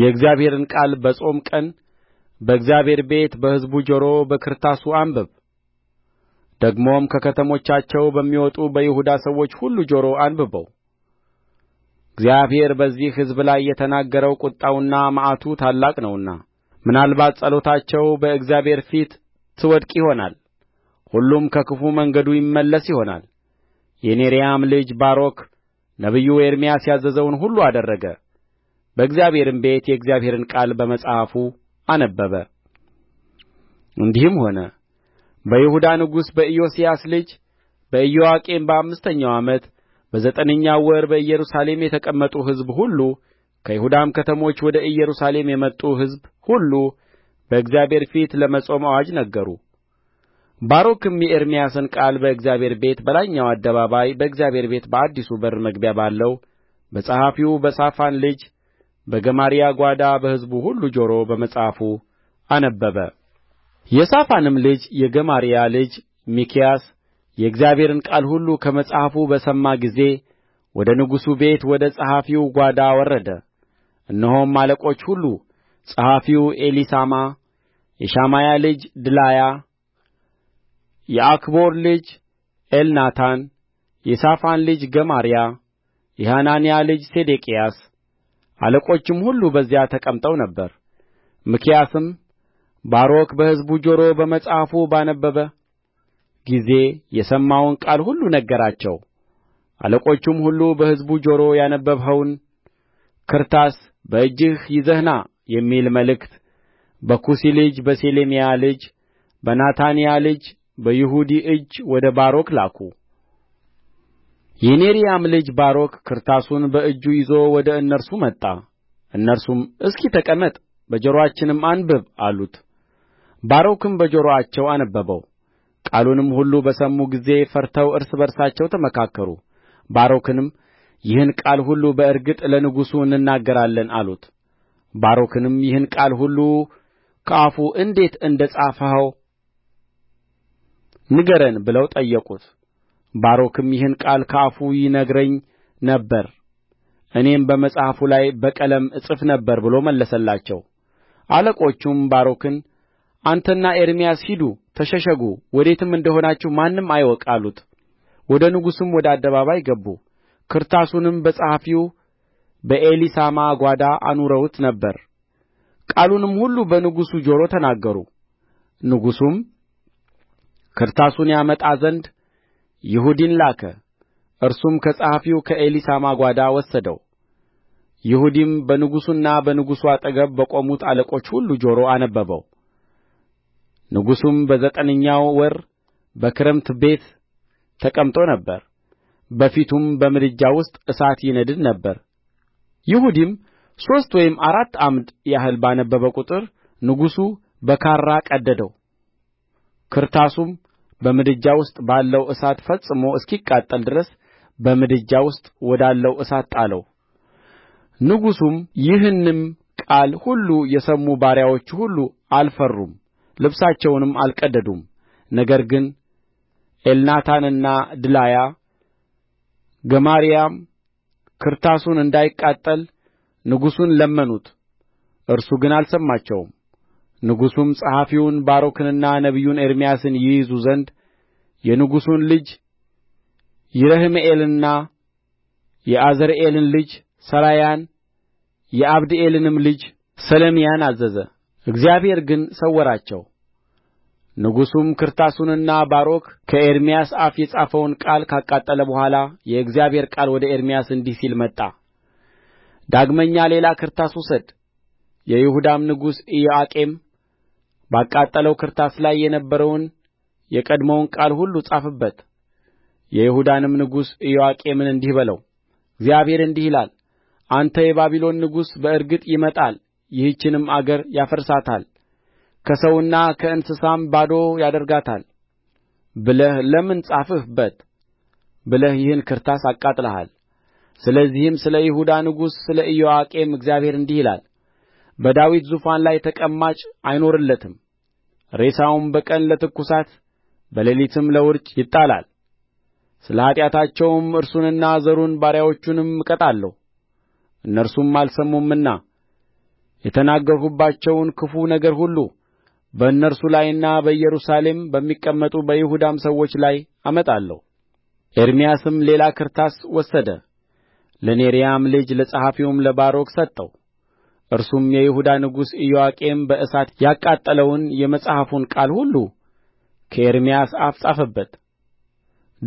የእግዚአብሔርን ቃል በጾም ቀን በእግዚአብሔር ቤት በሕዝቡ ጆሮ በክርታሱ አንብብ ደግሞም ከከተሞቻቸው በሚወጡ በይሁዳ ሰዎች ሁሉ ጆሮ አንብበው እግዚአብሔር በዚህ ሕዝብ ላይ የተናገረው ቍጣውና መዓቱ ታላቅ ነውና ምናልባት ጸሎታቸው በእግዚአብሔር ፊት ትወድቅ ይሆናል ሁሉም ከክፉ መንገዱ ይመለስ ይሆናል የኔርያም ልጅ ባሮክ ነቢዩ ኤርምያስ ያዘዘውን ሁሉ አደረገ በእግዚአብሔርም ቤት የእግዚአብሔርን ቃል በመጽሐፉ አነበበ እንዲህም ሆነ በይሁዳ ንጉሥ በኢዮስያስ ልጅ በኢዮአቄም በአምስተኛው ዓመት በዘጠነኛው ወር በኢየሩሳሌም የተቀመጡ ሕዝብ ሁሉ ከይሁዳም ከተሞች ወደ ኢየሩሳሌም የመጡ ሕዝብ ሁሉ በእግዚአብሔር ፊት ለመጾም አዋጅ ነገሩ ባሮክም የኤርምያስን ቃል በእግዚአብሔር ቤት በላይኛው አደባባይ በእግዚአብሔር ቤት በአዲሱ በር መግቢያ ባለው በጸሐፊው በሳፋን ልጅ በገማርያ ጓዳ በሕዝቡ ሁሉ ጆሮ በመጽሐፉ አነበበ የሳፋንም ልጅ የገማርያ ልጅ ሚክያስ የእግዚአብሔርን ቃል ሁሉ ከመጽሐፉ በሰማ ጊዜ ወደ ንጉሡ ቤት ወደ ጸሐፊው ጓዳ ወረደ እነሆም አለቆች ሁሉ ጸሐፊው ኤሊሳማ የሻማያ ልጅ ድላያ የዓክቦር ልጅ ኤልናታን የሳፋን ልጅ ገማርያ የሐናንያ ልጅ ሴዴቅያስ አለቆችም ሁሉ በዚያ ተቀምጠው ነበር ሚክያስም ባሮክ በሕዝቡ ጆሮ በመጽሐፉ ባነበበ ጊዜ የሰማውን ቃል ሁሉ ነገራቸው አለቆቹም ሁሉ በሕዝቡ ጆሮ ያነበብኸውን ክርታስ በእጅህ ይዘህ ና የሚል መልእክት በኩሲ ልጅ በሰሌምያ ልጅ በናታንያ ልጅ በይሁዲ እጅ ወደ ባሮክ ላኩ የኔርያም ልጅ ባሮክ ክርታሱን በእጁ ይዞ ወደ እነርሱ መጣ እነርሱም እስኪ ተቀመጥ በጆሮአችንም አንብብ አሉት ባሮክም በጆሮአቸው አነበበው ቃሉንም ሁሉ በሰሙ ጊዜ ፈርተው እርስ በርሳቸው ተመካከሩ ባሮክንም ይህን ቃል ሁሉ በእርግጥ ለንጉሡ እንናገራለን አሉት ባሮክንም ይህን ቃል ሁሉ ከአፉ እንዴት እንደ ጻፍኸው ንገረን ብለው ጠየቁት ባሮክም ይህን ቃል ከአፉ ይነግረኝ ነበር እኔም በመጽሐፉ ላይ በቀለም እጽፍ ነበር ብሎ መለሰላቸው አለቆቹም ባሮክን አንተና ኤርምያስ ሂዱ ተሸሸጉ ወዴትም እንደ ሆናችሁ ማንም አይወቅ አሉት ወደ ንጉሡም ወደ አደባባይ ገቡ ክርታሱንም በጸሐፊው በኤሊሳማ ጓዳ አኑረውት ነበር ቃሉንም ሁሉ በንጉሡ ጆሮ ተናገሩ ንጉሡም ክርታሱን ያመጣ ዘንድ ይሁዲን ላከ እርሱም ከጸሐፊው ከኤሊሳማ ጓዳ ወሰደው ይሁዲም በንጉሡና በንጉሡ አጠገብ በቆሙት አለቆች ሁሉ ጆሮ አነበበው ንጉሡም በዘጠነኛው ወር በክረምት ቤት ተቀምጦ ነበር በፊቱም በምድጃ ውስጥ እሳት ይነድድ ነበር ይሁዲም ሦስት ወይም አራት ዓምድ ያህል ባነበበ ቍጥር ንጉሡ በካራ ቀደደው ክርታሱም በምድጃ ውስጥ ባለው እሳት ፈጽሞ እስኪቃጠል ድረስ በምድጃ ውስጥ ወዳለው እሳት ጣለው ንጉሡም ይህንም ቃል ሁሉ የሰሙ ባሪያዎቹ ሁሉ አልፈሩም ልብሳቸውንም አልቀደዱም ነገር ግን ኤልናታንና ድላያ ገማርያም ክርታሱን እንዳይቃጠል ንጉሡን ለመኑት እርሱ ግን አልሰማቸውም ንጉሡም ጸሐፊውን ባሮክንና ነቢዩን ኤርምያስን ይይዙ ዘንድ የንጉሡን ልጅ ይረሕምኤልንና የአዘርኤልን ልጅ ሠራያን የዓብድኤልንም ልጅ ሰሌምያን አዘዘ እግዚአብሔር ግን ሰወራቸው ንጉሡም ክርታሱንና ባሮክ ከኤርምያስ አፍ የጻፈውን ቃል ካቃጠለ በኋላ የእግዚአብሔር ቃል ወደ ኤርምያስ እንዲህ ሲል መጣ ዳግመኛ ሌላ ክርታስ ውሰድ የይሁዳም ንጉሥ ኢዮአቄም ባቃጠለው ክርታስ ላይ የነበረውን የቀድሞውን ቃል ሁሉ ጻፍበት የይሁዳንም ንጉሥ ኢዮአቄምን እንዲህ በለው እግዚአብሔር እንዲህ ይላል አንተ የባቢሎን ንጉሥ በእርግጥ ይመጣል ይህችንም አገር ያፈርሳታል ከሰውና ከእንስሳም ባዶ ያደርጋታል ብለህ ለምን ጻፍህበት ብለህ ይህን ክርታስ አቃጥለሃል ስለዚህም ስለ ይሁዳ ንጉሥ ስለ ኢዮአቄም እግዚአብሔር እንዲህ ይላል በዳዊት ዙፋን ላይ ተቀማጭ አይኖርለትም ሬሳውም በቀን ለትኩሳት በሌሊትም ለውርጭ ይጣላል ስለ ኃጢአታቸውም እርሱንና ዘሩን ባሪያዎቹንም እቀጣለሁ እነርሱም አልሰሙምና የተናገርሁባቸውን ክፉ ነገር ሁሉ በእነርሱ ላይና በኢየሩሳሌም በሚቀመጡ በይሁዳም ሰዎች ላይ አመጣለሁ ኤርምያስም ሌላ ክርታስ ወሰደ ለኔርያም ልጅ ለጸሐፊውም ለባሮክ ሰጠው እርሱም የይሁዳ ንጉሥ ኢዮአቄም በእሳት ያቃጠለውን የመጽሐፉን ቃል ሁሉ ከኤርምያስ አፍ ጻፈበት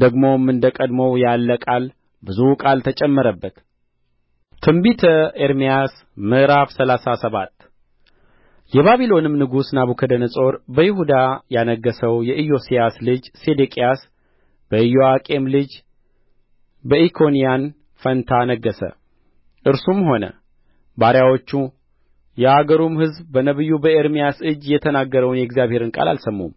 ደግሞም እንደ ቀድሞው ያለ ቃል ብዙ ቃል ተጨመረበት ትንቢተ ኤርምያስ ምዕራፍ ሰላሳ ሰባት የባቢሎንም ንጉሥ ናቡከደነፆር በይሁዳ ያነገሠው የኢዮስያስ ልጅ ሴዴቅያስ በኢዮአቄም ልጅ በኢኮንያን ፈንታ ነገሠ እርሱም ሆነ ባሪያዎቹ የአገሩም ሕዝብ በነቢዩ በኤርምያስ እጅ የተናገረውን የእግዚአብሔርን ቃል አልሰሙም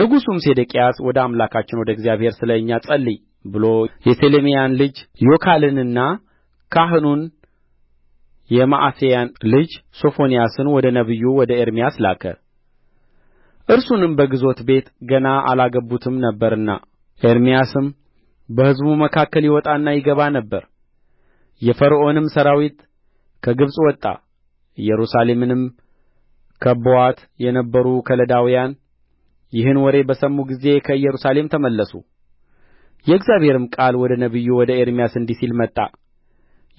ንጉሡም ሴዴቅያስ ወደ አምላካችን ወደ እግዚአብሔር ስለ እኛ ጸልይ ብሎ የሰሌምያን ልጅ ዮካልንና ካህኑን የመዕሤያን ልጅ ሶፎንያስን ወደ ነቢዩ ወደ ኤርምያስ ላከ እርሱንም በግዞት ቤት ገና አላገቡትም ነበርና ኤርምያስም በሕዝቡ መካከል ይወጣና ይገባ ነበር የፈርዖንም ሠራዊት ከግብጽ ወጣ ኢየሩሳሌምንም ከብበዋት የነበሩ ከለዳውያን ይህን ወሬ በሰሙ ጊዜ ከኢየሩሳሌም ተመለሱ የእግዚአብሔርም ቃል ወደ ነቢዩ ወደ ኤርምያስ እንዲህ ሲል መጣ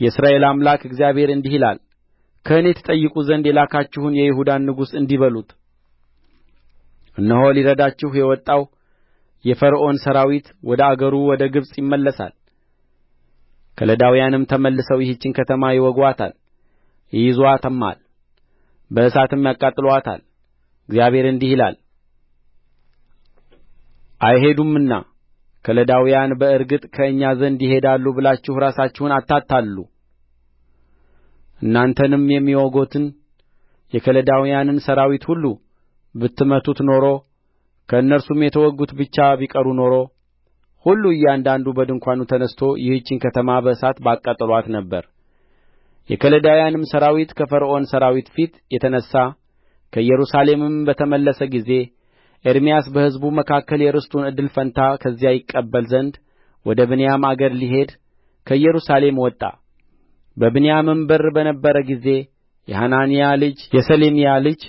የእስራኤል አምላክ እግዚአብሔር እንዲህ ይላል ከእኔ ትጠይቁ ዘንድ የላካችሁን የይሁዳን ንጉሥ እንዲህ በሉት እነሆ ሊረዳችሁ የወጣው የፈርዖን ሠራዊት ወደ አገሩ ወደ ግብጽ ይመለሳል ከለዳውያንም ተመልሰው ይህችን ከተማ ይወጉአታል ይይዙአትማል በእሳትም ያቃጥሉአታል እግዚአብሔር እንዲህ ይላል አይሄዱምና ከለዳውያን በእርግጥ ከእኛ ዘንድ ይሄዳሉ ብላችሁ ራሳችሁን አታታልሉ እናንተንም የሚዋጉትን የከለዳውያንን ሠራዊት ሁሉ ብትመቱት ኖሮ ከእነርሱም የተወጉት ብቻ ቢቀሩ ኖሮ ሁሉ እያንዳንዱ በድንኳኑ ተነሥቶ ይህችን ከተማ በእሳት ባቃጠሉአት ነበር የከለዳውያንም ሠራዊት ከፈርዖን ሠራዊት ፊት የተነሣ ከኢየሩሳሌምም በተመለሰ ጊዜ ኤርምያስ በሕዝቡ መካከል የርስቱን እድል ፈንታ ከዚያ ይቀበል ዘንድ ወደ ብንያም አገር ሊሄድ ከኢየሩሳሌም ወጣ በብንያምም በር በነበረ ጊዜ የሐናንያ ልጅ የሰሌምያ ልጅ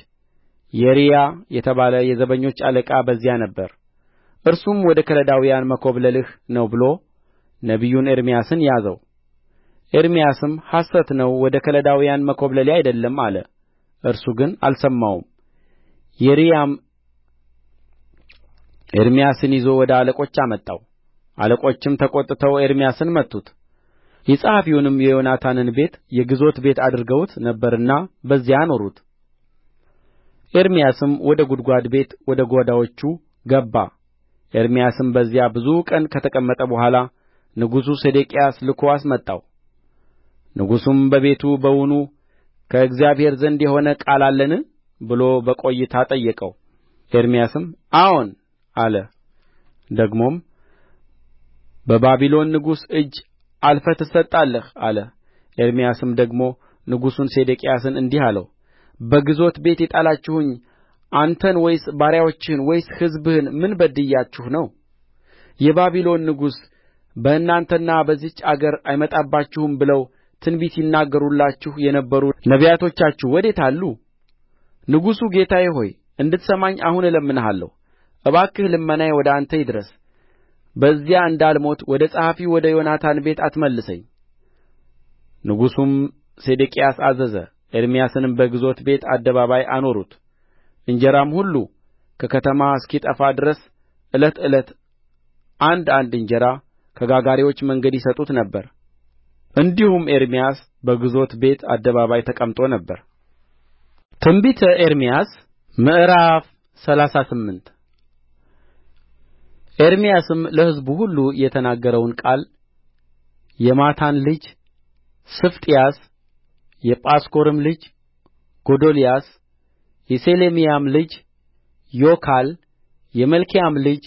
የሪያ የተባለ የዘበኞች አለቃ በዚያ ነበረ እርሱም ወደ ከለዳውያን መኰብለልህ ነው ብሎ ነቢዩን ኤርምያስን ያዘው ኤርምያስም ሐሰት ነው ወደ ከለዳውያን መኰብለሌ አይደለም አለ እርሱ ግን አልሰማውም የሪያም ኤርምያስን ይዞ ወደ አለቆች አመጣው አለቆችም ተቈጥተው ኤርምያስን መቱት የጸሐፊውንም የዮናታንን ቤት የግዞት ቤት አድርገውት ነበርና በዚያ አኖሩት ኤርምያስም ወደ ጕድጓድ ቤት ወደ ጓዳዎቹ ገባ ኤርምያስም በዚያ ብዙ ቀን ከተቀመጠ በኋላ ንጉሡ ሴዴቅያስ ልኮ አስመጣው ንጉሡም በቤቱ በውኑ ከእግዚአብሔር ዘንድ የሆነ ቃል አለን ብሎ በቈይታ ጠየቀው ኤርምያስም አዎን አለ ደግሞም በባቢሎን ንጉሥ እጅ አልፈህ ትሰጣለህ አለ ኤርምያስም ደግሞ ንጉሡን ሴዴቅያስን እንዲህ አለው በግዞት ቤት የጣላችሁኝ አንተን ወይስ ባሪያዎችህን ወይስ ሕዝብህን ምን በድያችሁ ነው የባቢሎን ንጉሥ በእናንተና በዚህች አገር አይመጣባችሁም ብለው ትንቢት ይናገሩላችሁ የነበሩ ነቢያቶቻችሁ ወዴት አሉ ንጉሡ ጌታዬ ሆይ እንድትሰማኝ አሁን እለምንሃለሁ እባክህ ልመናዬ ወደ አንተ ይድረስ በዚያ እንዳልሞት ወደ ጸሐፊው ወደ ዮናታን ቤት አትመልሰኝ ንጉሡም ሴዴቅያስ አዘዘ ኤርምያስንም በግዞት ቤት አደባባይ አኖሩት እንጀራም ሁሉ ከከተማ እስኪጠፋ ድረስ ዕለት ዕለት አንድ አንድ እንጀራ ከጋጋሪዎች መንገድ ይሰጡት ነበር እንዲሁም ኤርምያስ በግዞት ቤት አደባባይ ተቀምጦ ነበር ትንቢተ ኤርምያስ ምዕራፍ ሰላሳ ስምንት ኤርምያስም ለሕዝቡ ሁሉ የተናገረውን ቃል የማታን ልጅ ስፋጥያስ የጳስኮርም ልጅ ጎዶልያስ የሰሌምያም ልጅ ዮካል የመልክያም ልጅ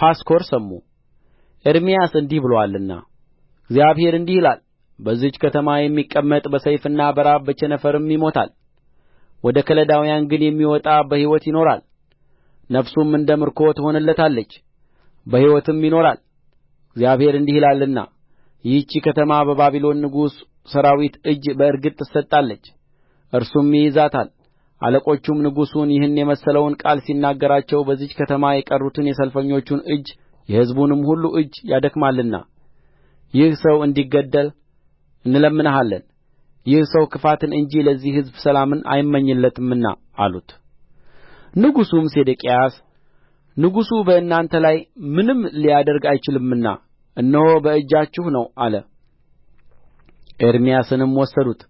ጳስኮር ሰሙ ኤርምያስ እንዲህ ብሎአልና እግዚአብሔር እንዲህ ይላል በዚህች ከተማ የሚቀመጥ በሰይፍና በራብ በቸነፈርም ይሞታል ወደ ከለዳውያን ግን የሚወጣ በሕይወት ይኖራል ነፍሱም እንደ ምርኮ ትሆንለታለች በሕይወትም ይኖራል እግዚአብሔር እንዲህ ይላልና ይህች ከተማ በባቢሎን ንጉሥ ሠራዊት እጅ በእርግጥ ትሰጣለች እርሱም ይይዛታል አለቆቹም ንጉሡን ይህን የመሰለውን ቃል ሲናገራቸው በዚህች ከተማ የቀሩትን የሰልፈኞቹን እጅ የሕዝቡንም ሁሉ እጅ ያደክማልና ይህ ሰው እንዲገደል እንለምንሃለን ይህ ሰው ክፋትን እንጂ ለዚህ ሕዝብ ሰላምን አይመኝለትምና አሉት ንጉሡም ሴዴቅያስ ንጉሡ በእናንተ ላይ ምንም ሊያደርግ አይችልምና እነሆ በእጃችሁ ነው አለ ኤርምያስንም ወሰዱት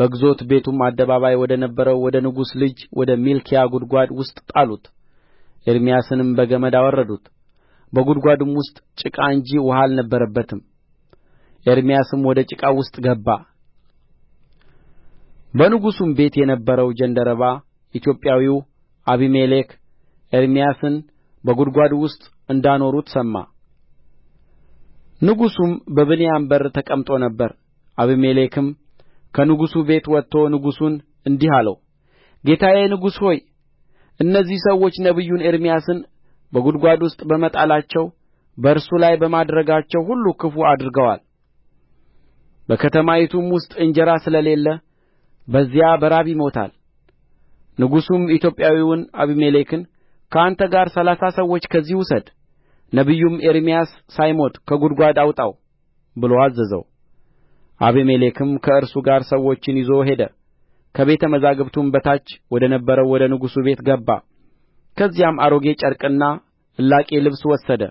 በግዞት ቤቱም አደባባይ ወደ ነበረው ወደ ንጉሡ ልጅ ወደ ሚልኪያ ጕድጓድ ውስጥ ጣሉት ኤርምያስንም በገመድ አወረዱት በጕድጓዱም ውስጥ ጭቃ እንጂ ውኃ አልነበረበትም ኤርምያስም ወደ ጭቃው ውስጥ ገባ በንጉሡም ቤት የነበረው ጃንደረባ ኢትዮጵያዊው አቢሜሌክ ኤርምያስን በጕድጓድ ውስጥ እንዳኖሩት ሰማ ንጉሡም በብንያም በር ተቀምጦ ነበር አቤሜሌክም ከንጉሡ ቤት ወጥቶ ንጉሡን እንዲህ አለው ጌታዬ ንጉሥ ሆይ እነዚህ ሰዎች ነቢዩን ኤርምያስን በጕድጓድ ውስጥ በመጣላቸው በእርሱ ላይ በማድረጋቸው ሁሉ ክፉ አድርገዋል በከተማይቱም ውስጥ እንጀራ ስለሌለ በዚያ በራብ ይሞታል ንጉሡም ኢትዮጵያዊውን አቤሜሌክን ከአንተ ጋር ሠላሳ ሰዎች ከዚህ ውሰድ ነቢዩም ኤርምያስ ሳይሞት ከጕድጓድ አውጣው ብሎ አዘዘው አቤሜሌክም ከእርሱ ጋር ሰዎችን ይዞ ሄደ ከቤተ መዛግብቱም በታች ወደ ነበረው ወደ ንጉሡ ቤት ገባ ከዚያም አሮጌ ጨርቅና እላቂ ልብስ ወሰደ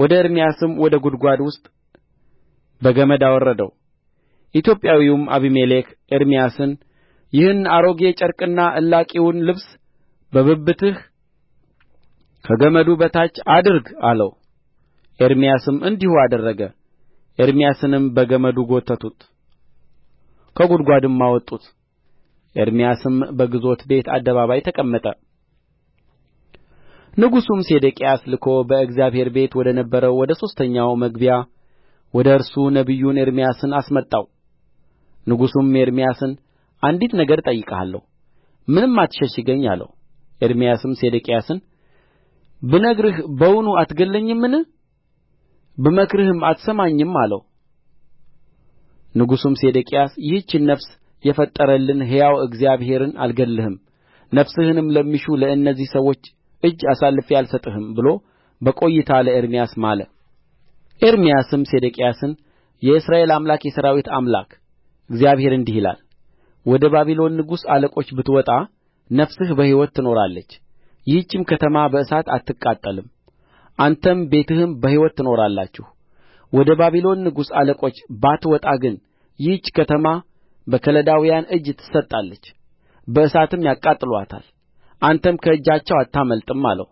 ወደ ኤርምያስም ወደ ጕድጓድ ውስጥ በገመድ አወረደው ኢትዮጵያዊውም አቤሜሌክ ኤርምያስን ይህን አሮጌ ጨርቅና እላቂውን ልብስ በብብትህ ከገመዱ በታች አድርግ አለው ኤርምያስም እንዲሁ አደረገ ኤርምያስንም በገመዱ ጐተቱት ከጕድጓድም አወጡት ኤርምያስም በግዞት ቤት አደባባይ ተቀመጠ ንጉሡም ሴዴቅያስ ልኮ በእግዚአብሔር ቤት ወደ ነበረው ወደ ሦስተኛው መግቢያ ወደ እርሱ ነቢዩን ኤርምያስን አስመጣው ንጉሡም ኤርምያስን አንዲት ነገር እጠይቅሃለሁ ምንም አትሸሽገኝ አለው ኤርምያስም ሴዴቅያስን ብነግርህ በውኑ አትገድለኝምን ብመክርህም አትሰማኝም አለው ንጉሡም ሴዴቅያስ ይህችን ነፍስ የፈጠረልን ሕያው እግዚአብሔርን አልገድልህም ነፍስህንም ለሚሹ ለእነዚህ ሰዎች እጅ አሳልፌ አልሰጥህም ብሎ በቈይታ ለኤርምያስ ማለ ኤርምያስም ሴዴቅያስን የእስራኤል አምላክ የሠራዊት አምላክ እግዚአብሔር እንዲህ ይላል ወደ ባቢሎን ንጉሥ አለቆች ብትወጣ ነፍስህ በሕይወት ትኖራለች ይህችም ከተማ በእሳት አትቃጠልም አንተም ቤትህም በሕይወት ትኖራላችሁ ወደ ባቢሎን ንጉሥ አለቆች ባትወጣ ግን ይህች ከተማ በከለዳውያን እጅ ትሰጣለች በእሳትም ያቃጥሉአታል አንተም ከእጃቸው አታመልጥም አለው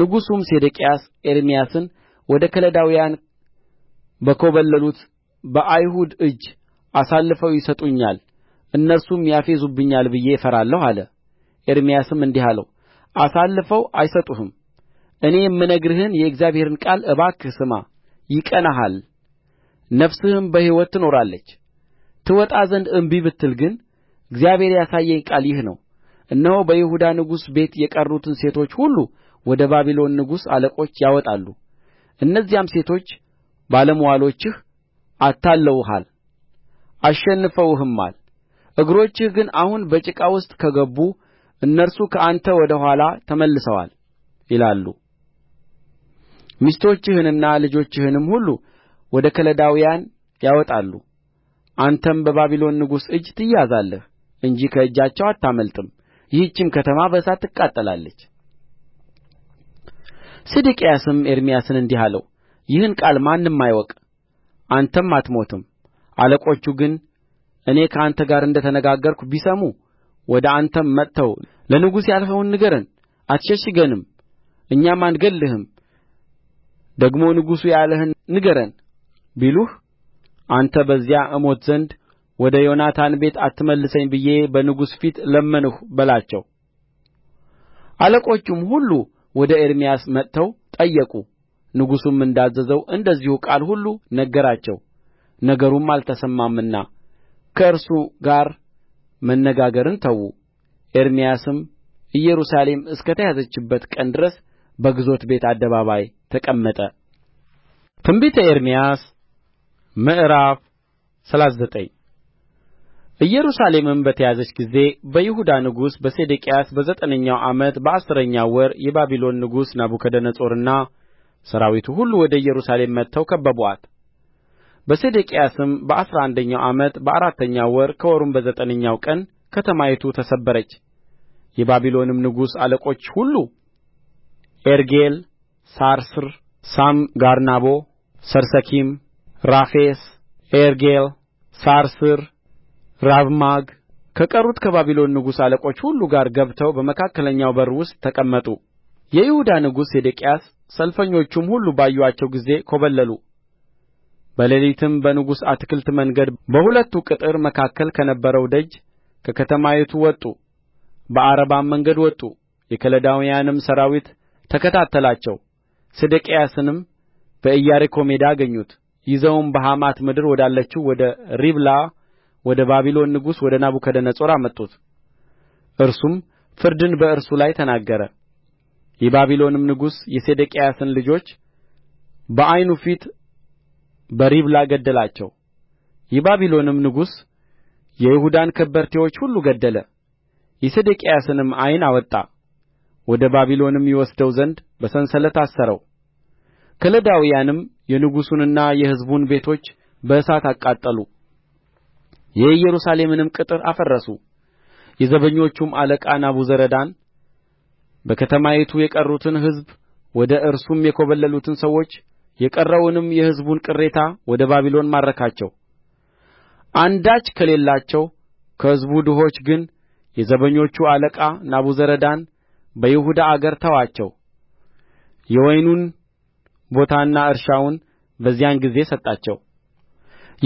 ንጉሡም ሴዴቅያስ ኤርምያስን ወደ ከለዳውያን በኰበለሉት በአይሁድ እጅ አሳልፈው ይሰጡኛል እነርሱም ያፌዙብኛል ብዬ እፈራለሁ አለ ኤርምያስም እንዲህ አለው አሳልፈው አይሰጡህም እኔ የምነግርህን የእግዚአብሔርን ቃል እባክህ ስማ ይቀናሃል ነፍስህም በሕይወት ትኖራለች ትወጣ ዘንድ እንቢ ብትል ግን እግዚአብሔር ያሳየኝ ቃል ይህ ነው እነሆ በይሁዳ ንጉሥ ቤት የቀሩትን ሴቶች ሁሉ ወደ ባቢሎን ንጉሥ አለቆች ያወጣሉ እነዚያም ሴቶች ባለምዋሎችህ አታለውሃል፣ አሸንፈውህማል እግሮችህ ግን አሁን በጭቃ ውስጥ ከገቡ እነርሱ ከአንተ ወደ ኋላ ተመልሰዋል ይላሉ ሚስቶችህንና ልጆችህንም ሁሉ ወደ ከለዳውያን ያወጣሉ አንተም በባቢሎን ንጉሥ እጅ ትያዛለህ እንጂ ከእጃቸው አታመልጥም ይህችም ከተማ በእሳት ትቃጠላለች ሴዴቅያስም ኤርምያስን እንዲህ አለው ይህን ቃል ማንም አይወቅ አንተም አትሞትም አለቆቹ ግን እኔ ከአንተ ጋር እንደ ተነጋገርሁ ቢሰሙ ወደ አንተም መጥተው ለንጉሡ ያልኸውን ንገረን አትሸሽገንም እኛም አንገድልህም ደግሞ ንጉሡ ያለህን ንገረን ቢሉህ አንተ በዚያ እሞት ዘንድ ወደ ዮናታን ቤት አትመልሰኝ ብዬ በንጉሡ ፊት ለመንሁ በላቸው አለቆቹም ሁሉ ወደ ኤርምያስ መጥተው ጠየቁ ንጉሡም እንዳዘዘው እንደዚሁ ቃል ሁሉ ነገራቸው ነገሩም አልተሰማምና ከእርሱ ጋር መነጋገርን ተዉ ኤርምያስም ኢየሩሳሌም እስከ ተያዘችበት ቀን ድረስ በግዞት ቤት አደባባይ ተቀመጠ ትንቢተ ኤርምያስ ምዕራፍ ሰላሳ ዘጠኝ ኢየሩሳሌምም በተያዘች ጊዜ በይሁዳ ንጉሥ በሴዴቅያስ በዘጠነኛው ዓመት በአሥረኛው ወር የባቢሎን ንጉሥ ናቡከደነፆርና ሠራዊቱ ሁሉ ወደ ኢየሩሳሌም መጥተው ከበቡአት በሴዴቅያስም በአሥራ አንደኛው ዓመት በአራተኛው ወር ከወሩም በዘጠነኛው ቀን ከተማይቱ ተሰበረች የባቢሎንም ንጉሥ አለቆች ሁሉ ኤርጌል ሳራስር ሳምጋርናቦ ሰርሰኪም ራፌስ ኤርጌል ሳራስር ራብማግ ከቀሩት ከባቢሎን ንጉሥ አለቆች ሁሉ ጋር ገብተው በመካከለኛው በር ውስጥ ተቀመጡ የይሁዳ ንጉሥ ሴዴቅያስ ሰልፈኞቹም ሁሉ ባዩአቸው ጊዜ ኰበለሉ በሌሊትም በንጉሡ አትክልት መንገድ በሁለቱ ቅጥር መካከል ከነበረው ደጅ ከከተማይቱ ወጡ በዓረባም መንገድ ወጡ የከለዳውያንም ሠራዊት ተከታተላቸው ሴዴቅያስንም በኢያሪኮ ሜዳ አገኙት ይዘውም በሐማት ምድር ወዳለችው ወደ ሪብላ ወደ ባቢሎን ንጉሥ ወደ ናቡከደነፆር አመጡት እርሱም ፍርድን በእርሱ ላይ ተናገረ የባቢሎንም ንጉሥ የሴዴቅያስን ልጆች በዓይኑ ፊት በሪብላ ገደላቸው የባቢሎንም ንጉሥ የይሁዳን ከበርቴዎች ሁሉ ገደለ የሴዴቅያስንም ዓይን አወጣ ወደ ባቢሎንም ይወስደው ዘንድ በሰንሰለት አሰረው ከለዳውያንም የንጉሡንና የሕዝቡን ቤቶች በእሳት አቃጠሉ የኢየሩሳሌምንም ቅጥር አፈረሱ የዘበኞቹም አለቃ ናቡዘረዳን በከተማይቱ የቀሩትን ሕዝብ ወደ እርሱም የኰበለሉትን ሰዎች የቀረውንም የሕዝቡን ቅሬታ ወደ ባቢሎን ማረካቸው አንዳች ከሌላቸው ከሕዝቡ ድሆች ግን የዘበኞቹ አለቃ ናቡዘረዳን በይሁዳ አገር ተዋቸው የወይኑን ቦታና እርሻውን በዚያን ጊዜ ሰጣቸው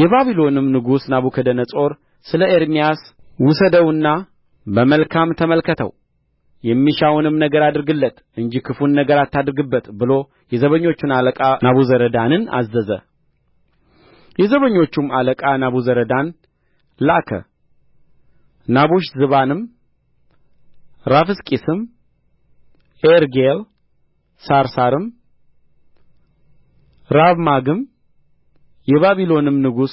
የባቢሎንም ንጉሥ ናቡከደነፆር ስለ ኤርምያስ ውሰደውና በመልካም ተመልከተው የሚሻውንም ነገር አድርግለት እንጂ ክፉን ነገር አታድርግበት ብሎ የዘበኞቹን አለቃ ናቡዘረዳንን አዘዘ የዘበኞቹም አለቃ ናቡዘረዳን ላከ ናቡሽዝባንም ራፋስቂስም ኤርጌል ሳርሳርም፣ ራብማግም የባቢሎንም ንጉሥ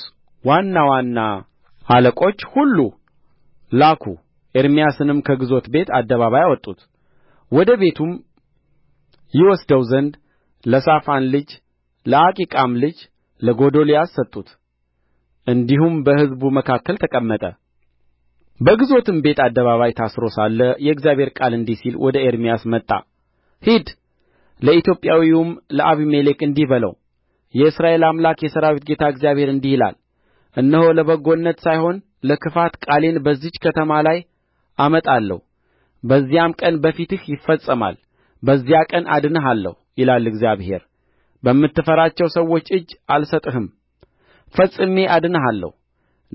ዋና ዋና አለቆች ሁሉ ላኩ ኤርምያስንም ከግዞት ቤት አደባባይ አወጡት ወደ ቤቱም ይወስደው ዘንድ ለሳፋን ልጅ ለአኪቃም ልጅ ለጎዶልያስ ሰጡት እንዲሁም በሕዝቡ መካከል ተቀመጠ በግዞትም ቤት አደባባይ ታስሮ ሳለ የእግዚአብሔር ቃል እንዲህ ሲል ወደ ኤርምያስ መጣ ሂድ ለኢትዮጵያዊውም ለአቢሜሌክ እንዲህ በለው የእስራኤል አምላክ የሠራዊት ጌታ እግዚአብሔር እንዲህ ይላል እነሆ ለበጎነት ሳይሆን ለክፋት ቃሌን በዚህች ከተማ ላይ አመጣለሁ በዚያም ቀን በፊትህ ይፈጸማል በዚያ ቀን አድንሃለሁ ይላል እግዚአብሔር በምትፈራቸው ሰዎች እጅ አልሰጥህም ፈጽሜ አድንሃለሁ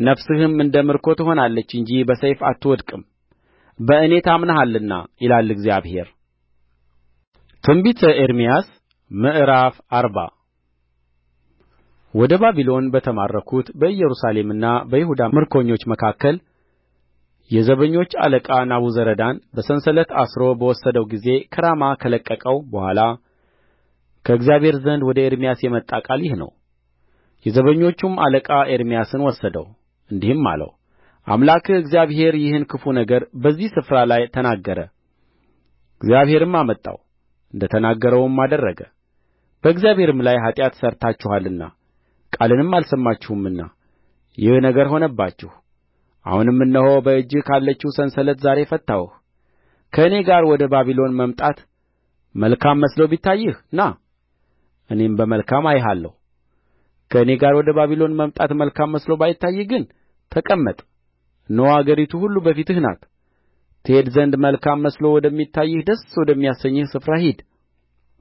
ነፍስህም እንደ ምርኮ ትሆናለች እንጂ በሰይፍ አትወድቅም በእኔ ታምነሃልና ይላል እግዚአብሔር ትንቢተ ኤርምያስ ምዕራፍ አርባ ወደ ባቢሎን በተማረኩት በኢየሩሳሌምና በይሁዳ ምርኮኞች መካከል የዘበኞች አለቃ ናቡዘረዳን በሰንሰለት አስሮ በወሰደው ጊዜ ከራማ ከለቀቀው በኋላ ከእግዚአብሔር ዘንድ ወደ ኤርምያስ የመጣ ቃል ይህ ነው የዘበኞቹም አለቃ ኤርምያስን ወሰደው እንዲህም አለው አምላክህ እግዚአብሔር ይህን ክፉ ነገር በዚህ ስፍራ ላይ ተናገረ እግዚአብሔርም አመጣው እንደ ተናገረውም አደረገ በእግዚአብሔርም ላይ ኃጢአት ሠርታችኋልና ቃልንም አልሰማችሁምና ይህ ነገር ሆነባችሁ አሁንም እነሆ በእጅህ ካለችው ሰንሰለት ዛሬ ፈታሁህ ከእኔ ጋር ወደ ባቢሎን መምጣት መልካም መስሎ ቢታይህ ና እኔም በመልካም አይሃለሁ ከእኔ ጋር ወደ ባቢሎን መምጣት መልካም መስሎ ባይታይህ ግን ተቀመጥ እነሆ አገሪቱ ሁሉ በፊትህ ናት ትሄድ ዘንድ መልካም መስሎ ወደሚታይህ ደስ ወደሚያሰኝህ ስፍራ ሂድ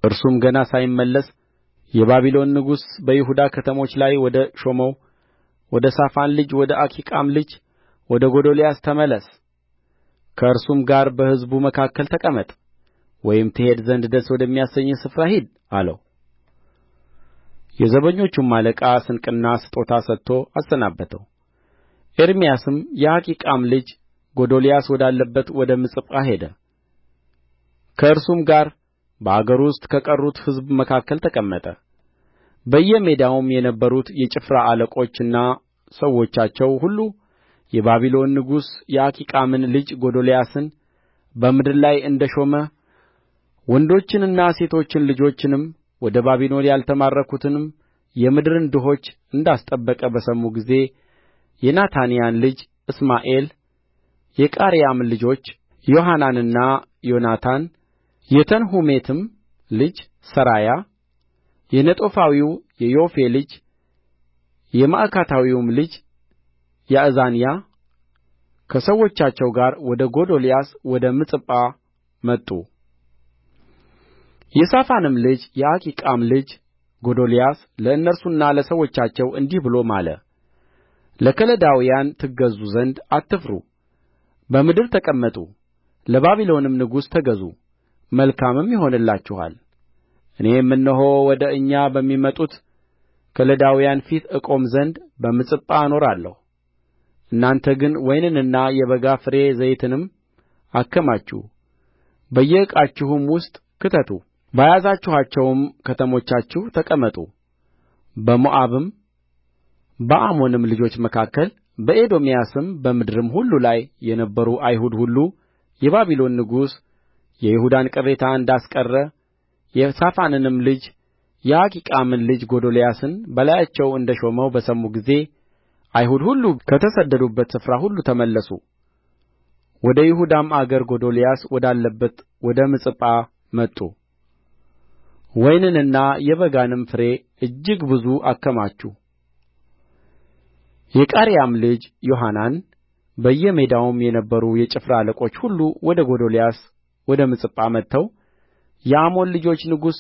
እርሱም ገና ሳይመለስ የባቢሎን ንጉሥ በይሁዳ ከተሞች ላይ ወደ ሾመው ወደ ሳፋን ልጅ ወደ አኪቃም ልጅ ወደ ጎዶልያስ ተመለስ ከእርሱም ጋር በሕዝቡ መካከል ተቀመጥ ወይም ትሄድ ዘንድ ደስ ወደሚያሰኝህ ስፍራ ሂድ አለው የዘበኞቹም አለቃ ስንቅና ስጦታ ሰጥቶ አሰናበተው ኤርምያስም የአኪቃም ልጅ ጎዶልያስ ወዳለበት ወደ ምጽጳ ሄደ ከእርሱም ጋር በአገሩ ውስጥ ከቀሩት ሕዝብ መካከል ተቀመጠ በየሜዳውም የነበሩት የጭፍራ አለቆችና ሰዎቻቸው ሁሉ የባቢሎን ንጉሥ የአኪቃምን ልጅ ጎዶልያስን በምድር ላይ እንደ ሾመ ወንዶችንና ሴቶችን ልጆችንም ወደ ባቢሎን ያልተማረኩትንም የምድርን ድሆች እንዳስጠበቀ በሰሙ ጊዜ የናታንያን ልጅ እስማኤል የቃሬያም ልጆች ዮሐናንና ዮናታን የተንሑሜትም ልጅ ሠራያ የነጦፋዊው የዮፌ ልጅ የማዕካታዊውም ልጅ ያእዛንያ ከሰዎቻቸው ጋር ወደ ጎዶልያስ ወደ ምጽጳ መጡ የሳፋንም ልጅ የአኪቃም ልጅ ጎዶልያስ ለእነርሱና ለሰዎቻቸው እንዲህ ብሎ ማለ ለከለዳውያን ትገዙ ዘንድ አትፍሩ በምድር ተቀመጡ ለባቢሎንም ንጉሥ ተገዙ መልካምም ይሆንላችኋል እኔም እነሆ ወደ እኛ በሚመጡት ከለዳውያን ፊት እቆም ዘንድ በምጽጳ እኖራለሁ እናንተ ግን ወይንንና የበጋ ፍሬ ዘይትንም አከማቹ በየዕቃችሁም ውስጥ ክተቱ በያዛችኋቸውም ከተሞቻችሁ ተቀመጡ በሞዓብም በአሞንም ልጆች መካከል በኤዶምያስም በምድርም ሁሉ ላይ የነበሩ አይሁድ ሁሉ የባቢሎን ንጉሥ የይሁዳን ቅሬታ እንዳስቀረ የሳፋንንም ልጅ የአኪቃምን ልጅ ጎዶልያስን በላያቸው እንደ ሾመው በሰሙ ጊዜ አይሁድ ሁሉ ከተሰደዱበት ስፍራ ሁሉ ተመለሱ ወደ ይሁዳም አገር ጎዶልያስ ወዳለበት ወደ ምጽጳ መጡ ወይንንና የበጋንም ፍሬ እጅግ ብዙ አከማቹ የቃሬያም ልጅ ዮሐናን በየሜዳውም የነበሩ የጭፍራ አለቆች ሁሉ ወደ ጎዶልያስ ወደ ምጽጳ መጥተው የአሞን ልጆች ንጉሥ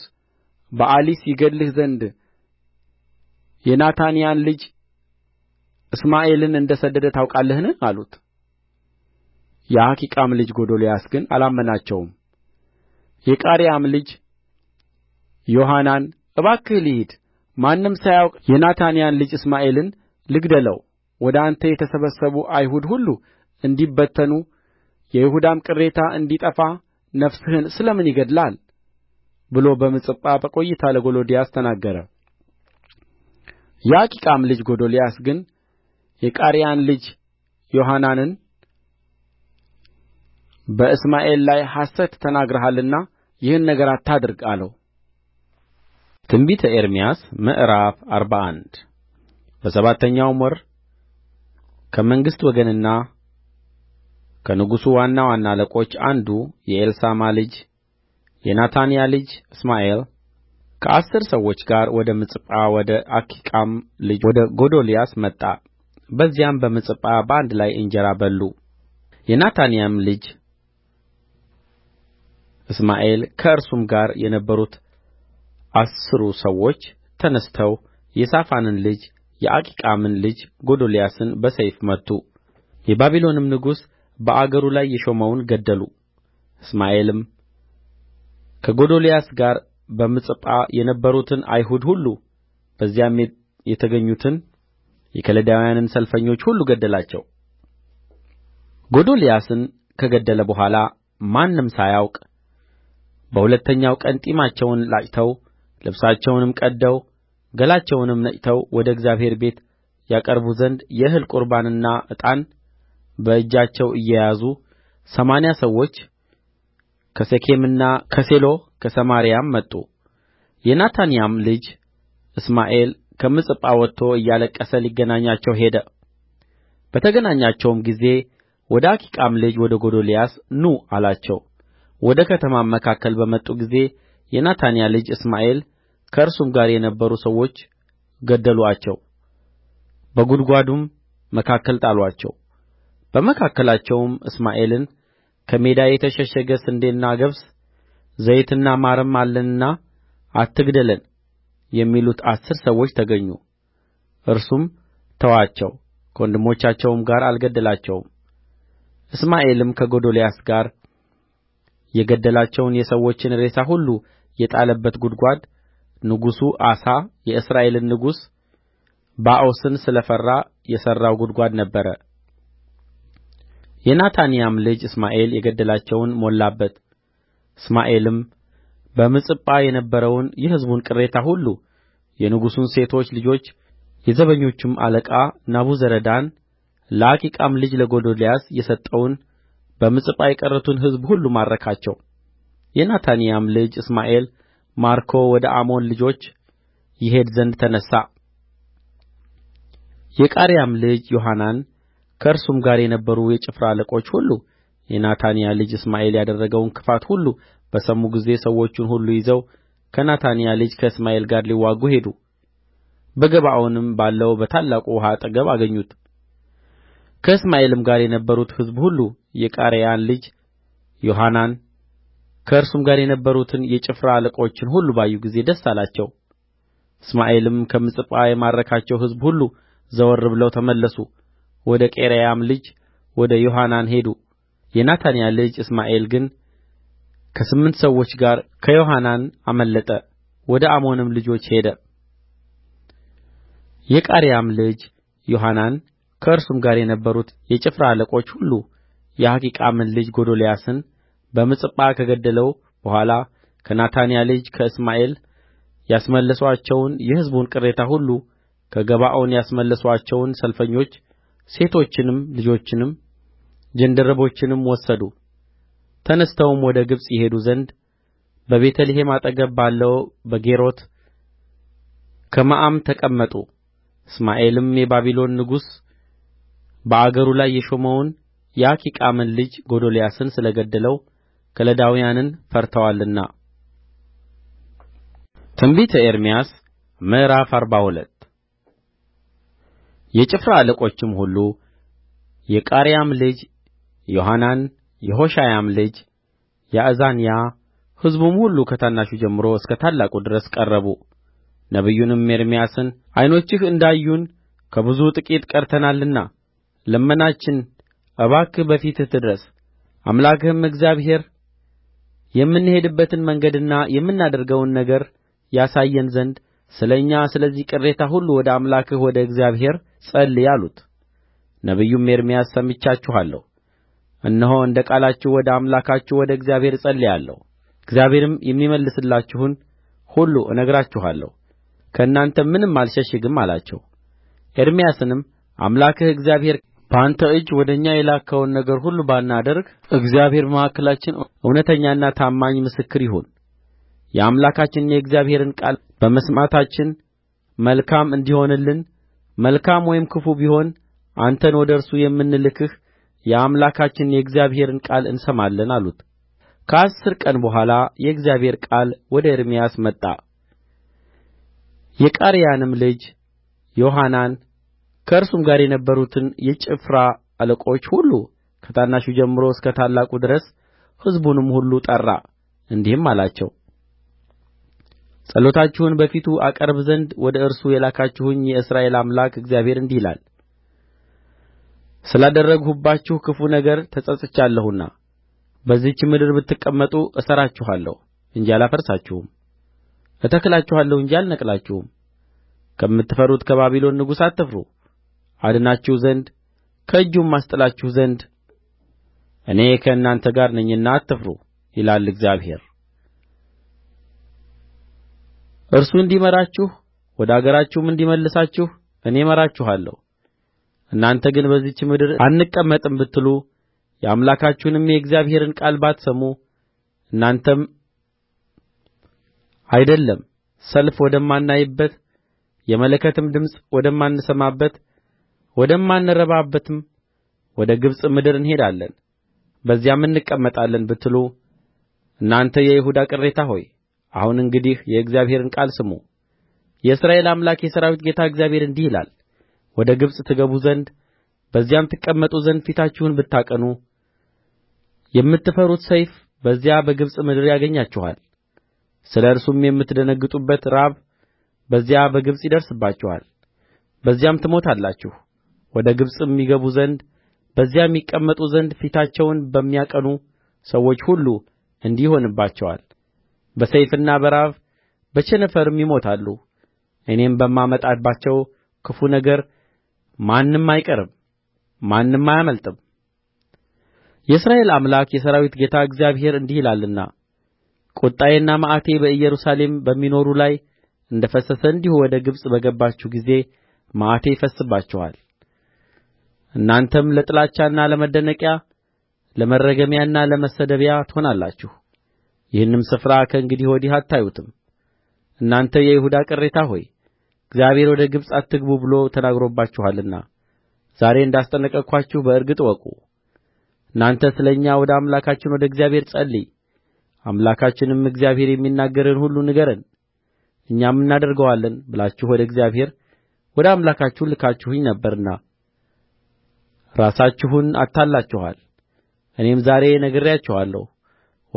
በአሊስ ይገድልህ ዘንድ የናታንያን ልጅ እስማኤልን እንደ ሰደደ ታውቃለህን አሉት የአኪቃም ልጅ ጎዶልያስ ግን አላመናቸውም የቃሬያም ልጅ ዮሐናን እባክህ ልሂድ ማንም ሳያውቅ የናታንያን ልጅ እስማኤልን ልግደለው ወደ አንተ የተሰበሰቡ አይሁድ ሁሉ እንዲበተኑ የይሁዳም ቅሬታ እንዲጠፋ ነፍስህን ስለ ምን ይገድላል ብሎ በምጽጳ በቈይታ ለጎዶልያስ ተናገረ የአኪቃም ልጅ ጎዶልያስ ግን የቃሬያን ልጅ ዮሐናንን በእስማኤል ላይ ሐሰት ተናግረሃልና ይህን ነገር አታድርግ አለው ትንቢተ ኤርምያስ ምዕራፍ አርባ አንድ በሰባተኛው ወር ከመንግሥት ወገንና ከንጉሡ ዋና ዋና አለቆች አንዱ የኤልሳማ ልጅ የናታንያ ልጅ እስማኤል ከአሥር ሰዎች ጋር ወደ ምጽጳ ወደ አኪቃም ልጅ ወደ ጎዶልያስ መጣ በዚያም በምጽጳ በአንድ ላይ እንጀራ በሉ የናታንያም ልጅ እስማኤል ከእርሱም ጋር የነበሩት አሥሩ ሰዎች ተነሥተው የሳፋንን ልጅ የአኪቃምን ልጅ ጎዶልያስን በሰይፍ መቱ የባቢሎንም ንጉሥ በአገሩ ላይ የሾመውን ገደሉ እስማኤልም ከጎዶልያስ ጋር በምጽጳ የነበሩትን አይሁድ ሁሉ በዚያም የተገኙትን የከለዳውያንን ሰልፈኞች ሁሉ ገደላቸው ጎዶልያስን ከገደለ በኋላ ማንም ሳያውቅ በሁለተኛው ቀን ጢማቸውን ላጭተው፣ ልብሳቸውንም ቀድደው ገላቸውንም ነጭተው ወደ እግዚአብሔር ቤት ያቀርቡ ዘንድ የእህል ቍርባንና ዕጣን በእጃቸው እየያዙ ሰማንያ ሰዎች ከሴኬምና ከሴሎ ከሰማርያም መጡ የናታንያም ልጅ እስማኤል ከምጽጳ ወጥቶ እያለቀሰ ሊገናኛቸው ሄደ በተገናኛቸውም ጊዜ ወደ አኪቃም ልጅ ወደ ጎዶልያስ ኑ አላቸው ወደ ከተማም መካከል በመጡ ጊዜ የናታንያ ልጅ እስማኤል ከእርሱም ጋር የነበሩ ሰዎች ገደሉአቸው በጕድጓዱም መካከል ጣሉአቸው በመካከላቸውም እስማኤልን ከሜዳ የተሸሸገ ስንዴና ገብስ ዘይትና ማርም አለንና አትግደለን የሚሉት አሥር ሰዎች ተገኙ እርሱም ተዋቸው ከወንድሞቻቸውም ጋር አልገደላቸውም እስማኤልም ከጎዶልያስ ጋር የገደላቸውን የሰዎችን ሬሳ ሁሉ የጣለበት ጕድጓድ ንጉሡ አሳ የእስራኤልን ንጉሥ ባኦስን ስለ ፈራ የሠራው ጕድጓድ ነበረ። የናታንያም ልጅ እስማኤል የገደላቸውን ሞላበት። እስማኤልም በምጽጳ የነበረውን የሕዝቡን ቅሬታ ሁሉ የንጉሡን ሴቶች ልጆች የዘበኞቹም አለቃ ናቡዘረዳን ለአኪቃም ልጅ ለጎዶልያስ የሰጠውን በምጽጳ የቀሩትን ሕዝብ ሁሉ ማረካቸው የናታንያም ልጅ እስማኤል ማርኮ ወደ አሞን ልጆች ይሄድ ዘንድ ተነሣ የቃሬያም ልጅ ዮሐናን ከእርሱም ጋር የነበሩ የጭፍራ አለቆች ሁሉ የናታንያ ልጅ እስማኤል ያደረገውን ክፋት ሁሉ በሰሙ ጊዜ ሰዎቹን ሁሉ ይዘው ከናታንያ ልጅ ከእስማኤል ጋር ሊዋጉ ሄዱ በገባዖንም ባለው በታላቁ ውኃ አጠገብ አገኙት ከእስማኤልም ጋር የነበሩት ሕዝብ ሁሉ የቃሬያን ልጅ ዮሐናን ከእርሱም ጋር የነበሩትን የጭፍራ አለቆችን ሁሉ ባዩ ጊዜ ደስ አላቸው እስማኤልም ከምጽጳ የማረካቸው ሕዝብ ሁሉ ዘወር ብለው ተመለሱ ወደ ቃሬያም ልጅ ወደ ዮሐናን ሄዱ የናታንያ ልጅ እስማኤል ግን ከስምንት ሰዎች ጋር ከዮሐናን አመለጠ ወደ አሞንም ልጆች ሄደ የቃሬያም ልጅ ዮሐናን ከእርሱም ጋር የነበሩት የጭፍራ አለቆች ሁሉ የአኪቃምን ልጅ ጎዶልያስን በምጽጳ ከገደለው በኋላ ከናታንያ ልጅ ከእስማኤል ያስመለሱአቸውን የሕዝቡን ቅሬታ ሁሉ ከገባዖን ያስመለሱአቸውን ሰልፈኞች ሴቶችንም ልጆችንም ጃንደረቦችንም ወሰዱ ተነሥተውም ወደ ግብጽ ይሄዱ ዘንድ በቤተ ልሔም አጠገብ ባለው በጌሮት ከመዓም ተቀመጡ እስማኤልም የባቢሎን ንጉሥ በአገሩ ላይ የሾመውን የአኪቃምን ልጅ ጎዶልያስን ስለ ገደለው ከለዳውያንን ፈርተዋልና ትንቢተ ኤርምያስ ምዕራፍ አርባ ሁለት የጭፍራ አለቆችም ሁሉ የቃሬያም ልጅ ዮሐናን የሆሻያም ልጅ ያእዛንያ ሕዝቡም ሁሉ ከታናሹ ጀምሮ እስከ ታላቁ ድረስ ቀረቡ ነቢዩንም ኤርምያስን ዓይኖችህ እንዳዩን ከብዙ ጥቂት ቀርተናልና ልመናችን እባክህ በፊትህ ትድረስ አምላክህም እግዚአብሔር የምንሄድበትን መንገድና የምናደርገውን ነገር ያሳየን ዘንድ ስለ እኛ ስለዚህ ቅሬታ ሁሉ ወደ አምላክህ ወደ እግዚአብሔር ጸልይ አሉት ነቢዩም ኤርምያስ ሰምቻችኋለሁ እነሆ እንደ ቃላችሁ ወደ አምላካችሁ ወደ እግዚአብሔር እጸልያለሁ እግዚአብሔርም የሚመልስላችሁን ሁሉ እነግራችኋለሁ ከእናንተም ምንም አልሸሽግም አላቸው ኤርምያስንም አምላክህ እግዚአብሔር በአንተ እጅ ወደ እኛ የላከውን ነገር ሁሉ ባናደርግ እግዚአብሔር በመካከላችን እውነተኛና ታማኝ ምስክር ይሁን የአምላካችንን የእግዚአብሔርን ቃል በመስማታችን መልካም እንዲሆንልን መልካም ወይም ክፉ ቢሆን አንተን ወደ እርሱ የምንልክህ የአምላካችንን የእግዚአብሔርን ቃል እንሰማለን አሉት ከአሥር ቀን በኋላ የእግዚአብሔር ቃል ወደ ኤርምያስ መጣ የቃሬያንም ልጅ ዮሐናን ከእርሱም ጋር የነበሩትን የጭፍራ አለቆች ሁሉ ከታናሹ ጀምሮ እስከ ታላቁ ድረስ ሕዝቡንም ሁሉ ጠራ እንዲህም አላቸው ጸሎታችሁን በፊቱ አቀርብ ዘንድ ወደ እርሱ የላካችሁኝ የእስራኤል አምላክ እግዚአብሔር እንዲህ ይላል ስላደረግሁባችሁ ክፉ ነገር ተጸጽቻለሁና በዚህች ምድር ብትቀመጡ እሠራችኋለሁ እንጂ አላፈርሳችሁም እተክላችኋለሁ እንጂ አልነቅላችሁም ከምትፈሩት ከባቢሎን ንጉሥ አትፍሩ አድናችሁ ዘንድ ከእጁም አስጥላችሁ ዘንድ እኔ ከእናንተ ጋር ነኝና አትፍሩ ይላል እግዚአብሔር እርሱ እንዲመራችሁ ወደ አገራችሁም እንዲመልሳችሁ እኔ እመራችኋለሁ እናንተ ግን በዚህች ምድር አንቀመጥም ብትሉ የአምላካችሁንም የእግዚአብሔርን ቃል ባትሰሙ እናንተም አይደለም ሰልፍ ወደማናይበት የመለከትም ድምፅ ወደማንሰማበት ወደማንራብበትም ወደ ግብጽ ምድር እንሄዳለን በዚያም እንቀመጣለን ብትሉ እናንተ የይሁዳ ቅሬታ ሆይ አሁን እንግዲህ የእግዚአብሔርን ቃል ስሙ የእስራኤል አምላክ የሠራዊት ጌታ እግዚአብሔር እንዲህ ይላል ወደ ግብጽ ትገቡ ዘንድ በዚያም ትቀመጡ ዘንድ ፊታችሁን ብታቀኑ የምትፈሩት ሰይፍ በዚያ በግብጽ ምድር ያገኛችኋል ስለ እርሱም የምትደነግጡበት ራብ በዚያ በግብጽ ይደርስባችኋል በዚያም ትሞታላችሁ ወደ ግብጽም ይገቡ ዘንድ በዚያም ይቀመጡ ዘንድ ፊታቸውን በሚያቀኑ ሰዎች ሁሉ እንዲህ ይሆንባቸዋል በሰይፍና በራብ በቸነፈርም ይሞታሉ እኔም በማመጣባቸው ክፉ ነገር ማንም አይቀርም ማንም አያመልጥም የእስራኤል አምላክ የሠራዊት ጌታ እግዚአብሔር እንዲህ ይላልና ቍጣዬና መዓቴ በኢየሩሳሌም በሚኖሩ ላይ እንደ ፈሰሰ እንዲሁ ወደ ግብጽ በገባችሁ ጊዜ መዓቴ ይፈስስባችኋል እናንተም ለጥላቻና ለመደነቂያ ለመረገሚያና ለመሰደቢያ ትሆናላችሁ ይህንም ስፍራ ከእንግዲህ ወዲህ አታዩትም እናንተ የይሁዳ ቅሬታ ሆይ እግዚአብሔር ወደ ግብጽ አትግቡ ብሎ ተናግሮባችኋልና ዛሬ እንዳስጠነቀቅኋችሁ በእርግጥ እወቁ እናንተ ስለ እኛ ወደ አምላካችን ወደ እግዚአብሔር ጸልይ አምላካችንም እግዚአብሔር የሚናገርህን ሁሉ ንገረን እኛም እናደርገዋለን ብላችሁ ወደ እግዚአብሔር ወደ አምላካችሁ ልካችሁኝ ነበርና ራሳችሁን አታላችኋል። እኔም ዛሬ ነግሬአችኋለሁ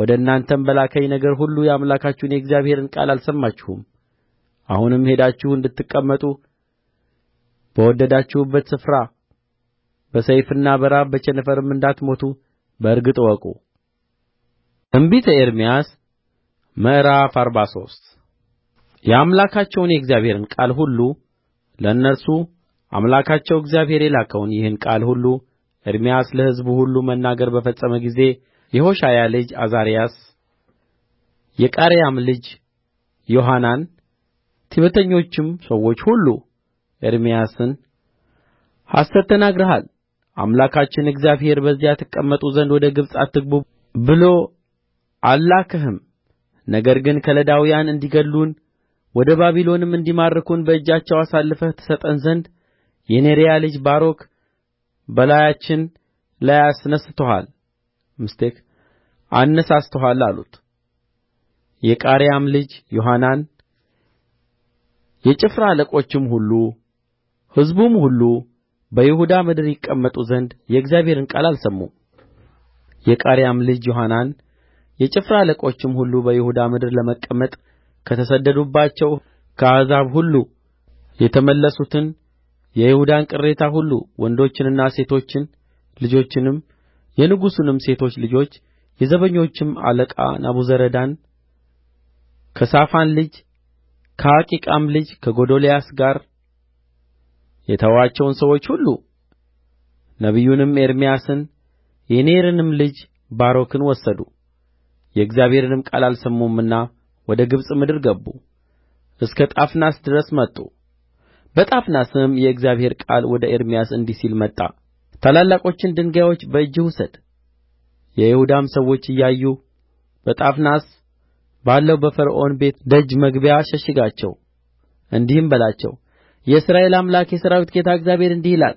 ወደ እናንተም በላከኝ ነገር ሁሉ የአምላካችሁን የእግዚአብሔርን ቃል አልሰማችሁም አሁንም ሄዳችሁ እንድትቀመጡ በወደዳችሁበት ስፍራ በሰይፍና በራብ በቸነፈርም እንዳትሞቱ በእርግጥ እወቁ ትንቢተ ኤርምያስ ምዕራፍ አርባ ሶስት የአምላካቸውን የእግዚአብሔርን ቃል ሁሉ ለእነርሱ አምላካቸው እግዚአብሔር የላከውን ይህን ቃል ሁሉ ኤርምያስ ለሕዝቡ ሁሉ መናገር በፈጸመ ጊዜ የሆሻያ ልጅ ዓዛርያስ የቃሬያም ልጅ ዮሐናን ትዕቢተኞችም ሰዎች ሁሉ ኤርምያስን ሐሰት ተናግረሃል አምላካችን እግዚአብሔር በዚያ ትቀመጡ ዘንድ ወደ ግብጽ አትግቡ ብሎ አልላከህም ነገር ግን ከለዳውያን እንዲገድሉን ወደ ባቢሎንም እንዲማርኩን በእጃቸው አሳልፈህ ትሰጠን ዘንድ የኔርያ ልጅ ባሮክ በላያችን ላይ አነሣሥቶሃል አሉት የቃሬያም ልጅ ዮሐናን የጭፍራ አለቆችም ሁሉ ሕዝቡም ሁሉ በይሁዳ ምድር ይቀመጡ ዘንድ የእግዚአብሔርን ቃል አልሰሙም የቃሬያም ልጅ ዮሐናን የጭፍራ አለቆችም ሁሉ በይሁዳ ምድር ለመቀመጥ ከተሰደዱባቸው ከአሕዛብ ሁሉ የተመለሱትን የይሁዳን ቅሬታ ሁሉ ወንዶችንና ሴቶችን ልጆችንም የንጉሡንም ሴቶች ልጆች የዘበኞችም አለቃ ናቡዘረዳን ከሳፋን ልጅ ከአኪቃም ልጅ ከጎዶልያስ ጋር የተዋቸውን ሰዎች ሁሉ ነቢዩንም ኤርምያስን የኔርያንም ልጅ ባሮክን ወሰዱ የእግዚአብሔርንም ቃል አልሰሙምና ወደ ግብጽ ምድር ገቡ እስከ ጣፍናስ ድረስ መጡ በጣፍናስም የእግዚአብሔር ቃል ወደ ኤርምያስ እንዲህ ሲል መጣ ታላላቆችን ድንጋዮች በእጅህ ውሰድ የይሁዳም ሰዎች እያዩ በጣፍናስ ባለው በፈርዖን ቤት ደጅ መግቢያ ሸሽጋቸው እንዲህም በላቸው የእስራኤል አምላክ የሠራዊት ጌታ እግዚአብሔር እንዲህ ይላል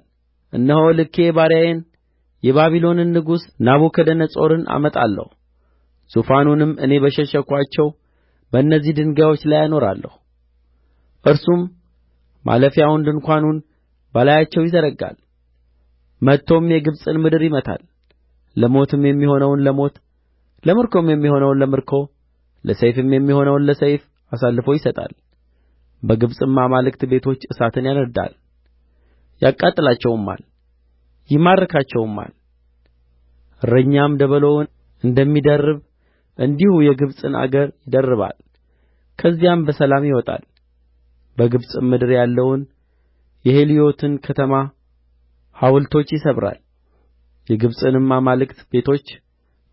እነሆ ልኬ ባሪያዬን የባቢሎንን ንጉሥ ናቡከደነፆርን አመጣለሁ ዙፋኑንም እኔ በሸሸግኋቸው በእነዚህ ድንጋዮች ላይ አኖራለሁ እርሱም ማለፊያውን ድንኳኑን በላያቸው ይዘረጋል መጥቶም የግብጽን ምድር ይመታል ለሞትም የሚሆነውን ለሞት ለምርኮም የሚሆነውን ለምርኮ ለሰይፍም የሚሆነውን ለሰይፍ አሳልፎ ይሰጣል በግብጽም አማልክት ቤቶች እሳትን ያነድዳል ያቃጥላቸውማል ይማርካቸውማል እረኛም ደበሎውን እንደሚደርብ እንዲሁ የግብጽን አገር ይደርባል ከዚያም በሰላም ይወጣል በግብጽም ምድር ያለውን የሄልዮትን ከተማ ሐውልቶች ይሰብራል የግብጽንም አማልክት ቤቶች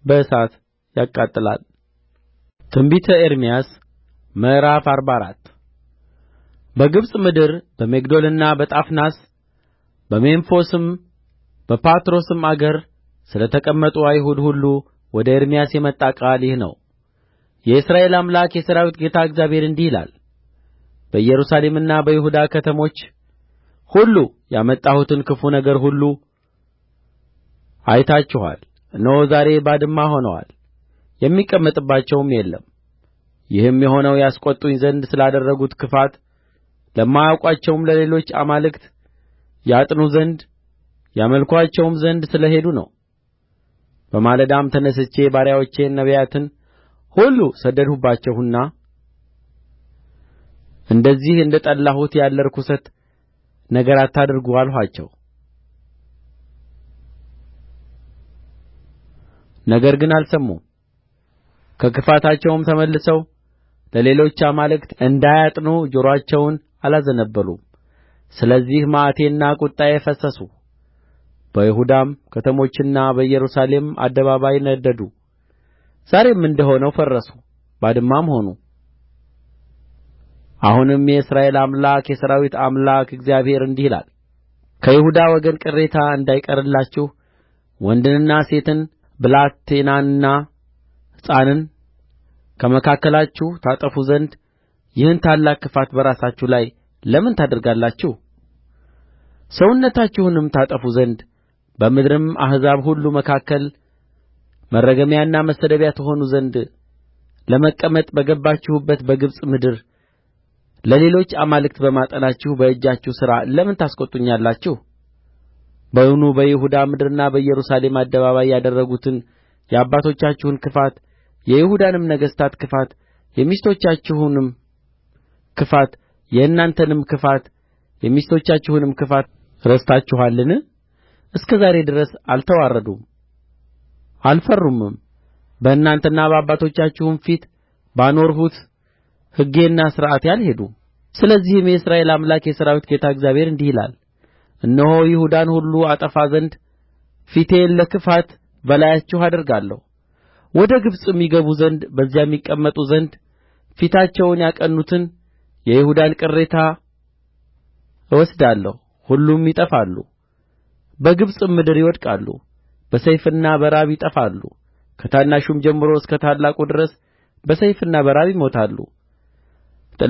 በእሳት ያቃጥላል ትንቢተ ኤርምያስ ምዕራፍ አርባ አራት በግብጽ ምድር በሚግዶልና በጣፍናስ በሜምፎስም በፓትሮስም አገር ስለ ተቀመጡ አይሁድ ሁሉ ወደ ኤርምያስ የመጣ ቃል ይህ ነው የእስራኤል አምላክ የሠራዊት ጌታ እግዚአብሔር እንዲህ ይላል በኢየሩሳሌምና በይሁዳ ከተሞች ሁሉ ያመጣሁትን ክፉ ነገር ሁሉ አይታችኋል እነሆ ዛሬ ባድማ ሆነዋል የሚቀመጥባቸውም የለም ይህም የሆነው ያስቈጡኝ ዘንድ ስላደረጉት ክፋት ለማያውቋቸውም ለሌሎች አማልክት ያጥኑ ዘንድ ያመልኩአቸውም ዘንድ ስለ ሄዱ ነው በማለዳም ተነሥቼ ባሪያዎቼን ነቢያትን ሁሉ ሰደድሁባቸውና እንደዚህ እንደ ጠላሁት ያለ ርኵሰት ነገር አታድርጉ አልኋቸው ነገር ግን አልሰሙም ከክፋታቸውም ተመልሰው ለሌሎች አማልክት እንዳያጥኑ ጆሮአቸውን አላዘነበሉም ስለዚህ መዓቴና ቍጣዬ ፈሰሱ በይሁዳም ከተሞችና በኢየሩሳሌም አደባባይ ነደዱ ዛሬም እንደ ሆነው ፈረሱ ባድማም ሆኑ አሁንም የእስራኤል አምላክ የሠራዊት አምላክ እግዚአብሔር እንዲህ ይላል ከይሁዳ ወገን ቅሬታ እንዳይቀርላችሁ ወንድንና ሴትን ብላቴናንና ሕፃንን ከመካከላችሁ ታጠፉ ዘንድ ይህን ታላቅ ክፋት በራሳችሁ ላይ ለምን ታደርጋላችሁ ሰውነታችሁንም ታጠፉ ዘንድ በምድርም አሕዛብ ሁሉ መካከል መረገሚያና መሰደቢያ ትሆኑ ዘንድ ለመቀመጥ በገባችሁበት በግብጽ ምድር ለሌሎች አማልክት በማጠናችሁ በእጃችሁ ሥራ ለምን ታስቈጡኛላችሁ በውኑ በይሁዳ ምድርና በኢየሩሳሌም አደባባይ ያደረጉትን የአባቶቻችሁን ክፋት የይሁዳንም ነገሥታት ክፋት የሚስቶቻችሁንም ክፋት የእናንተንም ክፋት የሚስቶቻችሁንም ክፋት ረስታችኋልን እስከ ዛሬ ድረስ አልተዋረዱም አልፈሩምም በእናንተና በአባቶቻችሁም ፊት ባኖርሁት ሕጌና ሥርዓቴ አልሄዱም ስለዚህም የእስራኤል አምላክ የሠራዊት ጌታ እግዚአብሔር እንዲህ ይላል እነሆ ይሁዳን ሁሉ አጠፋ ዘንድ ፊቴን ለክፋት በላያችሁ አደርጋለሁ ወደ ግብጽም ይገቡ ዘንድ በዚያም ይቀመጡ ዘንድ ፊታቸውን ያቀኑትን የይሁዳን ቅሬታ እወስዳለሁ ሁሉም ይጠፋሉ በግብጽም ምድር ይወድቃሉ በሰይፍና በራብ ይጠፋሉ ከታናሹም ጀምሮ እስከ ታላቁ ድረስ በሰይፍና በራብ ይሞታሉ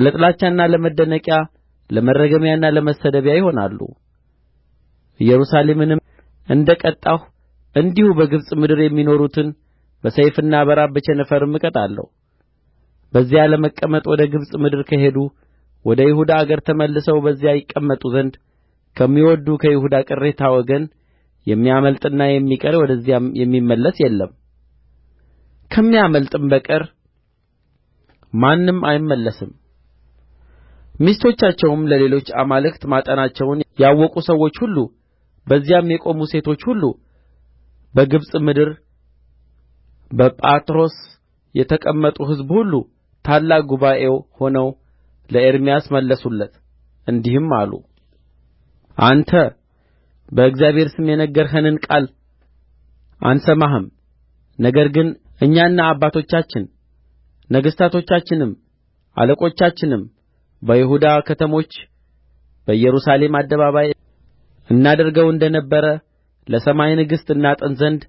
ለጥላቻና ለመደነቂያ ለመረገሚያና ለመሰደቢያ ይሆናሉ ኢየሩሳሌምንም እንደ ቀጣሁ እንዲሁ በግብጽ ምድር የሚኖሩትን በሰይፍና በራብ በቸነፈርም እቀጣለሁ በዚያ ለመቀመጥ ወደ ግብጽ ምድር ከሄዱ ወደ ይሁዳ አገር ተመልሰው በዚያ ይቀመጡ ዘንድ ከሚወድዱ ከይሁዳ ቅሬታ ወገን የሚያመልጥና የሚቀር ወደዚያም የሚመለስ የለም ከሚያመልጥም በቀር ማንም አይመለስም ሚስቶቻቸውም ለሌሎች አማልክት ማጠናቸውን ያወቁ ሰዎች ሁሉ በዚያም የቆሙ ሴቶች ሁሉ በግብጽ ምድር በጳትሮስ የተቀመጡ ሕዝብ ሁሉ ታላቅ ጉባኤ ሆነው ለኤርምያስ መለሱለት እንዲህም አሉ አንተ በእግዚአብሔር ስም የነገርኸንን ቃል አንሰማህም ነገር ግን እኛና አባቶቻችን ነገሥታቶቻችንም አለቆቻችንም በይሁዳ ከተሞች በኢየሩሳሌም አደባባይ እናደርገው እንደ ነበረ ለሰማይ ንግሥት እናጥን ዘንድ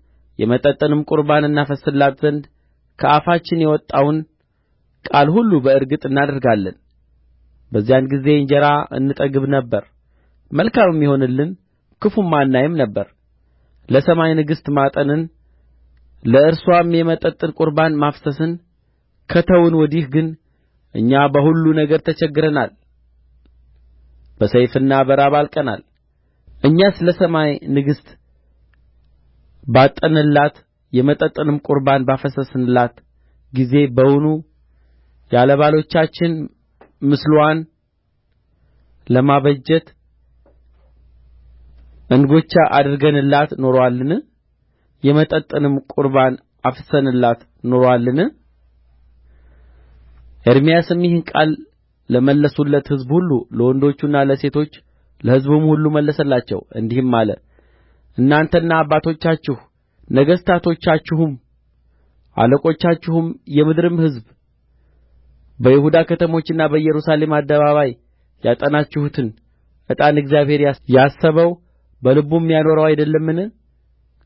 የመጠጥንም ቍርባን እናፈስስላት ዘንድ ከአፋችን የወጣውን ቃል ሁሉ በእርግጥ እናደርጋለን በዚያን ጊዜ እንጀራ እንጠግብ ነበር መልካምም ይሆንልን ክፉም አናይም ነበር ለሰማይ ንግሥት ማጠንን ለእርስዋም የመጠጥን ቍርባን ማፍሰስን ከተውን ወዲህ ግን እኛ በሁሉ ነገር ተቸግረናል በሰይፍና በራብ አልቀናል እኛስ ለሰማይ ንግሥት ባጠንንላት የመጠጥንም ቍርባን ባፈሰስንላት ጊዜ በውኑ ያለ ባሎቻችን ምስልዋን ለማበጀት እንጐቻ አድርገንላት ኖሮአልን የመጠጥንም ቍርባን አፍስሰንላት ኖሮአልን ኤርምያስም ይህን ቃል ለመለሱለት ሕዝብ ሁሉ ለወንዶቹና ለሴቶቹ ለሕዝቡም ሁሉ መለሰላቸው እንዲህም አለ እናንተና አባቶቻችሁ ነገሥታቶቻችሁም አለቆቻችሁም የምድርም ሕዝብ በይሁዳ ከተሞችና በኢየሩሳሌም አደባባይ ያጠናችሁትን ዕጣን እግዚአብሔር ያሰበው በልቡም ያኖረው አይደለምን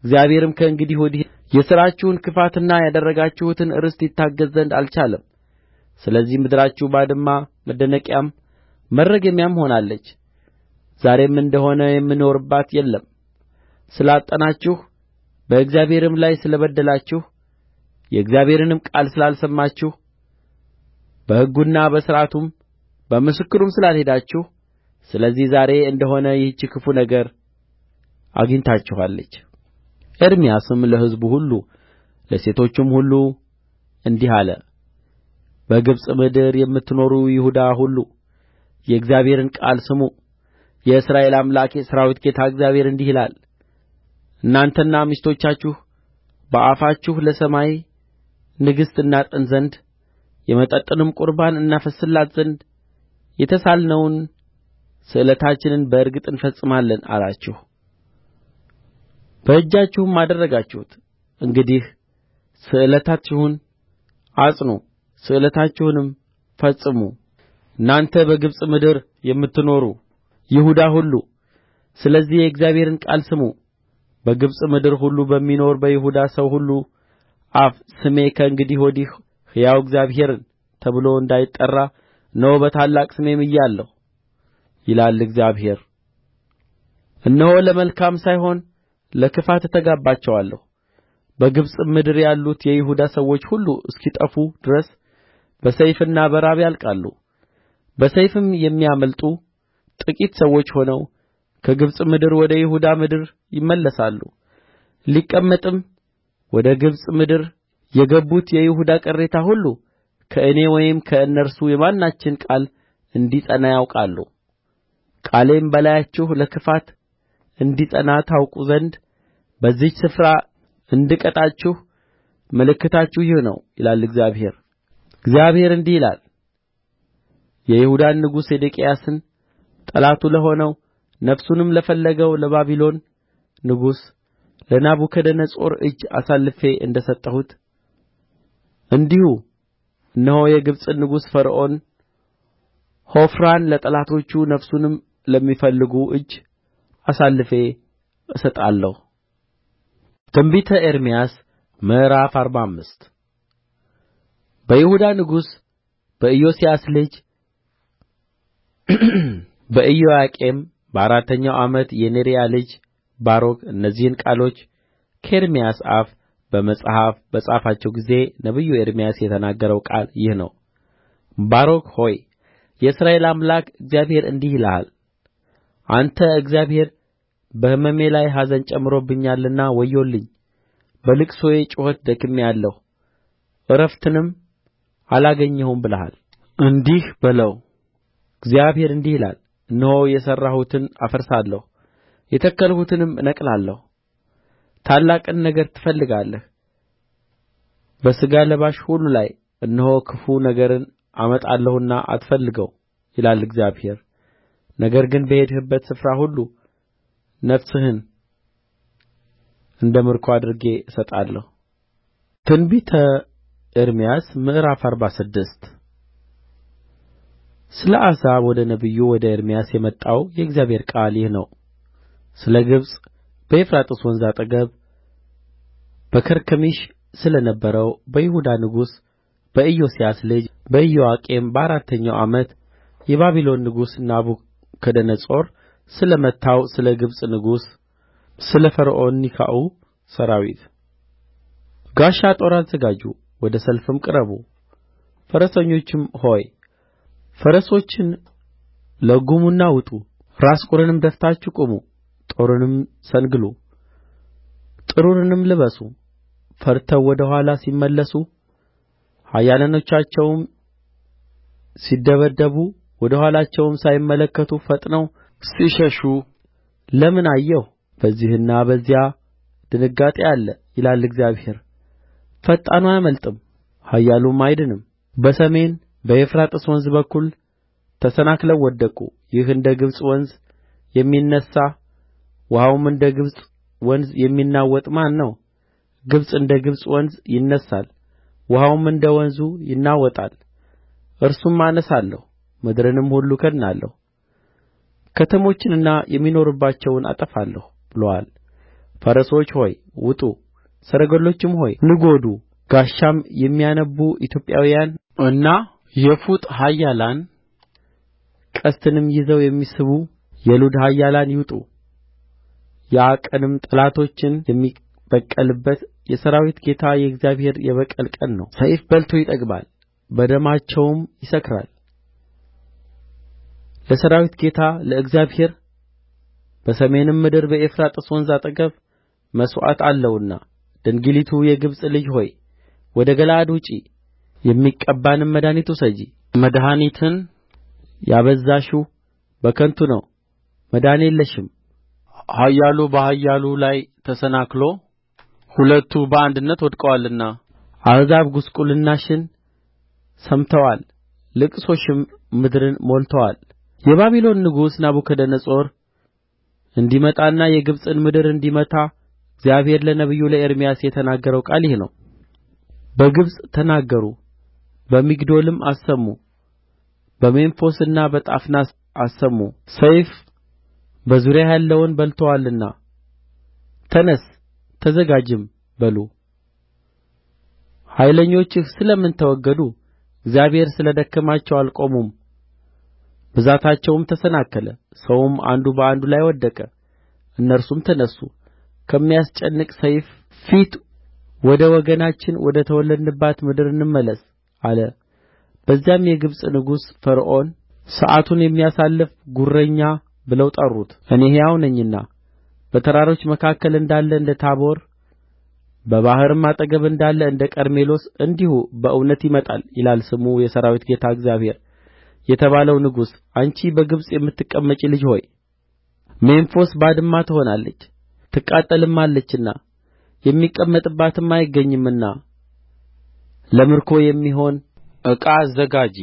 እግዚአብሔርም ከእንግዲህ ወዲህ የሥራችሁን ክፋትና ያደረጋችሁትን ርስት ይታገሥ ዘንድ አልቻለም ስለዚህ ምድራችሁ ባድማ መደነቂያም መረገሚያም ሆናለች ዛሬም እንደ ሆነ የሚኖርባት የለም ስላጠናችሁ በእግዚአብሔርም ላይ ስለ በደላችሁ የእግዚአብሔርንም ቃል ስላልሰማችሁ በሕጉና በሥርዓቱም በምስክሩም ስላልሄዳችሁ ስለዚህ ዛሬ እንደ ሆነ ይህች ክፉ ነገር አግኝታችኋለች ኤርምያስም ለሕዝቡ ሁሉ ለሴቶቹም ሁሉ እንዲህ አለ በግብጽ ምድር የምትኖሩ ይሁዳ ሁሉ የእግዚአብሔርን ቃል ስሙ የእስራኤል አምላክ የሠራዊት ጌታ እግዚአብሔር እንዲህ ይላል እናንተና ሚስቶቻችሁ በአፋችሁ ለሰማይ ንግሥት እናጥን ዘንድ የመጠጥንም ቍርባን እናፈስስላት ዘንድ የተሳልነውን ስእለታችንን በእርግጥ እንፈጽማለን አላችሁ በእጃችሁም አደረጋችሁት እንግዲህ ስእለታችሁን አጽኑ ስእለታችሁንም ፈጽሙ እናንተ በግብጽ ምድር የምትኖሩ ይሁዳ ሁሉ ስለዚህ የእግዚአብሔርን ቃል ስሙ በግብጽ ምድር ሁሉ በሚኖር በይሁዳ ሰው ሁሉ አፍ ስሜ ከእንግዲህ ወዲህ ሕያው እግዚአብሔርን ተብሎ እንዳይጠራ እነሆ በታላቅ ስሜ ምያለሁ ይላል እግዚአብሔር እነሆ ለመልካም ሳይሆን ለክፋት እተጋባቸዋለሁ በግብጽም ምድር ያሉት የይሁዳ ሰዎች ሁሉ እስኪጠፉ ድረስ በሰይፍና በራብ ያልቃሉ በሰይፍም የሚያመልጡ ጥቂት ሰዎች ሆነው ከግብጽ ምድር ወደ ይሁዳ ምድር ይመለሳሉ ሊቀመጥም ወደ ግብጽ ምድር የገቡት የይሁዳ ቅሬታ ሁሉ ከእኔ ወይም ከእነርሱ የማናችን ቃል እንዲጸና ያውቃሉ ቃሌም በላያችሁ ለክፋት እንዲጸና ታውቁ ዘንድ በዚህች ስፍራ እንድቀጣችሁ ምልክታችሁ ይህ ነው ይላል እግዚአብሔር እግዚአብሔር እንዲህ ይላል የይሁዳን ንጉሥ ሴዴቅያስን ጠላቱ ለሆነው ነፍሱንም ለፈለገው ለባቢሎን ንጉሥ ለናቡከደነፆር እጅ አሳልፌ እንደ ሰጠሁት እንዲሁ እነሆ የግብጽን ንጉሥ ፈርዖን ሖፍራን ለጠላቶቹ ነፍሱንም ለሚፈልጉ እጅ አሳልፌ እሰጣለሁ ትንቢተ ኤርምያስ ምዕራፍ አርባ አምስት በይሁዳ ንጉሥ በኢዮስያስ ልጅ በኢዮአቄም በአራተኛው ዓመት የኔርያ ልጅ ባሮክ እነዚህን ቃሎች ከኤርምያስ አፍ በመጽሐፍ በጻፋቸው ጊዜ ነቢዩ ኤርምያስ የተናገረው ቃል ይህ ነው ባሮክ ሆይ የእስራኤል አምላክ እግዚአብሔር እንዲህ ይልሃል አንተ እግዚአብሔር በሕመሜ ላይ ኀዘን ጨምሮብኛልና ወዮልኝ በልቅሶዬ ጩኸት ደክሜአለሁ ዕረፍትንም አላገኘሁም ብለሃል እንዲህ በለው እግዚአብሔር እንዲህ ይላል እነሆ የሠራሁትን አፈርሳለሁ የተከልሁትንም እነቅላለሁ ታላቅን ነገር ትፈልጋለህ በሥጋ ለባሽ ሁሉ ላይ እነሆ ክፉ ነገርን አመጣለሁና አትፈልገው ይላል እግዚአብሔር ነገር ግን በሄድህበት ስፍራ ሁሉ ነፍስህን እንደ ምርኮ አድርጌ እሰጣለሁ ትንቢተ ኤርምያስ ምዕራፍ አርባ ስድስት ስለ አሕዛብ ወደ ነቢዩ ወደ ኤርምያስ የመጣው የእግዚአብሔር ቃል ይህ ነው ስለ ግብጽ በኤፍራጥስ ወንዝ አጠገብ በከርከሚሽ ስለ ነበረው በይሁዳ ንጉሥ በኢዮስያስ ልጅ በኢዮአቄም በአራተኛው ዓመት የባቢሎን ንጉሥ ናቡከደነፆር ስለ መታው ስለ ግብጽ ንጉሥ ስለ ፈርዖን ኒካዑ ሠራዊት ጋሻ ጦር አዘጋጁ ወደ ሰልፍም ቅረቡ ፈረሰኞችም ሆይ ፈረሶችን ለግሙና ውጡ ራስ ቍርንም ደፍታችሁ ቁሙ ጦርንም ሰንግሉ ጥሩርንም ልበሱ ፈርተው ወደ ኋላ ሲመለሱ ኃያላኖቻቸውም ሲደበደቡ ወደ ኋላቸውም ሳይመለከቱ ፈጥነው ሲሸሹ ለምን አየሁ በዚህና በዚያ ድንጋጤ አለ ይላል እግዚአብሔር ፈጣኑ አያመልጥም ኃያሉም አይድንም በሰሜን በኤፍራጥስ ወንዝ በኩል ተሰናክለው ወደቁ ይህ እንደ ግብጽ ወንዝ የሚነሣ ውኃውም እንደ ግብጽ ወንዝ የሚናወጥ ማን ነው ግብጽ እንደ ግብጽ ወንዝ ይነሣል ውኃውም እንደ ወንዙ ይናወጣል እርሱም አነሣለሁ ምድርንም ሁሉ እከድናለሁ ከተሞችንና የሚኖሩባቸውን አጠፋለሁ ብሎአል ፈረሶች ሆይ ውጡ ሰረገሎችም ሆይ ንጐዱ ጋሻም የሚያነቡ ኢትዮጵያውያን እና የፉጥ ኃያላን ቀስትንም ይዘው የሚስቡ የሉድ ኃያላን ይውጡ ያ ቀንም ጠላቶችን የሚበቀልበት የሠራዊት ጌታ የእግዚአብሔር የበቀል ቀን ነው ሰይፍ በልቶ ይጠግባል በደማቸውም ይሰክራል ለሠራዊት ጌታ ለእግዚአብሔር በሰሜን ምድር በኤፍራጥስ ወንዝ አጠገብ መሥዋዕት አለውና ድንግሊቱ የግብጽ ልጅ ሆይ ወደ ገለዓድ ውጪ የሚቀባንም መድኃኒት ውሰጂ መድኃኒትን ያበዛሽው በከንቱ ነው መዳን የለሽም ኃያሉ በኃያሉ ላይ ተሰናክሎ ሁለቱ በአንድነት ወድቀዋልና አሕዛብ ጕስቍልናሽን ሰምተዋል ልቅሶሽም ምድርን ሞልቶአል የባቢሎን ንጉሥ ናቡከደነፆር እንዲመጣና የግብጽን ምድር እንዲመታ እግዚአብሔር ለነቢዩ ለኤርምያስ የተናገረው ቃል ይህ ነው በግብጽ ተናገሩ በሚግዶልም አሰሙ በሜምፎስና በጣፍናስ አሰሙ ሰይፍ በዙሪያህ ያለውን በልቶአልና ተነሥ ተዘጋጅም በሉ ኃይለኞችህ ስለ ምን ተወገዱ እግዚአብሔር ስለ ደከማቸው አልቆሙም ብዛታቸውም ተሰናከለ ሰውም አንዱ በአንዱ ላይ ወደቀ እነርሱም ተነሡ ከሚያስጨንቅ ሰይፍ ፊት ወደ ወገናችን ወደ ተወለድንባት ምድር እንመለስ አለ በዚያም የግብጽ ንጉሥ ፈርዖን ሰዓቱን የሚያሳልፍ ጉረኛ ብለው ጠሩት እኔ ሕያው ነኝና በተራሮች መካከል እንዳለ እንደ ታቦር በባሕርም አጠገብ እንዳለ እንደ ቀርሜሎስ እንዲሁ በእውነት ይመጣል ይላል ስሙ የሠራዊት ጌታ እግዚአብሔር የተባለው ንጉሥ አንቺ በግብጽ የምትቀመጪ ልጅ ሆይ ሜምፎስ ባድማ ትሆናለች ትቃጠልማለችና የሚቀመጥባትም አይገኝምና ለምርኮ የሚሆን ዕቃ አዘጋጂ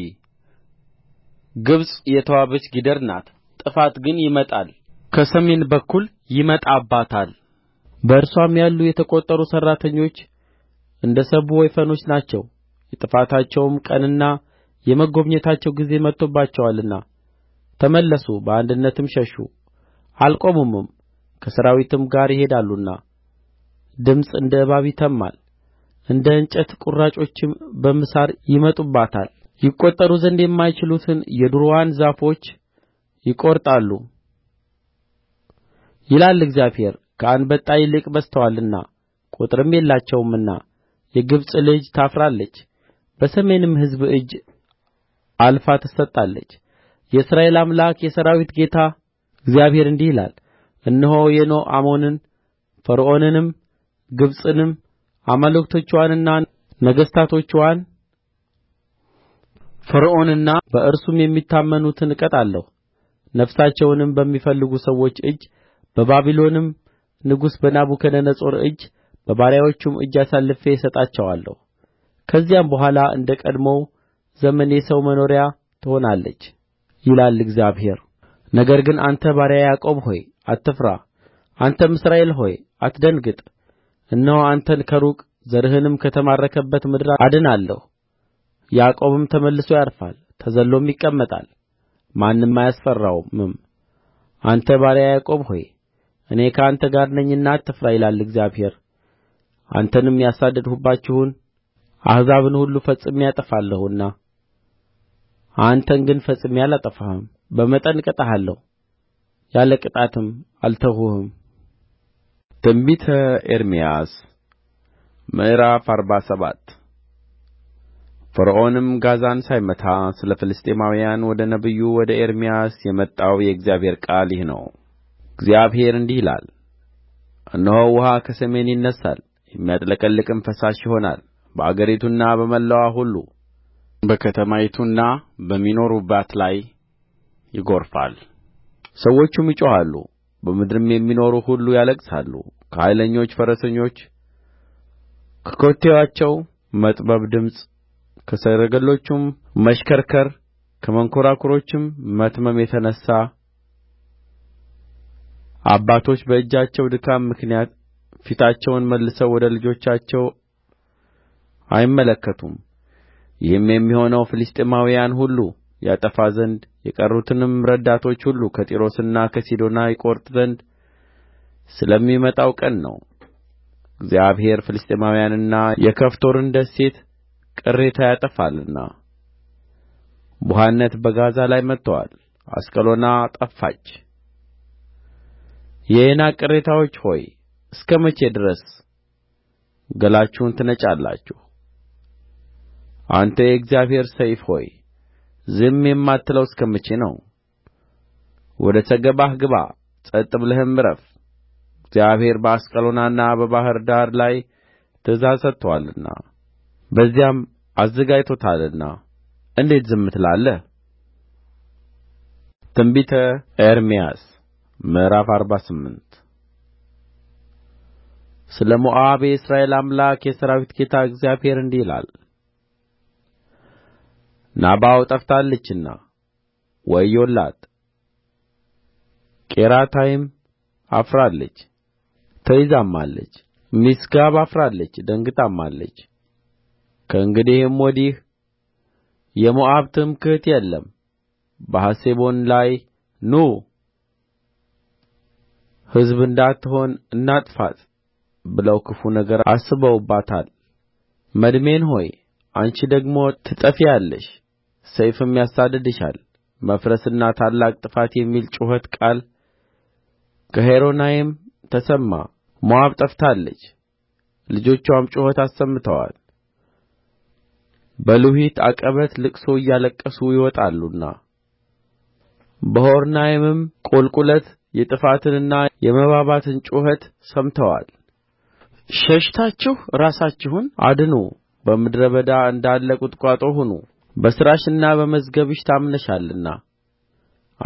ግብጽ የተዋበች ጊደር ናት ጥፋት ግን ይመጣል ከሰሜን በኩል ይመጣባታል በእርስዋም ያሉ የተቈጠሩ ሠራተኞች እንደ ሰቡ ወይፈኖች ናቸው የጥፋታቸውም ቀንና የመጐብኘታቸው ጊዜ መጥቶባቸዋልና ተመለሱ በአንድነትም ሸሹ አልቆሙምም ከሠራዊትም ጋር ይሄዳሉና ድምፅ እንደ እባብ ይተምማል እንደ እንጨት ቍራጮችም በምሳር ይመጡባታል ይቈጠሩ ዘንድ የማይችሉትን የዱርዋን ዛፎች ይቈርጣሉ ይላል እግዚአብሔር ከአንበጣ ይልቅ በዝተዋልና ቍጥርም የላቸውምና የግብጽ ልጅ ታፍራለች በሰሜንም ሕዝብ እጅ አልፋ ትሰጣለች የእስራኤል አምላክ የሠራዊት ጌታ እግዚአብሔር እንዲህ ይላል እነሆ አሞንን ፈርዖንንም ግብጽንም አማልክቶችዋንና ነገሥታቶችዋን ፈርዖንንና በእርሱም የሚታመኑትን እቀጣለሁ ነፍሳቸውንም በሚፈልጉ ሰዎች እጅ በባቢሎንም ንጉሥ በናቡከደነፆር እጅ በባሪያዎቹም እጅ አሳልፌ እሰጣቸዋለሁ ከዚያም በኋላ እንደ ቀድሞው ዘመን የሰው መኖሪያ ትሆናለች ይላል እግዚአብሔር ነገር ግን አንተ ባሪያዬ ያዕቆብ ሆይ አትፍራ አንተም እስራኤል ሆይ አትደንግጥ እነሆ አንተን ከሩቅ ዘርህንም ከተማረከባት ምድር አድናለሁ ያዕቆብም ተመልሶ ያርፋል ተዘልሎም ይቀመጣል ማንም አያስፈራውምም አንተ ባሪያዬ ያዕቆብ ሆይ እኔ ከአንተ ጋር ነኝና አትፍራ ይላል እግዚአብሔር አንተንም ያሳደድሁባችሁን አሕዛብን ሁሉ ፈጽሜ አጠፋለሁና አንተን ግን ፈጽሜ አላጠፋህም በመጠን እቀጣሃለሁ ያለ ቅጣትም አልተውህም ትንቢተ ኤርምያስ ምዕራፍ አርባ ሰባት ፈርዖንም ጋዛን ሳይመታ ስለ ፍልስጥኤማውያን ወደ ነቢዩ ወደ ኤርምያስ የመጣው የእግዚአብሔር ቃል ይህ ነው እግዚአብሔር እንዲህ ይላል እነሆ ውኃ ከሰሜን ይነሣል የሚያጥለቀልቅም ፈሳሽ ይሆናል በአገሪቱና በመላዋ ሁሉ በከተማይቱና በሚኖሩባት ላይ ይጐርፋል ሰዎቹም ይጮኻሉ በምድርም የሚኖሩ ሁሉ ያለቅሳሉ ከኃይለኞች ፈረሰኞች ከኮቴያቸው መጠብጠብ ድምፅ ከሰረገሎቹም መሽከርከር ከመንኰራኵሮችም መትመም የተነሣ አባቶች በእጃቸው ድካም ምክንያት ፊታቸውን መልሰው ወደ ልጆቻቸው አይመለከቱም ይህም የሚሆነው ፍልስጥኤማውያን ሁሉ ያጠፋ ዘንድ የቀሩትንም ረዳቶች ሁሉ ከጢሮስና ከሲዶና ይቈርጥ ዘንድ ስለሚመጣው ቀን ነው እግዚአብሔር ፍልስጥኤማውያንንና የከፍቶርን ደሴት ቅሬታ ያጠፋልና ቡሀነት በጋዛ ላይ መጥቶአል አስቀሎና ጠፋች የዔናቅ ቅሬታዎች ሆይ እስከ መቼ ድረስ ገላችሁን ትነጫላችሁ አንተ የእግዚአብሔር ሰይፍ ሆይ ዝም የማትለው እስከ መቼ ነው ወደ ሰገባህ ግባ ጸጥ ብለህም ዕረፍ እግዚአብሔር በአስቀሎናና በባሕር ዳር ላይ ትእዛዝ ሰጥቶአልና በዚያም አዘጋጅቶታልና እንዴት ዝም ትላለህ ትንቢተ ኤርምያስ ምዕራፍ አርባ ስምንት ስለ ሞዓብ የእስራኤል አምላክ የሠራዊት ጌታ እግዚአብሔር እንዲህ ይላል ናባው ጠፍታለችና ወዮላት ቂርያታይም አፍራለች ተይዛማለች ሚስጋብ አፍራለች ደንግጣማለች ከእንግዲህም ወዲህ የሞዓብ ትምክሕት የለም በሐሴቦን ላይ ኑ ሕዝብ እንዳትሆን እናጥፋት ብለው ክፉ ነገር አስበውባታል መድሜን ሆይ አንቺ ደግሞ ትጠፊአለሽ ሰይፍም ያሳድድሻል መፍረስና ታላቅ ጥፋት የሚል የጩኸት ቃል ከሖሮናይም ተሰማ ሞዓብ ጠፍታለች ልጆችዋም ጩኸት አሰምተዋል በሉሒት ዐቀበት ልቅሶ እያለቀሱ ይወጣሉና በሖሮናይምም ቍልቍለት የጥፋትንና የመባባትን ጩኸት ሰምተዋል ሸሽታችሁ ራሳችሁን አድኑ በምድረ በዳ እንዳለ ቁጥቋጦ ሁኑ በሥራሽና በመዝገብሽ ታምነሻልና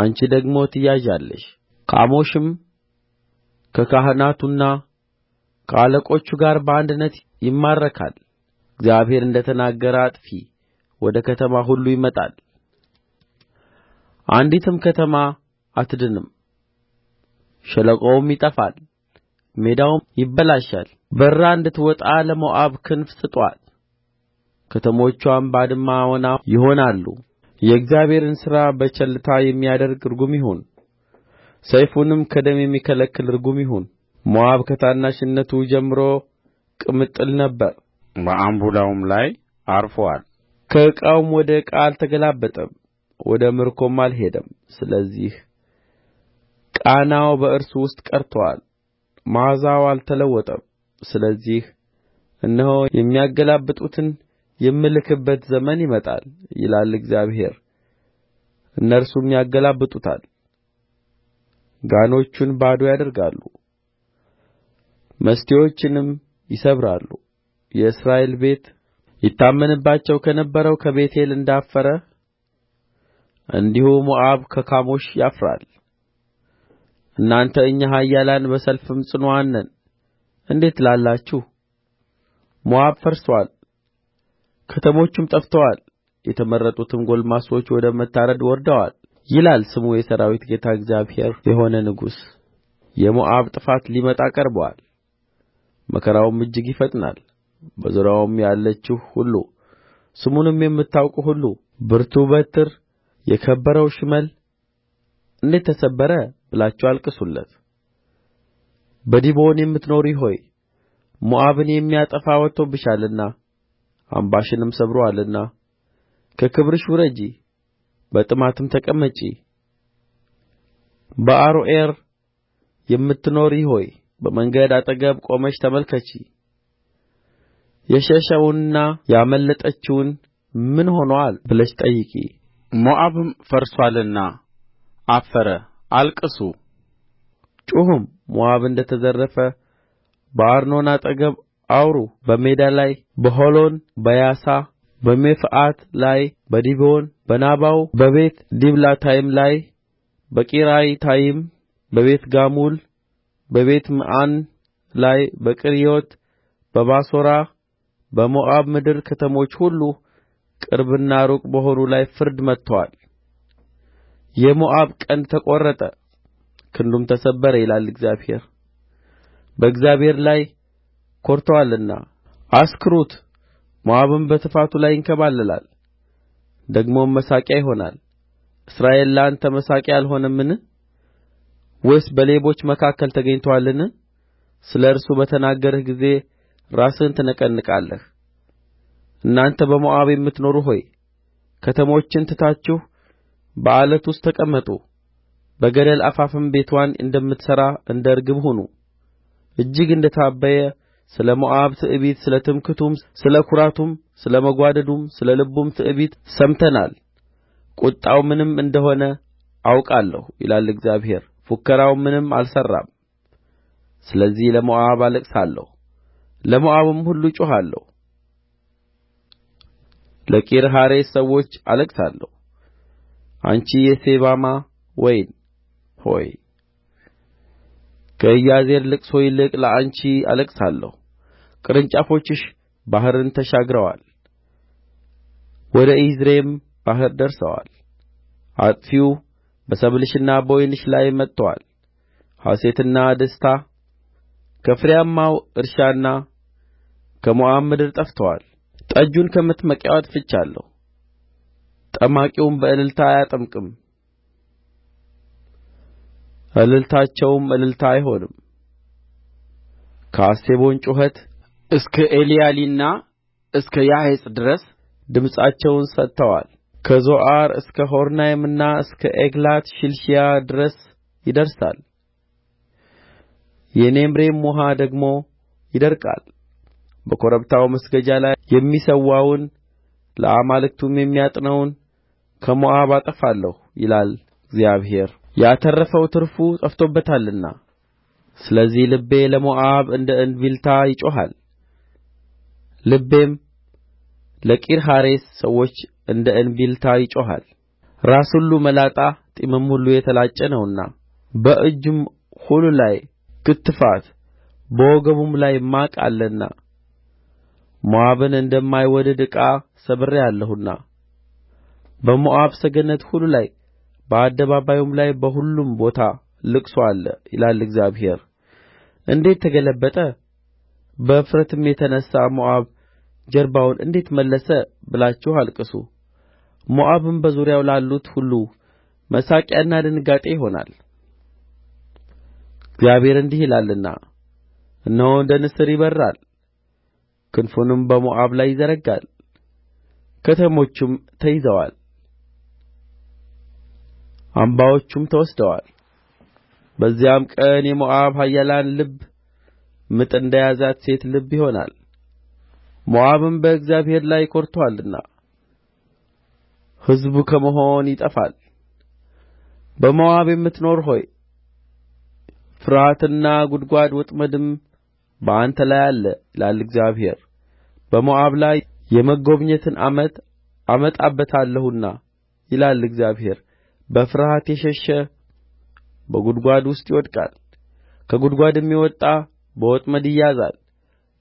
አንቺ ደግሞ ትያዣለሽ ካሞሽም ከካህናቱና ከአለቆቹ ጋር በአንድነት ይማረካል እግዚአብሔር እንደ ተናገረ አጥፊ ወደ ከተማ ሁሉ ይመጣል አንዲትም ከተማ አትድንም ሸለቆውም ይጠፋል ሜዳውም ይበላሻል በርራ እንድትወጣ ለሞዓብ ክንፍ ስጡአት ከተሞችዋም ባድማ ወና ይሆናሉ የእግዚአብሔርን ሥራ በቸልታ የሚያደርግ ርጉም ይሁን ሰይፉንም ከደም የሚከለክል ርጉም ይሁን ሞዓብ ከታናሽነቱ ጀምሮ ቅምጥል ነበረ በአምቡላውም ላይ ዐርፎአል ከዕቃውም ወደ ዕቃ አልተገላበጠም ወደ ምርኮም አልሄደም ስለዚህ ቃናው በእርሱ ውስጥ ቀርቶአል መዓዛው አልተለወጠም ስለዚህ እነሆ የሚያገላብጡትን የምልክበት ዘመን ይመጣል ይላል እግዚአብሔር እነርሱም ያገላብጡታል ጋኖቹን ባዶ ያደርጋሉ መስቴዎችንም ይሰብራሉ የእስራኤል ቤት ይታመንባቸው ከነበረው ከቤቴል እንዳፈረ እንዲሁ ሞዓብ ከካሞሽ ያፍራል እናንተ እኛ ኃያላን በሰልፍም ጽኑዓን ነን እንዴት ትላላችሁ ሞዓብ ፈርሶአል ከተሞቹም ጠፍተዋል የተመረጡትም ጕልማሶች ወደ መታረድ ወርደዋል ይላል ስሙ የሠራዊት ጌታ እግዚአብሔር የሆነ ንጉሥ የሞዓብ ጥፋት ሊመጣ ቀርቦአል መከራውም እጅግ ይፈጥናል በዙሪያውም ያለችው ሁሉ ስሙንም የምታውቁ ሁሉ ብርቱ በትር የከበረው ሽመል እንዴት ተሰበረ ብላችሁ አልቅሱለት በዲቦን የምትኖሪ ሆይ ሞዓብን የሚያጠፋ ወጥቶብሻልና አምባሽንም ሰብሮአልና ከክብርሽ ውረጂ በጥማትም ተቀመጪ በአሮዔር የምትኖሪ ሆይ በመንገድ አጠገብ ቆመሽ ተመልከቺ የሸሸውንና ያመለጠችውን ምን ሆኖአል ብለሽ ጠይቂ ሞዓብም ፈርሶአልና አፈረ አልቅሱ ጩኹም ሞዓብ እንደ ተዘረፈ በአርኖን አጠገብ አውሩ በሜዳ ላይ በሖሎን በያሳ በሜፍዓት ላይ በዲቦን በናባው በቤት ዲብላታይም ላይ በቂርያታይም በቤት በቤትምዖን ላይ በቂርዮት በባሶራ በሞዓብ ምድር ከተሞች ሁሉ ቅርብና ሩቅ በሆኑ ላይ ፍርድ መጥቶአል የሞዓብ ቀንድ ተቈረጠ ክንዱም ተሰበረ ይላል እግዚአብሔር በእግዚአብሔር ላይ ኰርቶአልና አስክሩት ሞዓብም በትፋቱ ላይ ይንከባለላል ደግሞም መሳቂያ ይሆናል እስራኤል ለአንተ መሳቂያ አልሆነምን ወይስ በሌቦች መካከል ተገኝቶአልን ስለ እርሱ በተናገርህ ጊዜ ራስህን ትነቀንቃለህ እናንተ በሞዓብ የምትኖሩ ሆይ ከተሞችን ትታችሁ በዓለት ውስጥ ተቀመጡ በገደል አፋፍም ቤትዋን እንደምትሠራ እንደ ርግብ ሁኑ እጅግ እንደ ታበየ ስለ ሞዓብ ትዕቢት ስለ ትምክህቱም፣ ስለ ኩራቱም ስለ መጓደዱም ስለ ልቡም ትዕቢት ሰምተናል ቍጣው ምንም እንደ ሆነ አውቃለሁ ይላል እግዚአብሔር ፉከራው ምንም አልሠራም ስለዚህ ለሞዓብ አለቅሳለሁ ለሞዓብም ሁሉ እጮኻለሁ ለቂርሔሬስ ሰዎች አለቅሳለሁ አንቺ የሴባማ ወይን ሆይ ከኢያዜር ልቅሶ ይልቅ ለአንቺ አለቅሳለሁ ቅርንጫፎችሽ ባሕርን ተሻግረዋል ወደ ኢያዜርም ባሕር ደርሰዋል አጥፊው በሰብልሽና በወይንሽ ላይ መጥቶአል ሐሤትና ደስታ ከፍሬያማው እርሻና ከሞዓብ ምድር ጠፍተዋል ጠጁን ከመጥመቂያው አጥፍቻለሁ ጠማቂውም በእልልታ አያጠምቅም እልልታቸውም እልልታ አይሆንም ከሐሴቦን ጩኸት እስከ ኤልያሊና እስከ ያሀጽ ድረስ ድምፃቸውን ሰጥተዋል ከዞዓር እስከ ሖሮናይምና እስከ ዔግላት ሽሊሺያ ድረስ ይደርሳል የኔምሬም ውኃ ደግሞ ይደርቃል በኮረብታው መስገጃ ላይ የሚሠዋውን ለአማልክቱም የሚያጥነውን ከሞዓብ አጠፋለሁ ይላል እግዚአብሔር ያተረፈው ትርፉ ጠፍቶበታልና ስለዚህ ልቤ ለሞዓብ እንደ እንቢልታ ይጮኻል ልቤም ለቂርሔሬስ ሰዎች እንደ እንቢልታ ይጮኻል ራስ ሁሉ መላጣ ጢምም ሁሉ የተላጨ ነውና በእጁም ሁሉ ላይ ክትፋት በወገቡም ላይ ማቅ አለና ሞዓብን እንደማይወደድ ዕቃ ሰብሬአለሁና በሞዓብ ሰገነት ሁሉ ላይ በአደባባዩም ላይ በሁሉም ቦታ ልቅሶ አለ ይላል እግዚአብሔር እንዴት ተገለበጠ በእፍረትም የተነሣ ሞዓብ ጀርባውን እንዴት መለሰ ብላችሁ አልቅሱ ሞዓብም በዙሪያው ላሉት ሁሉ መሳቂያና ድንጋጤ ይሆናል እግዚአብሔር እንዲህ ይላልና እነሆ እንደ ንስር ይበራል ክንፉንም በሞዓብ ላይ ይዘረጋል ከተሞቹም ተይዘዋል አምባዎቹም ተወስደዋል በዚያም ቀን የሞዓብ ኃያላን ልብ ምጥ እንደ ያዛት ሴት ልብ ይሆናል ሞዓብም በእግዚአብሔር ላይ ኰርቶአልና ሕዝቡ ከመሆን ይጠፋል በሞዓብ የምትኖር ሆይ ፍርሃትና ጕድጓድ ወጥመድም በአንተ ላይ አለ ይላል እግዚአብሔር በሞዓብ ላይ የመጐብኘትን ዓመት አመጣበታለሁና ይላል እግዚአብሔር በፍርሃት የሸሸ በጕድጓድ ውስጥ ይወድቃል ከጕድጓድም የወጣ በወጥመድ ይያዛል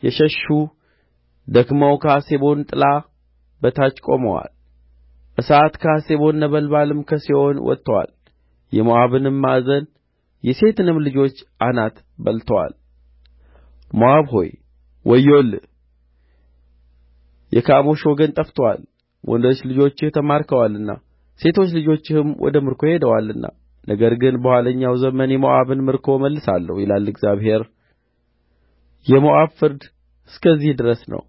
የሸሹ ደክመው ከሐሴቦን ጥላ በታች ቆመዋል እሳት ከሐሴቦን ነበልባልም ከሴዎን ወጥቶአል የሞዓብንም ማዕዘን የሴትንም ልጆች አናት በልቶአል ሞዓብ ሆይ ወዮልህ የካሞሽ ወገን ጠፍቶአል ወንዶች ልጆችህ ተማርከዋልና ሴቶች ልጆችህም ወደ ምርኮ ሄደዋልና ነገር ግን በኋለኛው ዘመን የሞዓብን ምርኮ እመልሳለሁ ይላል እግዚአብሔር የሞዓብ ፍርድ እስከዚህ ድረስ ነው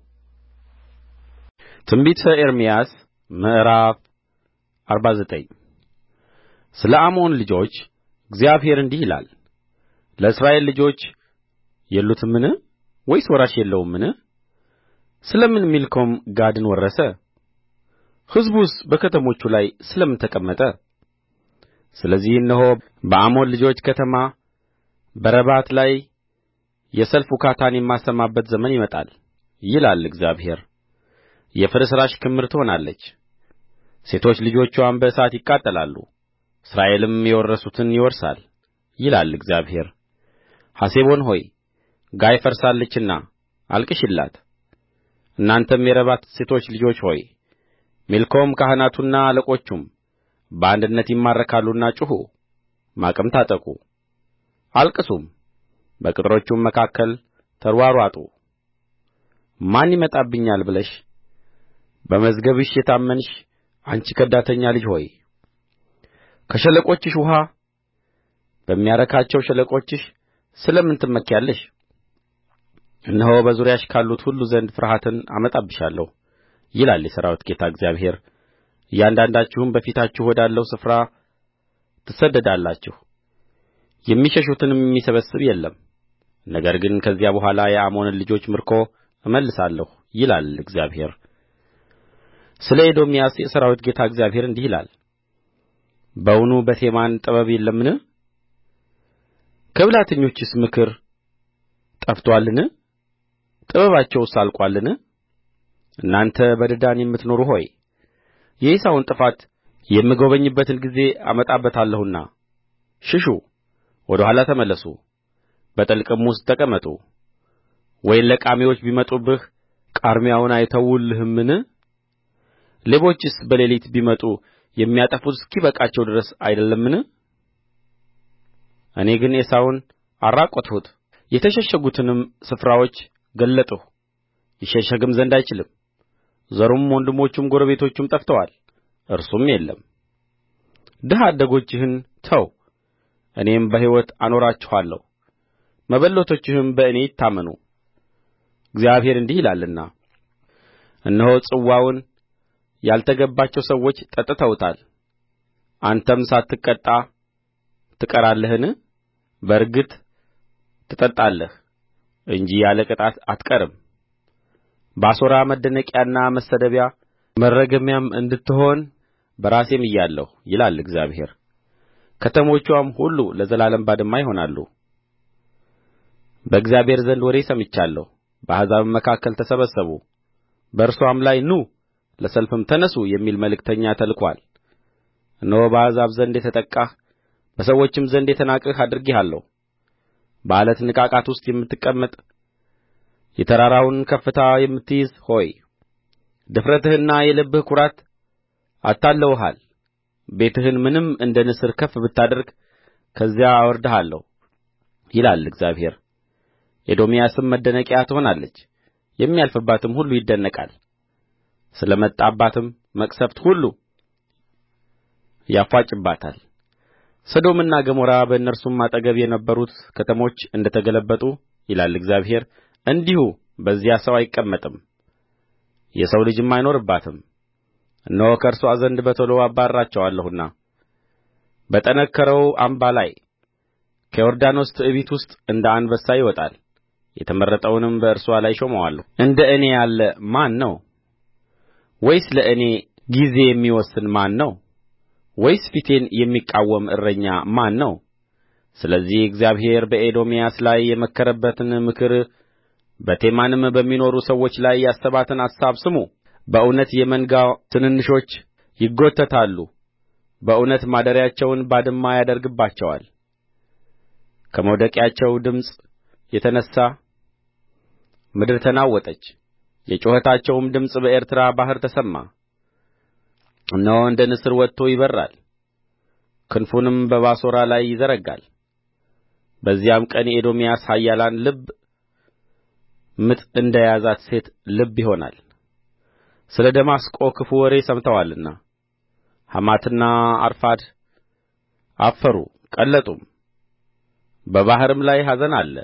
ትንቢተ ኤርምያስ ምዕራፍ አርባ ዘጠኝ ስለ አሞን ልጆች እግዚአብሔር እንዲህ ይላል ለእስራኤል ልጆች የሉትምን ወይስ ወራሽ የለውምን ስለ ምን ሚልኮም ጋድን ወረሰ ሕዝቡስ በከተሞቹ ላይ ስለ ምን ተቀመጠ ስለዚህ እነሆ በአሞን ልጆች ከተማ በረባት ላይ የሰልፍ ውካታን የማሰማበት ዘመን ይመጣል ይላል እግዚአብሔር የፍርስራሽ ክምር ትሆናለች ሴቶች ልጆችዋም በእሳት ይቃጠላሉ እስራኤልም የወረሱትን ይወርሳል ይላል እግዚአብሔር ሐሴቦን ሆይ ጋይ ፈርሳለችና አልቅሺላት እናንተም የረባት ሴቶች ልጆች ሆይ ሚልኮም ካህናቱና አለቆቹም በአንድነት ይማረካሉና ጩኹ ማቅም ታጠቁ አልቅሱም በቅጥሮቹም መካከል ተርዋርዋጡ ማን ይመጣብኛል ብለሽ በመዝገብሽ የታመንሽ አንቺ ከዳተኛ ልጅ ሆይ ከሸለቆችሽ ውኃ በሚያረካቸው ሸለቆችሽ ስለ ምን ትመኪያለሽ እነሆ በዙሪያሽ ካሉት ሁሉ ዘንድ ፍርሃትን አመጣብሻለሁ ይላል የሠራዊት ጌታ እግዚአብሔር እያንዳንዳችሁም በፊታችሁ ወዳለው ስፍራ ትሰደዳላችሁ የሚሸሹትንም የሚሰበስብ የለም ነገር ግን ከዚያ በኋላ የአሞንን ልጆች ምርኮ እመልሳለሁ ይላል እግዚአብሔር ስለ ኤዶምያስ የሠራዊት ጌታ እግዚአብሔር እንዲህ ይላል በውኑ በቴማን ጥበብ የለምን ከብልሃተኞችስ ምክር ጠፍቶአልን ጥበባቸውስ አልቆአልን እናንተ በድዳን የምትኖሩ ሆይ የዔሳውን ጥፋት የምጐበኝበትን ጊዜ አመጣበታለሁና ሽሹ ወደ ኋላ ተመለሱ በጥልቅም ውስጥ ተቀመጡ ወይን ለቃሚዎች ቢመጡብህ ቃርሚያውን አይተውልህምን ሌቦችስ በሌሊት ቢመጡ የሚያጠፉት እስኪበቃቸው ድረስ አይደለምን እኔ ግን ዔሳውን አራቈትሁት የተሸሸጉትንም ስፍራዎች ገለጥሁ ይሸሸግም ዘንድ አይችልም ዘሩም ወንድሞቹም ጎረቤቶቹም ጠፍተዋል እርሱም የለም ድሀ አደጎችህን ተው እኔም በሕይወት አኖራችኋለሁ መበለቶችህም በእኔ ይታመኑ እግዚአብሔር እንዲህ ይላልና እነሆ ጽዋውን ያልተገባቸው ሰዎች ጠጥተውታል አንተም ሳትቀጣ ትቀራለህን በእርግጥ ትጠጣለህ እንጂ ያለ ቅጣት አትቀርም ባሶራ መደነቂያና መሰደቢያ መረገሚያም እንድትሆን በራሴ ምያለሁ ይላል እግዚአብሔር ከተሞችዋም ሁሉ ለዘላለም ባድማ ይሆናሉ በእግዚአብሔር ዘንድ ወሬ ሰምቻለሁ በአሕዛብም መካከል ተሰበሰቡ በእርስዋም ላይ ኑ ለሰልፍም ተነሡ የሚል መልእክተኛ ተልኮአል እነሆ በአሕዛብ ዘንድ የተጠቃህ በሰዎችም ዘንድ የተናቅህ አድርጌሃለሁ በዓለት ንቃቃት ውስጥ የምትቀመጥ የተራራውን ከፍታ የምትይዝ ሆይ ድፍረትህና የልብህ ኵራት አታልለውሃል ቤትህን ምንም እንደ ንስር ከፍ ብታደርግ ከዚያ አወርድሃለሁ ይላል እግዚአብሔር ኤዶምያስም መደነቂያ ትሆናለች የሚያልፍባትም ሁሉ ይደነቃል ስለ መጣባትም መቅሠፍት ሁሉ ያፋጭባታል ሰዶምና ገሞራ በእነርሱም አጠገብ የነበሩት ከተሞች እንደ ተገለበጡ ይላል እግዚአብሔር እንዲሁ በዚያ ሰው አይቀመጥም የሰው ልጅም አይኖርባትም እነሆ ከእርስዋ ዘንድ በቶሎ አባርራቸዋለሁና በጠነከረው አምባ ላይ ከዮርዳኖስ ትዕቢት ውስጥ እንደ አንበሳ ይወጣል የተመረጠውንም በእርስዋ ላይ እሾመዋለሁ እንደ እኔ ያለ ማን ነው ወይስ ለእኔ ጊዜ የሚወስን ማን ነው ወይስ ፊቴን የሚቃወም እረኛ ማን ነው ስለዚህ እግዚአብሔር በኤዶምያስ ላይ የመከረበትን ምክር በቴማንም በሚኖሩ ሰዎች ላይ ያሰባትን አሳብ ስሙ በእውነት የመንጋው ትንንሾች ይጐተታሉ በእውነት ማደሪያቸውን ባድማ ያደርግባቸዋል ከመውደቃቸው ድምፅ የተነሣ ምድር ተናወጠች የጩኸታቸውም ድምፅ በኤርትራ ባሕር ተሰማ እነሆ እንደ ንስር ወጥቶ ይበራል ክንፉንም በባሶራ ላይ ይዘረጋል በዚያም ቀን የኤዶምያስ ኃያላን ልብ ምጥ እንደ ያዛት ሴት ልብ ይሆናል ስለ ደማስቆ ክፉ ወሬ ሰምተዋልና ሐማትና አርፋድ አፈሩ ቀለጡም በባሕርም ላይ ኀዘን አለ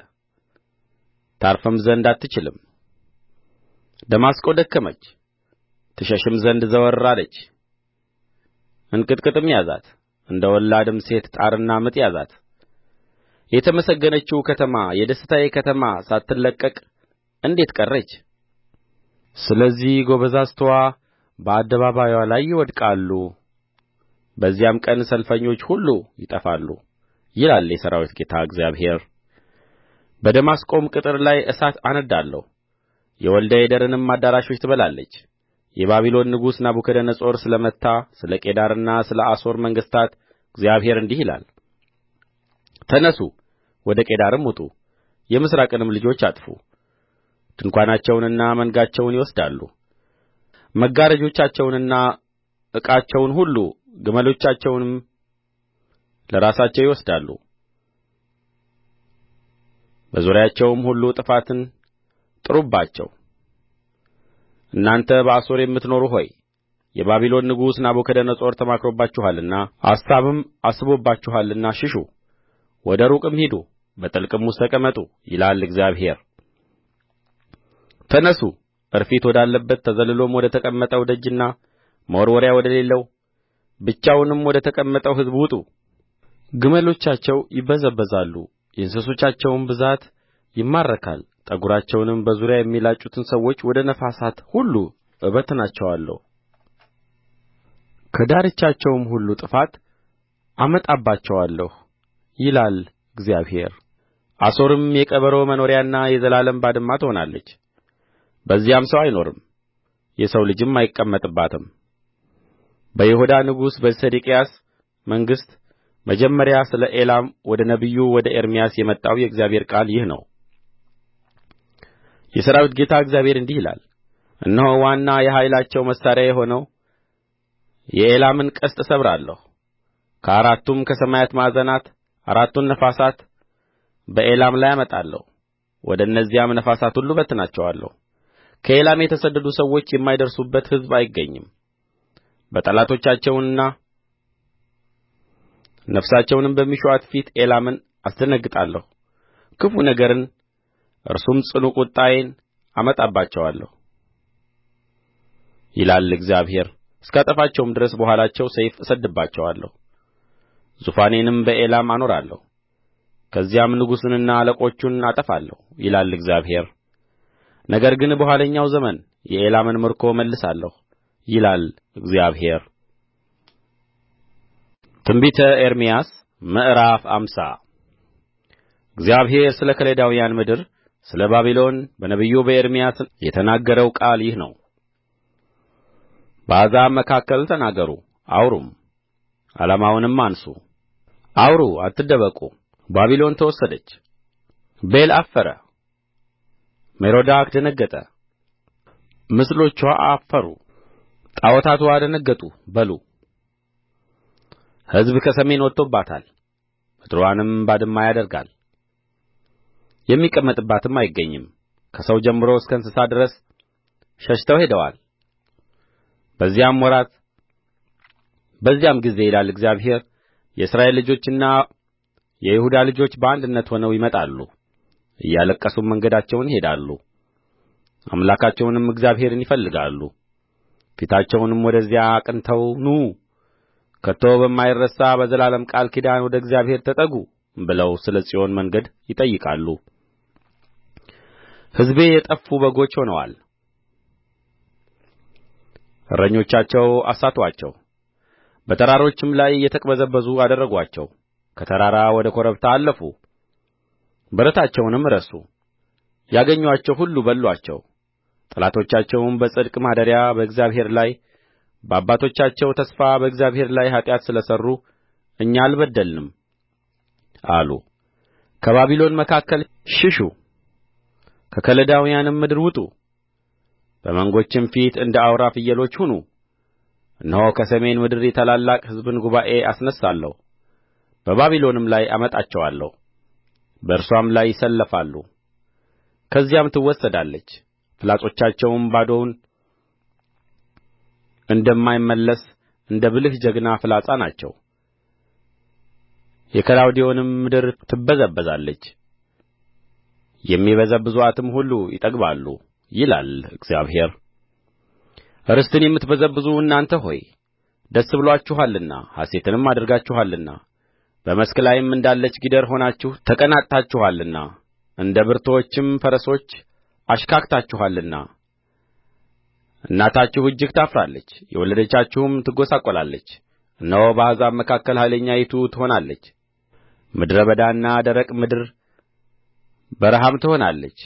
ታርፍም ዘንድ አትችልም ደማስቆ ደከመች ትሸሽም ዘንድ ዘወር አለች እንቅጥቅጥም ያዛት እንደ ወላድም ሴት ጣርና ምጥ ያዛት የተመሰገነችው ከተማ የደስታዬ ከተማ ሳትለቀቅ እንዴት ቀረች ስለዚህ ጐበዛዝትዋ በአደባባይዋ ላይ ይወድቃሉ በዚያም ቀን ሰልፈኞች ሁሉ ይጠፋሉ ይላል የሠራዊት ጌታ እግዚአብሔር በደማስቆም ቅጥር ላይ እሳት አነድዳለሁ የወልደ አዴርንም አዳራሾች ትበላለች የባቢሎን ንጉሥ ናቡከደነፆር ስለ መታ ስለ ቄዳርና ስለ አሦር መንግሥታት እግዚአብሔር እንዲህ ይላል ተነሡ ወደ ቄዳርም ውጡ የምሥራቅንም ልጆች አጥፉ ድንኳናቸውንና መንጋቸውን ይወስዳሉ መጋረጆቻቸውንና ዕቃቸውን ሁሉ ግመሎቻቸውንም ለራሳቸው ይወስዳሉ በዙሪያቸውም ሁሉ ጥፋትን ጥሩባቸው እናንተ በአሦር የምትኖሩ ሆይ የባቢሎን ንጉሥ ናቡከደነፆር ተማክሮባችኋልና አሳብም አስቦባችኋልና ሽሹ ወደ ሩቅም ሂዱ በጥልቅም ውስጥ ተቀመጡ ይላል እግዚአብሔር ተነሡ ዕርፊት ወዳለበት ተዘልሎም ወደ ተቀመጠው ደጅና መወርወሪያ ወደሌለው ብቻውንም ወደ ተቀመጠው ሕዝብ ውጡ ግመሎቻቸው ይበዘበዛሉ የእንስሶቻቸውም ብዛት ይማረካል ጠጕራቸውንም በዙሪያ የሚላጩትን ሰዎች ወደ ነፋሳት ሁሉ እበትናቸዋለሁ ከዳርቻቸውም ሁሉ ጥፋት አመጣባቸዋለሁ ይላል እግዚአብሔር አሦርም የቀበሮ መኖሪያና የዘላለም ባድማ ትሆናለች በዚያም ሰው አይኖርም የሰው ልጅም አይቀመጥባትም በይሁዳ ንጉሥ በሴዴቅያስ መንግሥት መጀመሪያ ስለ ኤላም ወደ ነቢዩ ወደ ኤርምያስ የመጣው የእግዚአብሔር ቃል ይህ ነው የሠራዊት ጌታ እግዚአብሔር እንዲህ ይላል እነሆ ዋና የኃይላቸው መሣሪያ የሆነው የኤላምን ቀስት እሰብራለሁ ከአራቱም ከሰማያት ማዕዘናት አራቱን ነፋሳት በኤላም ላይ አመጣለሁ ወደ እነዚያም ነፋሳት ሁሉ እበትናቸዋለሁ ከኤላም የተሰደዱ ሰዎች የማይደርሱበት ሕዝብ አይገኝም በጠላቶቻቸውና ነፍሳቸውንም በሚሹአት ፊት ኤላምን አስደነግጣለሁ ክፉ ነገርን እርሱም ጽኑ ቍጣዬን አመጣባቸዋለሁ ይላል እግዚአብሔር እስካጠፋቸውም ድረስ በኋላቸው ሰይፍ እሰድድባቸዋለሁ ዙፋኔንም በኤላም አኖራለሁ ከዚያም ንጉሡንና አለቆቹን አጠፋለሁ ይላል እግዚአብሔር ነገር ግን በኋለኛው ዘመን የኤላምን ምርኮ እመልሳለሁ ይላል እግዚአብሔር ትንቢተ ኤርምያስ ምዕራፍ ሃምሳ እግዚአብሔር ስለ ከለዳውያን ምድር ስለ ባቢሎን በነቢዩ በኤርምያስ የተናገረው ቃል ይህ ነው በአሕዛብ መካከል ተናገሩ አውሩም ዓላማውንም አንሡ አውሩ አትደበቁ ባቢሎን ተወሰደች ቤል አፈረ ሜሮዳክ ደነገጠ ምስሎችዋ አፈሩ ጣዖታትዋ ደነገጡ በሉ ሕዝብ ከሰሜን ወጥቶባታል ምድርዋንም ባድማ ያደርጋል የሚቀመጥባትም አይገኝም ከሰው ጀምሮ እስከ እንስሳ ድረስ ሸሽተው ሄደዋል በዚያም ወራት በዚያም ጊዜ ይላል እግዚአብሔር የእስራኤል ልጆችና የይሁዳ ልጆች በአንድነት ሆነው ይመጣሉ እያለቀሱም መንገዳቸውን ይሄዳሉ አምላካቸውንም እግዚአብሔርን ይፈልጋሉ ፊታቸውንም ወደዚያ አቅንተው ኑ ከቶ በማይረሳ በዘላለም ቃል ኪዳን ወደ እግዚአብሔር ተጠጉ ብለው ስለ ጽዮን መንገድ ይጠይቃሉ ሕዝቤ የጠፉ በጎች ሆነዋል እረኞቻቸው አሳቱአቸው በተራሮችም ላይ የተቅበዘበዙ አደረጓቸው ከተራራ ወደ ኮረብታ አለፉ በረታቸውንም ረሱ ያገኙአቸው ሁሉ በሉአቸው ጠላቶቻቸውም በጽድቅ ማደሪያ በእግዚአብሔር ላይ በአባቶቻቸው ተስፋ በእግዚአብሔር ላይ ኃጢአት ስለ ሠሩ እኛ አልበደልንም አሉ ከባቢሎን መካከል ሽሹ ከከለዳውያንም ምድር ውጡ በመንጎችም ፊት እንደ አውራ ፍየሎች ሁኑ እነሆ ከሰሜን ምድር የታላላቅ ሕዝብን ጉባኤ አስነሣለሁ በባቢሎንም ላይ አመጣቸዋለሁ በእርስዋም ላይ ይሰለፋሉ ከዚያም ትወሰዳለች ፍላጾቻቸውም ባዶውን እንደማይመለስ እንደ ብልህ ጀግና ፍላጻ ናቸው የከላውዴዎንም ምድር ትበዘበዛለች የሚበዘብዙአትም ሁሉ ይጠግባሉ ይላል እግዚአብሔር ርስትን የምትበዘብዙ እናንተ ሆይ ደስ ብሎአችኋልና ሐሤትንም አድርጋችኋልና በመስክ ላይም እንዳለች ጊደር ሆናችሁ ተቀናጥታችኋልና እንደ ብርቱዎችም ፈረሶች አሽካክታችኋልና እናታችሁ እጅግ ታፍራለች የወለደቻችሁም ትጐሳቈላለች እነሆ በአሕዛብ መካከል ኋለኛይቱ ትሆናለች ምድረ በዳና ደረቅ ምድር በረሃም ትሆናለች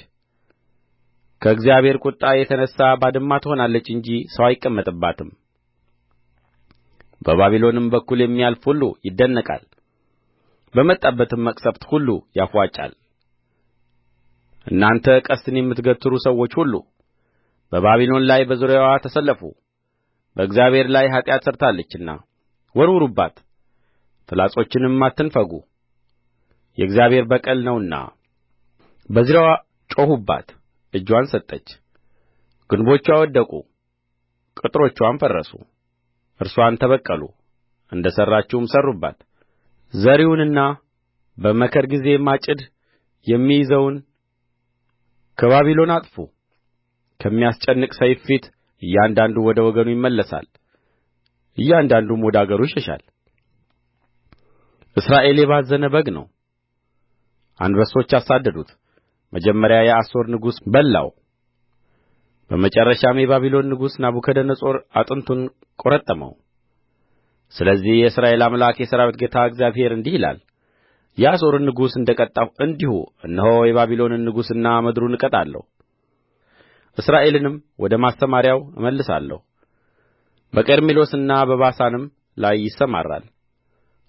ከእግዚአብሔር ቍጣ የተነሣ ባድማ ትሆናለች እንጂ ሰው አይቀመጥባትም በባቢሎንም በኩል የሚያልፍ ሁሉ ይደነቃል በመጣበትም መቅሠፍት ሁሉ ያፍዋጫል እናንተ ቀስትን የምትገትሩ ሰዎች ሁሉ በባቢሎን ላይ በዙሪያዋ ተሰለፉ በእግዚአብሔር ላይ ኃጢአት ሠርታለችና ወርውሩባት ፍላጾችንም አትንፈጉ የእግዚአብሔር በቀል ነውና በዙሪያዋ ጮኹባት እጅዋን ሰጠች ግንቦችዋ ወደቁ ቅጥሮችዋም ፈረሱ እርስዋን ተበቀሉ እንደ ሠራችውም ሠሩባት ዘሪውንና በመከር ጊዜ ማጭድ የሚይዘውን ከባቢሎን አጥፉ ከሚያስጨንቅ ሰይፍ ፊት እያንዳንዱ ወደ ወገኑ ይመለሳል እያንዳንዱም ወደ አገሩ ይሸሻል እስራኤል የባዘነ በግ ነው አንበሶች አሳደዱት መጀመሪያ የአሦር ንጉሥ በላው በመጨረሻም የባቢሎን ንጉሥ ናቡከደነፆር አጥንቱን ቈረጠመው ስለዚህ የእስራኤል አምላክ የሠራዊት ጌታ እግዚአብሔር እንዲህ ይላል የአሦርን ንጉሥ እንደ ቀጣሁ እንዲሁ እነሆ የባቢሎንን ንጉሥና ምድሩን እቀጣለሁ እስራኤልንም ወደ ማሰማርያው እመልሳለሁ በቀርሜሎስና በባሳንም ላይ ይሰማራል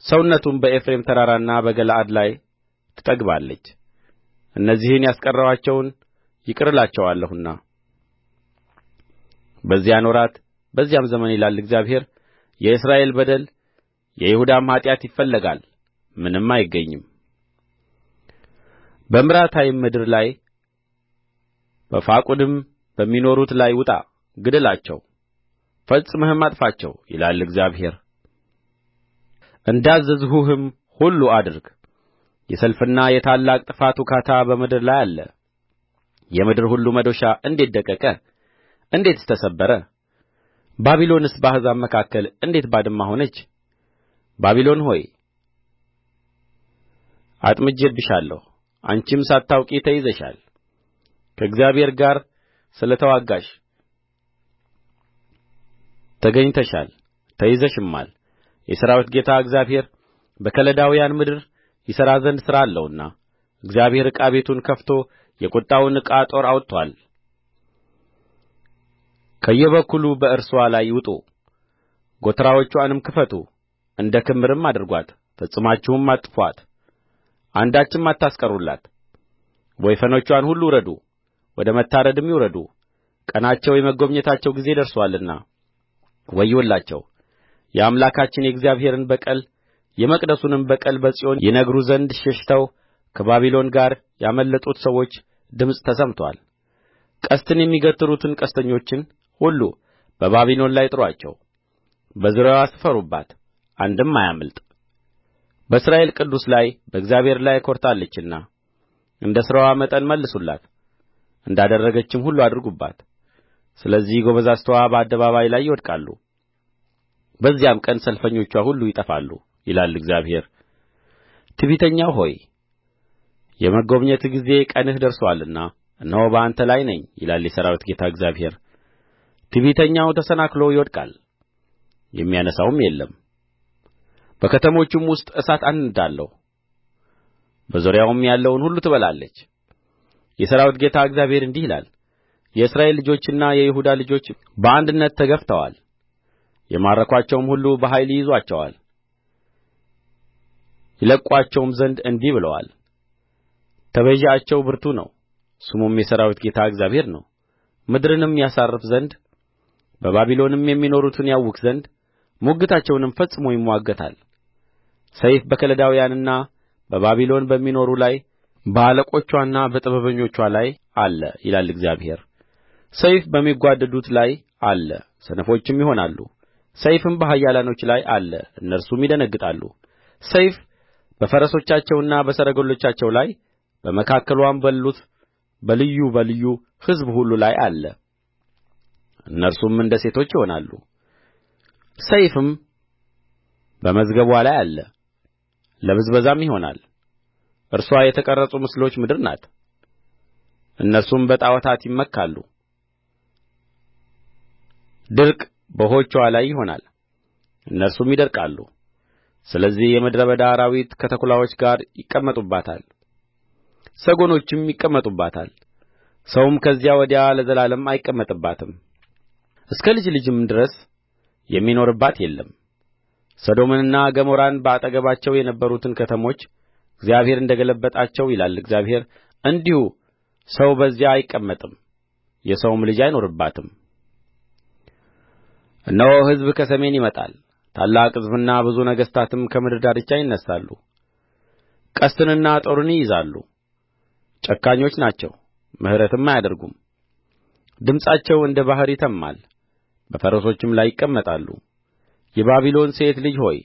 ሰውነቱም በኤፍሬም ተራራና በገለዓድ ላይ ትጠግባለች እነዚህን ያስቀረኋቸውን ይቅር እላቸዋለሁና በዚያን ወራት በዚያም ዘመን ይላል እግዚአብሔር የእስራኤል በደል የይሁዳም ኃጢአት ይፈለጋል ምንም አይገኝም በምራታይም ምድር ላይ በፋቁድም በሚኖሩት ላይ ውጣ ግደላቸው ፈጽመህም አጥፋቸው ይላል እግዚአብሔር እንዳዘዝሁህም ሁሉ አድርግ የሰልፍና የታላቅ ጥፋት ውካታ በምድር ላይ አለ የምድር ሁሉ መዶሻ እንዴት ደቀቀ እንዴትስ ተሰበረ ባቢሎንስ በአሕዛብ መካከል እንዴት ባድማ ሆነች ባቢሎን ሆይ አጥምጄብሻለሁ አንቺም ሳታውቂ ተይዘሻል ከእግዚአብሔር ጋር ስለ ተዋጋሽ ተገኝተሻል ተይዘሽማል የሠራዊት ጌታ እግዚአብሔር በከለዳውያን ምድር ይሠራ ዘንድ ሥራ አለውና እግዚአብሔር ዕቃ ቤቱን ከፍቶ የቍጣውን ዕቃ ጦር አውጥቶአል ከየበኩሉ በእርስዋ ላይ ውጡ ጎተራዎችዋንም ክፈቱ እንደ ክምርም አድርጓት ፈጽማችሁም አጥፉአት አንዳችም አታስቀሩላት ወይፈኖችዋን ሁሉ እረዱ ወደ መታረድም ይውረዱ ቀናቸው የመጐብኘታቸው ጊዜ ደርሶአልና ወዮላቸው የአምላካችን የእግዚአብሔርን በቀል የመቅደሱንም በቀል በጽዮን ይነግሩ ዘንድ ሸሽተው ከባቢሎን ጋር ያመለጡት ሰዎች ድምፅ ተሰምቶአል ቀስትን የሚገትሩትን ቀስተኞችን ሁሉ በባቢሎን ላይ ጥሩአቸው በዙሪያዋ ስፈሩባት አንድም አያምልጥ በእስራኤል ቅዱስ ላይ በእግዚአብሔር ላይ ኰርታለችና እንደ ሥራዋ መጠን መልሱላት እንዳደረገችም ሁሉ አድርጉባት ስለዚህ ጐበዛዝትዋ በአደባባይ ላይ ይወድቃሉ በዚያም ቀን ሰልፈኞችዋ ሁሉ ይጠፋሉ ይላል እግዚአብሔር ትዕቢተኛው ሆይ የመጐብኘትህ ጊዜ ቀንህ ደርሶአልና እነሆ በአንተ ላይ ነኝ ይላል የሠራዊት ጌታ እግዚአብሔር ትዕቢተኛው ተሰናክሎ ይወድቃል የሚያነሣውም የለም በከተሞቹም ውስጥ እሳት አነድዳለሁ በዙሪያውም ያለውን ሁሉ ትበላለች የሠራዊት ጌታ እግዚአብሔር እንዲህ ይላል የእስራኤል ልጆችና የይሁዳ ልጆች በአንድነት ተገፍተዋል የማረኳቸውም ሁሉ በኃይል ይይዙአቸዋል ይለቅቁአቸውም ዘንድ እንዲህ ብለዋል ተቤዢአቸው ብርቱ ነው ስሙም የሠራዊት ጌታ እግዚአብሔር ነው ምድርንም ያሳርፍ ዘንድ በባቢሎንም የሚኖሩትን ያውክ ዘንድ ሙግታቸውንም ፈጽሞ ይምዋገታል ሰይፍ በከለዳውያንና በባቢሎን በሚኖሩ ላይ በአለቆችዋና በጥበበኞችዋ ላይ አለ ይላል እግዚአብሔር ሰይፍ በሚጓደዱት ላይ አለ ሰነፎችም ይሆናሉ ሰይፍም በኃያላኖች ላይ አለ እነርሱም ይደነግጣሉ ሰይፍ በፈረሶቻቸውና በሰረገሎቻቸው ላይ በመካከልዋም ባሉት በልዩ በልዩ ሕዝብ ሁሉ ላይ አለ እነርሱም እንደ ሴቶች ይሆናሉ ሰይፍም በመዝገብዋ ላይ አለ ለብዝበዛም ይሆናል እርስዋ የተቀረጹ ምስሎች ምድር ናት እነርሱም በጣዖታት ይመካሉ ድርቅ በውኆችዋ ላይ ይሆናል እነርሱም ይደርቃሉ ስለዚህ የምድረ በዳ አራዊት ከተኵላዎች ጋር ይቀመጡባታል ሰጐኖችም ይቀመጡባታል ሰውም ከዚያ ወዲያ ለዘላለም አይቀመጥባትም እስከ ልጅ ልጅም ድረስ የሚኖርባት የለም ሰዶምንና ገሞራን በአጠገባቸው የነበሩትን ከተሞች እግዚአብሔር እንደ ገለበጣቸው ይላል እግዚአብሔር እንዲሁ ሰው በዚያ አይቀመጥም የሰውም ልጅ አይኖርባትም እነሆ ሕዝብ ከሰሜን ይመጣል ታላቅ ሕዝብና ብዙ ነገሥታትም ከምድር ዳርቻ ይነሣሉ ቀስትንና ጦርን ይይዛሉ ጨካኞች ናቸው ምሕረትም አያደርጉም ድምፃቸው እንደ ባሕር ይተምማል በፈረሶችም ላይ ይቀመጣሉ የባቢሎን ሴት ልጅ ሆይ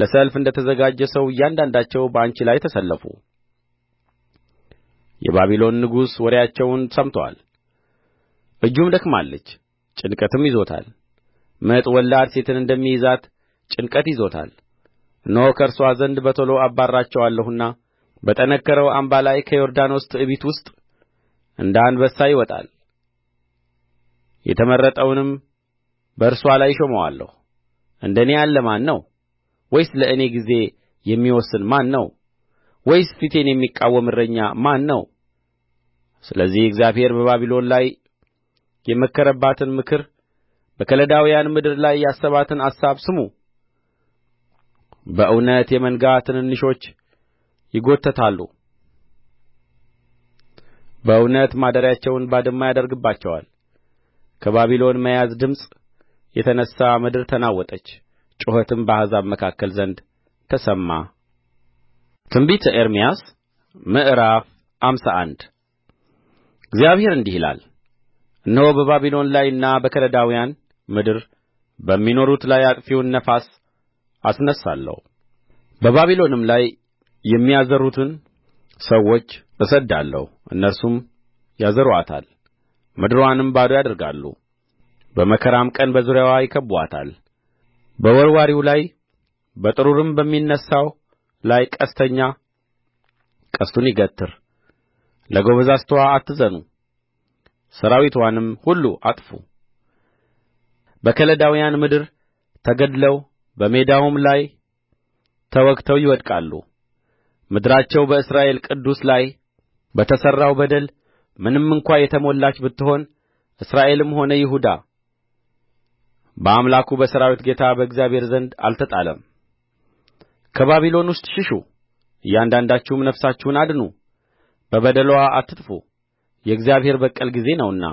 ለሰልፍ እንደ ተዘጋጀ ሰው እያንዳንዳቸው በአንቺ ላይ ተሰለፉ የባቢሎን ንጉሥ ወሬአቸውን ሰምቶአል እጁም ደክማለች ጭንቀትም ይዞታል ምጥ ወላድ ሴትን እንደሚይዛት ጭንቀት ይዞታል እነሆ ከእርስዋ ዘንድ በቶሎ አባራቸዋለሁና በጠነከረው አምባ ላይ ከዮርዳኖስ ትዕቢት ውስጥ እንደ አንበሳ ይወጣል የተመረጠውንም በእርስዋ ላይ እሾመዋለሁ እንደ እኔ ያለ ማን ነው ወይስ ለእኔ ጊዜ የሚወስን ማን ነው ወይስ ፊቴን የሚቃወም እረኛ ማን ነው ስለዚህ እግዚአብሔር በባቢሎን ላይ የመከረባትን ምክር በከለዳውያን ምድር ላይ ያሰባትን አሳብ ስሙ በእውነት የመንጋ ትንንሾች ይጐተታሉ በእውነት ማደሪያቸውን ባድማ ያደርግባቸዋል ከባቢሎን መያዝ ድምፅ የተነሣ ምድር ተናወጠች ጩኸትም በአሕዛብ መካከል ዘንድ ተሰማ ትንቢተ ኤርምያስ ምዕራፍ ሃምሳ አንድ እግዚአብሔር እንዲህ ይላል እነሆ በባቢሎን ላይና በከለዳውያን ምድር በሚኖሩት ላይ አጥፊውን ነፋስ አስነሣለሁ በባቢሎንም ላይ የሚያዘሩትን ሰዎች እሰድዳለሁ እነርሱም ያዘሩአታል ምድርዋንም ባዶ ያደርጋሉ በመከራም ቀን በዙሪያዋ ይከብቡአታል በወርዋሪው ላይ በጥሩርም በሚነሣው ላይ ቀስተኛ ቀስቱን ይገትር ለጐበዛዝትዋ አትዘኑ ሠራዊትዋንም ሁሉ አጥፉ በከለዳውያን ምድር ተገድለው በሜዳውም ላይ ተወግተው ይወድቃሉ ምድራቸው በእስራኤል ቅዱስ ላይ በተሠራው በደል ምንም እንኳ የተሞላች ብትሆን እስራኤልም ሆነ ይሁዳ በአምላኩ በሠራዊት ጌታ በእግዚአብሔር ዘንድ አልተጣለም ከባቢሎን ውስጥ ሽሹ እያንዳንዳችሁም ነፍሳችሁን አድኑ በበደልዋ አትጥፉ የእግዚአብሔር በቀል ጊዜ ነውና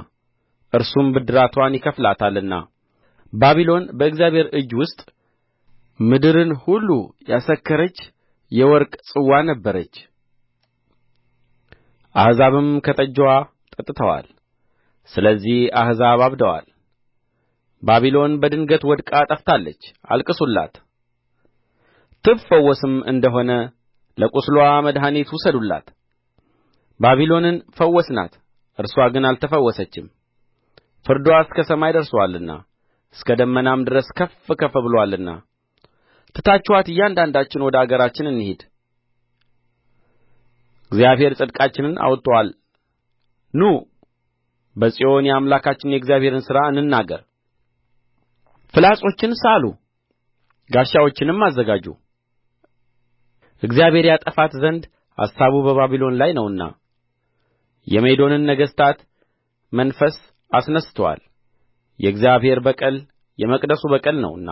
እርሱም ብድራትዋን ይከፍላታልና ባቢሎን በእግዚአብሔር እጅ ውስጥ ምድርን ሁሉ ያሰከረች የወርቅ ጽዋ ነበረች አሕዛብም ከጠጅዋ ጠጥተዋል ስለዚህ አሕዛብ አብደዋል ባቢሎን በድንገት ወድቃ ጠፍታለች አልቅሱላት ትፈወስም እንደ ሆነ ለቍስልዋ መድኃኒት ውሰዱላት ባቢሎንን ፈወስናት እርስዋ ግን አልተፈወሰችም ፍርድዋ እስከ ሰማይ ደርሶአልና እስከ ደመናም ድረስ ከፍ ከፍ ብሎአልና ትታችኋት እያንዳንዳችን ወደ አገራችን እንሂድ እግዚአብሔር ጽድቃችንን አውጥቶአል ኑ በጽዮን የአምላካችንን የእግዚአብሔርን ሥራ እንናገር ፍላጾችን ሳሉ ጋሻዎችንም አዘጋጁ እግዚአብሔር ያጠፋት ዘንድ አሳቡ በባቢሎን ላይ ነውና የሜዶንን ነገሥታት መንፈስ አስነሥቶአል የእግዚአብሔር በቀል የመቅደሱ በቀል ነውና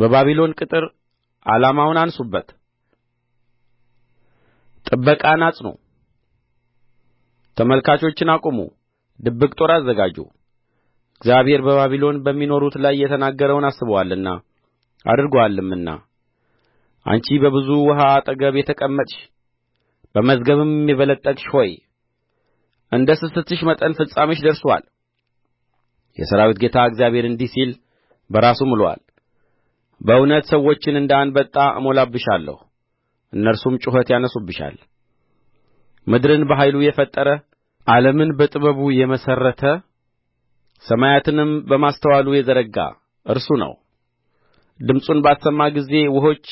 በባቢሎን ቅጥር ዓላማውን አንሡበት ጥበቃን አጽኑ ተመልካቾችን አቁሙ ድብቅ ጦር አዘጋጁ እግዚአብሔር በባቢሎን በሚኖሩት ላይ የተናገረውን አስቦአልና አድርጎአልምና አንቺ በብዙ ውኃ አጠገብ የተቀመጥሽ በመዝገብም የበለጠግሽ ሆይ እንደ ስስትሽ መጠን ፍጻሜሽ ደርሶአል የሠራዊት ጌታ እግዚአብሔር እንዲህ ሲል በራሱ ምሎአል በእውነት ሰዎችን እንደ አንበጣ እሞላብሻለሁ እነርሱም ጩኸት ያነሱብሻል ምድርን በኃይሉ የፈጠረ ዓለምን በጥበቡ የመሠረተ ሰማያትንም በማስተዋሉ የዘረጋ እርሱ ነው ድምፁን ባሰማ ጊዜ ውኆች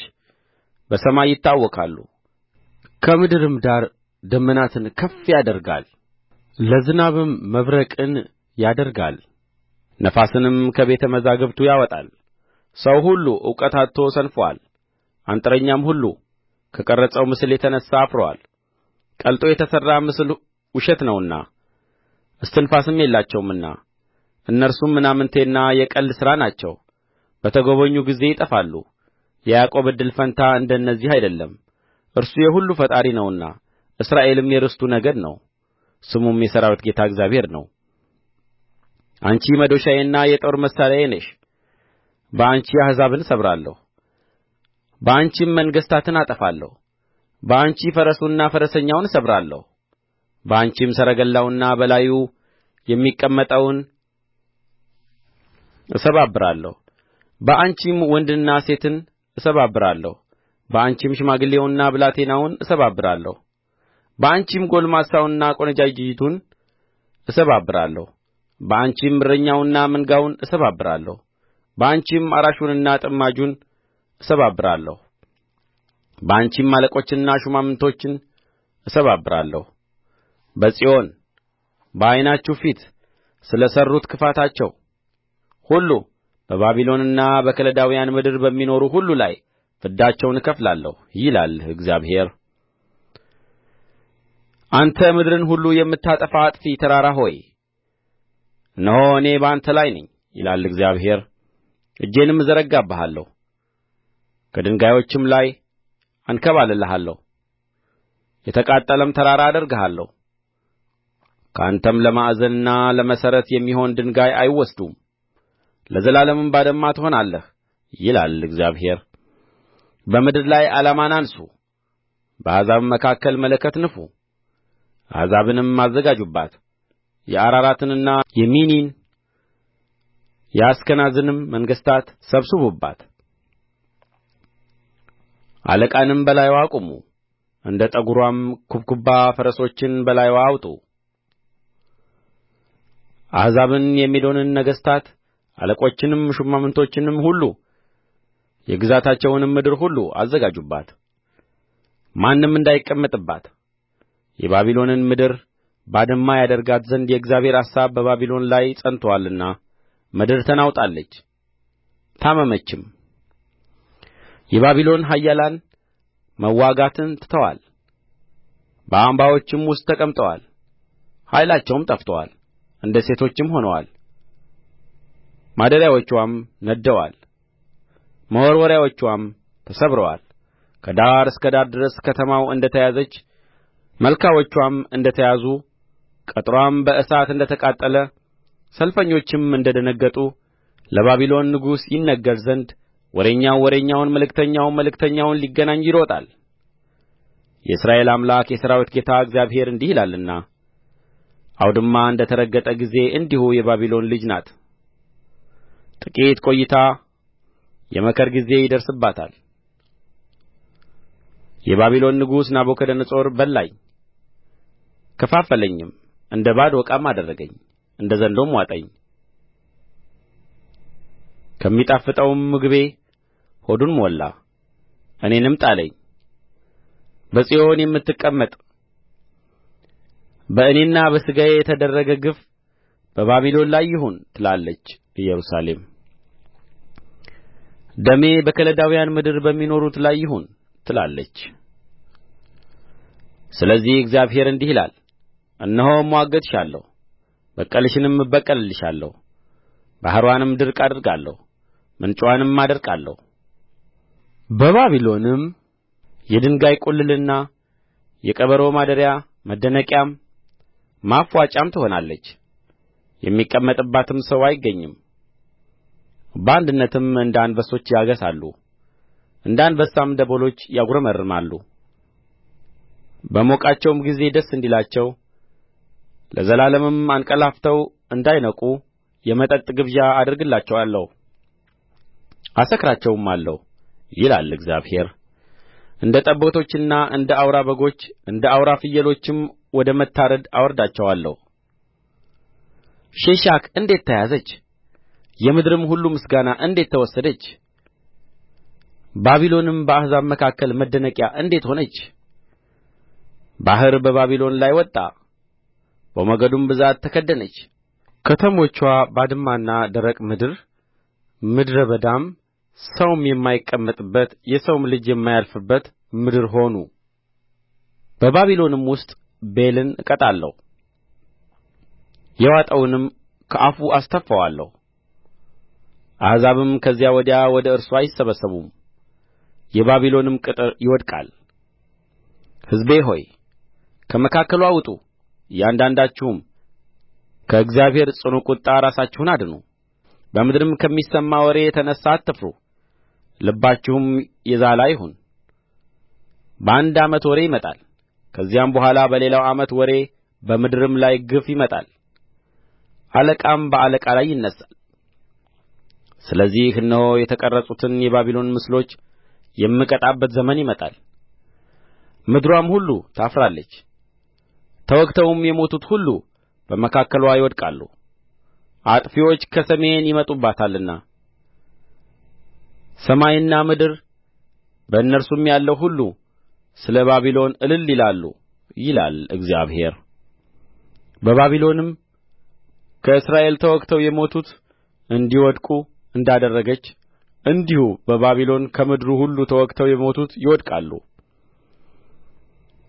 በሰማይ ይታወካሉ ከምድርም ዳር ደመናትን ከፍ ያደርጋል ለዝናብም መብረቅን ያደርጋል ነፋስንም ከቤተ መዛግብቱ ያወጣል ሰው ሁሉ እውቀት አጥቶ ሰንፎአል አንጥረኛም ሁሉ ከቀረጸው ምስል የተነሣ አፍሮአል ቀልጦ የተሠራ ምስል ውሸት ነውና እስትንፋስም የላቸውምና እነርሱም ምናምንቴና የቀልድ ሥራ ናቸው በተጐበኙ ጊዜ ይጠፋሉ የያዕቆብ እድል ፈንታ እንደ እነዚህ አይደለም እርሱ የሁሉ ፈጣሪ ነውና እስራኤልም የርስቱ ነገድ ነው ስሙም የሠራዊት ጌታ እግዚአብሔር ነው አንቺ መዶሻዬና የጦር መሣሪያዬ ነሽ በአንቺ አሕዛብን እሰብራለሁ በአንቺም መንግሥታትን አጠፋለሁ በአንቺ ፈረሱና ፈረሰኛውን እሰብራለሁ በአንቺም ሰረገላውና በላዩ የሚቀመጠውን እሰባብራለሁ በአንቺም ወንድንና ሴትን እሰባብራለሁ በአንቺም ሽማግሌውንና ብላቴናውን እሰባብራለሁ በአንቺም ጕልማሳውንና ቈነጃጅቱን እሰባብራለሁ በአንቺም እረኛውንና መንጋውን እሰባብራለሁ በአንቺም አራሹንና ጥማጁን እሰባብራለሁ በአንቺም አለቆችንና ሹማምቶችን እሰባብራለሁ በጽዮን በዓይናችሁ ፊት ስለ ሠሩት ክፋታቸው ሁሉ በባቢሎንና በከለዳውያን ምድር በሚኖሩ ሁሉ ላይ ፍዳቸውን እከፍላለሁ ይላል እግዚአብሔር አንተ ምድርን ሁሉ የምታጠፋ አጥፊ ተራራ ሆይ እነሆ እኔ በአንተ ላይ ነኝ ይላል እግዚአብሔር እጄንም እዘረጋብሃለሁ ከድንጋዮችም ላይ አንከባልልሃለሁ የተቃጠለም ተራራ አደርግሃለሁ ከአንተም ለማዕዘንና ለመሠረት የሚሆን ድንጋይ አይወስዱም ለዘላለምም ባድማ ትሆናለህ ይላል እግዚአብሔር በምድር ላይ ዓላማን አንሡ በአሕዛብም መካከል መለከት ንፉ አሕዛብንም አዘጋጁባት የአራራትንና የሚኒን የአስከናዝንም መንግሥታት ሰብስቡባት አለቃንም በላይዋ አቁሙ እንደ ጠጕርዋም ኩብኩባ ፈረሶችን በላይዋ አውጡ አሕዛብን የሚዶንን ነገሥታት አለቆችንም ሹማምቶችንም ሁሉ የግዛታቸውንም ምድር ሁሉ አዘጋጁባት ማንም እንዳይቀመጥባት የባቢሎንን ምድር ባድማ ያደርጋት ዘንድ የእግዚአብሔር አሳብ በባቢሎን ላይ ጸንቶአልና ምድር ተናውጣለች ታመመችም የባቢሎን ኃያላን መዋጋትን ትተዋል በአምባዎችም ውስጥ ተቀምጠዋል ኃይላቸውም ጠፍቶአል እንደ ሴቶችም ሆነዋል ማደሪያዎችዋም ነድደዋል መወርወሪያዎችዋም ተሰብረዋል ከዳር እስከ ዳር ድረስ ከተማው እንደ ተያዘች መልካሞችዋም እንደ ተያዙ ቅጥርዋም በእሳት እንደ ተቃጠለ ሰልፈኞችም እንደ ደነገጡ ለባቢሎን ንጉሥ ይነገር ዘንድ ወሬኛው ወሬኛውን መልእክተኛውም መልእክተኛውን ሊገናኝ ይሮጣል የእስራኤል አምላክ የሠራዊት ጌታ እግዚአብሔር እንዲህ ይላልና አውድማ እንደ ተረገጠ ጊዜ እንዲሁ የባቢሎን ልጅ ናት ጥቂት ቈይታ የመከር ጊዜ ይደርስባታል የባቢሎን ንጉሥ ናቡከደነፆር በላኝ ከፋፈለኝም እንደ ባዶ ዕቃም አደረገኝ እንደ ዘንዶም ዋጠኝ ከሚጣፍጠውም ምግቤ ሆዱን ሞላ እኔንም ጣለኝ በጽዮን የምትቀመጥ በእኔና በሥጋዬ የተደረገ ግፍ በባቢሎን ላይ ይሁን ትላለች ኢየሩሳሌም ደሜ በከለዳውያን ምድር በሚኖሩት ላይ ይሁን ትላለች ስለዚህ እግዚአብሔር እንዲህ ይላል እነሆ እምዋገትልሻለሁ በቀልሽንም እበቀልልሻለሁ ባሕርዋንም ድርቅ አደርጋለሁ ምንጭዋንም አደርቃለሁ በባቢሎንም የድንጋይ ቁልልና የቀበሮ ማደሪያ መደነቂያም ማፍዋጫም ትሆናለች የሚቀመጥባትም ሰው አይገኝም በአንድነትም እንደ አንበሶች ያገሣሉ እንደ አንበሳም ደቦሎች ያጕረመርማሉ በሞቃቸውም ጊዜ ደስ እንዲላቸው ለዘላለምም አንቀላፍተው እንዳይነቁ የመጠጥ ግብዣ አደርግላቸዋለሁ አሰክራቸውማለሁ ይላል እግዚአብሔር እንደ ጠቦቶችና እንደ አውራ በጎች እንደ አውራ ፍየሎችም ወደ መታረድ አወርዳቸዋለሁ ሼሻክ እንዴት ተያዘች የምድርም ሁሉ ምስጋና እንዴት ተወሰደች ባቢሎንም በአሕዛብ መካከል መደነቂያ እንዴት ሆነች ባሕር በባቢሎን ላይ ወጣ በሞገዱም ብዛት ተከደነች ከተሞችዋ ባድማና ደረቅ ምድር ምድረ በዳም ሰውም የማይቀመጥበት የሰውም ልጅ የማያልፍበት ምድር ሆኑ በባቢሎንም ውስጥ ቤልን እቀጣለሁ የዋጠውንም ከአፉ አስተፋዋለሁ አሕዛብም ከዚያ ወዲያ ወደ እርሱ አይሰበሰቡም የባቢሎንም ቅጥር ይወድቃል ሕዝቤ ሆይ ከመካከልዋ ውጡ እያንዳንዳችሁም ከእግዚአብሔር ጽኑ ቍጣ ራሳችሁን አድኑ በምድርም ከሚሰማ ወሬ የተነሣ አትፍሩ ልባችሁም የዛለ አይሁን በአንድ ዓመት ወሬ ይመጣል ከዚያም በኋላ በሌላው ዓመት ወሬ በምድርም ላይ ግፍ ይመጣል አለቃም በአለቃ ላይ ይነሣል ስለዚህ እነሆ የተቀረጹትን የባቢሎን ምስሎች የምቀጣበት ዘመን ይመጣል ምድርዋም ሁሉ ታፍራለች ተወግተውም የሞቱት ሁሉ በመካከልዋ ይወድቃሉ አጥፊዎች ከሰሜን ይመጡባታልና ሰማይና ምድር በእነርሱም ያለው ሁሉ ስለ ባቢሎን እልል ይላሉ ይላል እግዚአብሔር በባቢሎንም ከእስራኤል ተወግተው የሞቱት እንዲወድቁ እንዳደረገች እንዲሁ በባቢሎን ከምድሩ ሁሉ ተወግተው የሞቱት ይወድቃሉ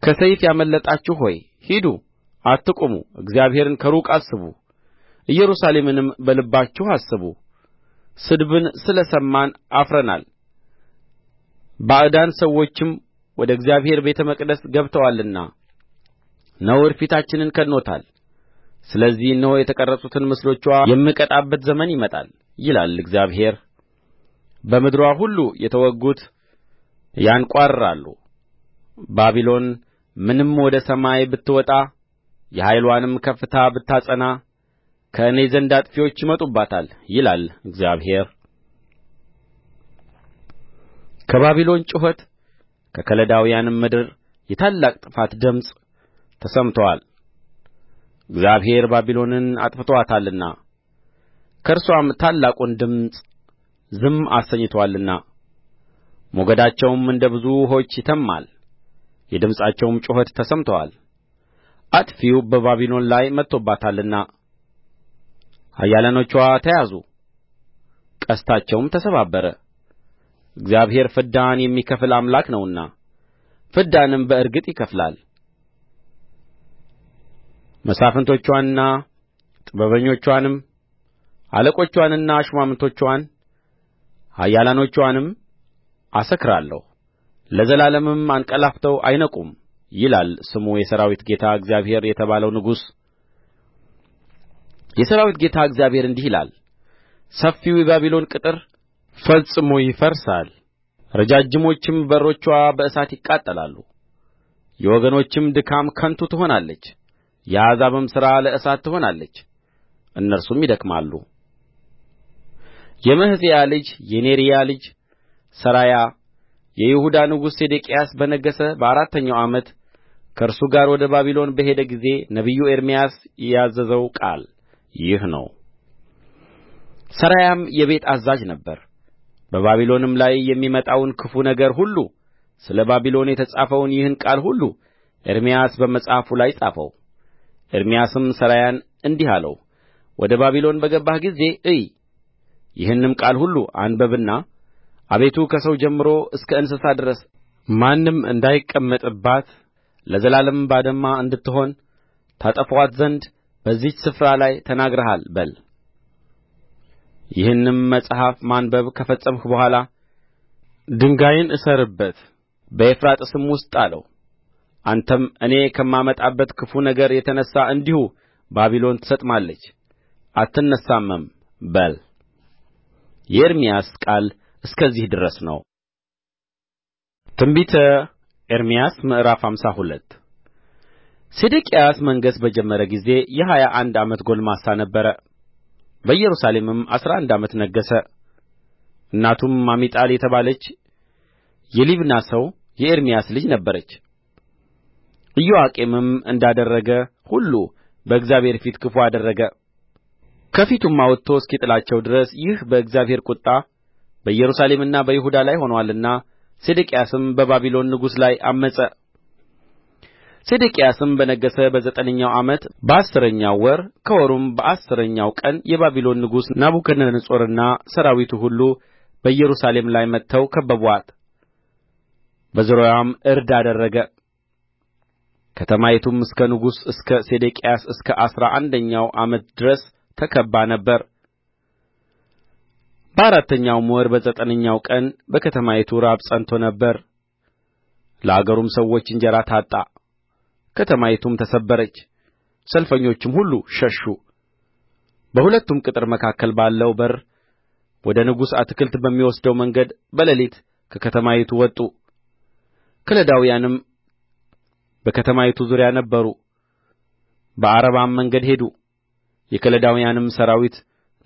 ከሰይፍ ያመለጣችሁ ሆይ ሂዱ አትቁሙ እግዚአብሔርን ከሩቅ አስቡ ኢየሩሳሌምንም በልባችሁ አስቡ ስድብን ስለ ሰማን አፍረናል ባዕዳን ሰዎችም ወደ እግዚአብሔር ቤተ መቅደስ ገብተዋልና ነውር ፊታችንን ከድኖታል ስለዚህ እነሆ የተቀረጹትን ምስሎችዋ የምቀጣበት ዘመን ይመጣል ይላል እግዚአብሔር በምድርዋ ሁሉ የተወጉት ያንቋርራሉ ባቢሎን ምንም ወደ ሰማይ ብትወጣ የኃይልዋንም ከፍታ ብታጸና ከእኔ ዘንድ አጥፊዎች ይመጡባታል ይላል እግዚአብሔር ከባቢሎን ጩኸት ከከለዳውያንም ምድር የታላቅ ጥፋት ድምፅ ተሰምቶአል እግዚአብሔር ባቢሎንን አጥፍቶአታልና ከእርስዋም ታላቁን ድምፅ ዝም አሰኝቶአልና ሞገዳቸውም እንደ ብዙ ውኆች ይተምማል የድምፃቸውም ጩኸት ተሰምቶአል አጥፊው በባቢሎን ላይ መጥቶባታልና ኃያላኖችዋ ተያዙ ቀስታቸውም ተሰባበረ እግዚአብሔር ፍዳን የሚከፍል አምላክ ነውና ፍዳንም በእርግጥ ይከፍላል መሳፍንቶችዋንና ጥበበኞችዋንም አለቆችዋንና ሹማምቶችዋን ኃያላኖችዋንም አሰክራለሁ ለዘላለምም አንቀላፍተው አይነቁም ይላል ስሙ የሠራዊት ጌታ እግዚአብሔር የተባለው ንጉሥ የሠራዊት ጌታ እግዚአብሔር እንዲህ ይላል ሰፊው የባቢሎን ቅጥር ፈጽሞ ይፈርሳል ረጃጅሞችም በሮችዋ በእሳት ይቃጠላሉ የወገኖችም ድካም ከንቱ ትሆናለች የአሕዛብም ሥራ ለእሳት ትሆናለች እነርሱም ይደክማሉ የመሕሤያ ልጅ የኔርያ ልጅ ሠራያ የይሁዳ ንጉሥ ሴዴቅያስ በነገሠ በአራተኛው ዓመት ከእርሱ ጋር ወደ ባቢሎን በሄደ ጊዜ ነቢዩ ኤርምያስ ያዘዘው ቃል ይህ ነው ሠራያም የቤት አዛዥ ነበረ በባቢሎንም ላይ የሚመጣውን ክፉ ነገር ሁሉ ስለ ባቢሎን የተጻፈውን ይህን ቃል ሁሉ ኤርምያስ በመጽሐፉ ላይ ጻፈው ኤርምያስም ሠራያን እንዲህ አለው ወደ ባቢሎን በገባህ ጊዜ እይ ይህንም ቃል ሁሉ አንብብና አቤቱ ከሰው ጀምሮ እስከ እንስሳ ድረስ ማንም እንዳይቀመጥባት ለዘላለምም ባድማ እንድትሆን ታጠፋት ዘንድ በዚህች ስፍራ ላይ ተናግረሃል በል ይህንም መጽሐፍ ማንበብ ከፈጸምህ በኋላ ድንጋይን እሰርበት በኤፍራጥስም ውስጥ ጣለው አንተም እኔ ከማመጣበት ክፉ ነገር የተነሣ እንዲሁ ባቢሎን ትሰጥማለች አትነሣምም በል የኤርምያስ ቃል እስከዚህ ድረስ ነው። ትንቢተ ኤርምያስ ምዕራፍ ሃምሳ ሁለት ሴዴቅያስ መንገሥ በጀመረ ጊዜ የሀያ አንድ ዓመት ጕልማሳ ነበረ። በኢየሩሳሌምም አሥራ አንድ ዓመት ነገሠ። እናቱም አሚጣል የተባለች የሊብና ሰው የኤርምያስ ልጅ ነበረች። ኢዮአቄምም እንዳደረገ ሁሉ በእግዚአብሔር ፊት ክፉ አደረገ። ከፊቱም አውጥቶ እስኪጥላቸው ድረስ ይህ በእግዚአብሔር ቍጣ በኢየሩሳሌምና በይሁዳ ላይ ሆኖአልና ሴዴቅያስም በባቢሎን ንጉሥ ላይ ዐመፀ ሴዴቅያስም በነገሠ በዘጠነኛው ዓመት በአሥረኛው ወር ከወሩም በአሥረኛው ቀን የባቢሎን ንጉሥ ናቡከደነፆርና ሠራዊቱ ሁሉ በኢየሩሳሌም ላይ መጥተው ከበቡአት በዙሪያዋም ዕርድ አደረገ። ከተማይቱም እስከ ንጉሡ እስከ ሴዴቅያስ እስከ አሥራ አንደኛው ዓመት ድረስ ተከብባ ነበር በአራተኛውም ወር በዘጠነኛው ቀን በከተማይቱ ራብ ጸንቶ ነበር ለአገሩም ሰዎች እንጀራ ታጣ ከተማይቱም ተሰበረች ሰልፈኞችም ሁሉ ሸሹ በሁለቱም ቅጥር መካከል ባለው በር ወደ ንጉሡ አትክልት በሚወስደው መንገድ በሌሊት ከከተማይቱ ወጡ ከለዳውያንም በከተማይቱ ዙሪያ ነበሩ በዓረባም መንገድ ሄዱ የከለዳውያንም ሠራዊት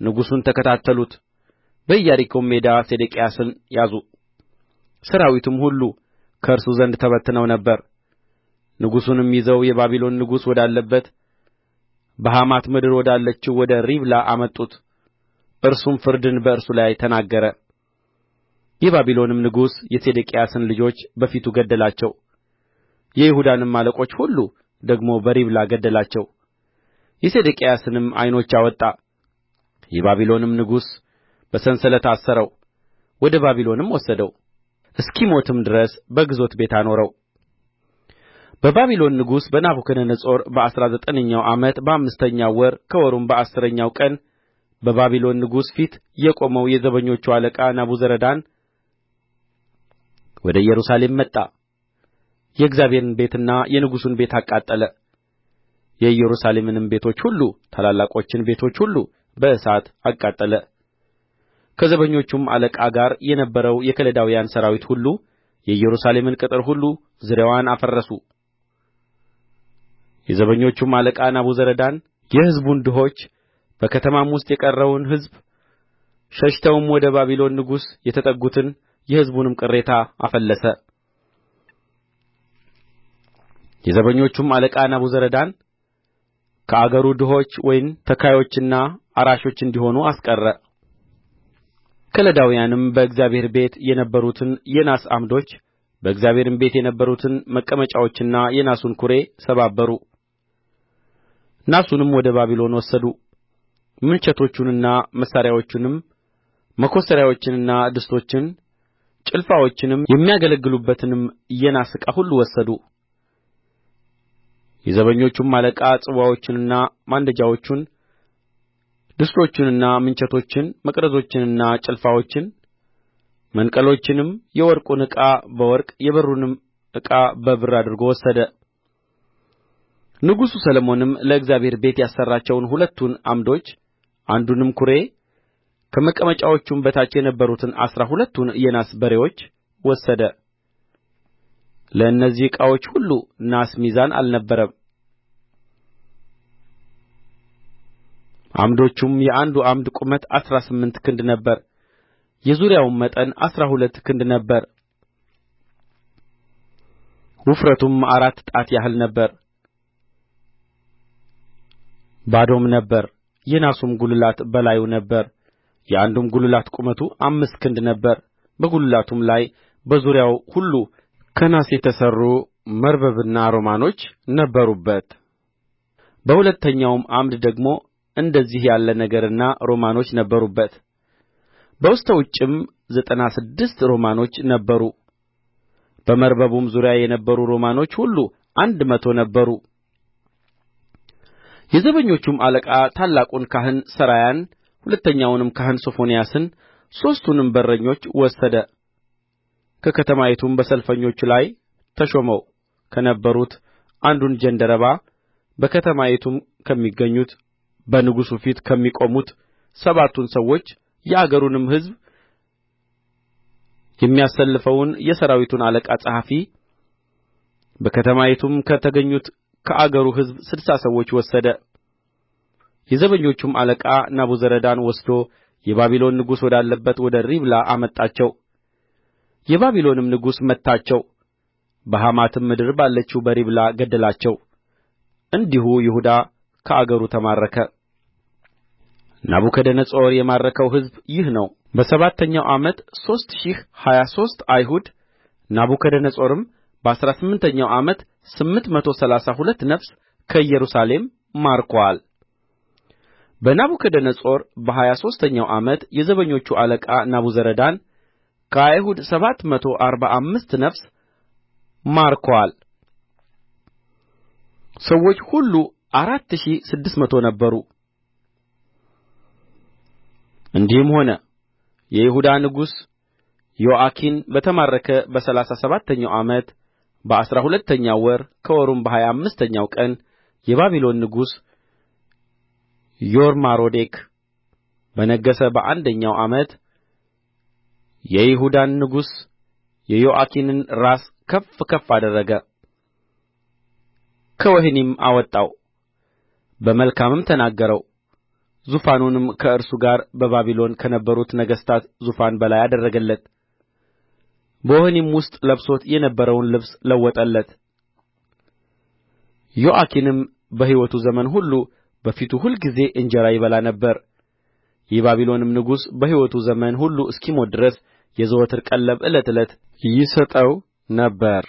ንጉሡን ተከታተሉት በኢያሪኮም ሜዳ ሴዴቅያስን ያዙ ሠራዊቱም ሁሉ ከእርሱ ዘንድ ተበትነው ነበር ንጉሡንም ይዘው የባቢሎን ንጉሥ ወዳለበት በሐማት ምድር ወዳለችው ወደ ሪብላ አመጡት እርሱም ፍርድን በእርሱ ላይ ተናገረ የባቢሎንም ንጉሥ የሴዴቅያስን ልጆች በፊቱ ገደላቸው የይሁዳንም አለቆች ሁሉ ደግሞ በሪብላ ገደላቸው የሴዴቅያስንም ዓይኖች አወጣ የባቢሎንም ንጉሥ በሰንሰለት አሰረው ወደ ባቢሎንም ወሰደው እስኪሞትም ድረስ በግዞት ቤት አኖረው በባቢሎን ንጉሥ በናቡከደነፆር በአሥራ ዘጠነኛው ዓመት በአምስተኛው ወር ከወሩም በአሥረኛው ቀን በባቢሎን ንጉሥ ፊት የቆመው የዘበኞቹ አለቃ ናቡዘረዳን ወደ ኢየሩሳሌም መጣ የእግዚአብሔርን ቤትና የንጉሡን ቤት አቃጠለ የኢየሩሳሌምንም ቤቶች ሁሉ ታላላቆችን ቤቶች ሁሉ በእሳት አቃጠለ ከዘበኞቹም አለቃ ጋር የነበረው የከለዳውያን ሠራዊት ሁሉ የኢየሩሳሌምን ቅጥር ሁሉ ዙሪያዋን አፈረሱ የዘበኞቹም አለቃ ናቡዘረዳን የሕዝቡን ድሆች በከተማም ውስጥ የቀረውን ሕዝብ ሸሽተውም ወደ ባቢሎን ንጉሥ የተጠጉትን የሕዝቡንም ቅሬታ አፈለሰ የዘበኞቹም አለቃ ናቡዘረዳን ከአገሩ ድሆች ወይን ተካዮችና አራሾች እንዲሆኑ አስቀረ ከለዳውያንም በእግዚአብሔር ቤት የነበሩትን የናስ ዓምዶች በእግዚአብሔርም ቤት የነበሩትን መቀመጫዎችና የናሱን ኵሬ ሰባበሩ ናሱንም ወደ ባቢሎን ወሰዱ ምንቸቶቹንና መሣሪያዎቹንም መኰስተሪያዎችንና ድስቶችን ጭልፋዎችንም የሚያገለግሉበትንም የናስ ዕቃ ሁሉ ወሰዱ የዘበኞቹም አለቃ ጽዋዎቹንና ማንደጃዎቹን ድስቶቹንና ምንቸቶችን መቅረዞችንና ጭልፋዎችን መንቀሎችንም የወርቁን ዕቃ በወርቅ የብሩንም ዕቃ በብር አድርጎ ወሰደ ንጉሡ ሰሎሞንም ለእግዚአብሔር ቤት ያሠራቸውን ሁለቱን ዓምዶች አንዱንም ኵሬ ከመቀመጫዎቹም በታች የነበሩትን አሥራ ሁለቱን የናስ በሬዎች ወሰደ ለእነዚህ ዕቃዎች ሁሉ ናስ ሚዛን አልነበረም ዓምዶቹም የአንዱ ዓምድ ቁመት አሥራ ስምንት ክንድ ነበረ የዙሪያውም መጠን አሥራ ሁለት ክንድ ነበረ ውፍረቱም አራት ጣት ያህል ነበረ ባዶም ነበረ የናሱም ጕልላት በላዩ ነበረ የአንዱም ጕልላት ቁመቱ አምስት ክንድ ነበረ በጕልላቱም ላይ በዙሪያው ሁሉ ከናስ የተሠሩ መርበብና ሮማኖች ነበሩበት በሁለተኛውም ዓምድ ደግሞ እንደዚህ ያለ ነገርና ሮማኖች ነበሩበት በስተ ውጭም ዘጠና ስድስት ሮማኖች ነበሩ በመርበቡም ዙሪያ የነበሩ ሮማኖች ሁሉ አንድ መቶ ነበሩ የዘበኞቹም አለቃ ታላቁን ካህን ሠራያን ሁለተኛውንም ካህን ሶፎንያስን ሦስቱንም በረኞች ወሰደ ከከተማይቱም በሰልፈኞቹ ላይ ተሾመው ከነበሩት አንዱን ጃንደረባ በከተማይቱም ከሚገኙት በንጉሡ ፊት ከሚቆሙት ሰባቱን ሰዎች የአገሩንም ሕዝብ የሚያሰልፈውን የሠራዊቱን አለቃ ጸሐፊ በከተማይቱም ከተገኙት ከአገሩ ሕዝብ ስድሳ ሰዎች ወሰደ የዘበኞቹም አለቃ ናቡዘረዳን ወስዶ የባቢሎን ንጉሥ ወዳለበት ወደ ሪብላ አመጣቸው የባቢሎንም ንጉሥ መታቸው በሐማትም ምድር ባለችው በሪብላ ገደላቸው እንዲሁ ይሁዳ ከአገሩ ተማረከ ናቡከደነፆር የማረከው ሕዝብ ይህ ነው በሰባተኛው ዓመት ሦስት ሺህ ሀያ ሦስት አይሁድ ናቡከደነፆርም በአሥራ ስምንተኛው ዓመት ስምንት መቶ ሠላሳ ሁለት ነፍስ ከኢየሩሳሌም ማርኮአል በናቡከደነፆር በሀያ ሦስተኛው ዓመት የዘበኞቹ አለቃ ናቡዘረዳን ከአይሁድ ሰባት መቶ አርባ አምስት ነፍስ ማርኮአል ሰዎች ሁሉ አራት ሺህ ስድስት መቶ ነበሩ እንዲህም ሆነ የይሁዳ ንጉሥ ዮአኪን በተማረከ በሠላሳ ሰባተኛው ዓመት በአሥራ ሁለተኛው ወር ከወሩም በሀያ አምስተኛው ቀን የባቢሎን ንጉሥ ዮርማሮዴክ በነገሠ በአንደኛው ዓመት የይሁዳን ንጉሥ የዮአኪንን ራስ ከፍ ከፍ አደረገ ከወህኒም አወጣው በመልካምም ተናገረው ዙፋኑንም ከእርሱ ጋር በባቢሎን ከነበሩት ነገሥታት ዙፋን በላይ አደረገለት በወህኒም ውስጥ ለብሶት የነበረውን ልብስ ለወጠለት ዮአኪንም በሕይወቱ ዘመን ሁሉ በፊቱ ሁልጊዜ እንጀራ ይበላ ነበር የባቢሎንም ንጉሥ በሕይወቱ ዘመን ሁሉ እስኪሞት ድረስ የዘወትር ቀለብ ዕለት ዕለት ይሰጠው ነበር